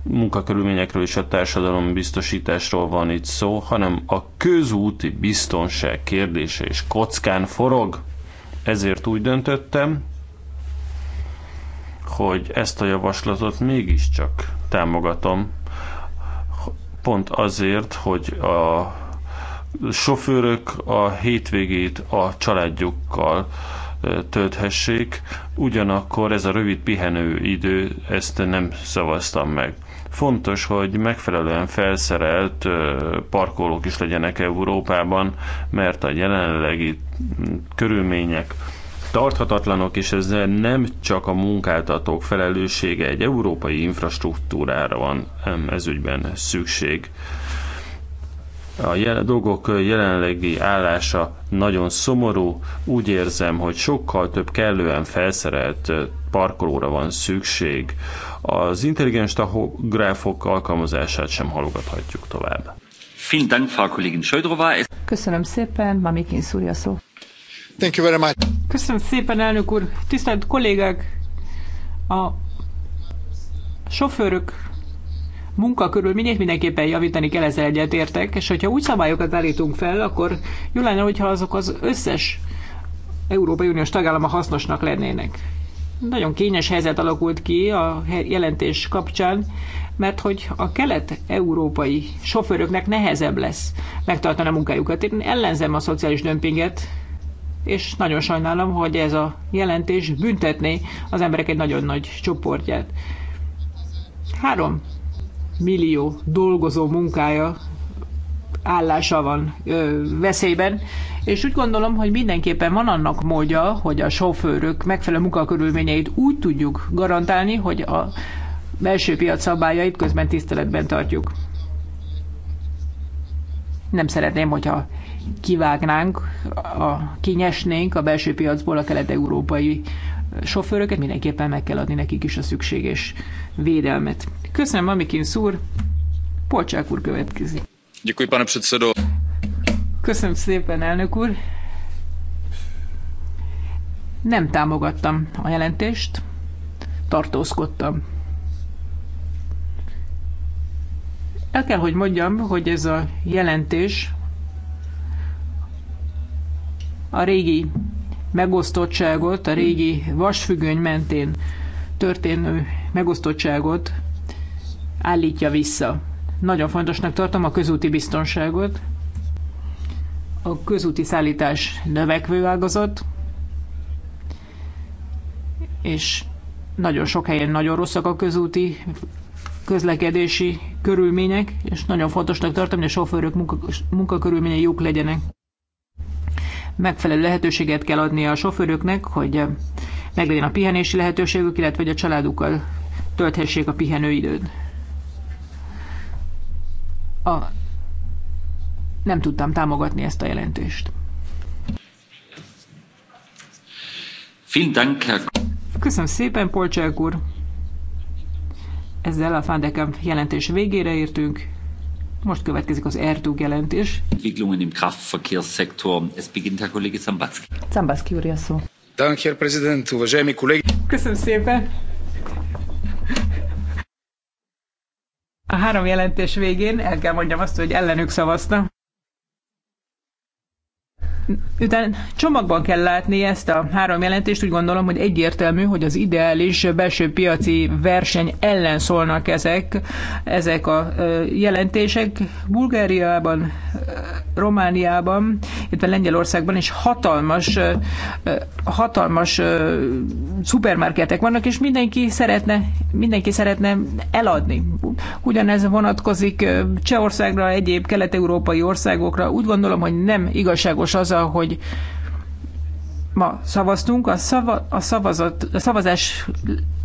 munkakörülményekről és a társadalom biztosításról van itt szó, hanem a közúti biztonság kérdése is kockán forog. Ezért úgy döntöttem, hogy ezt a javaslatot mégiscsak támogatom, pont azért, hogy a sofőrök a hétvégét a családjukkal tölthessék, ugyanakkor ez a rövid pihenő idő, ezt nem szavaztam meg. Fontos, hogy megfelelően felszerelt parkolók is legyenek Európában, mert a jelenlegi körülmények tarthatatlanok, és ez nem csak a munkáltatók felelőssége, egy európai infrastruktúrára van ezügyben szükség. A dolgok jelenlegi állása nagyon szomorú, úgy érzem, hogy sokkal több kellően felszerelt parkolóra van szükség. Az intelligens tahográfok alkalmazását sem halogathatjuk tovább. Köszönöm szépen, Mamikin Szúria szó. Thank you very much. Köszönöm szépen, elnök úr. Tisztelt kollégák, a sofőrök munkakörülményét mindenképpen javítani kell, ezzel egyetértek, és hogyha úgy szabályokat állítunk fel, akkor jó lenne, hogyha azok az összes Európai Uniós tagállama hasznosnak lennének. Nagyon kényes helyzet alakult ki a jelentés kapcsán, mert hogy a kelet-európai sofőröknek nehezebb lesz megtartani a munkájukat. Én ellenzem a szociális dömpinget, és nagyon sajnálom, hogy ez a jelentés büntetné az emberek egy nagyon nagy csoportját. Három millió dolgozó munkája állása van ö, veszélyben, és úgy gondolom, hogy mindenképpen van annak módja, hogy a sofőrök megfelelő munkakörülményeit úgy tudjuk garantálni, hogy a belső piac szabályait közben tiszteletben tartjuk. Nem szeretném, hogyha kivágnánk, a, kinyesnénk a belső piacból a kelet-európai sofőröket, mindenképpen meg kell adni nekik is a szükséges védelmet. Köszönöm, Amikin szúr, Polcsák úr következik. Děkuji, pane předsedo. Köszönöm szépen, elnök úr. Nem támogattam a jelentést, tartózkodtam. El kell, hogy mondjam, hogy ez a jelentés a régi megosztottságot, a régi vasfüggöny mentén történő megosztottságot állítja vissza. Nagyon fontosnak tartom a közúti biztonságot, a közúti szállítás növekvő ágazat, és nagyon sok helyen nagyon rosszak a közúti közlekedési körülmények, és nagyon fontosnak tartom, hogy a sofőrök munka, jók legyenek megfelelő lehetőséget kell adni a sofőröknek, hogy meglegyen a pihenési lehetőségük, illetve hogy a családukkal tölthessék a pihenőidőt. A... Nem tudtam támogatni ezt a jelentést. Köszönöm szépen, Polcsák úr! Ezzel a Fandekam jelentés végére értünk. Most következik az Erdő jelentés. Entwicklungen im Kraftverkehrssektor. Es beginnt Herr Kollege Zambatski. Zambatski úr, szó. Dank, Herr Präsident, уважаемые коллеги. Köszönöm szépen. A három jelentés végén el kell mondjam azt, hogy ellenük szavaztam. Miután csomagban kell látni ezt a három jelentést, úgy gondolom, hogy egyértelmű, hogy az ideális belső piaci verseny ellen szólnak ezek, ezek a jelentések. Bulgáriában, Romániában, illetve Lengyelországban is hatalmas, hatalmas szupermarketek vannak, és mindenki szeretne, mindenki szeretne eladni. Ugyanez vonatkozik Csehországra, egyéb kelet-európai országokra. Úgy gondolom, hogy nem igazságos az, azzal, hogy ma szavaztunk, a, szava, a, szavazat, a szavazás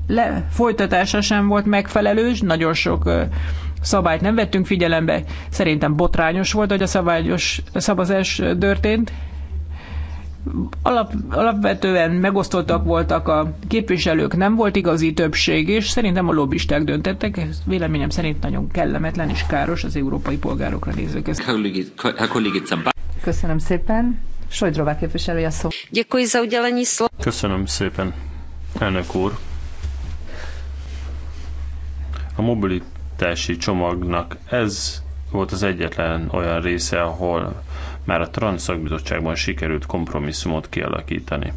le, folytatása sem volt megfelelő, nagyon sok szabályt nem vettünk figyelembe. Szerintem botrányos volt, hogy a, szabályos, a szavazás történt. Alap, alapvetően megosztottak voltak a képviselők, nem volt igazi többség, és szerintem a lobbisták döntettek, ez véleményem szerint nagyon kellemetlen és káros az európai polgárokra nézők. Köszönöm szépen. Sojdrová képviselő a szó. Köszönöm szépen, elnök úr. A mobilitási csomagnak ez volt az egyetlen olyan része, ahol már a Transzakbizottságban sikerült kompromisszumot kialakítani.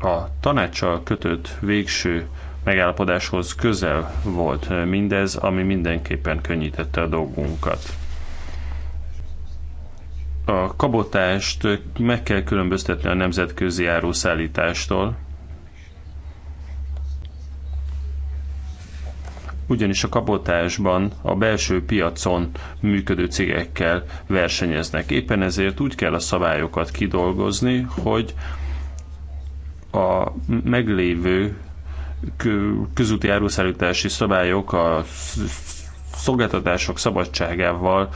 A tanácssal kötött végső megállapodáshoz közel volt mindez, ami mindenképpen könnyítette a dolgunkat. A kabotást meg kell különböztetni a nemzetközi áruszállítástól, ugyanis a kabotásban a belső piacon működő cégekkel versenyeznek. Éppen ezért úgy kell a szabályokat kidolgozni, hogy a meglévő közúti áruszállítási szabályok a szolgáltatások szabadságával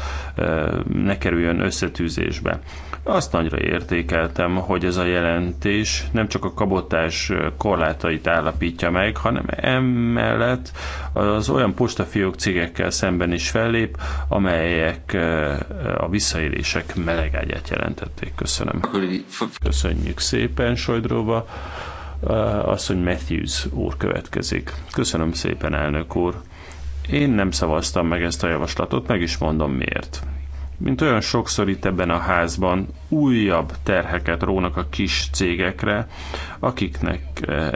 ne kerüljön összetűzésbe. Azt nagyra értékeltem, hogy ez a jelentés nem csak a kabotás korlátait állapítja meg, hanem emellett az olyan postafiók cégekkel szemben is fellép, amelyek a visszaélések melegágyát jelentették. Köszönöm. Köszönjük szépen, Sojdróba az, hogy Matthews úr következik. Köszönöm szépen, elnök úr. Én nem szavaztam meg ezt a javaslatot, meg is mondom miért. Mint olyan sokszor itt ebben a házban újabb terheket rónak a kis cégekre, akiknek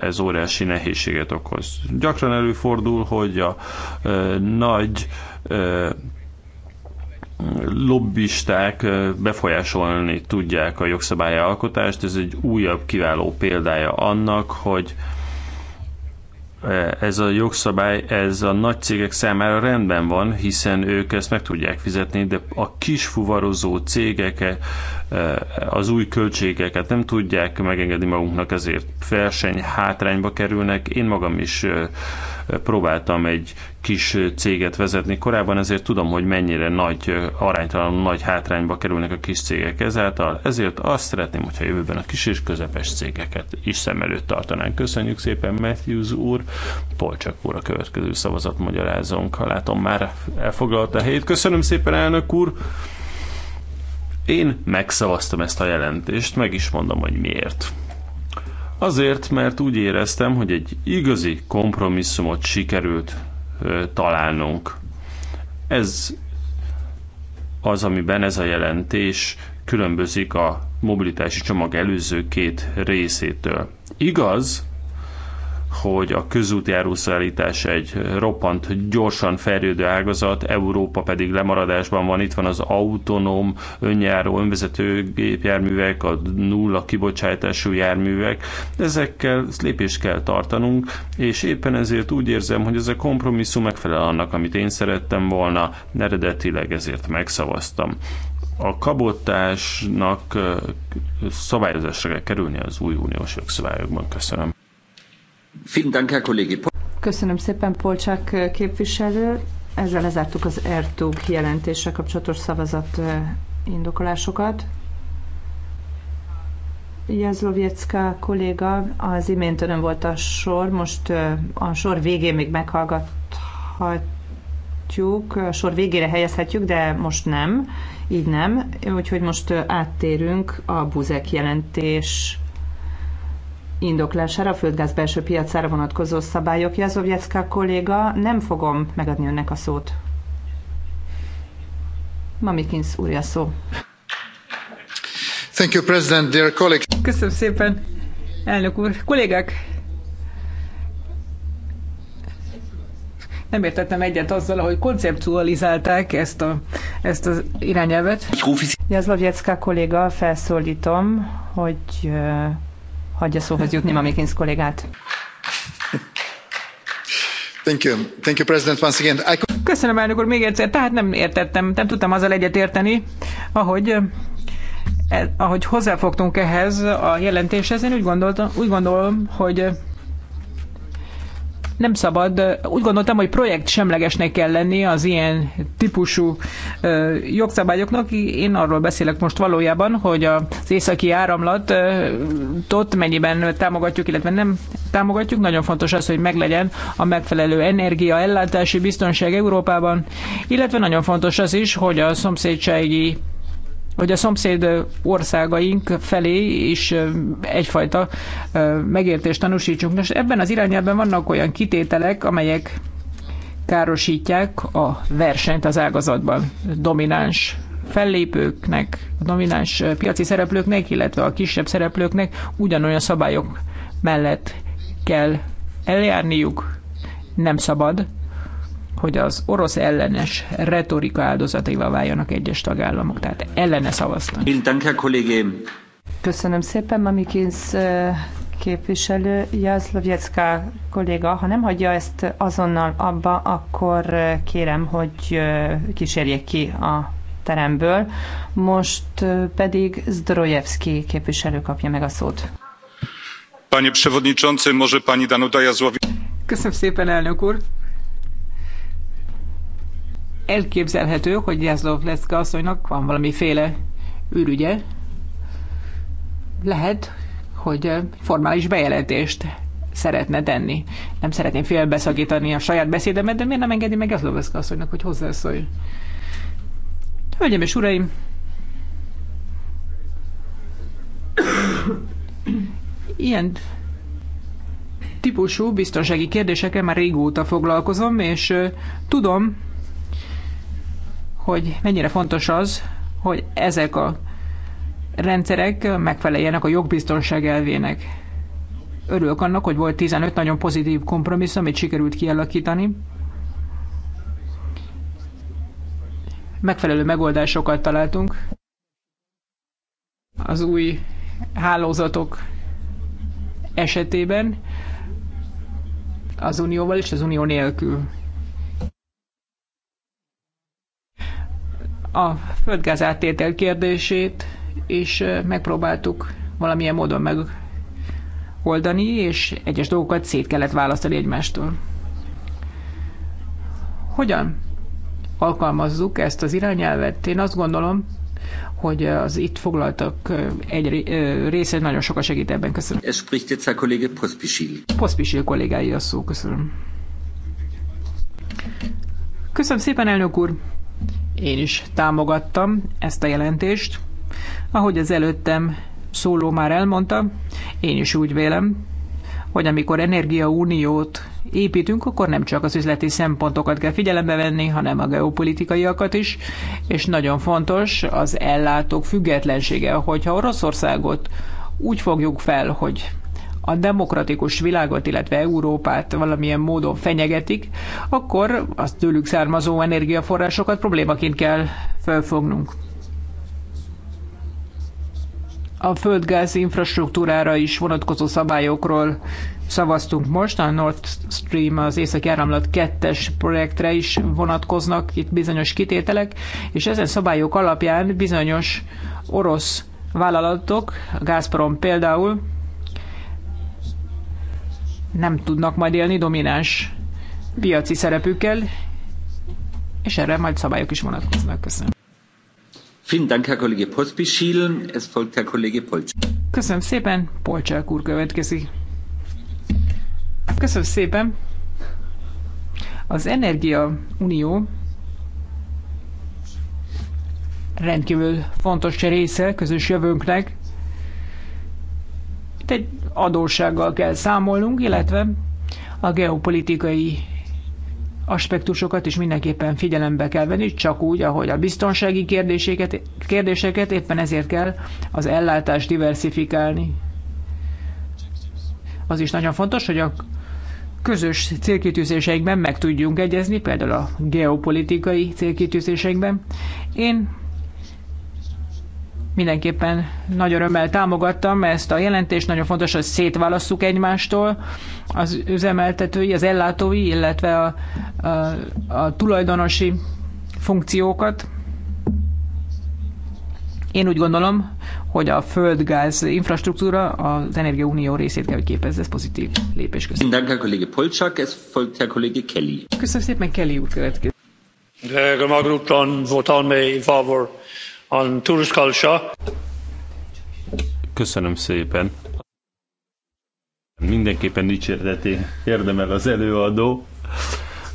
ez óriási nehézséget okoz. Gyakran előfordul, hogy a ö, nagy ö, lobbisták befolyásolni tudják a jogszabályalkotást. Ez egy újabb kiváló példája annak, hogy ez a jogszabály, ez a nagy cégek számára rendben van, hiszen ők ezt meg tudják fizetni, de a kis fuvarozó cégek az új költségeket nem tudják megengedni magunknak, ezért verseny hátrányba kerülnek. Én magam is próbáltam egy kis céget vezetni korábban, ezért tudom, hogy mennyire nagy, aránytalan nagy hátrányba kerülnek a kis cégek ezáltal, ezért azt szeretném, hogyha jövőben a kis és közepes cégeket is szem előtt tartanánk. Köszönjük szépen Matthews úr, Polcsak úr a következő szavazat magyarázónk, ha látom már elfoglalta a helyét. Köszönöm szépen elnök úr! Én megszavaztam ezt a jelentést, meg is mondom, hogy miért. Azért, mert úgy éreztem, hogy egy igazi kompromisszumot sikerült találnunk. Ez az, amiben ez a jelentés különbözik a mobilitási csomag előző két részétől. Igaz, hogy a közúti áruszállítás egy roppant gyorsan fejlődő ágazat, Európa pedig lemaradásban van. Itt van az autonóm, önjáró, önvezető gépjárművek, a nulla kibocsátású járművek. Ezekkel lépést kell tartanunk, és éppen ezért úgy érzem, hogy ez a kompromisszum megfelel annak, amit én szerettem volna, eredetileg ezért megszavaztam a kabotásnak szabályozásra kell kerülni az új uniós jogszabályokban. Köszönöm. Köszönöm szépen, Polcsák eh, képviselő. Ezzel lezártuk az ERTUG jelentése kapcsolatos szavazat eh, indokolásokat. Jazloviecka kolléga, az imént önön volt a sor, most eh, a sor végén még meghallgathatjuk, a sor végére helyezhetjük, de most nem, így nem, úgyhogy most áttérünk a buzek jelentés indoklására, a földgáz belső piacára vonatkozó szabályok. Jazovjecka kolléga, nem fogom megadni önnek a szót. Mamikins úrja szó. Thank you, President, dear colleagues. Köszönöm szépen, elnök úr. Kollégák, nem értettem egyet azzal, hogy konceptualizálták ezt, a, ezt az irányelvet. Jazlovjecka kolléga, felszólítom, hogy hagyja szóhoz jutni Mamikins kollégát. Thank you. Thank you, President, once again. I... Köszönöm, elnök úr, még egyszer. Tehát nem értettem, nem tudtam azzal egyetérteni, ahogy eh, ahogy hozzáfogtunk ehhez a jelentéshez, én úgy, gondoltam, úgy gondolom, hogy nem szabad, úgy gondoltam, hogy projekt semlegesnek kell lenni az ilyen típusú jogszabályoknak. Én arról beszélek most valójában, hogy az északi áramlatot mennyiben támogatjuk, illetve nem támogatjuk. Nagyon fontos az, hogy meglegyen a megfelelő energiaellátási biztonság Európában, illetve nagyon fontos az is, hogy a szomszédsági hogy a szomszéd országaink felé is egyfajta megértést tanúsítsunk. Nos, ebben az irányában vannak olyan kitételek, amelyek károsítják a versenyt az ágazatban. Domináns fellépőknek, domináns piaci szereplőknek, illetve a kisebb szereplőknek ugyanolyan szabályok mellett kell eljárniuk, nem szabad hogy az orosz ellenes retorika áldozataival váljanak egyes tagállamok. Tehát ellene szavaztak. Köszönöm szépen, Mamikins képviselő, Jazlovjecka kolléga, ha nem hagyja ezt azonnal abba, akkor kérem, hogy kísérjék ki a teremből. Most pedig Zdrojewski képviselő kapja meg a szót. Panie przewodniczący, może pani Danuta Jazłowiecka. Köszönöm szépen, elnök úr elképzelhető, hogy Jászlov Leszka asszonynak van valamiféle ürügye. Lehet, hogy formális bejelentést szeretne tenni. Nem szeretném félbeszakítani a saját beszédemet, de miért nem engedi meg Jászlov Leszka asszonynak, hogy hozzászóljon? Hölgyeim és uraim! Ilyen típusú biztonsági kérdésekkel már régóta foglalkozom, és tudom, hogy mennyire fontos az, hogy ezek a rendszerek megfeleljenek a jogbiztonság elvének. Örülök annak, hogy volt 15 nagyon pozitív kompromisszum, amit sikerült kialakítani. Megfelelő megoldásokat találtunk. Az új hálózatok esetében az unióval és az unió nélkül a földgáz áttétel kérdését is megpróbáltuk valamilyen módon megoldani, és egyes dolgokat szét kellett választani egymástól. Hogyan alkalmazzuk ezt az irányelvet? Én azt gondolom, hogy az itt foglaltak egy része nagyon sokat segít ebben. Köszönöm. Ez spricht jetzt a kollége Pospisil. Pospisil kollégái a szó, köszönöm. Köszönöm szépen, elnök úr. Én is támogattam ezt a jelentést. Ahogy az előttem szóló már elmondta, én is úgy vélem, hogy amikor energiauniót építünk, akkor nem csak az üzleti szempontokat kell figyelembe venni, hanem a geopolitikaiakat is, és nagyon fontos az ellátók függetlensége, hogyha Oroszországot úgy fogjuk fel, hogy a demokratikus világot, illetve Európát valamilyen módon fenyegetik, akkor az tőlük származó energiaforrásokat problémaként kell felfognunk. A földgáz infrastruktúrára is vonatkozó szabályokról szavaztunk most, a Nord Stream az északi áramlat 2-es projektre is vonatkoznak itt bizonyos kitételek, és ezen szabályok alapján bizonyos orosz vállalatok, a Gazprom például, nem tudnak majd élni domináns piaci szerepükkel, és erre majd szabályok is vonatkoznak. Köszönöm. Köszönöm szépen, Polcsák úr következik. Köszönöm szépen. Az Energia Unió rendkívül fontos része közös jövőnknek, egy adóssággal kell számolnunk, illetve a geopolitikai aspektusokat is mindenképpen figyelembe kell venni, csak úgy, ahogy a biztonsági kérdéseket, kérdéseket éppen ezért kell az ellátást diversifikálni. Az is nagyon fontos, hogy a közös célkitűzéseikben meg tudjunk egyezni, például a geopolitikai célkitűzéseikben. Én mindenképpen nagy örömmel támogattam ezt a jelentést, nagyon fontos, hogy szétválasszuk egymástól az üzemeltetői, az ellátói, illetve a, a, a tulajdonosi funkciókat. Én úgy gondolom, hogy a földgáz infrastruktúra az Energiaunió részét kell, hogy képezze. Ez pozitív lépés. Köszönöm. Köszönöm szépen, Kelly úr következik on tourist culture. Köszönöm szépen. Mindenképpen dicsérdeté érdemel az előadó,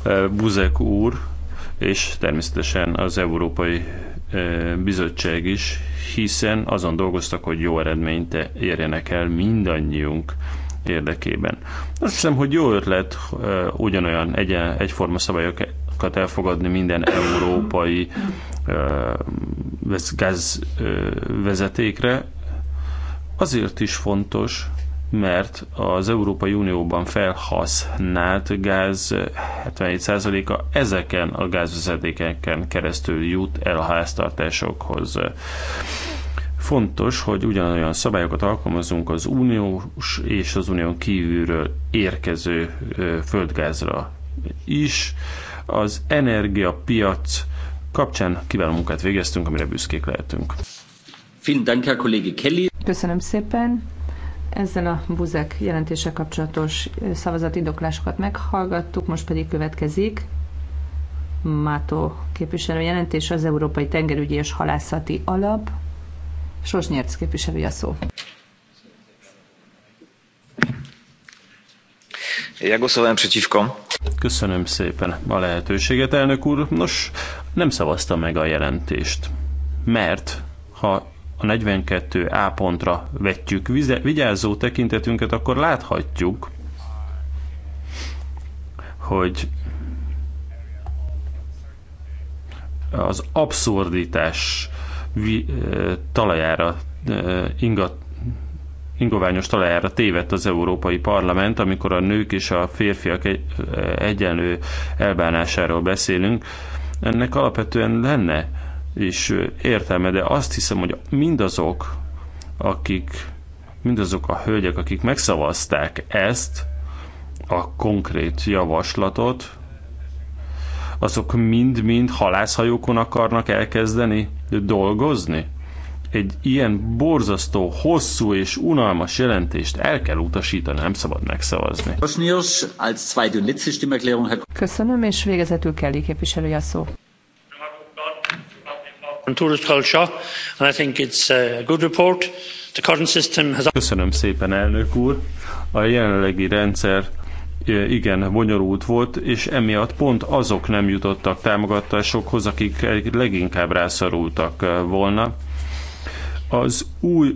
eh, Buzek úr, és természetesen az Európai eh, Bizottság is, hiszen azon dolgoztak, hogy jó eredményt érjenek el mindannyiunk érdekében. Azt hiszem, hogy jó ötlet eh, ugyanolyan egy, egyforma szabályok szabályokat elfogadni minden európai gázvezetékre. Azért is fontos, mert az Európai Unióban felhasznált gáz 77%-a ezeken a gázvezetékeken keresztül jut el a háztartásokhoz. Fontos, hogy ugyanolyan szabályokat alkalmazunk az uniós és az unión kívülről érkező földgázra is az energiapiac kapcsán kiváló munkát végeztünk, amire büszkék lehetünk. Köszönöm szépen. Ezzel a buzek jelentése kapcsolatos szavazatindoklásokat meghallgattuk, most pedig következik Mátó képviselő jelentése az Európai Tengerügyi és Halászati Alap. Sosnyerc képviselője a szó. Ja głosowałem przeciwko. Köszönöm szépen a lehetőséget, elnök úr. Nos, nem szavazta meg a jelentést, mert ha a 42A pontra vetjük vigyázó tekintetünket, akkor láthatjuk, hogy az abszurditás talajára ingat ingoványos talajára tévedt az Európai Parlament, amikor a nők és a férfiak egyenlő elbánásáról beszélünk. Ennek alapvetően lenne is értelme, de azt hiszem, hogy mindazok, akik, mindazok a hölgyek, akik megszavazták ezt, a konkrét javaslatot, azok mind-mind halászhajókon akarnak elkezdeni dolgozni? egy ilyen borzasztó, hosszú és unalmas jelentést el kell utasítani, nem szabad megszavazni. Köszönöm, és végezetül Kelly képviselője a szó. Köszönöm szépen, elnök úr. A jelenlegi rendszer igen bonyolult volt, és emiatt pont azok nem jutottak támogatásokhoz, akik leginkább rászorultak volna. Az új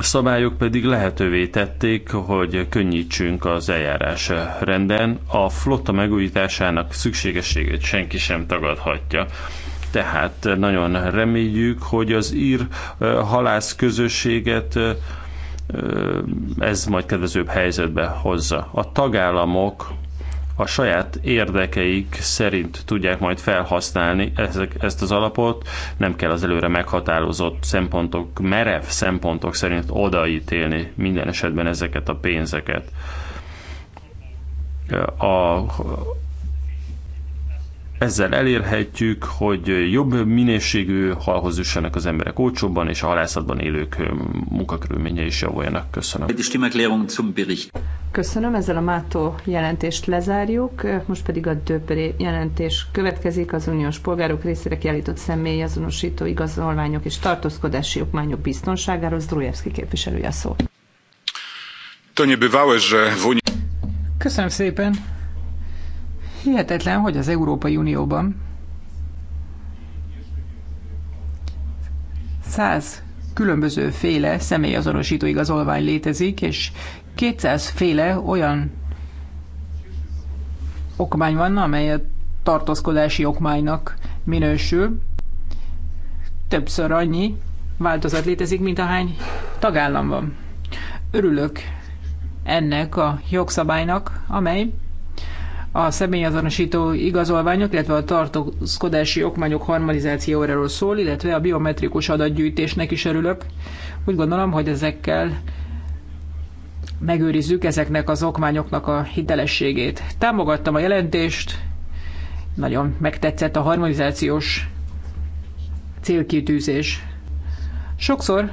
szabályok pedig lehetővé tették, hogy könnyítsünk az eljárás renden. A flotta megújításának szükségességét senki sem tagadhatja. Tehát nagyon reméljük, hogy az ír halász közösséget ez majd kedvezőbb helyzetbe hozza. A tagállamok a saját érdekeik szerint tudják majd felhasználni ezek, ezt az alapot, nem kell az előre meghatározott szempontok, merev szempontok szerint odaítélni minden esetben ezeket a pénzeket. A ezzel elérhetjük, hogy jobb minőségű halhoz üssenek az emberek olcsóbban, és a halászatban élők munkakörülménye is javuljanak. Köszönöm. Köszönöm, ezzel a MÁTO jelentést lezárjuk, most pedig a Döbré jelentés következik az uniós polgárok részére kiállított személy azonosító igazolványok és tartózkodási okmányok biztonságáról. Zdrujevski képviselője szól. Köszönöm szépen. Hihetetlen, hogy az Európai Unióban 100 különböző féle személyazonosító igazolvány létezik, és 200 féle olyan okmány van, amely a tartózkodási okmánynak minősül. Többször annyi változat létezik, mint ahány tagállam van. Örülök ennek a jogszabálynak, amely a személyazonosító igazolványok, illetve a tartózkodási okmányok harmonizációjáról szól, illetve a biometrikus adatgyűjtésnek is örülök. Úgy gondolom, hogy ezekkel megőrizzük ezeknek az okmányoknak a hitelességét. Támogattam a jelentést, nagyon megtetszett a harmonizációs célkitűzés. Sokszor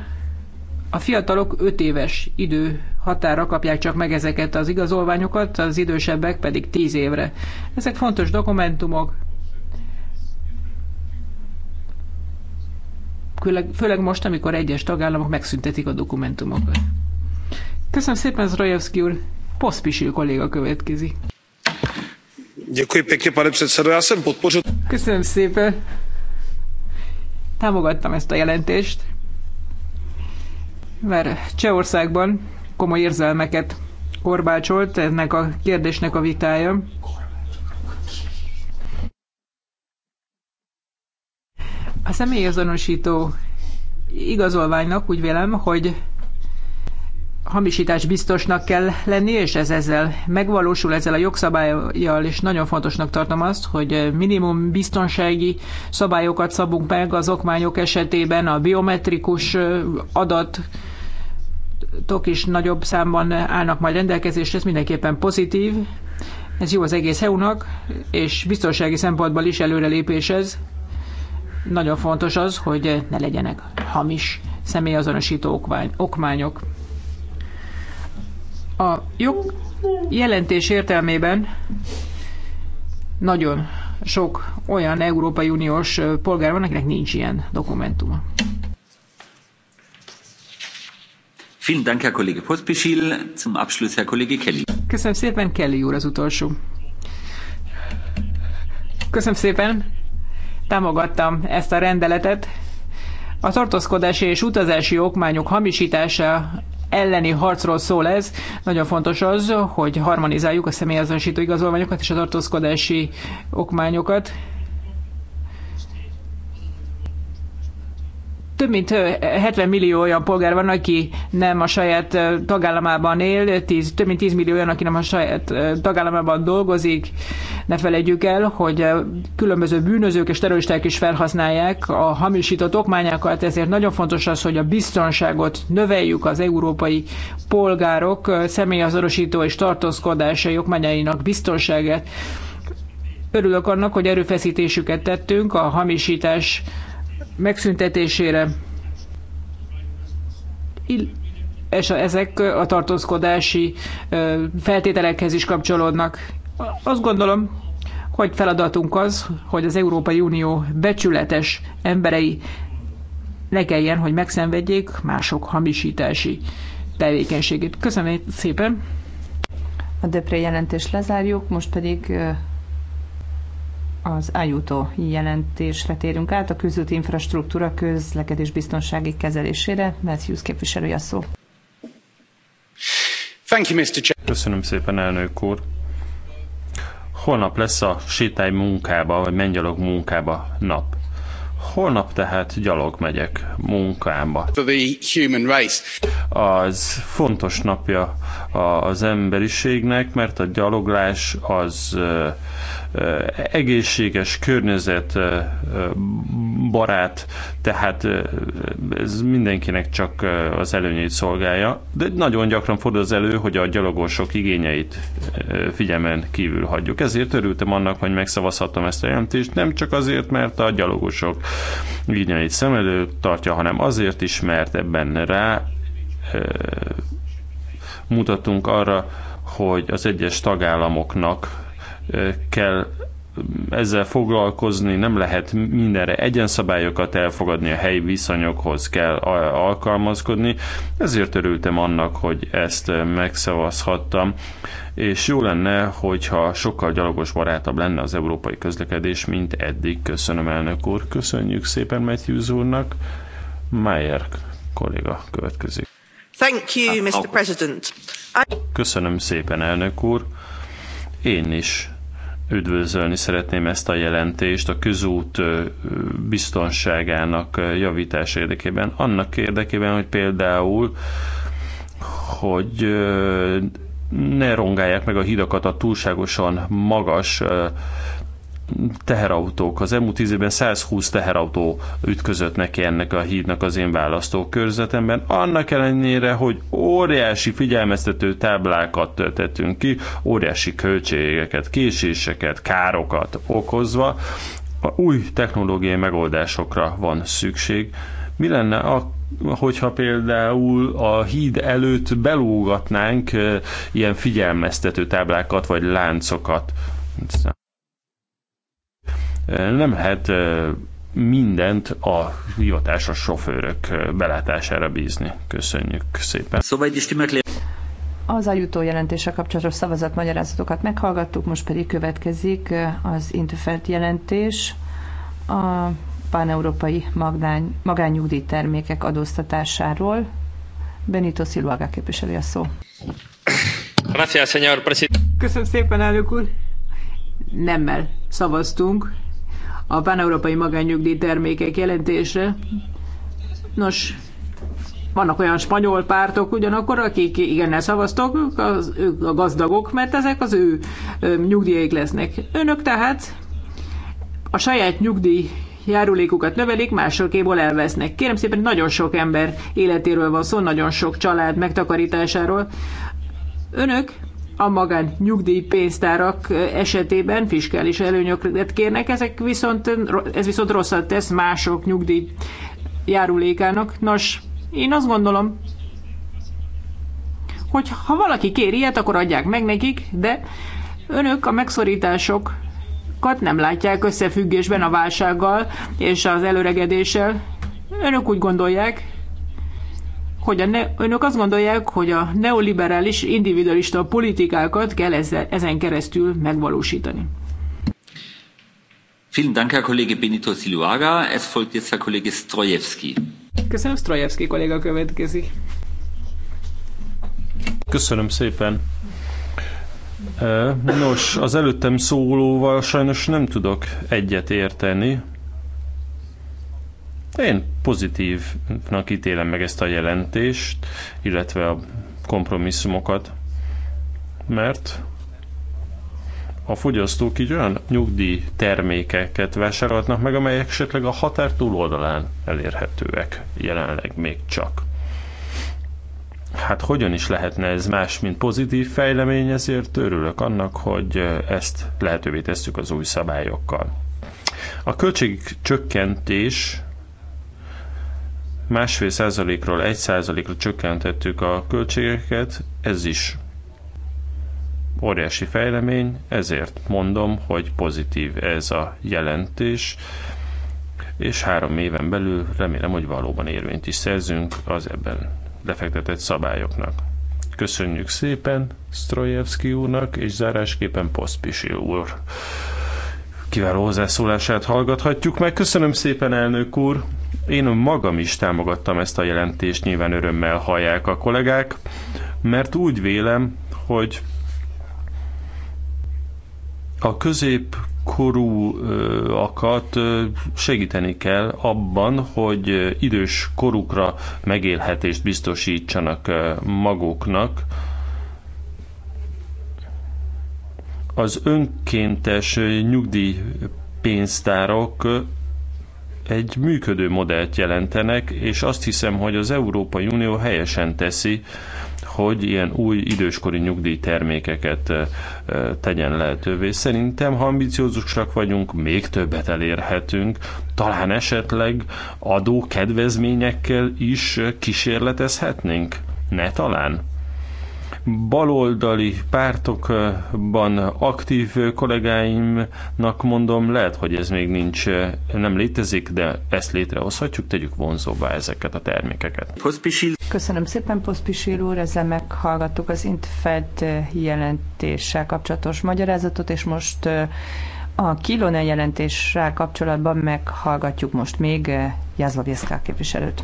a fiatalok 5 éves idő határa kapják csak meg ezeket az igazolványokat, az idősebbek pedig 10 évre. Ezek fontos dokumentumok, főleg most, amikor egyes tagállamok megszüntetik a dokumentumokat. Köszönöm szépen, Zrajevszki úr. Poszpisil kolléga következik. Köszönöm szépen. Támogattam ezt a jelentést mert Csehországban komoly érzelmeket korbácsolt ennek a kérdésnek a vitája. A személyazonosító igazolványnak úgy vélem, hogy hamisítás biztosnak kell lenni, és ez ezzel megvalósul, ezzel a jogszabályjal, és nagyon fontosnak tartom azt, hogy minimum biztonsági szabályokat szabunk meg az okmányok esetében, a biometrikus adat adatok is nagyobb számban állnak majd rendelkezésre, ez mindenképpen pozitív. Ez jó az egész EU-nak, és biztonsági szempontból is előrelépés ez. Nagyon fontos az, hogy ne legyenek hamis személyazonosító okmányok. A jog jelentés értelmében nagyon sok olyan Európai Uniós polgár van, akinek nincs ilyen dokumentuma. Köszönöm szépen, Kelly úr az utolsó. Köszönöm szépen, támogattam ezt a rendeletet. A tartózkodási és utazási okmányok hamisítása elleni harcról szól ez. Nagyon fontos az, hogy harmonizáljuk a személyazonosító igazolványokat és a tartózkodási okmányokat. több mint 70 millió olyan polgár van, aki nem a saját tagállamában él, 10, több mint 10 millió olyan, aki nem a saját tagállamában dolgozik. Ne felejtjük el, hogy különböző bűnözők és terroristák is felhasználják a hamisított okmányákat, ezért nagyon fontos az, hogy a biztonságot növeljük az európai polgárok személyazonosító és tartózkodásai okmányainak biztonságát. Örülök annak, hogy erőfeszítésüket tettünk a hamisítás megszüntetésére. és ezek a tartózkodási feltételekhez is kapcsolódnak. Azt gondolom, hogy feladatunk az, hogy az Európai Unió becsületes emberei ne kelljen, hogy megszenvedjék mások hamisítási tevékenységét. Köszönöm szépen! A Depré jelentést lezárjuk, most pedig az ájutó jelentésre térünk át, a közúti infrastruktúra közlekedés biztonsági kezelésére. Matthews képviselő a szó. Thank you, Mr. Köszönöm szépen, elnök úr. Holnap lesz a sétály munkába, vagy mennyalog munkába nap. Holnap tehát gyalog megyek munkámba. Az fontos napja az emberiségnek, mert a gyaloglás az egészséges környezet barát, tehát ez mindenkinek csak az előnyét szolgálja, de nagyon gyakran fordul az elő, hogy a gyalogosok igényeit figyelmen kívül hagyjuk. Ezért örültem annak, hogy megszavazhattam ezt a jelentést, nem csak azért, mert a gyalogosok igényeit szem előtt tartja, hanem azért is, mert ebben rá mutatunk arra, hogy az egyes tagállamoknak kell ezzel foglalkozni, nem lehet mindenre egyenszabályokat elfogadni, a helyi viszonyokhoz kell alkalmazkodni. Ezért örültem annak, hogy ezt megszavazhattam, és jó lenne, hogyha sokkal gyalogos barátabb lenne az európai közlekedés, mint eddig. Köszönöm, elnök úr. Köszönjük szépen Matthews úrnak. Mayer kolléga következik. Thank you, hát, Mr. President. Köszönöm szépen, elnök úr. Én is Üdvözölni szeretném ezt a jelentést a közút biztonságának javítás érdekében. Annak érdekében, hogy például, hogy ne rongálják meg a hidakat a túlságosan magas teherautók. Az elmúlt tíz évben 120 teherautó ütközött neki ennek a hídnak az én választókörzetemben. Annak ellenére, hogy óriási figyelmeztető táblákat töltettünk ki, óriási költségeket, késéseket, károkat okozva, új technológiai megoldásokra van szükség. Mi lenne a hogyha például a híd előtt belógatnánk eh, ilyen figyelmeztető táblákat vagy láncokat. Nem lehet mindent a hivatásos sofőrök belátására bízni. Köszönjük szépen. Szóval egy az ajutó jelentése kapcsolatos szavazatmagyarázatokat meghallgattuk, most pedig következik az Intefelt jelentés a páneurópai magányugdíj magánnyugdíj termékek adóztatásáról. Benito Siluaga képviseli a szó. Köszönöm szépen, elnök úr! Nemmel szavaztunk a Pán-Európai magánnyugdíj termékek jelentése. Nos, vannak olyan spanyol pártok ugyanakkor, akik igennel szavaztak, az, ők a gazdagok, mert ezek az ő nyugdíjaik lesznek. Önök tehát a saját nyugdíj járulékukat növelik, másokéból elvesznek. Kérem szépen, nagyon sok ember életéről van szó, nagyon sok család megtakarításáról. Önök a magán nyugdíjpénztárak esetében fiskális előnyöket kérnek, ezek viszont, ez viszont rosszat tesz mások nyugdíj járulékának. Nos, én azt gondolom, hogy ha valaki kér ilyet, akkor adják meg nekik, de önök a megszorításokat nem látják összefüggésben a válsággal és az előregedéssel. Önök úgy gondolják, hogy a ne, önök azt gondolják, hogy a neoliberális, individualista politikákat kell ezzel, ezen keresztül megvalósítani. Vielen Dank, Herr Kollege Benito Siluaga. Es folgt jetzt Herr Kollege Strojewski. Köszönöm, Strojewski kolléga következik. Köszönöm szépen. Nos, az előttem szólóval sajnos nem tudok egyet érteni, én pozitívnak ítélem meg ezt a jelentést, illetve a kompromisszumokat, mert a fogyasztók így olyan nyugdíj termékeket vásárolhatnak meg, amelyek esetleg a határ túloldalán elérhetőek jelenleg még csak. Hát hogyan is lehetne ez más, mint pozitív fejlemény, ezért örülök annak, hogy ezt lehetővé tesszük az új szabályokkal. A költségcsökkentés másfél százalékról egy százalékra csökkentettük a költségeket, ez is óriási fejlemény, ezért mondom, hogy pozitív ez a jelentés, és három éven belül remélem, hogy valóban érvényt is szerzünk az ebben lefektetett szabályoknak. Köszönjük szépen Strojevski úrnak, és zárásképpen Poszpisi úr kiváló hozzászólását hallgathatjuk meg. Köszönöm szépen, elnök úr! Én magam is támogattam ezt a jelentést, nyilván örömmel hallják a kollégák, mert úgy vélem, hogy a középkorúakat segíteni kell abban, hogy idős korukra megélhetést biztosítsanak maguknak, Az önkéntes nyugdíjpénztárok egy működő modellt jelentenek, és azt hiszem, hogy az Európai Unió helyesen teszi, hogy ilyen új időskori nyugdíjtermékeket eh, tegyen lehetővé. Szerintem, ha ambiciózusak vagyunk, még többet elérhetünk, talán esetleg adó kedvezményekkel is eh, kísérletezhetnénk? Ne talán? baloldali pártokban aktív kollégáimnak mondom, lehet, hogy ez még nincs, nem létezik, de ezt létrehozhatjuk, tegyük vonzóvá ezeket a termékeket. Köszönöm szépen, Poszpisil úr, ezzel meghallgattuk az Intfed jelentéssel kapcsolatos magyarázatot, és most eh, a Kilone jelentéssel kapcsolatban meghallgatjuk most még eh, Jászlovjeszká képviselőt.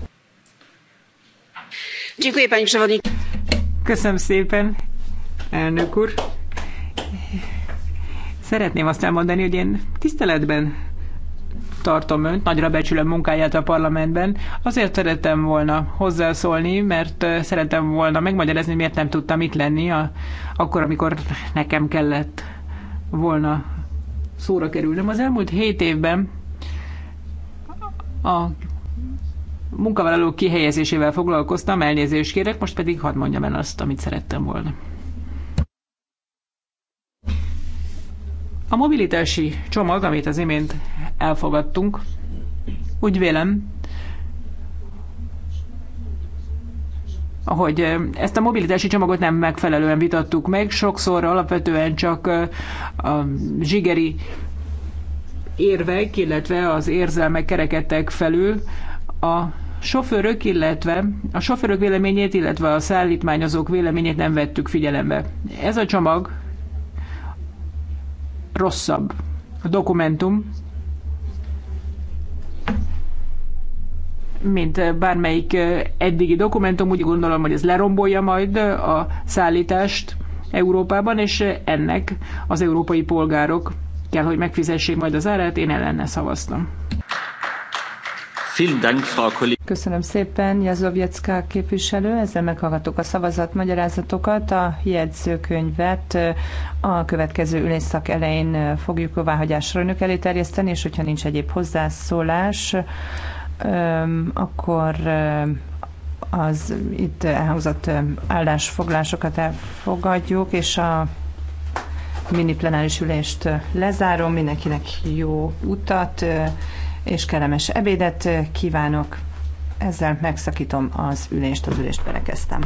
Dziękuję, pani przewodnicząca. Köszönöm szépen, elnök úr. Szeretném azt elmondani, hogy én tiszteletben tartom önt, nagyra becsülöm munkáját a parlamentben. Azért szerettem volna hozzászólni, mert eh, szerettem volna megmagyarázni, miért nem tudtam itt lenni a, akkor, amikor nekem kellett volna szóra kerülnöm. Az elmúlt hét évben a munkavállalók kihelyezésével foglalkoztam, elnézést kérek, most pedig hadd mondjam el azt, amit szerettem volna. A mobilitási csomag, amit az imént elfogadtunk, úgy vélem, hogy ezt a mobilitási csomagot nem megfelelően vitattuk meg, sokszor alapvetően csak a zsigeri érvek, illetve az érzelmek kerekedtek felül, a sofőrök, illetve a sofőrök véleményét, illetve a szállítmányozók véleményét nem vettük figyelembe. Ez a csomag rosszabb. A dokumentum, mint bármelyik eddigi dokumentum, úgy gondolom, hogy ez lerombolja majd a szállítást Európában, és ennek az európai polgárok kell, hogy megfizessék majd az árát, én ellenne szavaztam. Köszönöm szépen, Jazovjecka képviselő. Ezzel meghallgattuk a szavazatmagyarázatokat. A jegyzőkönyvet a következő ülésszak elején fogjuk váhagyásra önök elé terjeszteni, és hogyha nincs egyéb hozzászólás, akkor az itt elhangzott állásfoglásokat elfogadjuk, és a mini plenáris ülést lezárom. Mindenkinek jó utat! és kellemes ebédet kívánok. Ezzel megszakítom az ülést, az ülést berekeztem.